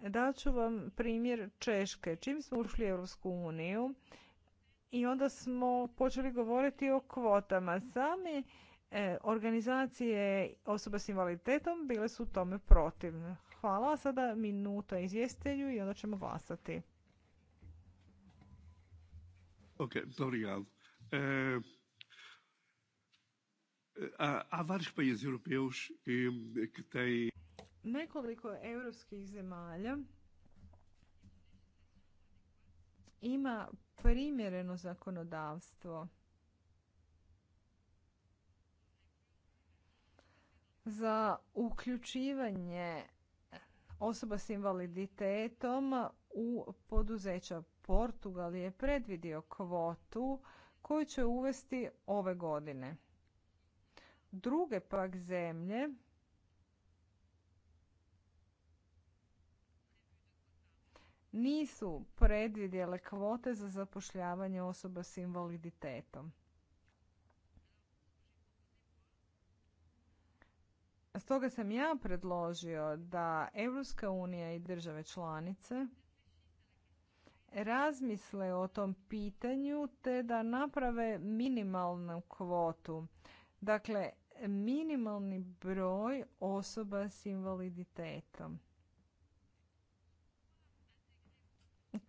Daću vam primjer Češke. Čim smo ušli u Europsku uniju i onda smo počeli govoriti o kvotama. Same e, organizacije osoba s invaliditetom bile su tome protivne. Hvala. Sada minuta izvjestelju i onda ćemo glasati. Ok, obrigado. Eh, e, varš vários países europeus que Nekoliko europskih zemalja ima primjereno zakonodavstvo za uključivanje osoba s invaliditetom u poduzeća. Portugal je predvidio kvotu koju će uvesti ove godine. Druge pak zemlje nisu predvidjele kvote za zapošljavanje osoba s invaliditetom. Stoga sam ja predložio da Europska unija i države članice razmisle o tom pitanju te da naprave minimalnu kvotu. Dakle, minimalni broj osoba s invaliditetom.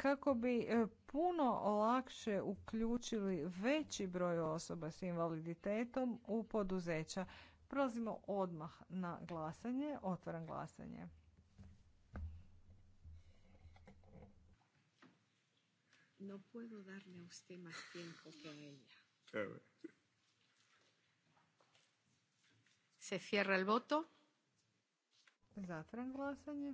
kako bi e, puno lakše uključili veći broj osoba s invaliditetom u poduzeća. Prelazimo odmah na glasanje. Otvaram glasanje. No puedo darle a usted más tiempo que Se cierra el voto. Zatvaram glasanje.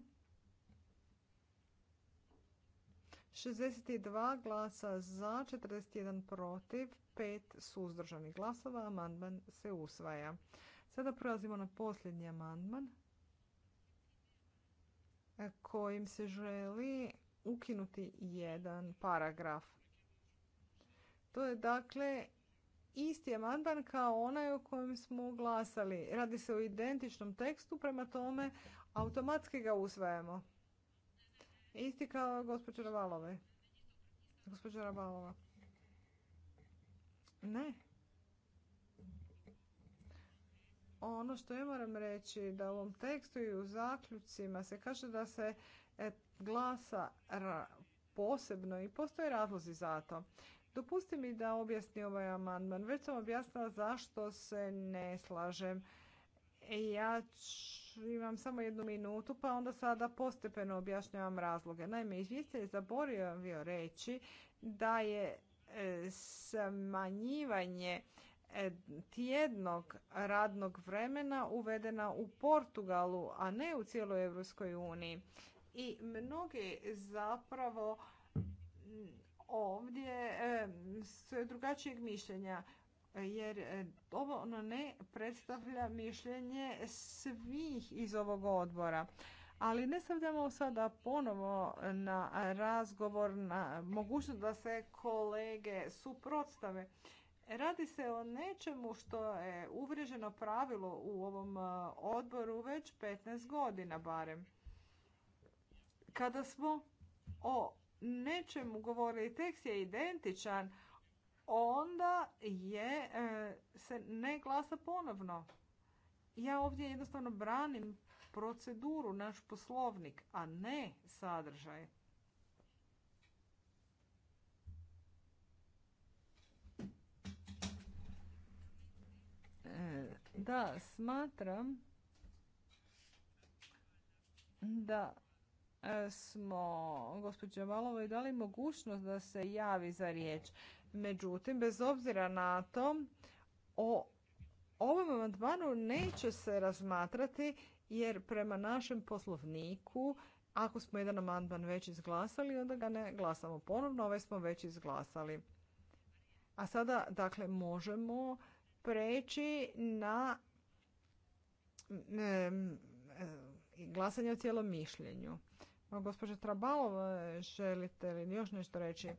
62 glasa za, 41 protiv, 5 suzdržanih glasova. Amandman se usvaja. Sada prelazimo na posljednji amandman e, kojim se želi ukinuti jedan paragraf. To je dakle isti amandman kao onaj o kojem smo glasali. Radi se o identičnom tekstu, prema tome automatski ga usvajamo. Isti kao gospođa Ravalove. Gospođa Ravalova. Ne. Ono što ja moram reći da u ovom tekstu i u zaključcima se kaže da se e, glasa posebno i postoje razlozi za to. Dopusti mi da objasni ovaj amandman. Već sam objasnila zašto se ne slažem. Ja imam samo jednu minutu, pa onda sada postepeno objašnjavam razloge. Naime, izvjestitelj je zaboravio reći da je e, smanjivanje e, tjednog radnog vremena uvedena u Portugalu, a ne u cijeloj Europskoj uniji. I mnogi zapravo ovdje e, su drugačijeg mišljenja jer e, ovo ono ne predstavlja mišljenje svih iz ovog odbora. Ali ne stavljamo sada ponovo na razgovor, na mogućnost da se kolege suprotstave. Radi se o nečemu što je uvriježeno pravilo u ovom e, odboru već 15 godina barem. Kada smo o nečemu govorili, tekst je identičan, onda je, e, se ne glasa ponovno. Ja ovdje jednostavno branim proceduru, naš poslovnik, a ne sadržaj. E, da, smatram da smo gospođe i dali mogućnost da se javi za riječ. Međutim, bez obzira na to, o ovom amandmanu neće se razmatrati jer prema našem poslovniku ako smo jedan amandman već izglasali, onda ga ne glasamo ponovno, ovaj smo već izglasali. A sada, dakle, možemo preći na glasanje o cijelom mišljenju. Ono, gospođo Trabalova, e, želite li još nešto reći?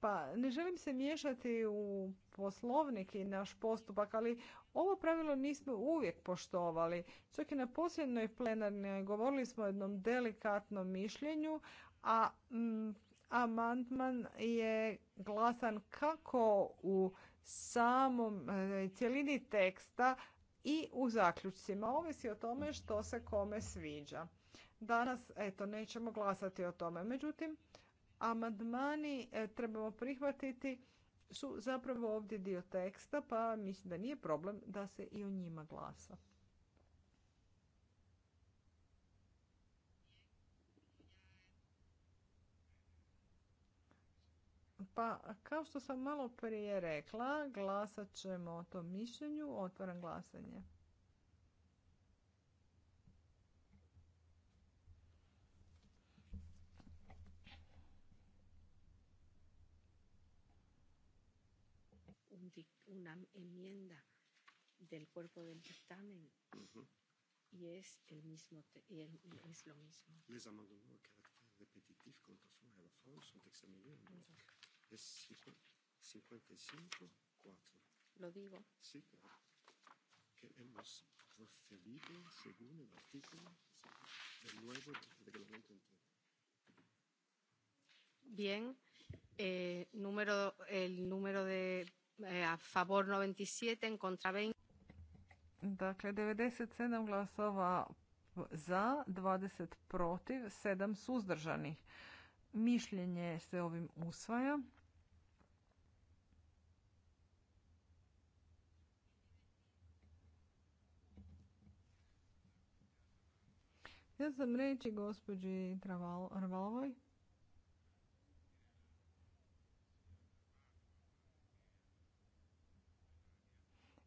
Pa ne želim se miješati u poslovnik i naš postupak, ali ovo pravilo nismo uvijek poštovali. Čak i na posljednoj plenarnoj govorili smo o jednom delikatnom mišljenju, a Amantman amandman je glasan kako u samom e, cjelini teksta i u zaključcima. Ovisi o tome što se kome sviđa. Danas, eto, nećemo glasati o tome. Međutim, amandmani e, trebamo prihvatiti su zapravo ovdje dio teksta, pa mislim da nije problem da se i o njima glasa. Pa, kao što sam malo prije rekla, glasat ćemo o tom mišljenju. Otvaram glasanje. una enmienda del cuerpo del dictamen uh -huh. y es el mismo y el, y es lo mismo. Les amendements à caractère répétitif quant au à la fin sont examinés en bloc. Es 55, 4. ¿Lo digo? Sí, claro. Que hemos procedido según el artículo del nuevo reglamento interno. Bien, eh, número, el número de Eh, a favor 97, en 20. Dakle, 97 glasova za, 20 protiv, 7 suzdržanih. Mišljenje se ovim usvaja. Ja sam reći gospođi Rvalovoj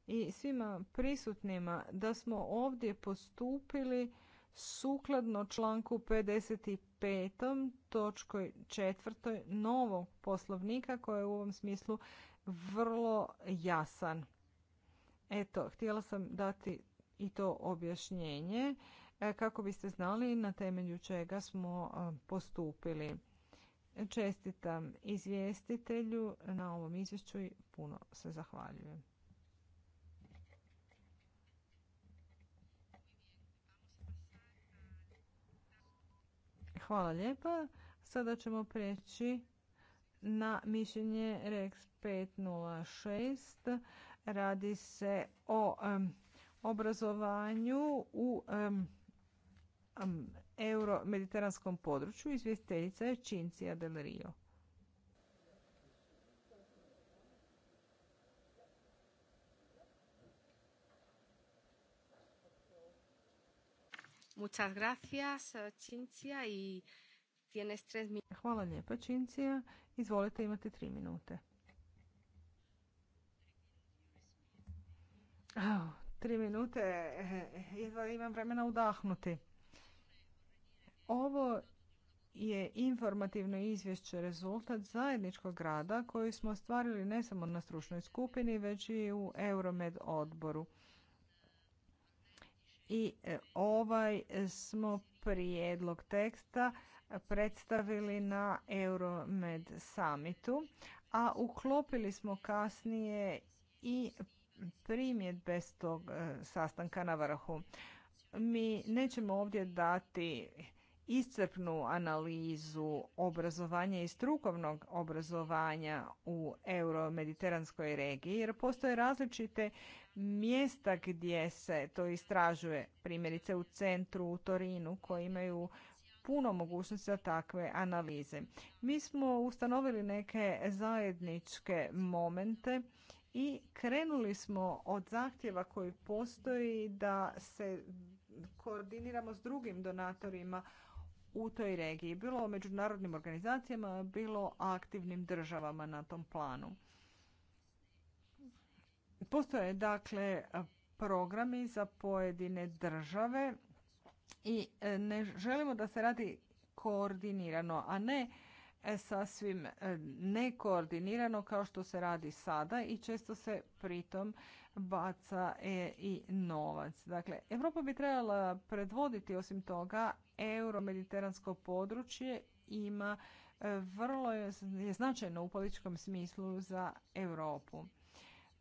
i svima prisutnima da smo ovdje postupili sukladno članku 55. točkoj 4. novog poslovnika koji je u ovom smislu vrlo jasan. Eto, htjela sam dati i to objašnjenje e, kako biste znali na temelju čega smo e, postupili. Čestitam izvjestitelju na ovom izvješću i puno se zahvaljujem. Hvala lijepa. Sada ćemo preći na mišljenje REX 506. Radi se o obrazovanju u Euro-Mediteranskom euromediteranskom području. Izvjestiteljica je Čincija del Rio. i eh, Hvala lijepa, Izvolite, imate tri minute. tri minute, jedva eh, eh, imam vremena udahnuti. Ovo je informativno izvješće rezultat zajedničkog rada koji smo ostvarili ne samo na stručnoj skupini, već i u Euromed odboru i e, ovaj e, smo prijedlog teksta predstavili na Euromed summitu, a uklopili smo kasnije i primjedbe s tog e, sastanka na vrhu. Mi nećemo ovdje dati iscrpnu analizu obrazovanja i strukovnog obrazovanja u euromediteranskoj regiji jer postoje različite mjesta gdje se to istražuje, primjerice u centru u Torinu koji imaju puno mogućnosti za takve analize. Mi smo ustanovili neke zajedničke momente i krenuli smo od zahtjeva koji postoji da se koordiniramo s drugim donatorima u toj regiji, bilo međunarodnim organizacijama, bilo aktivnim državama na tom planu. Postoje dakle programi za pojedine države i e, ne želimo da se radi koordinirano, a ne e, sasvim e, nekoordinirano kao što se radi sada i često se pritom baca i novac. Dakle, Europa bi trebala predvoditi osim toga euromediteransko područje ima e, vrlo je značajno u političkom smislu za Europu.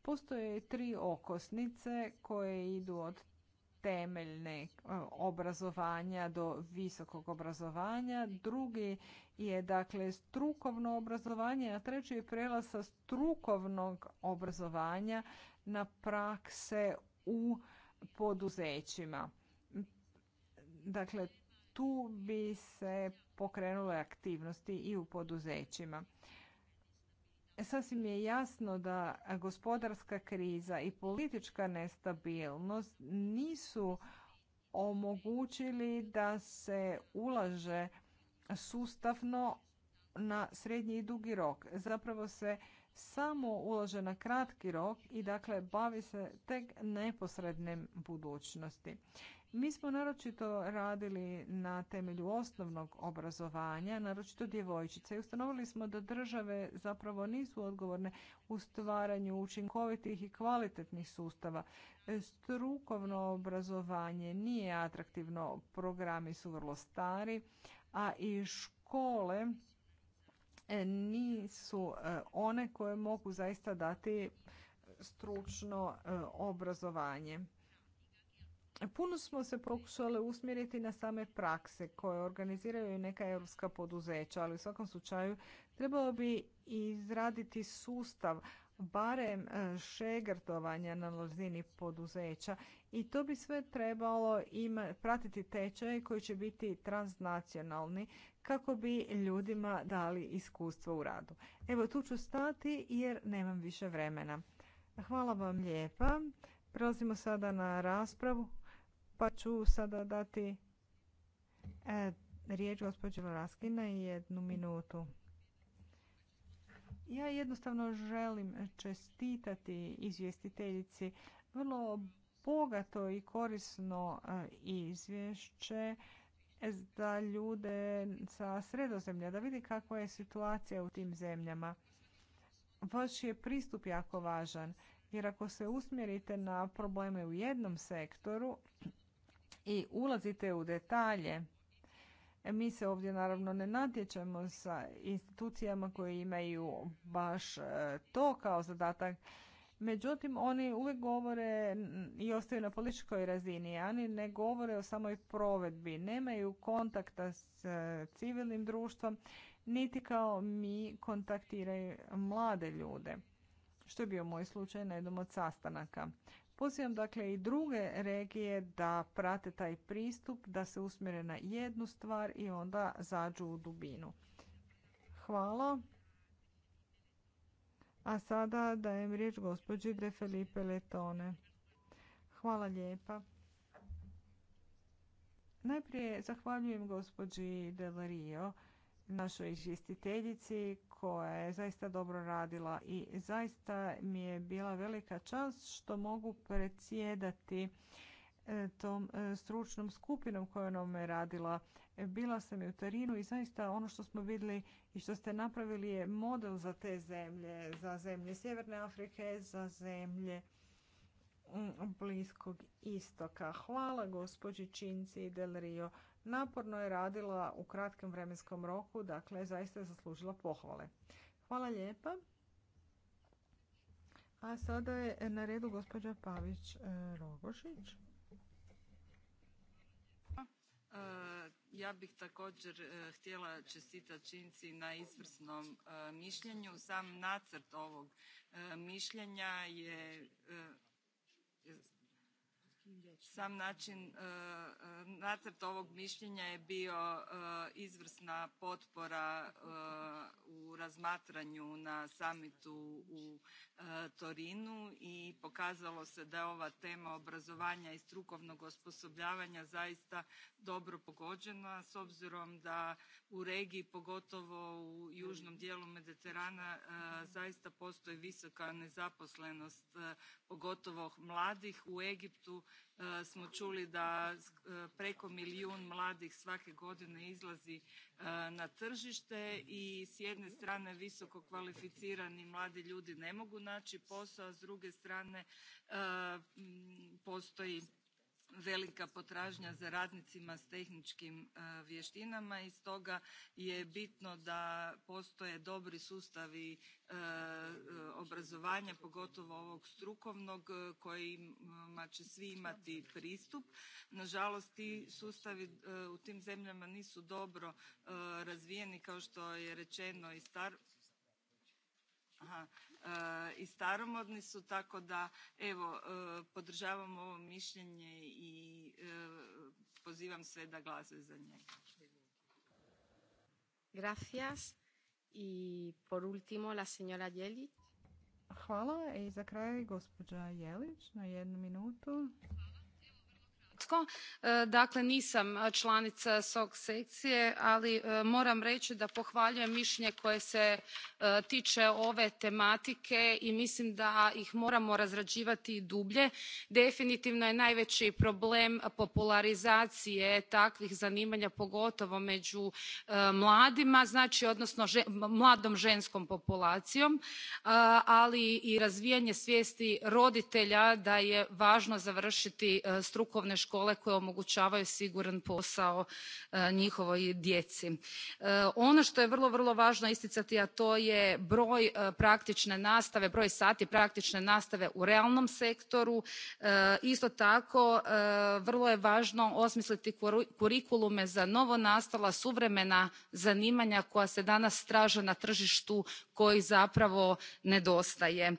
Postoje tri okosnice koje idu od temeljne e, obrazovanja do visokog obrazovanja. Drugi je dakle strukovno obrazovanje, a treći je prelaz sa strukovnog obrazovanja na prakse u poduzećima. Dakle, tu bi se pokrenule aktivnosti i u poduzećima. Sasvim je jasno da gospodarska kriza i politička nestabilnost nisu omogućili da se ulaže sustavno na srednji i dugi rok. Zapravo se samo ulaže na kratki rok i dakle bavi se tek neposrednim budućnosti. Mi smo naročito radili na temelju osnovnog obrazovanja, naročito djevojčice. I ustanovili smo da države zapravo nisu odgovorne u stvaranju učinkovitih i kvalitetnih sustava. Strukovno obrazovanje nije atraktivno, programi su vrlo stari, a i škole E, nisu e, one koje mogu zaista dati stručno e, obrazovanje. Puno smo se pokušali usmjeriti na same prakse koje organiziraju neka europska poduzeća, ali u svakom slučaju trebalo bi izraditi sustav barem šegrtovanja na razini poduzeća i to bi sve trebalo im pratiti tečaje koji će biti transnacionalni kako bi ljudima dali iskustvo u radu. Evo tu ću stati jer nemam više vremena. Hvala vam lijepa. Prelazimo sada na raspravu pa ću sada dati e, riječ gospođe Varaskina i jednu minutu. Ja jednostavno želim čestitati izvjestiteljici vrlo bogato i korisno e, izvješće da ljude sa sredozemlja, da vidi kakva je situacija u tim zemljama. Vaš je pristup jako važan, jer ako se usmjerite na probleme u jednom sektoru i ulazite u detalje, mi se ovdje naravno ne natječemo sa institucijama koje imaju baš e, to kao zadatak, Međutim, oni uvijek govore i ostaju na političkoj razini, oni ne govore o samoj provedbi, nemaju kontakta s e, civilnim društvom, niti kao mi kontaktiraju mlade ljude, što je bio moj slučaj na jednom od sastanaka. Pozivam dakle i druge regije da prate taj pristup, da se usmjere na jednu stvar i onda zađu u dubinu. Hvala. A sada dajem riječ gospođi De Felipe Letone. Hvala lijepa. Najprije zahvaljujem gospođi Del Rio, našoj izvjestiteljici koja je zaista dobro radila i zaista mi je bila velika čast što mogu predsjedati E, tom e, stručnom skupinom koja nam je radila. E, bila sam i u Tarinu i zaista ono što smo vidjeli i što ste napravili je model za te zemlje, za zemlje Sjeverne Afrike, za zemlje mm, Bliskog istoka. Hvala gospođi Činci i Del Rio. Naporno je radila u kratkom vremenskom roku, dakle zaista je zaslužila pohvale. Hvala lijepa. A sada je na redu gospođa Pavić Rogošić ja bih također e, htjela čestitati Činci na izvrsnom e, mišljenju. sam nacrt ovog e, mišljenja je sam način e, e, nacrt ovog mišljenja je bio e, izvrsna potpora u razmatranju na samitu u torinu i pokazalo se da je ova tema obrazovanja i strukovnog osposobljavanja zaista dobro pogođena s obzirom da u regiji pogotovo u južnom dijelu mediterana zaista postoji visoka nezaposlenost pogotovo mladih u egiptu E, smo čuli da e, preko milijun mladih svake godine izlazi e, na tržište i s jedne strane visoko kvalificirani mladi ljudi ne mogu naći posao, a s druge strane postoji velika potražnja za radnicima s tehničkim e, vještinama i stoga je bitno da postoje dobri sustavi e, obrazovanja pogotovo ovog strukovnog e, kojima će svi imati pristup. nažalost ti sustavi u tim zemljama nisu dobro razvijeni kao što je rečeno i star... Aha, i staromodni su tako da evo e, podržavam ovo mišljenje i e, pozivam sve da glasuju za njega. Gracias. I por último, la señora Jelić. Hvala. I za kraj gospođa Jelić na jednu minutu kratko e, dakle nisam e, članica sok sekcije ali e, moram reći da pohvaljujem mišljenje koje se tiče ove tematike i mislim da ih moramo razrađivati i dublje. definitivno je najveći problem popularizacije takvih zanimanja pogotovo među mladima znači, odnosno mladom ženskom populacijom ali i razvijanje svijesti roditelja da je važno završiti strukovne kole škole koje omogućavaju siguran posao e, njihovoj djeci. E, ono što je vrlo, vrlo važno isticati, a to je broj e, praktične nastave, broj sati praktične nastave u realnom sektoru. Isto tako, vrlo je važno osmisliti kurikulume za novonastala suvremena zanimanja koja se danas traže na tržištu koji zapravo nedostaje.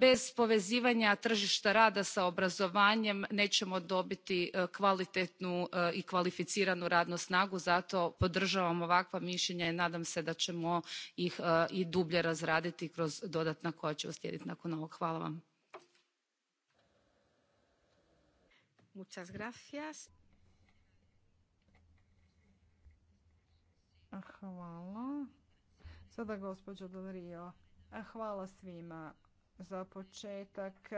Bez povezivanja tržišta rada sa obrazovanjem nećemo dobiti E, kvalitetnu e, i kvalificiranu radnu snagu zato podržavam ovakva mišljenja i nadam se da ćemo ih e, i dublje razraditi kroz dodatna koja će uslijediti nakon ovog. hvala vam. Hvala. Sada gospođo Hvala svima za početak.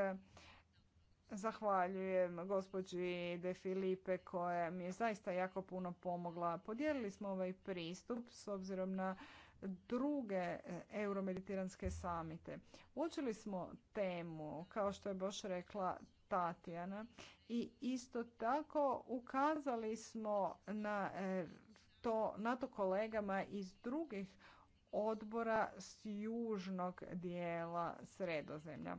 Zahvaljujem gospođi De Filipe koja mi je zaista jako puno pomogla. Podijelili smo ovaj pristup s obzirom na druge e, euromediteranske samite. Učili smo temu, kao što je Boš rekla Tatjana, i isto tako ukazali smo na e, to, na to kolegama iz drugih odbora s južnog dijela sredozemlja.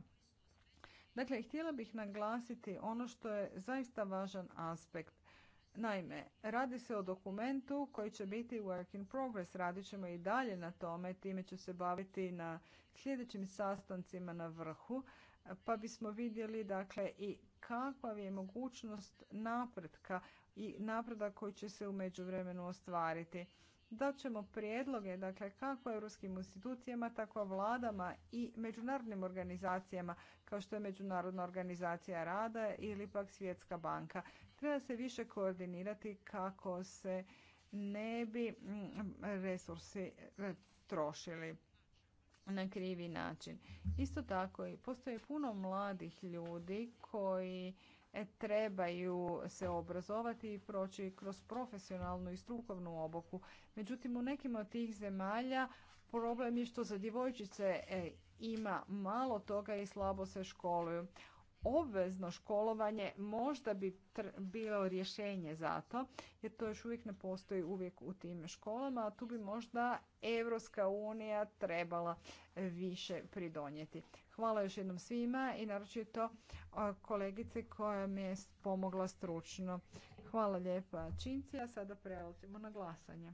Dakle, htjela bih naglasiti ono što je zaista važan aspekt. Naime, radi se o dokumentu koji će biti work in progress. Radit ćemo i dalje na tome, time ću se baviti na sljedećim sastancima na vrhu, pa bismo vidjeli dakle i kakva je mogućnost napretka i napredak koji će se u međuvremenu ostvariti. Dat ćemo prijedloge dakle, kako europskim institucijama, tako vladama i međunarodnim organizacijama kao što je Međunarodna organizacija rada ili pak Svjetska banka. Treba se više koordinirati kako se ne bi mm, resursi e, trošili na krivi način. Isto tako postoje puno mladih ljudi koji E, trebaju se obrazovati i proći kroz profesionalnu i strukovnu obuku. Međutim, u nekim od tih zemalja problem je što za djevojčice e, ima malo toga i slabo se školuju. Obvezno školovanje možda bi bilo rješenje za to, jer to još uvijek ne postoji uvijek u tim školama, a tu bi možda Evropska unija trebala više pridonijeti. Hvala još jednom svima i naročito kolegici koja mi je pomogla stručno. Hvala lijepa Činci, a sada prelazimo na glasanje.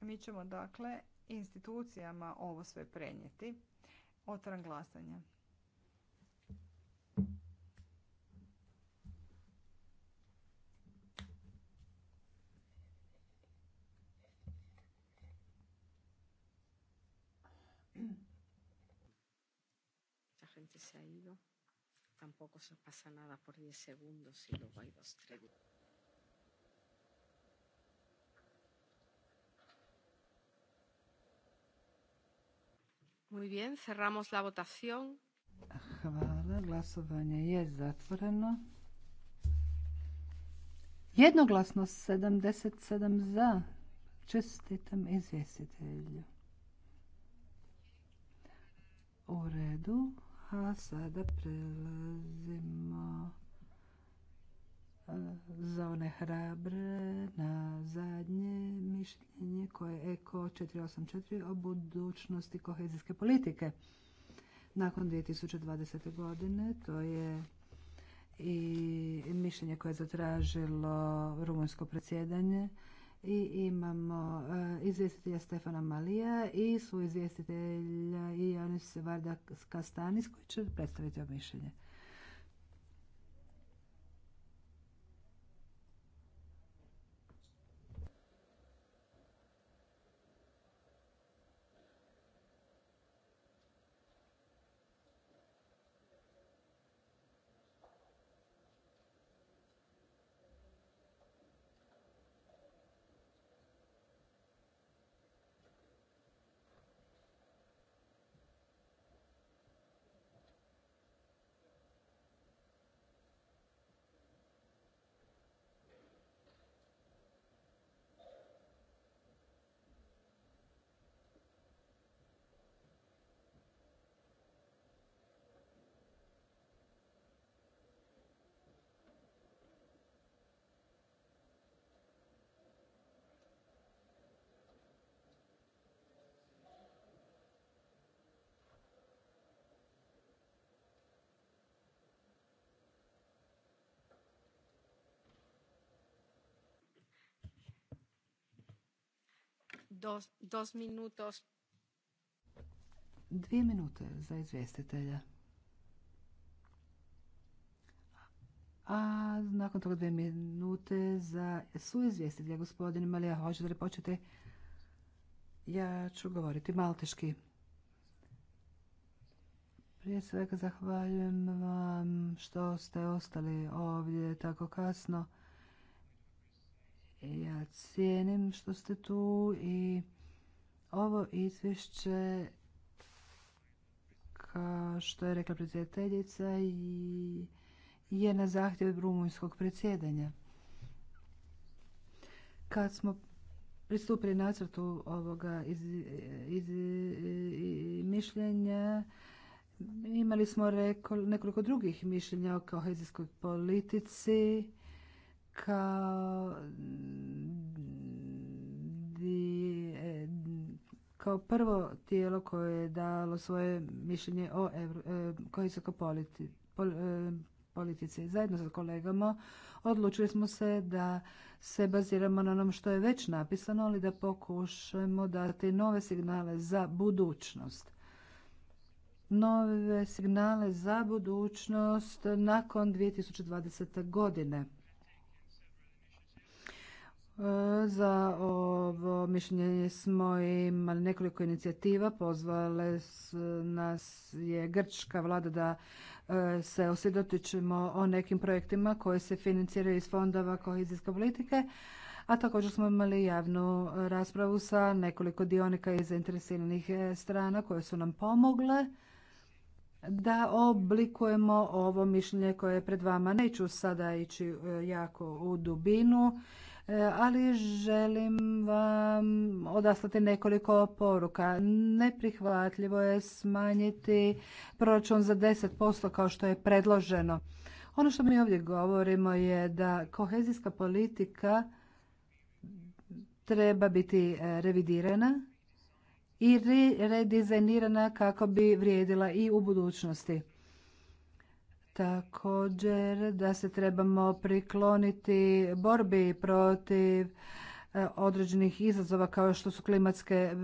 Mi ćemo dakle institucijama ovo sve prenijeti. Otvaram glasanje. se ha ido. Tampoco se pasa nada por 10 segundos y luego hay dos, tres. Muy bien, cerramos la votación. Hvala, glasovanje je zatvoreno. Jednoglasno 77 za. Čestitam izvjestitelju. U redu. A sada prelazimo e, za one hrabre na zadnje mišljenje koje je EKO 484 o budućnosti kohezijske politike. Nakon 2020. godine to je i mišljenje koje je zatražilo rumunjsko predsjedanje i imamo e, izvjestitelja Stefana Malija i su izvjestitelja Janis Varda Kastanis koji će predstaviti o mišljenje. Dvije minute za izvjestitelja. A nakon toga dvije minute za suizvjestitelja, gospodin Malija, hoćete li početi? Ja ću govoriti malteški. Prije svega zahvaljujem vam što ste ostali ovdje tako kasno. Ja cijenim što ste tu i ovo izvješće kao što je rekla predsjedateljica je na zahtjev rumunjskog predsjedanja. Kad smo pristupili nacrtu ovoga iz, mišljenja, imali smo nekoliko drugih mišljenja o kohezijskoj politici kao kao prvo tijelo koje je dalo svoje mišljenje o kao e, politi, e, politici. Zajedno sa kolegama odlučili smo se da se baziramo na onom što je već napisano, ali da pokušamo dati nove signale za budućnost. Nove signale za budućnost nakon 2020. godine. E, za ovo mišljenje smo imali nekoliko inicijativa. Pozvale nas je grčka vlada da e, se osvjedotičimo o nekim projektima koji se financiraju iz fondova kohezijske politike. A također smo imali javnu raspravu sa nekoliko dionika i zainteresiranih e, strana koje su nam pomogle da oblikujemo ovo mišljenje koje je pred vama. Neću sada ići jako u dubinu E, ali želim vam odaslati nekoliko poruka. Neprihvatljivo je smanjiti proračun za 10% kao što je predloženo. Ono što mi ovdje govorimo je da kohezijska politika treba biti e, revidirana i redizajnirana kako bi vrijedila i u budućnosti također da se trebamo prikloniti borbi protiv e, određenih izazova kao što su klimatske e,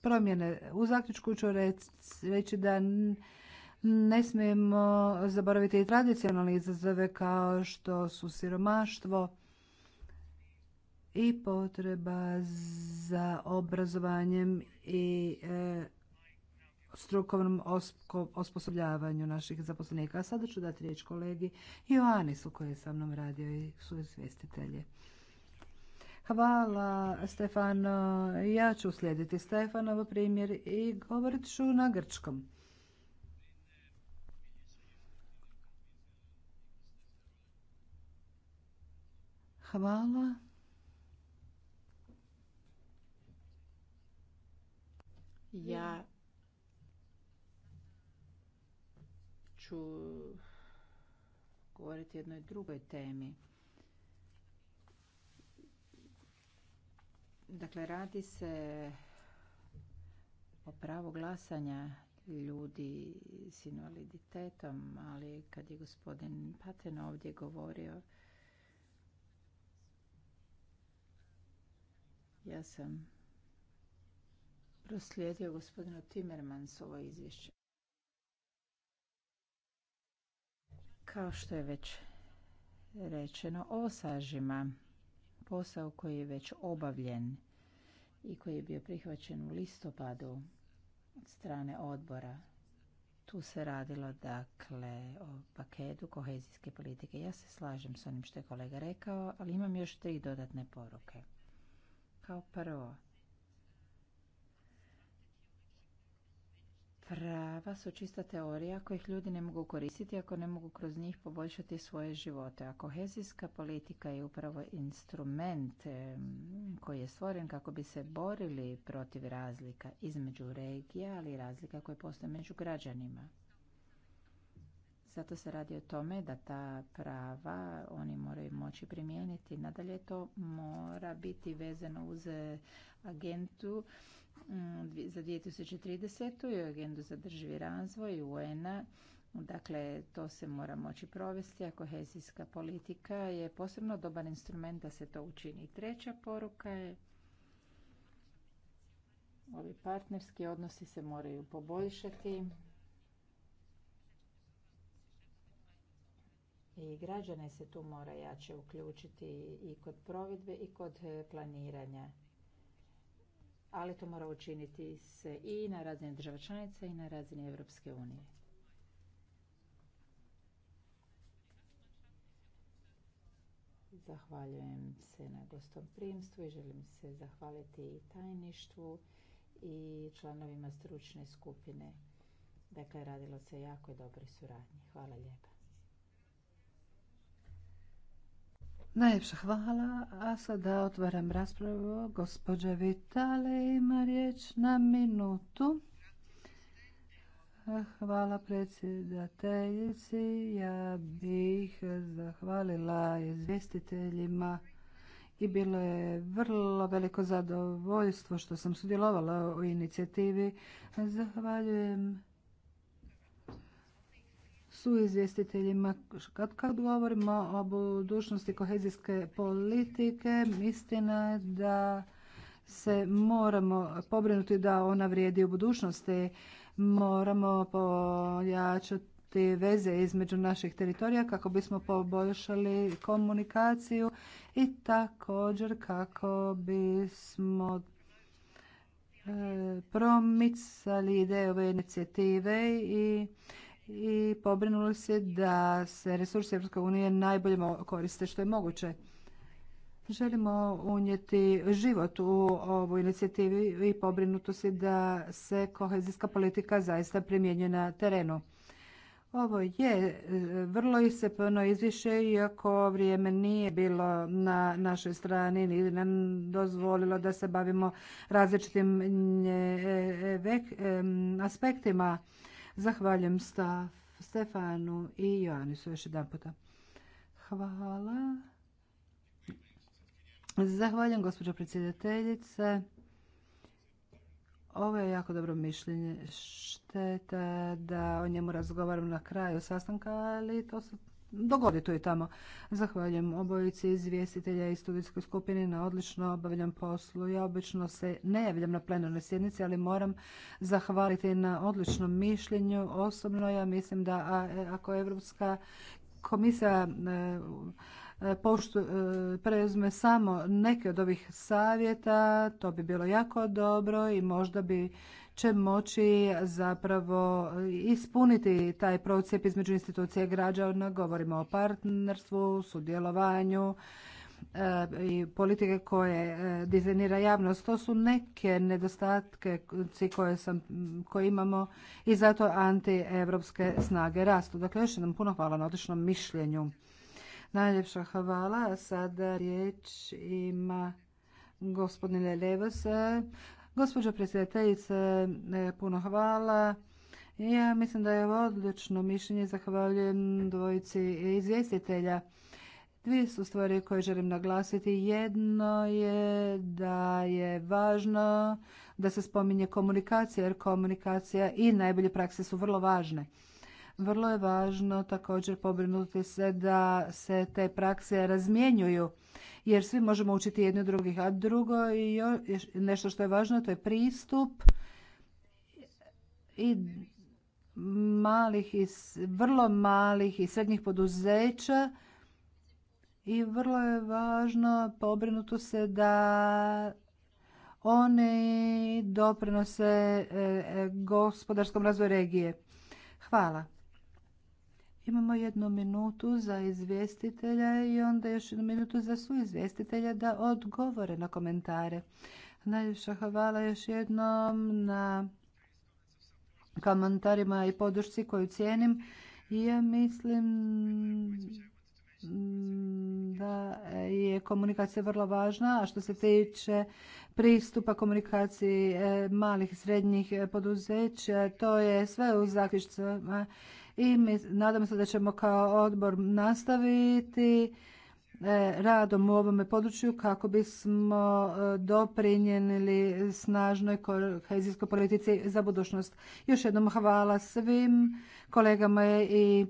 promjene. U zaključku ću reći da ne smijemo zaboraviti i tradicionalne izazove kao što su siromaštvo i potreba za obrazovanjem i e, strukovnom osposobljavanju naših zaposlenika. A sada ću dati riječ kolegi Joanisu koji je sa mnom radio i su izvjestitelji. Hvala Stefano. Ja ću slijediti Stefanov primjer i govorit ću na grčkom. Hvala. Ja ću govoriti o jednoj drugoj temi. Dakle, radi se o pravu glasanja ljudi s invaliditetom, ali kad je gospodin Paten ovdje govorio, ja sam proslijedio gospodinu Timmermans izvješće. Kao što je već rečeno, ovo sažima posao koji je već obavljen i koji je bio prihvaćen u listopadu od strane odbora. Tu se radilo dakle o paketu kohezijske politike. Ja se slažem s onim što je kolega rekao, ali imam još tri dodatne poruke. Kao prvo, prava su čista teorija kojih ljudi ne mogu koristiti ako ne mogu kroz njih poboljšati svoje živote. A kohezijska politika je upravo instrument eh, koji je stvoren kako bi se borili protiv razlika između regija, ali i razlika koje postoje među građanima. Zato se radi o tome da ta prava oni moraju moći primijeniti. Nadalje to mora biti vezano uz agentu Mm, za 2030. i agendu za drživi razvoj UN-a. Dakle, to se mora moći provesti, a kohezijska politika je posebno dobar instrument da se to učini. Treća poruka je ovi partnerski odnosi se moraju poboljšati i građane se tu mora jače uključiti i kod provedbe i kod e, planiranja ali to mora učiniti se i na razini država članica i na razini Europske unije. Zahvaljujem se na gostoprimstvu i želim se zahvaliti i tajništvu i članovima stručne skupine. Dakle, radilo se jako dobroj suradnji. Hvala lijepa. Najljepša hvala. A sada otvaram raspravu. Gospođa Vitale ima riječ na minutu. Hvala predsjedateljici. Ja bih zahvalila izvjestiteljima i bilo je vrlo veliko zadovoljstvo što sam sudjelovala u inicijativi. Zahvaljujem su izvjestiteljima. Kad, govorimo o budućnosti kohezijske politike, istina je da se moramo pobrinuti da ona vrijedi u budućnosti. Moramo pojačati veze između naših teritorija kako bismo poboljšali komunikaciju i također kako bismo e, promicali ideje ove inicijative i i pobrinuli se da se resursi Europske unije najbolje koriste što je moguće. Želimo unijeti život u ovu inicijativu i pobrinuti se da se kohezijska politika zaista primjenjuje na terenu. Ovo je e, vrlo isepno izvješće, iako vrijeme nije bilo na našoj strani, nije nam dozvolilo da se bavimo različitim e, e, aspektima Zahvaljujem Stav, Stefanu i su još jedan puta. Hvala. Zahvaljujem gospođo predsjedateljice. Ovo je jako dobro mišljenje. Šteta da o njemu razgovaram na kraju sastanka, ali to su dogoditi tu i tamo. Zahvaljujem obojici izvjestitelja i studijskoj skupini na odlično obavljam poslu. Ja obično se ne javljam na plenarnoj sjednici, ali moram zahvaliti na odličnom mišljenju. Osobno ja mislim da e, ako Evropska komisija e, e, preuzme samo neke od ovih savjeta, to bi bilo jako dobro i možda bi će moći zapravo ispuniti taj procijep između institucija građana. Govorimo o partnerstvu, sudjelovanju eh, i politike koje eh, dizajnira javnost. To su neke nedostatke koje, sam, koje imamo i zato anti-evropske snage rastu. Dakle, još jednom puno hvala na odličnom mišljenju. Najljepša hvala. Sada riječ ima gospodin Levese. Gospođo predsjedateljice, e, puno hvala. Ja mislim da je ovo odlično mišljenje. Zahvaljujem dvojici izvjestitelja. Dvije su stvari koje želim naglasiti. Jedno je da je važno da se spominje komunikacija, jer komunikacija i najbolje prakse su vrlo važne. Vrlo je važno također pobrinuti se da se te prakse razmjenjuju jer svi možemo učiti jedni od drugih. A drugo, nešto što je važno, to je pristup i malih i vrlo malih i srednjih poduzeća i vrlo je važno pobrinuti se da oni doprinose e, e, gospodarskom razvoju regije. Hvala. Imamo jednu minutu za izvjestitelja i onda još jednu minutu za su izvjestitelja da odgovore na komentare. Najljepša hvala još jednom na komentarima i podršci koju cijenim. Ja mislim mm, da je komunikacija vrlo važna, a što se tiče pristupa komunikaciji eh, malih i srednjih poduzeća, to je sve u zaključcima i mi nadam se da ćemo kao odbor nastaviti e, radom u ovome području kako bismo e, doprinijeli snažnoj kohezijskoj politici za budućnost. Još jednom hvala svim kolegama i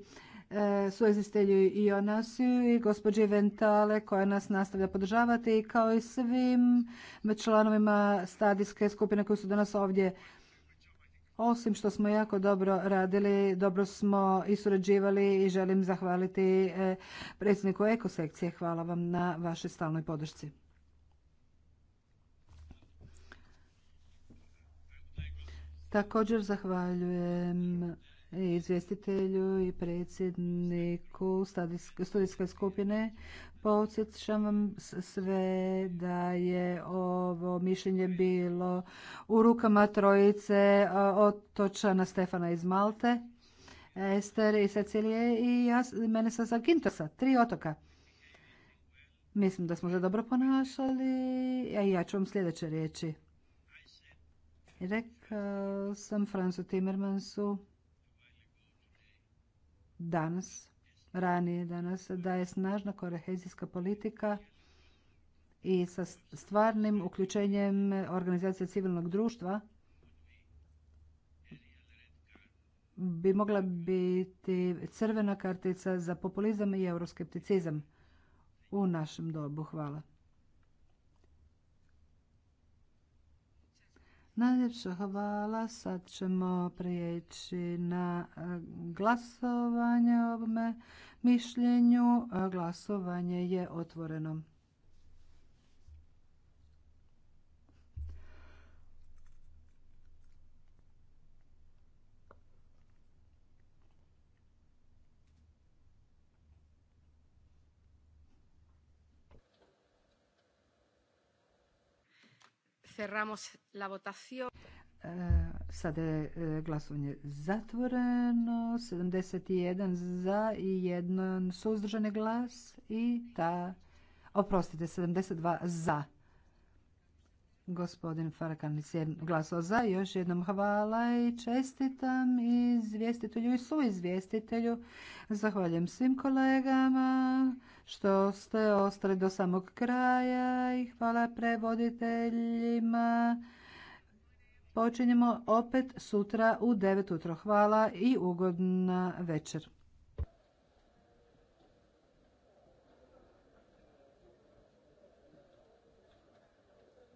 e, suezistelju Ionasiju i gospođi Ventale koja nas nastavlja podržavati kao i svim članovima stadijske skupine koji su danas ovdje osim što smo jako dobro radili, dobro smo i surađivali i želim zahvaliti e, predsjedniku ekosekcije. Hvala vam na vašoj stalnoj podršci. Također zahvaljujem izvjestitelju i predsjedniku studijske skupine. Podsjećam vam sve da je ovo mišljenje bilo u rukama trojice otočana Stefana iz Malte, Ester i Cecilije i ja, mene sa Zagintosa, tri otoka. Mislim da smo se dobro ponašali, a ja ću vam sljedeće riječi. Rekao sam Francu Timmermansu, danas, ranije danas, da je snažna korehezijska politika i sa stvarnim uključenjem organizacije civilnog društva bi mogla biti crvena kartica za populizam i euroskepticizam u našem dobu. Hvala. Najljepša hvala. Sad ćemo prijeći na e, glasovanje ovome mišljenju. E, glasovanje je otvoreno. Cerramos la votación. E, sada je e, glasovanje zatvoreno, 71 za i jedan suzdržani glas i ta, oprostite, 72 za. Gospodin Farakanis je glasao za. Još jednom hvala i čestitam izvjestitelju i izvjestitelju. Zahvaljujem svim kolegama što ste ostali do samog kraja i hvala prevoditeljima. Počinjemo opet sutra u 9 utro. Hvala i ugodna večer.